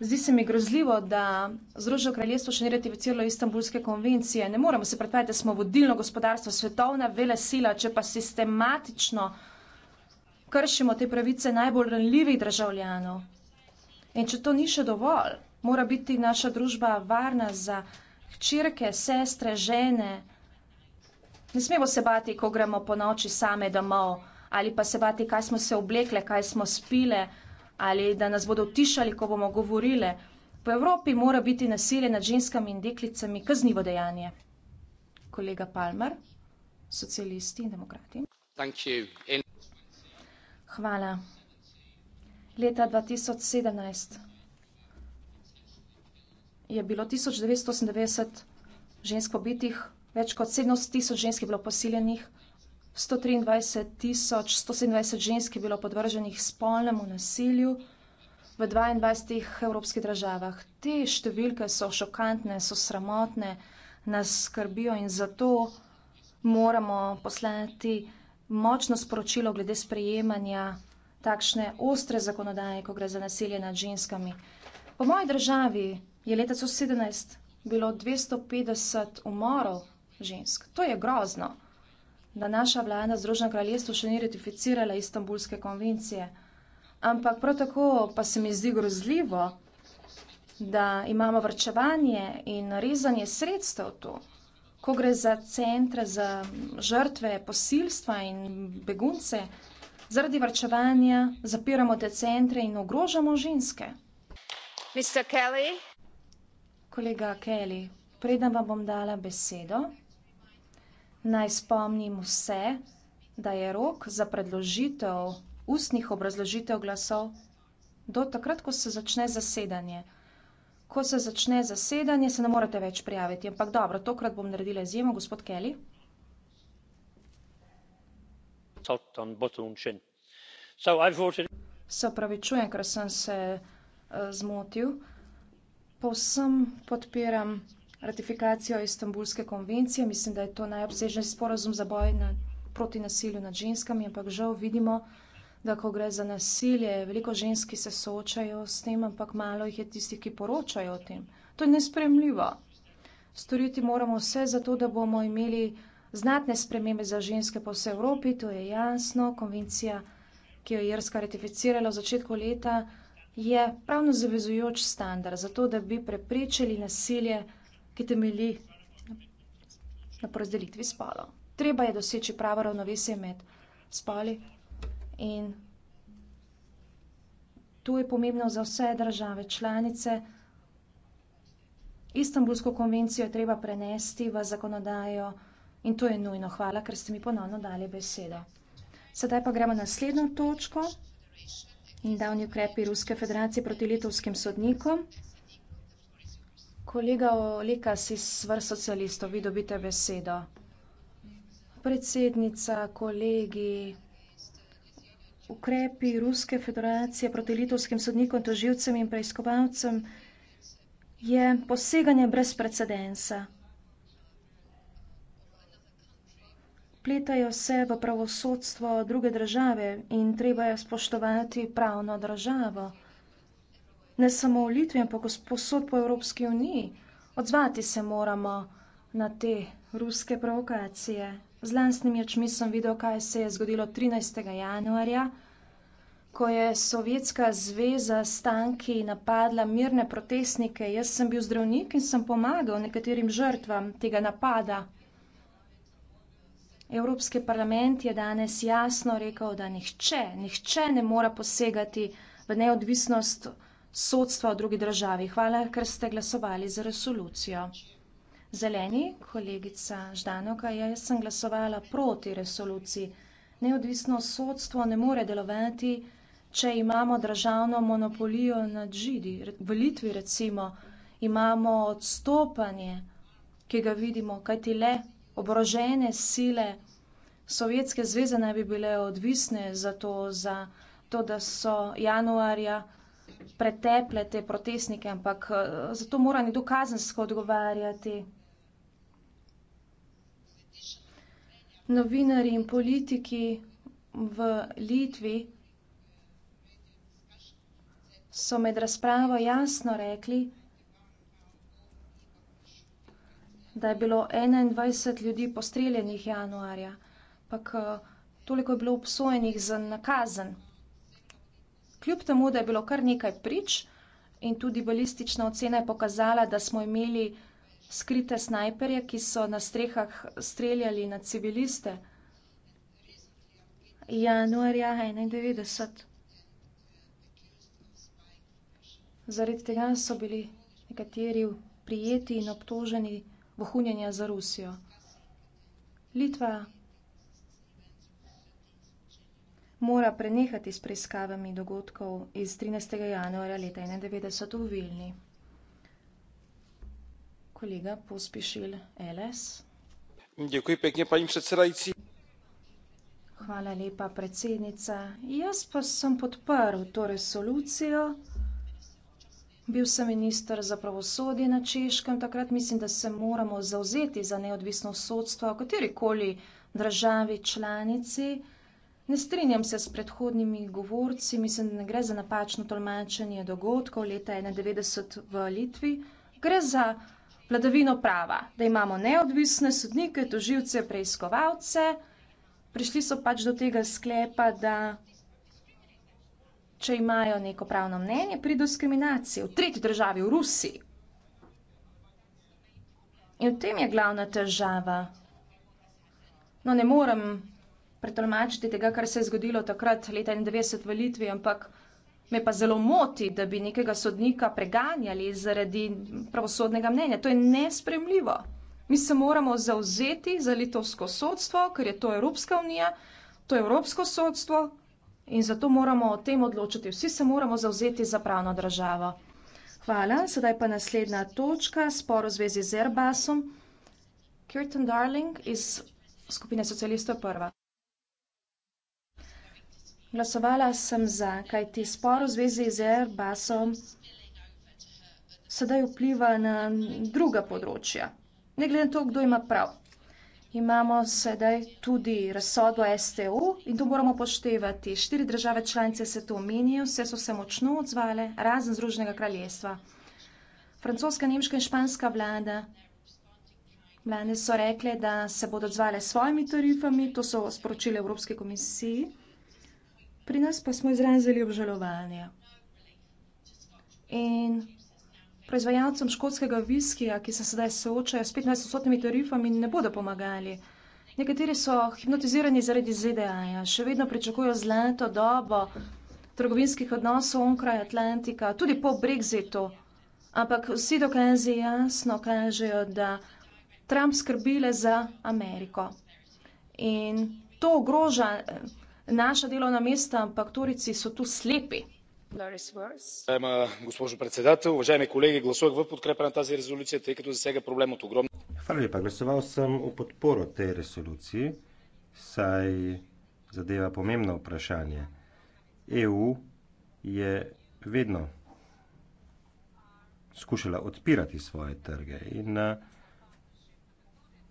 Zdi se mi grozljivo, da Združeno kraljestvo še ni ratificiralo istambulske konvencije. Ne moremo se pretvarjati, da smo vodilno gospodarstvo, svetovna vele sila, če pa sistematično kršimo te pravice najbolj ranljivih državljanov. In če to ni še dovolj, mora biti naša družba varna za hčerke, sestre, žene. Ne smemo se bati, ko gremo po noči same domov ali pa se bati, kaj smo se oblekle, kaj smo spile ali da nas bodo utišali, ko bomo govorile. Po Evropi mora biti nasilje nad ženskami in deklicami kaznivo dejanje. Kolega Palmer, socialisti in demokrati. Hvala. Leta 2017 je bilo 1998 žensk pobitih, več kot 700 tisoč žensk je bilo posiljenih. 123 žensk je bilo podvrženih spolnemu nasilju v 22 evropskih državah. Te številke so šokantne, so sramotne, nas skrbijo in zato moramo poslati močno sporočilo glede sprejemanja takšne ostre zakonodaje, ko gre za nasilje nad ženskami. Po moji državi je leta 2017 bilo 250 umorov žensk. To je grozno da naša vlada Združeno kraljestvo še ni ratificirala Istanbulske konvencije. Ampak prav tako pa se mi zdi grozljivo, da imamo vrčevanje in rezanje sredstev tu, ko gre za centre, za žrtve posilstva in begunce, zaradi vrčevanja zapiramo te centre in ogrožamo ženske. Mr. Kelly. Kolega Kelly, preden vam bom dala besedo, Naj spomnim vse, da je rok za predložitev ustnih obrazložitev glasov do takrat, ko se začne zasedanje. Ko se začne zasedanje, se ne morete več prijaviti. Ampak dobro, tokrat bom naredila izjemo, gospod Kelly. Se opravičujem, ker sem se uh, zmotil. Povsem podpiram ratifikacijo Istanbulske konvencije. Mislim, da je to najobsežnejši sporazum za boj na, proti nasilju nad ženskami, ampak žal vidimo, da ko gre za nasilje, veliko ženski se soočajo s tem, ampak malo jih je tistih, ki poročajo o tem. To je nespremljivo. Storiti moramo vse za to, da bomo imeli znatne spremembe za ženske po vsej Evropi, to je jasno. Konvencija, ki jo je Jerska ratificirala v začetku leta, je pravno zavezujoč standard za to, da bi preprečili nasilje ki temelji na porazdelitvi spalo. Treba je doseči pravo ravnovesje med spali in tu je pomembno za vse države članice. Istanbulsko konvencijo je treba prenesti v zakonodajo in to je nujno. Hvala, ker ste mi ponovno dali besedo. Sedaj pa gremo na slednjo točko in davni ukrepi Ruske federacije proti litovskim sodnikom. Kolega Oleka, si svr socialistov, vi dobite besedo. Predsednica, kolegi, ukrepi Ruske federacije proti litovskim sodnikom, toživcem in preiskovalcem je poseganje brez precedensa. Pletajo se v pravosodstvo druge države in treba je spoštovati pravno državo ne samo v Litvi, ampak posod po Evropski uniji. Odzvati se moramo na te ruske provokacije. Z lansnimi očmi sem videl, kaj se je zgodilo 13. januarja, ko je Sovjetska zveza s tanki napadla mirne protestnike. Jaz sem bil zdravnik in sem pomagal nekaterim žrtvam tega napada. Evropski parlament je danes jasno rekel, da nihče, nihče ne mora posegati v neodvisnost sodstva v drugi državi. Hvala, ker ste glasovali za resolucijo. Zeleni, kolegica Ždanoka, jaz sem glasovala proti resoluciji. Neodvisno sodstvo ne more delovati, če imamo državno monopolijo nad židi. V Litvi recimo imamo odstopanje, ki ga vidimo, kajti le oborožene sile Sovjetske zveze naj bi bile odvisne za to, za to da so januarja pretepljete protestnike, ampak eh, zato mora nekdo kazensko odgovarjati. Novinari in politiki v Litvi so med razpravo jasno rekli, da je bilo 21 ljudi postreljenih januarja, ampak eh, toliko je bilo obsojenih za nakazen kljub temu, da je bilo kar nekaj prič in tudi balistična ocena je pokazala, da smo imeli skrite snajperje, ki so na strehah streljali na civiliste. Januarja 91. Zaradi tega so bili nekateri prijeti in obtoženi vohunjenja za Rusijo. Litva mora prenehati s preiskavami dogodkov iz 13. januarja leta 1991 v Vilni. Kolega pospišil LS. Děkuji pekne, paní predsedajci. Hvala lepa, predsednica. Jaz pa sem podprl to resolucijo. Bil sem minister za pravosodje na Češkem, takrat mislim, da se moramo zauzeti za neodvisno sodstvo v katerikoli državi članici. Ne strinjam se s predhodnimi govorci, mislim, da ne gre za napačno tolmačenje dogodkov leta 1991 v Litvi, gre za vladavino prava, da imamo neodvisne sodnike, toživce, preiskovalce. Prišli so pač do tega sklepa, da če imajo neko pravno mnenje, pride do diskriminacije v tretji državi, v Rusiji. In v tem je glavna težava. No, ne morem pretolmačiti tega, kar se je zgodilo takrat leta 91 v Litvi, ampak me pa zelo moti, da bi nekega sodnika preganjali zaradi pravosodnega mnenja. To je nespremljivo. Mi se moramo zauzeti za litovsko sodstvo, ker je to Evropska unija, to je Evropsko sodstvo in zato moramo o tem odločiti. Vsi se moramo zauzeti za pravno državo. Hvala. Sedaj pa naslednja točka, spor v zvezi z Airbusom. Kirton Darling iz skupine socialistov prva. Glasovala sem za, kajti spor v zvezi z Airbusom sedaj vpliva na druga področja. Ne glede na to, kdo ima prav. Imamo sedaj tudi razsodbo STU in to moramo poštevati. Štiri države članice se to omenijo, vse so se močno odzvale, razen Združenega kraljestva. Francoska, nemška in španska vlada. Vlade so rekle, da se bodo odzvale s svojimi tarifami, to so sporočile Evropske komisije pri nas pa smo izrazili obžalovanje. In proizvajalcem škotskega viskija, ki se sedaj soočajo s 15-odstotnimi tarifami, ne bodo pomagali. Nekateri so hipnotizirani zaradi ZDA-ja, še vedno pričakujejo zlato dobo trgovinskih odnosov onkraj Atlantika, tudi po Brexitu. Ampak vsi dokazi jasno kažejo, da Trump skrbile za Ameriko. In to ogroža eh, naša delovna mesta ampak torijci so tu slepi. Уважаема госпожо председател, уважаеми колеги, гласувах в подкрепа на тази резолюция, тъй като засега проблем от огромна... Хвала ли па, гласувал съм у подпора тези резолюции, сай задева помемна опрашание. ЕУ е видно скушала отпирати своите търге и на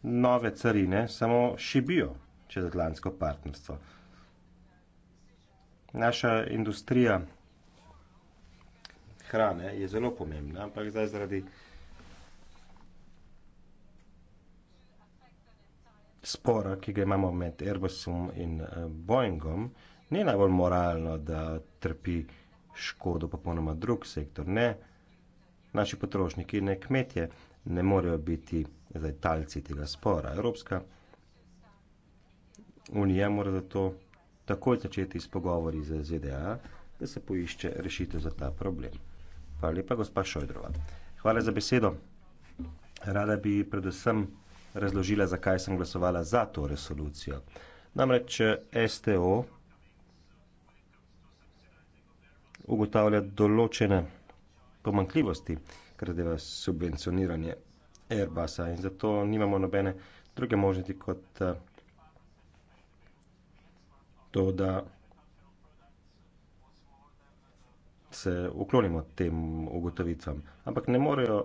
нове царине само шибио чрез Атлантско партнерство naša industrija hrane je zelo pomembna, ampak zdaj zaradi spora, ki ga imamo med Airbusom in eh, Boeingom, ni najbolj moralno, da trpi škodo popolnoma drug sektor. Ne, naši potrošniki, ne kmetje, ne morejo biti zdaj talci tega spora. Evropska unija mora zato to takoj začeti s pogovori z ZDA, da se poišče rešitev za ta problem. Hvala lepa, gospa Šojdrova. Hvala za besedo. Rada bi predvsem razložila, zakaj sem glasovala za to resolucijo. Namreč STO ugotavlja določene pomankljivosti, kar zadeva subvencioniranje Airbusa in zato nimamo nobene druge možnosti kot uh, to, da se uklonimo tem ugotovitvam. Ampak ne morejo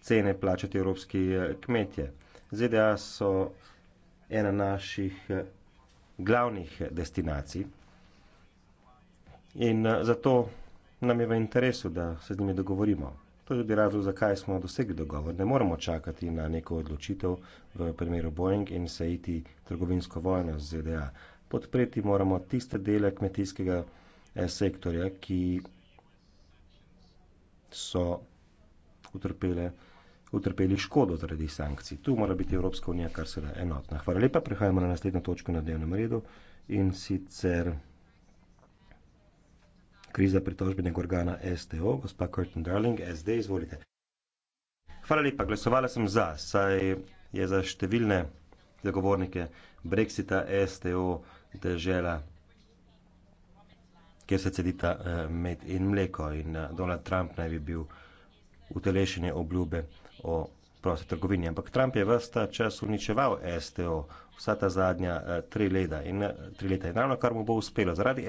cene plačati evropski eh, kmetje. ZDA so ena naših eh, glavnih destinacij in eh, zato nam je v interesu, da se z njimi dogovorimo. To je tudi razlog, zakaj smo dosegli dogovor. Ne moremo čakati na neko odločitev v primeru Boeing in se iti trgovinsko vojno z ZDA podpreti moramo tiste dele kmetijskega eh, sektorja, ki so utrpele, utrpeli škodo zaradi sankcij. Tu mora biti Evropska unija kar se da enotna. Hvala lepa, prehajamo na naslednjo točko na dnevnem redu in sicer kriza pritožbenega organa STO, gospa Curtin Darling, SD, izvolite. Hvala lepa, glasovala sem za, saj je za številne zagovornike Brexita STO dežela, kjer se cedita eh, med in mleko. In eh, Donald Trump naj bi bil utelešenje obljube o proste trgovini. Ampak Trump je vsta čas uničeval STO, vsa ta zadnja eh, tri leta in tri leta. In ravno kar mu bo uspelo, zaradi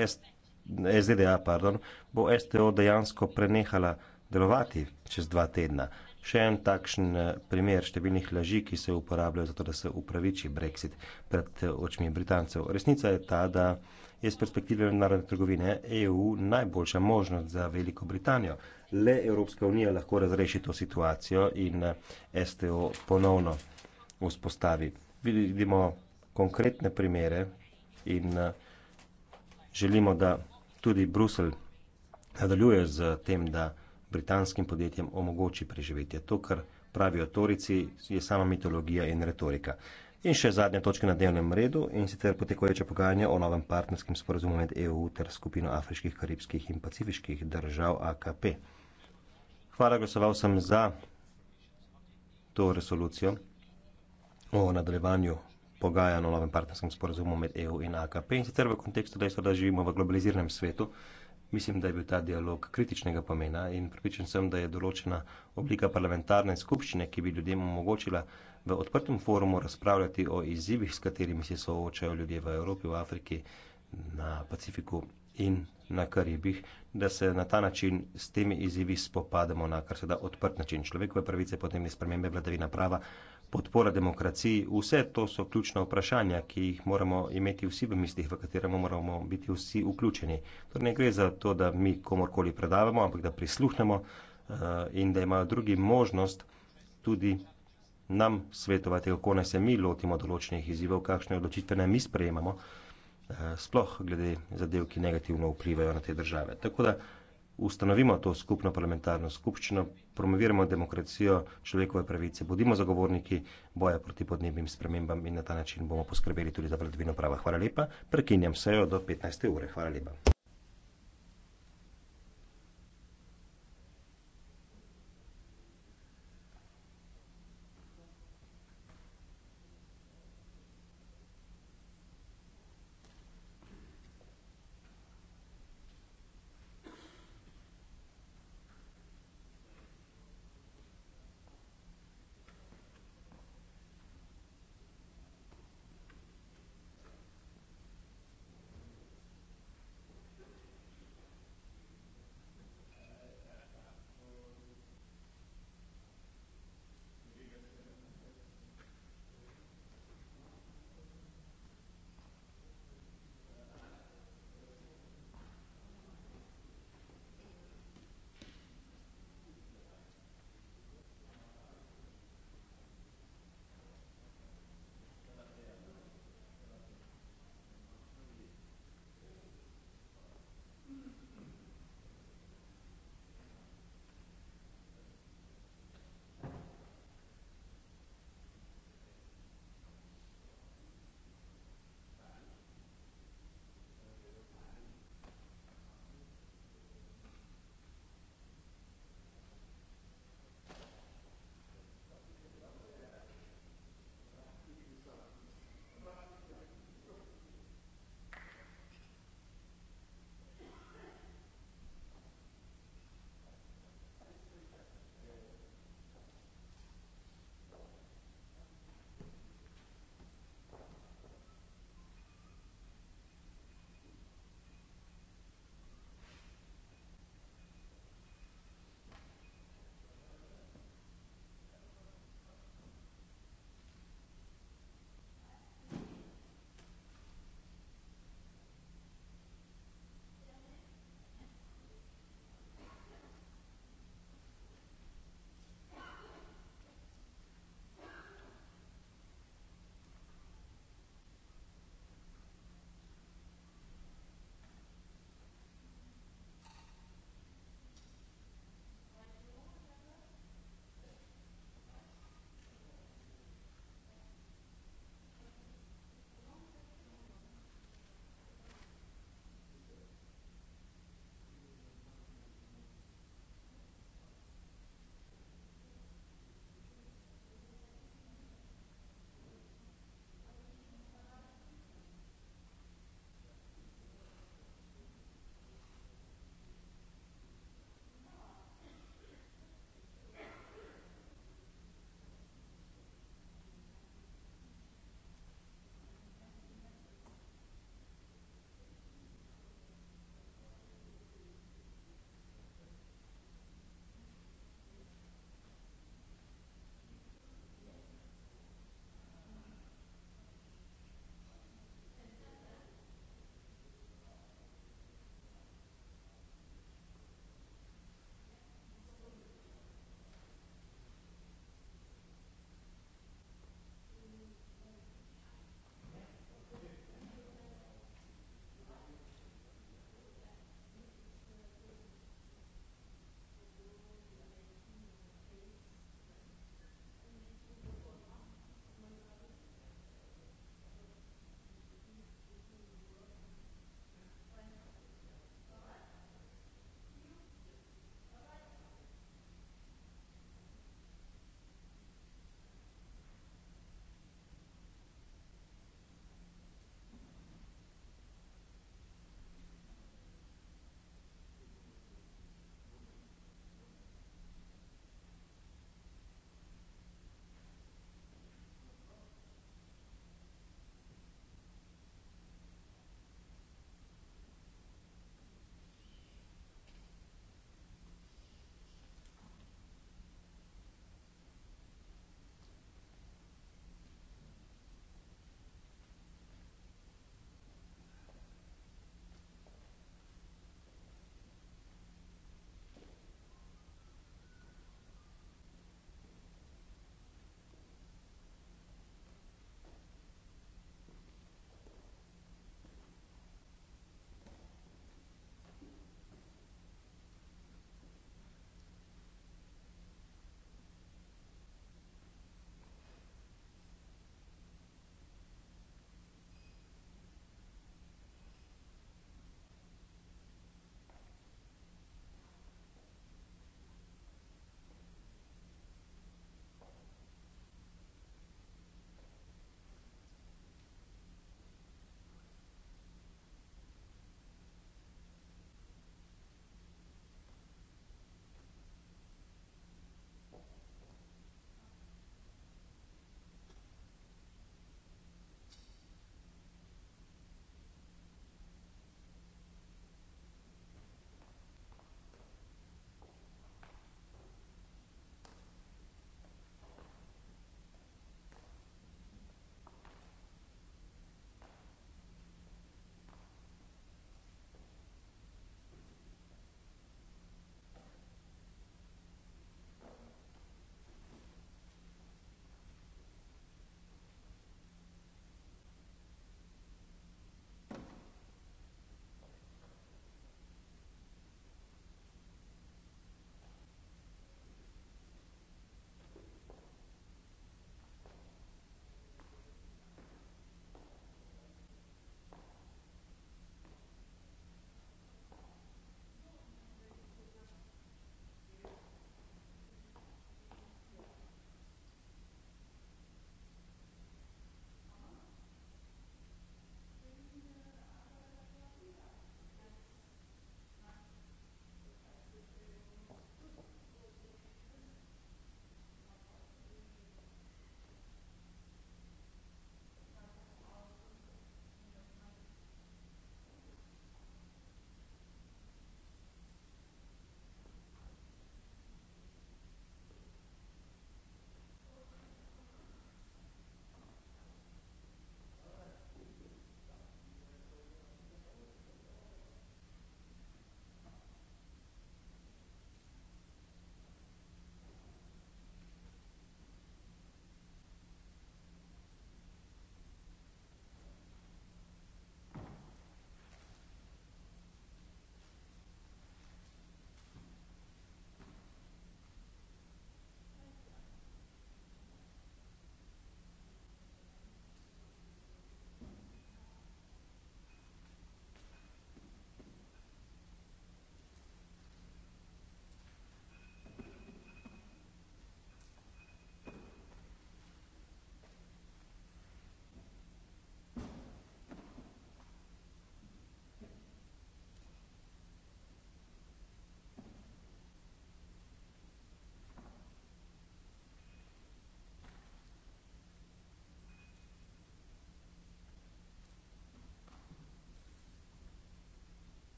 ZDA, pardon, bo STO dejansko prenehala delovati čez dva tedna še en takšen eh, primer številnih laži, ki se uporabljajo za to, da se upraviči brexit pred eh, očmi Britancev. Resnica je ta, da je z perspektive mednarodne trgovine EU najboljša možnost za Veliko Britanijo. Le Evropska unija lahko razreši to situacijo in eh, STO ponovno vzpostavi. Vidimo konkretne primere in želimo, da tudi Brusel nadaljuje z tem, da britanskim podjetjem omogoči preživetje. To, kar pravijo torici, je sama mitologija in retorika. In še zadnja točka na dnevnem redu in sicer potekoječe pogajanje o novem partnerskem sporozumu med EU ter skupino afriških, karibskih in pacifiških držav AKP. Hvala, glasoval sem za to resolucijo o nadaljevanju pogajanj o novem partnerskem sporozumu med EU in AKP in sicer v kontekstu, da, je, da živimo v globaliziranem svetu. Mislim, da je bil ta dialog kritičnega pomena in pripričan sem, da je določena oblika parlamentarne skupščine, ki bi ljudem omogočila v odprtem forumu razpravljati o izzivih, s katerimi se soočajo ljudje v Evropi, v Afriki, na Pacifiku in na Karibih, da se na ta način s temi izzivi spopademo na kar se da odprt način človekove pravice, potem je spremembe vladavina prava podpora demokraciji, vse to so ključna vprašanja, ki jih moramo imeti vsi v mislih, v katerem moramo biti vsi vključeni. Torej ne gre za to, da mi komorkoli predavamo, ampak da prisluhnemo eh, in da imajo drugi možnost tudi nam svetovati, kako naj se mi lotimo določenih izzivov, kakšne odločitve naj mi sprejemamo, eh, sploh glede zadev, ki negativno vplivajo na te države. Tako da ustanovimo to skupno parlamentarno skupščino, promoviramo demokracijo, človekove pravice, bodimo zagovorniki boja proti podnebnim spremembam in na ta način bomo poskrbeli tudi za vladavino prava. Hvala lepa. Prekinjam sejo do 15. ure. Hvala lepa.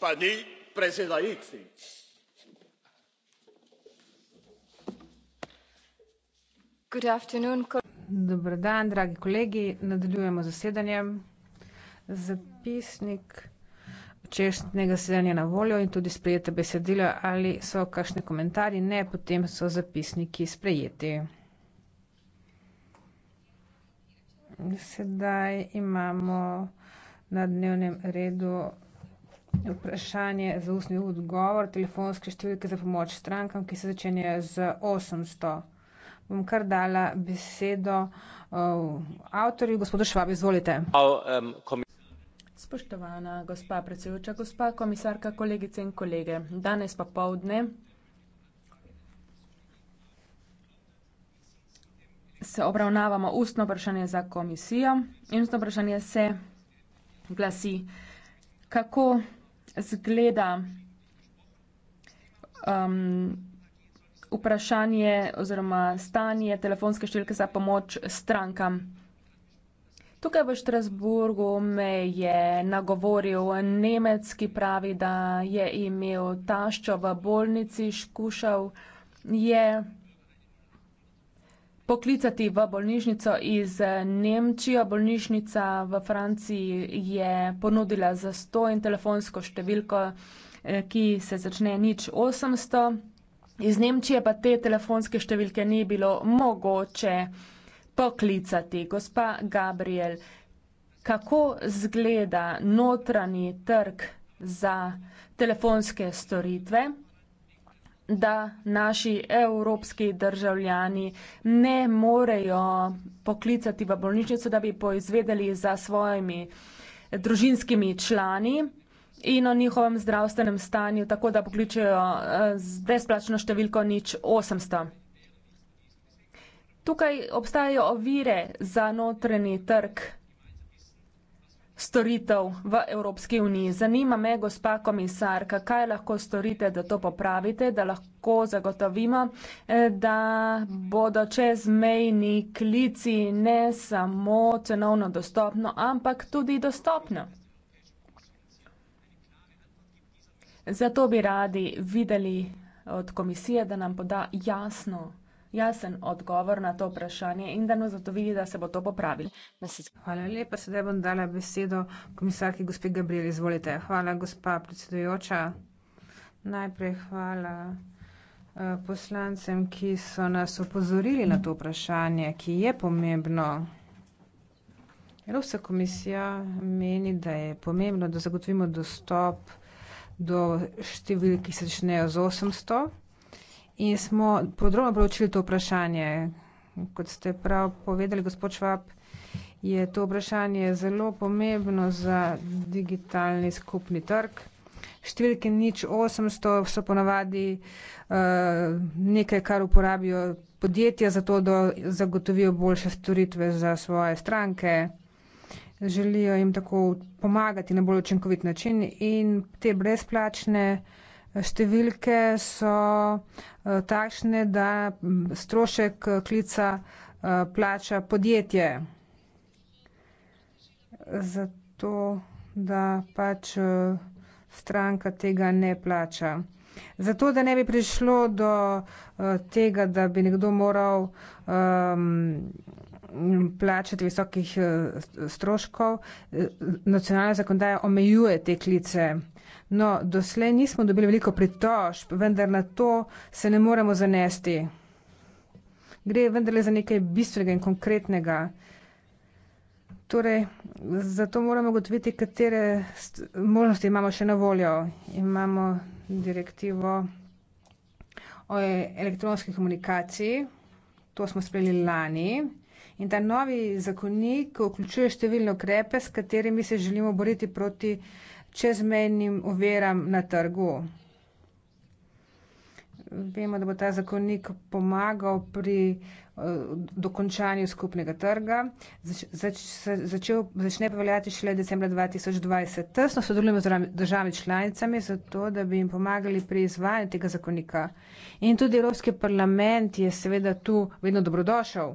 pa ni predsedajoči. Dober dan, dragi kolegi, nadaljujemo z zasedanjem. Zapisnik včerajšnjega zasedanja na voljo in tudi sprejeta besedila. Ali so kakšni komentarji? Ne, potem so zapisniki sprejeti. Sedaj imamo na dnevnem redu... Vprašanje za ustni odgovor. Telefonske številke za pomoč strankam, ki se začenjajo z 800. Bom kar dala besedo uh, avtorju, gospodu Švabi, izvolite. Spoštovana gospa predsedujoča, gospa komisarka, kolegice in kolege. Danes pa povdne se obravnavamo ustno vprašanje za komisijo in ustno vprašanje se glasi, kako zgleda. Um, vprašanje oziroma stanje telefonske številke za pomoč strankam. Tukaj v Štrasburgu me je nagovoril Nemec, ki pravi, da je imel taščo v bolnici, škušal je. Yeah poklicati v bolnišnico iz eh, Nemčije. Bolnišnica v Franciji je ponudila za 100 in telefonsko številko, eh, ki se začne nič 800. Iz Nemčije pa te telefonske številke ni bilo mogoče poklicati. Gospa Gabriel, kako zgleda notranji trg za telefonske storitve? da naši evropski državljani ne morejo poklicati v bolnišnico, da bi poizvedeli za svojimi družinskimi člani in o njihovem zdravstvenem stanju, tako da pokličejo eh, z brezplačno številko nič 800. Tukaj obstajajo ovire za notreni trg storitev v Evropski uniji. Zanima me, gospa komisarka, kaj lahko storite, da to popravite, da lahko zagotovimo, eh, da bodo čezmejni klici ne samo cenovno dostopno, ampak tudi dostopno. Zato bi radi videli od komisije, da nam poda jasno jasen odgovor na to vprašanje in da nam zatovili, da se bo to popravili. Hvala lepa, sedaj bom dala besedo komisarki gospe Gabriel. Izvolite. Hvala, gospa predsedujoča. Najprej hvala eh, poslancem, ki so nas opozorili na to vprašanje, ki je pomembno. Evropska komisija meni, da je pomembno, da zagotovimo dostop do številk, ki se začnejo z 800 in smo podrobno proučili to vprašanje. Kot ste prav povedali, gospod Švab, je to vprašanje zelo pomembno za digitalni skupni trg. Številke nič 800 so ponavadi uh, nekaj, kar uporabijo podjetja za to, da zagotovijo boljše storitve za svoje stranke. Želijo jim tako pomagati na bolj učinkovit način in te brezplačne uh, Številke so eh, takšne, da strošek eh, klica eh, plača podjetje. Zato, da pač stranka tega ne plača. Zato, da ne bi prišlo do tega, da bi nekdo moral ehm, plačati visokih stroškov, nacionalna zakonodaja omejuje te klice. No, doslej nismo dobili veliko pritožb, vendar na to se ne moremo zanesti. Gre vendarle za nekaj bistvenega in konkretnega. Torej, zato moramo gotoviti, katere možnosti imamo še na voljo. Imamo direktivo o elektronski komunikaciji, to smo sprejeli lani. In ta novi zakonik vključuje številne ukrepe, s katerimi se želimo boriti proti uh, čezmenjim uveram na trgu. Vemo, da bo ta zakonnik pomagal pri eh, dokončanju skupnega trga. Zač, začel, začne pa veljati šele decembra 2020. Tesno sodelujemo z državami članicami, zato da bi jim pomagali pri izvajanju tega zakonika. In tudi Evropski parlament je seveda tu vedno dobrodošel.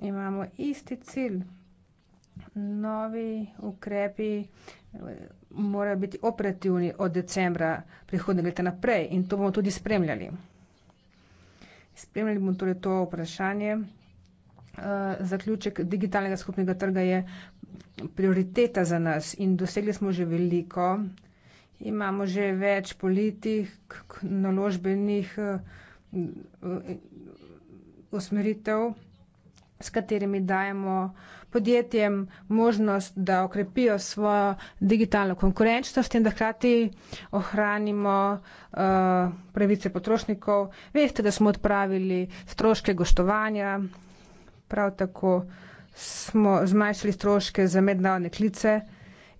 Imamo isti cilj novi ukrepi eh, morajo biti operativni od decembra prihodnega leta naprej in to bomo tudi spremljali. Spremljali bomo torej to vprašanje. Eh, zaključek digitalnega skupnega trga je prioriteta za nas in dosegli smo že veliko. Imamo že več politik, naložbenih eh, usmeritev, s katerimi dajemo podjetjem možnost, da okrepijo svojo digitalno konkurenčnost in da hkrati ohranimo uh, pravice potrošnikov. Veste, da smo odpravili stroške gostovanja, prav tako smo zmanjšali stroške za mednarodne klice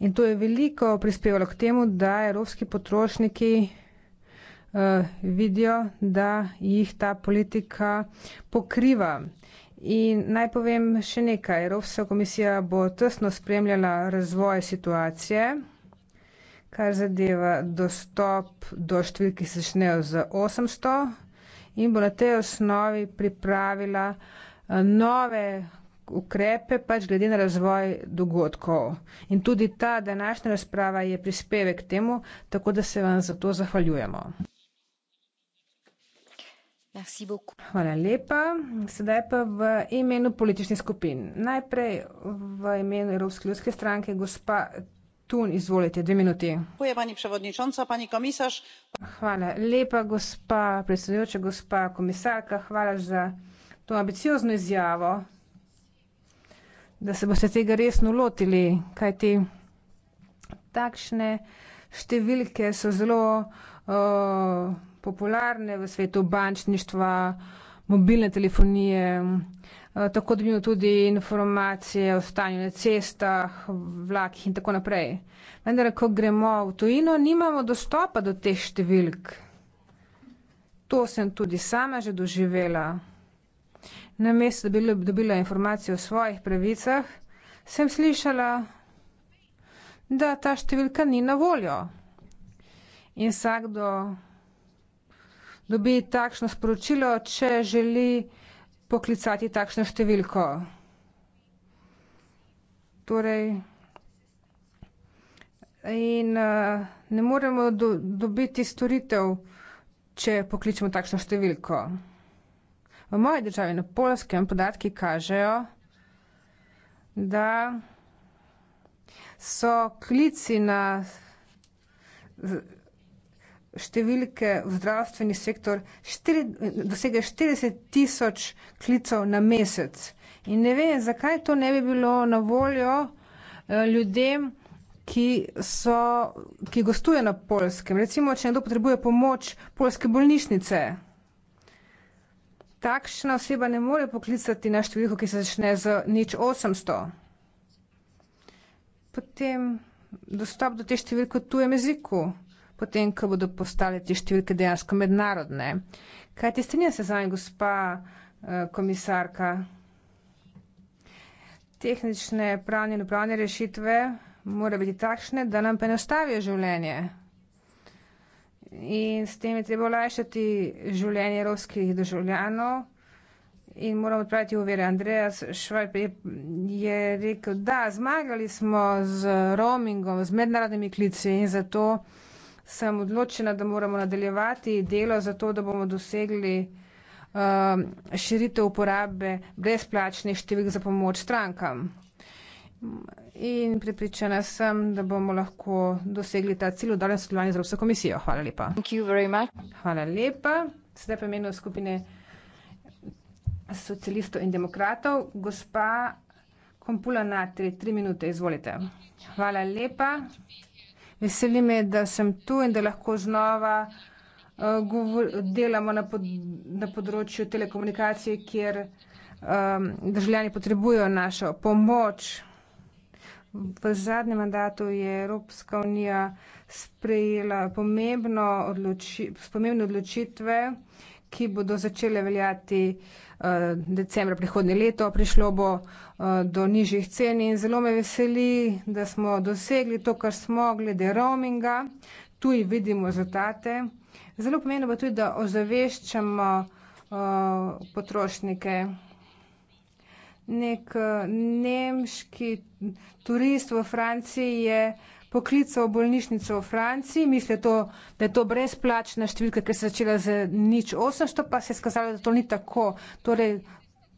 in to je veliko prispevalo k temu, da evropski potrošniki uh, vidijo, da jih ta politika pokriva. In naj povem še nekaj. Evropska komisija bo tesno spremljala razvoj situacije, kar zadeva dostop do številk, ki se začnejo z 800 in bo na tej osnovi pripravila eh, nove ukrepe, pač glede na razvoj dogodkov. In tudi ta današnja razprava je prispevek temu, tako da se vam za to zahvaljujemo. Hvala lepa. Sedaj pa v imenu političnih skupin. Najprej v imenu Evropske ljudske stranke, gospa Tun, izvolite, dve minuti. Hvala lepa, gospa predsedujoča, gospa komisarka. Hvala za to ambiciozno izjavo, da se boste tega resno lotili, kajti takšne številke so zelo. Uh, popularne v svetu bančništva, mobilne telefonije, eh, tako da imamo tudi informacije o stanju na cestah, vlakih in tako naprej. Vendar, ko gremo v tujino, nimamo dostopa do teh številk. To sem tudi sama že doživela. Na mesto, da bi dobila informacije o svojih pravicah, sem slišala, da ta številka ni na voljo. In vsakdo dobi takšno sporočilo, če želi poklicati takšno številko. Torej, in eh, ne moremo do, dobiti storitev, če pokličemo takšno številko. V moji državi na Polskem podatki kažejo, da so klici na številke v zdravstveni sektor dosegajo 40 tisoč klicev na mesec. In ne vem, zakaj to ne bi bilo na voljo eh, ljudem, ki, so, ki gostuje na polskem. Recimo, če nekdo potrebuje pomoč polske bolnišnice. Takšna oseba ne more poklicati na številko, ki se začne z nič 800. Potem dostop do te številke v tujem jeziku potem, ko bodo postale te številke dejansko mednarodne. Kaj ti strinja se z vami, gospa eh, komisarka? Tehnične pravne in upravne rešitve mora biti takšne, da nam penostavijo življenje. In s tem je treba olajšati življenje evropskih državljanov in moramo odpraviti uvere. Andreas Švajp je, je rekel, da zmagali smo z roamingom, z mednarodnimi klici in zato sem odločena, da moramo nadaljevati delo za to, da bomo dosegli um, širitev uporabe brezplačnih številk za pomoč strankam. In pripričana sem, da bomo lahko dosegli ta cilj v daljem sodelovanju z Evropsko komisijo. Hvala lepa. Hvala lepa. Sedaj pa imenujem skupine socialistov in demokratov. Gospa Kompula Natri, tri minute, izvolite. Hvala lepa. Veseli me, da sem tu in da lahko znova uh, govor, delamo na, pod, na področju telekomunikacije, kjer um, državljani potrebujo našo pomoč. V zadnjem mandatu je Evropska unija sprejela odloči, pomembne odločitve, ki bodo začele veljati uh, decembra prihodnje leto. Prišlo bo uh, Eh, do nižjih cen in zelo me veseli, da smo dosegli to, kar smo glede roaminga. Tu vidimo rezultate. Zelo pomembno pa tudi, da ozaveščamo uh, potrošnike. Nek uh, nemški turist v Franciji je poklical bolnišnico v Franciji, misli, da je to brezplačna številka, ker se je začela z nič 800, pa se je skazalo, da to ni tako. Torej,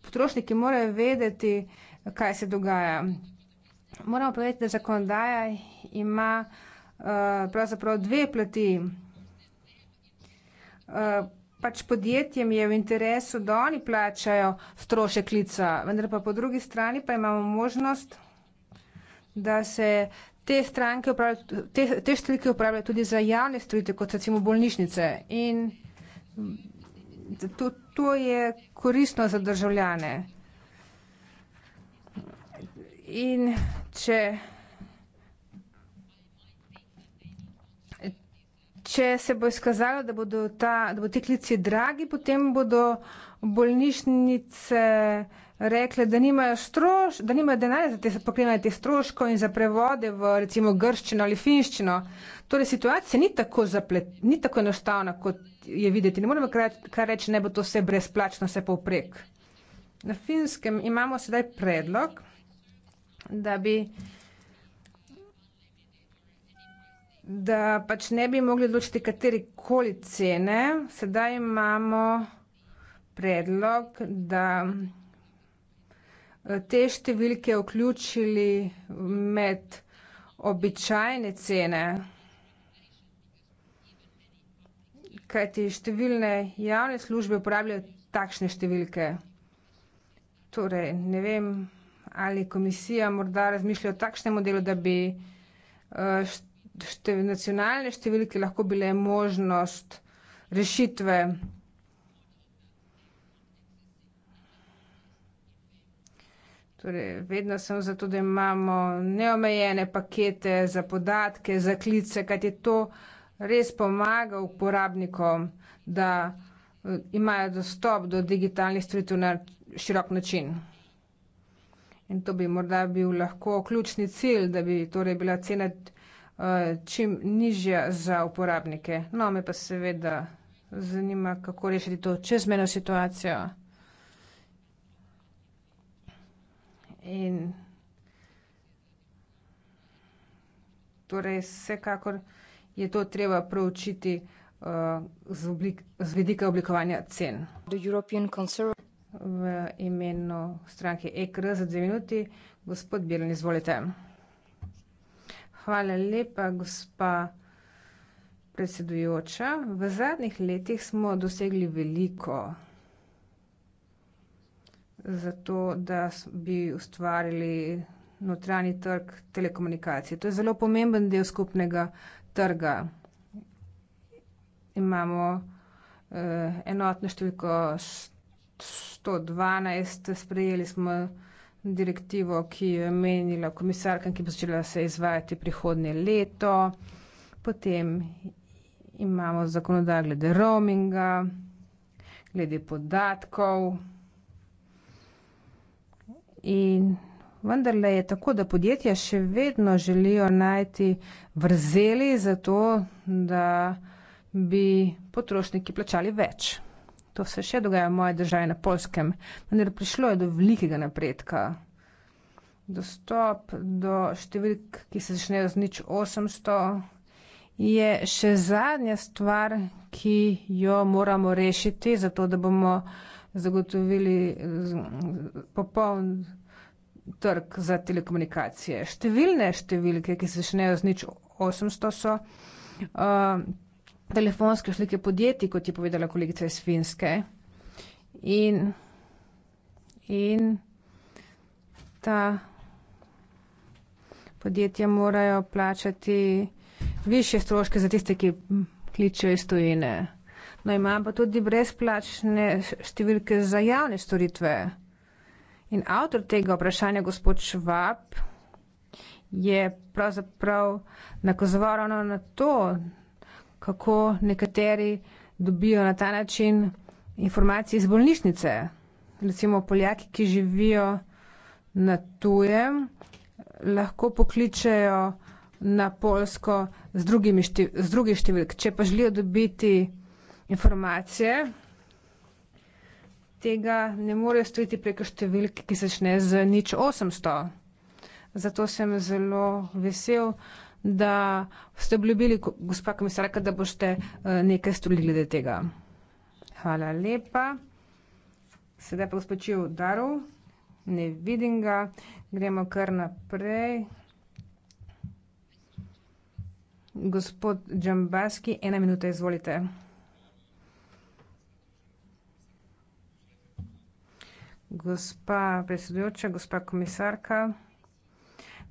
potrošniki morajo vedeti, uh, kaj se dogaja. Moramo povedati, da zakonodaja ima uh, pravzaprav dve plati. Uh, pač podjetjem je v interesu, da oni plačajo strošek lica, vendar pa po drugi strani pa imamo možnost, da se te, te, te številke upravljajo tudi za javne storitve, kot recimo bolnišnice. In to, to je koristno za državljane. In če, če se bo izkazalo, da bodo ta, da bo ti klici dragi, potem bodo bolnišnice rekle, da nimajo stroš, da nimajo denarja za te pokrivanje te stroškov in za prevode v recimo grščino ali finščino. Torej situacija ni tako zaplet, ni tako enostavna, kot je videti. Ne moremo kar reči, ne bo to vse brezplačno, vse povprek. Na finskem imamo sedaj predlog da bi da pač ne bi mogli odločiti kateri koli cene, sedaj imamo predlog, da eh, te številke vključili med običajne cene. Kajti številne javne službe uporabljajo takšne številke. Torej, ne vem ali komisija morda razmišlja o takšnem modelu, da bi eh, števil, nacionalne številke lahko bile možnost rešitve? Torej, vedno sem za to, da imamo neomejene pakete za podatke, za klice, kajti to res pomaga uporabnikom, da eh, imajo dostop do digitalnih storitev na širok način. In to bi morda bil lahko ključni cilj, da bi torej bila cena eh, čim nižja za uporabnike. No, me pa seveda zanima, kako rešiti to čezmeno situacijo. In torej vsekakor je to treba proučiti uh, z, oblik z vedika oblikovanja cen. The European Conservative v imenu stranke EKR za dve minuti. Gospod Birn, izvolite. Hvala lepa, gospa predsedujoča. V zadnjih letih smo dosegli veliko za to, da bi ustvarili notranji trg telekomunikacij. To je zelo pomemben del skupnega trga. Imamo, eh, enotno številko 112, sprejeli smo direktivo, ki jo je menila komisarka, ki bo začela se izvajati prihodnje leto. Potem imamo zakonodaj glede roaminga, glede podatkov. In vendarle je tako, da podjetja še vedno želijo najti vrzeli za to, da bi potrošniki plačali več. To se še dogaja v moji državi na polskem, vendar prišlo je do velikega napredka. Dostop do številk, ki se začnejo z nič 800, je še zadnja stvar, ki jo moramo rešiti, zato da bomo zagotovili popoln trg za telekomunikacije. Številne številke, ki se začnejo z nič 800, so. Uh, telefonske slike podjetij, kot je povedala kolegica iz Finske. In, in ta podjetja morajo plačati više stroške za tiste, ki kličejo iz tujine. No, ima pa tudi brezplačne številke za javne storitve. In avtor tega vprašanja, gospod Švab, je pravzaprav nakazoval ravno na to, kako nekateri dobijo na ta način informacije iz bolnišnice. Recimo Poljaki, ki živijo na tujem, lahko pokličejo na Polsko z, drugimi štiv, z drugih številk. Če pa želijo dobiti informacije, tega ne morejo storiti preko številke, ki se začne z nič 800. Zato sem zelo vesel, da ste obljubili, gospa komisarka, da boste eh, nekaj storili glede tega. Hvala lepa. Sedaj pa gospod Čiv Darov. Ne vidim ga. Gremo kar naprej. Gospod Džambaski, ena minuta, izvolite. Gospa predsedujoča, gospa komisarka.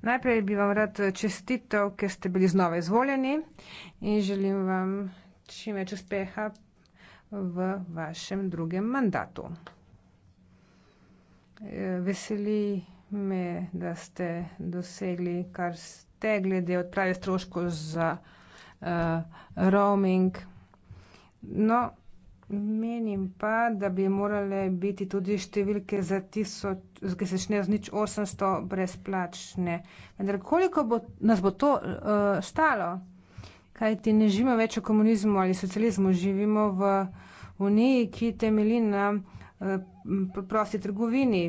Najprej bi vam rad čestitev, ker ste bili znova izvoljeni in želim vam čim več uspeha v vašem drugem mandatu. Veseli me, da ste dosegli, kar ste glede odprave stroškov za uh, roaming. No, Menim pa, da bi morale biti tudi številke za tisoč, ki se začnejo z nič 800 brezplačne. Vendar koliko bo, nas bo to uh, stalo? Kaj ti ne živimo več v komunizmu ali socializmu, živimo v Uniji, ki temelji na uh, prosti trgovini,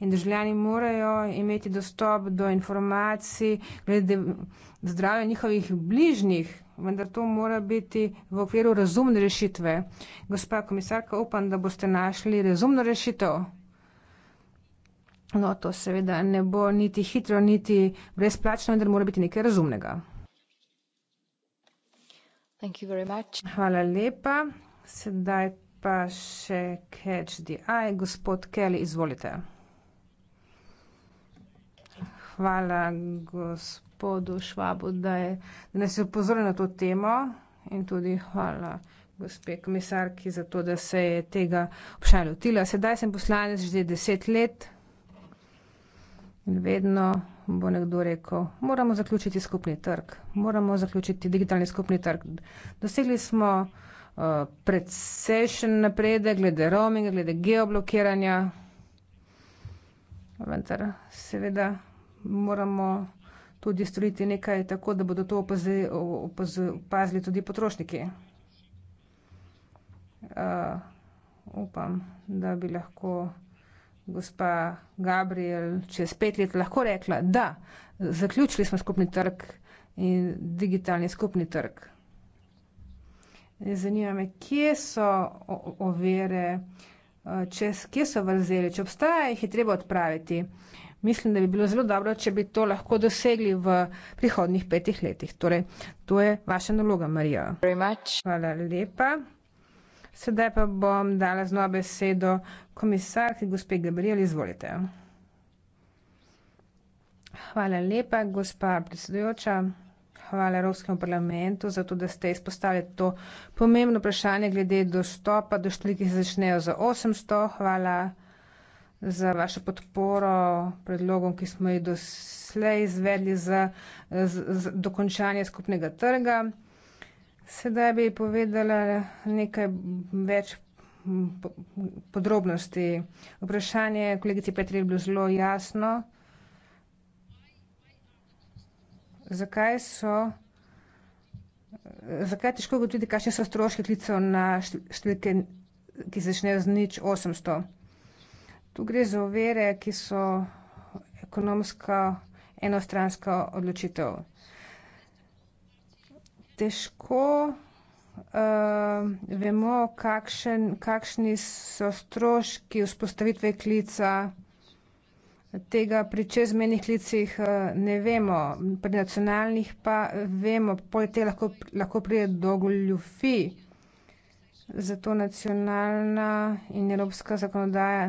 in državljani morajo imeti dostop do informacij glede zdravja njihovih bližnjih, vendar to mora biti v okviru razumne rešitve. Gospa komisarka, upam, da boste našli razumno rešitev. No, to seveda ne bo niti hitro, niti brezplačno, vendar mora biti nekaj razumnega. Thank you very much. Hvala lepa. Sedaj pa še Catch the Eye. Gospod Kelly, izvolite hvala gospodu Švabu, da je da nas je opozoril na to temo in tudi hvala gospe komisarki za to, da se je tega vprašanja lotila. Sedaj sem poslanec že deset let in vedno bo nekdo rekel, moramo zaključiti skupni trg, moramo zaključiti digitalni skupni trg. Dosegli smo uh, precejšen napredek glede roaminga, glede geoblokiranja, vendar seveda moramo tudi storiti nekaj tako, da bodo to opazili, opazili tudi potrošniki. Uh, upam, da bi lahko gospa Gabriel čez pet let lahko rekla, da zaključili smo skupni trg in digitalni skupni trg. Zanima me, kje so ovire, eh, čez, kje so vrzeli, če obstaja, jih je treba odpraviti. Uh, mislim, da bi bilo zelo dobro, če bi to lahko dosegli v prihodnih petih letih. Torej, to je vaša naloga, Marija. Hvala lepa. Sedaj pa bom dala z nobe besedo komisarki, gospe Gabriel, izvolite. Hvala lepa, gospa predsedujoča. Hvala Evropskemu parlamentu za to, da ste izpostavili to pomembno vprašanje glede dostopa do številk, ki se začnejo za 800. Hvala za vašo podporo predlogom, ki smo jih doslej izvedli za, za dokončanje skupnega trga. Sedaj bi povedala nekaj več podrobnosti. Vprašanje kolegici Petri je bilo zelo jasno. Zakaj so, zakaj je težko ugotoviti, kakšni so stroški klicev na številke, ki začnejo z nič osemsto? Tu gre za ovire, ki so ekonomska enostranska odločitev. Težko uh, vemo, kakšen, kakšni so stroški vzpostavitve klica. Tega pri čezmenih klicih eh, ne vemo, pri nacionalnih pa vemo, poleg tega lahko, lahko pride do goljufi. Zato nacionalna in evropska zakonodaja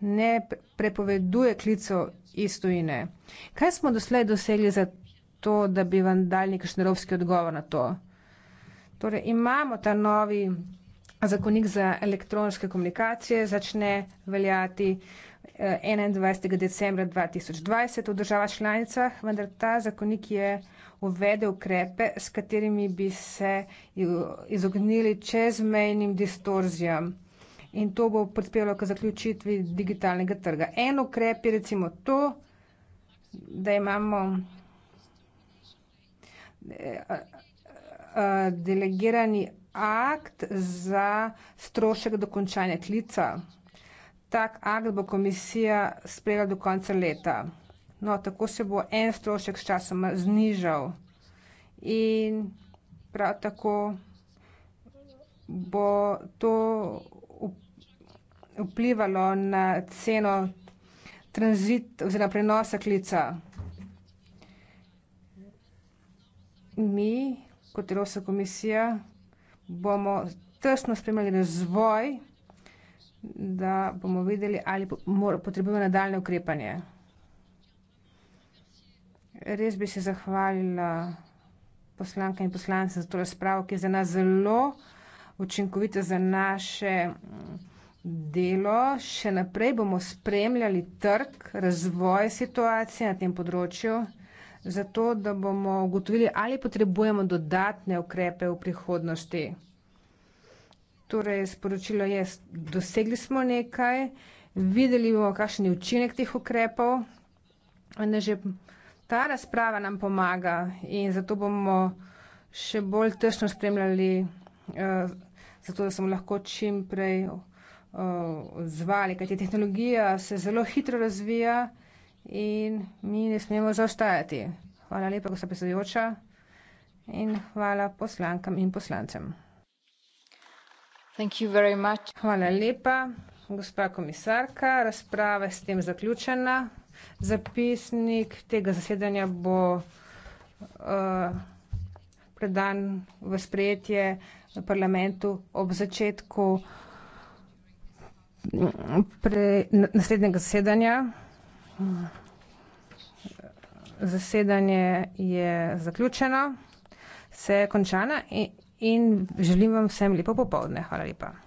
ne prepoveduje klicev iz tujine. Kaj smo doslej dosegli za to, da bi vam dali nek šnerovski odgovor na to? Torej, imamo ta novi zakonik za elektronske komunikacije, začne veljati 21. Eh, decembra 2020 v državah članicah, vendar ta zakonik je uvedel ukrepe, s katerimi bi se izognili čezmejnim distorzijam in to bo prispevalo k zaključitvi digitalnega trga. En ukrep je recimo to, da imamo eh, eh, eh, delegirani akt za strošek dokončanja klica. Tak akt bo komisija sprejela do konca leta. No, tako se bo en strošek sčasoma znižal in prav tako bo to vplivalo na ceno tranzit oziroma prenosa klica. Mi, kot Evropska komisija, bomo tesno spremljali razvoj, da bomo videli, ali potrebujemo nadaljne ukrepanje. Res bi se zahvalila poslanke in poslance za to razpravo, ki je za nas zelo učinkovita za naše delo, še naprej bomo spremljali trg, razvoj situacije na tem področju, zato da bomo ugotovili, ali potrebujemo dodatne ukrepe v prihodnosti. Torej, sporočilo je, dosegli smo nekaj, videli bomo, kakšen je učinek teh ukrepov, vendar že ta razprava nam pomaga in zato bomo še bolj tesno spremljali, eh, zato da smo lahko čim prej odzvali, eh, kajti tehnologija se zelo hitro razvija in mi ne smemo zaostajati. Hvala lepa, gospod predsedujoča in hvala poslankam in poslancem. Hvala lepa, gospa komisarka. Razprava je s tem zaključena. Zapisnik tega zasedanja bo eh, predan v sprejetje parlamentu ob začetku pre naslednjega zasedanja. Zasedanje je zaključeno, se je končana in, in želim vam vsem lepo popovdne. Hvala lepa.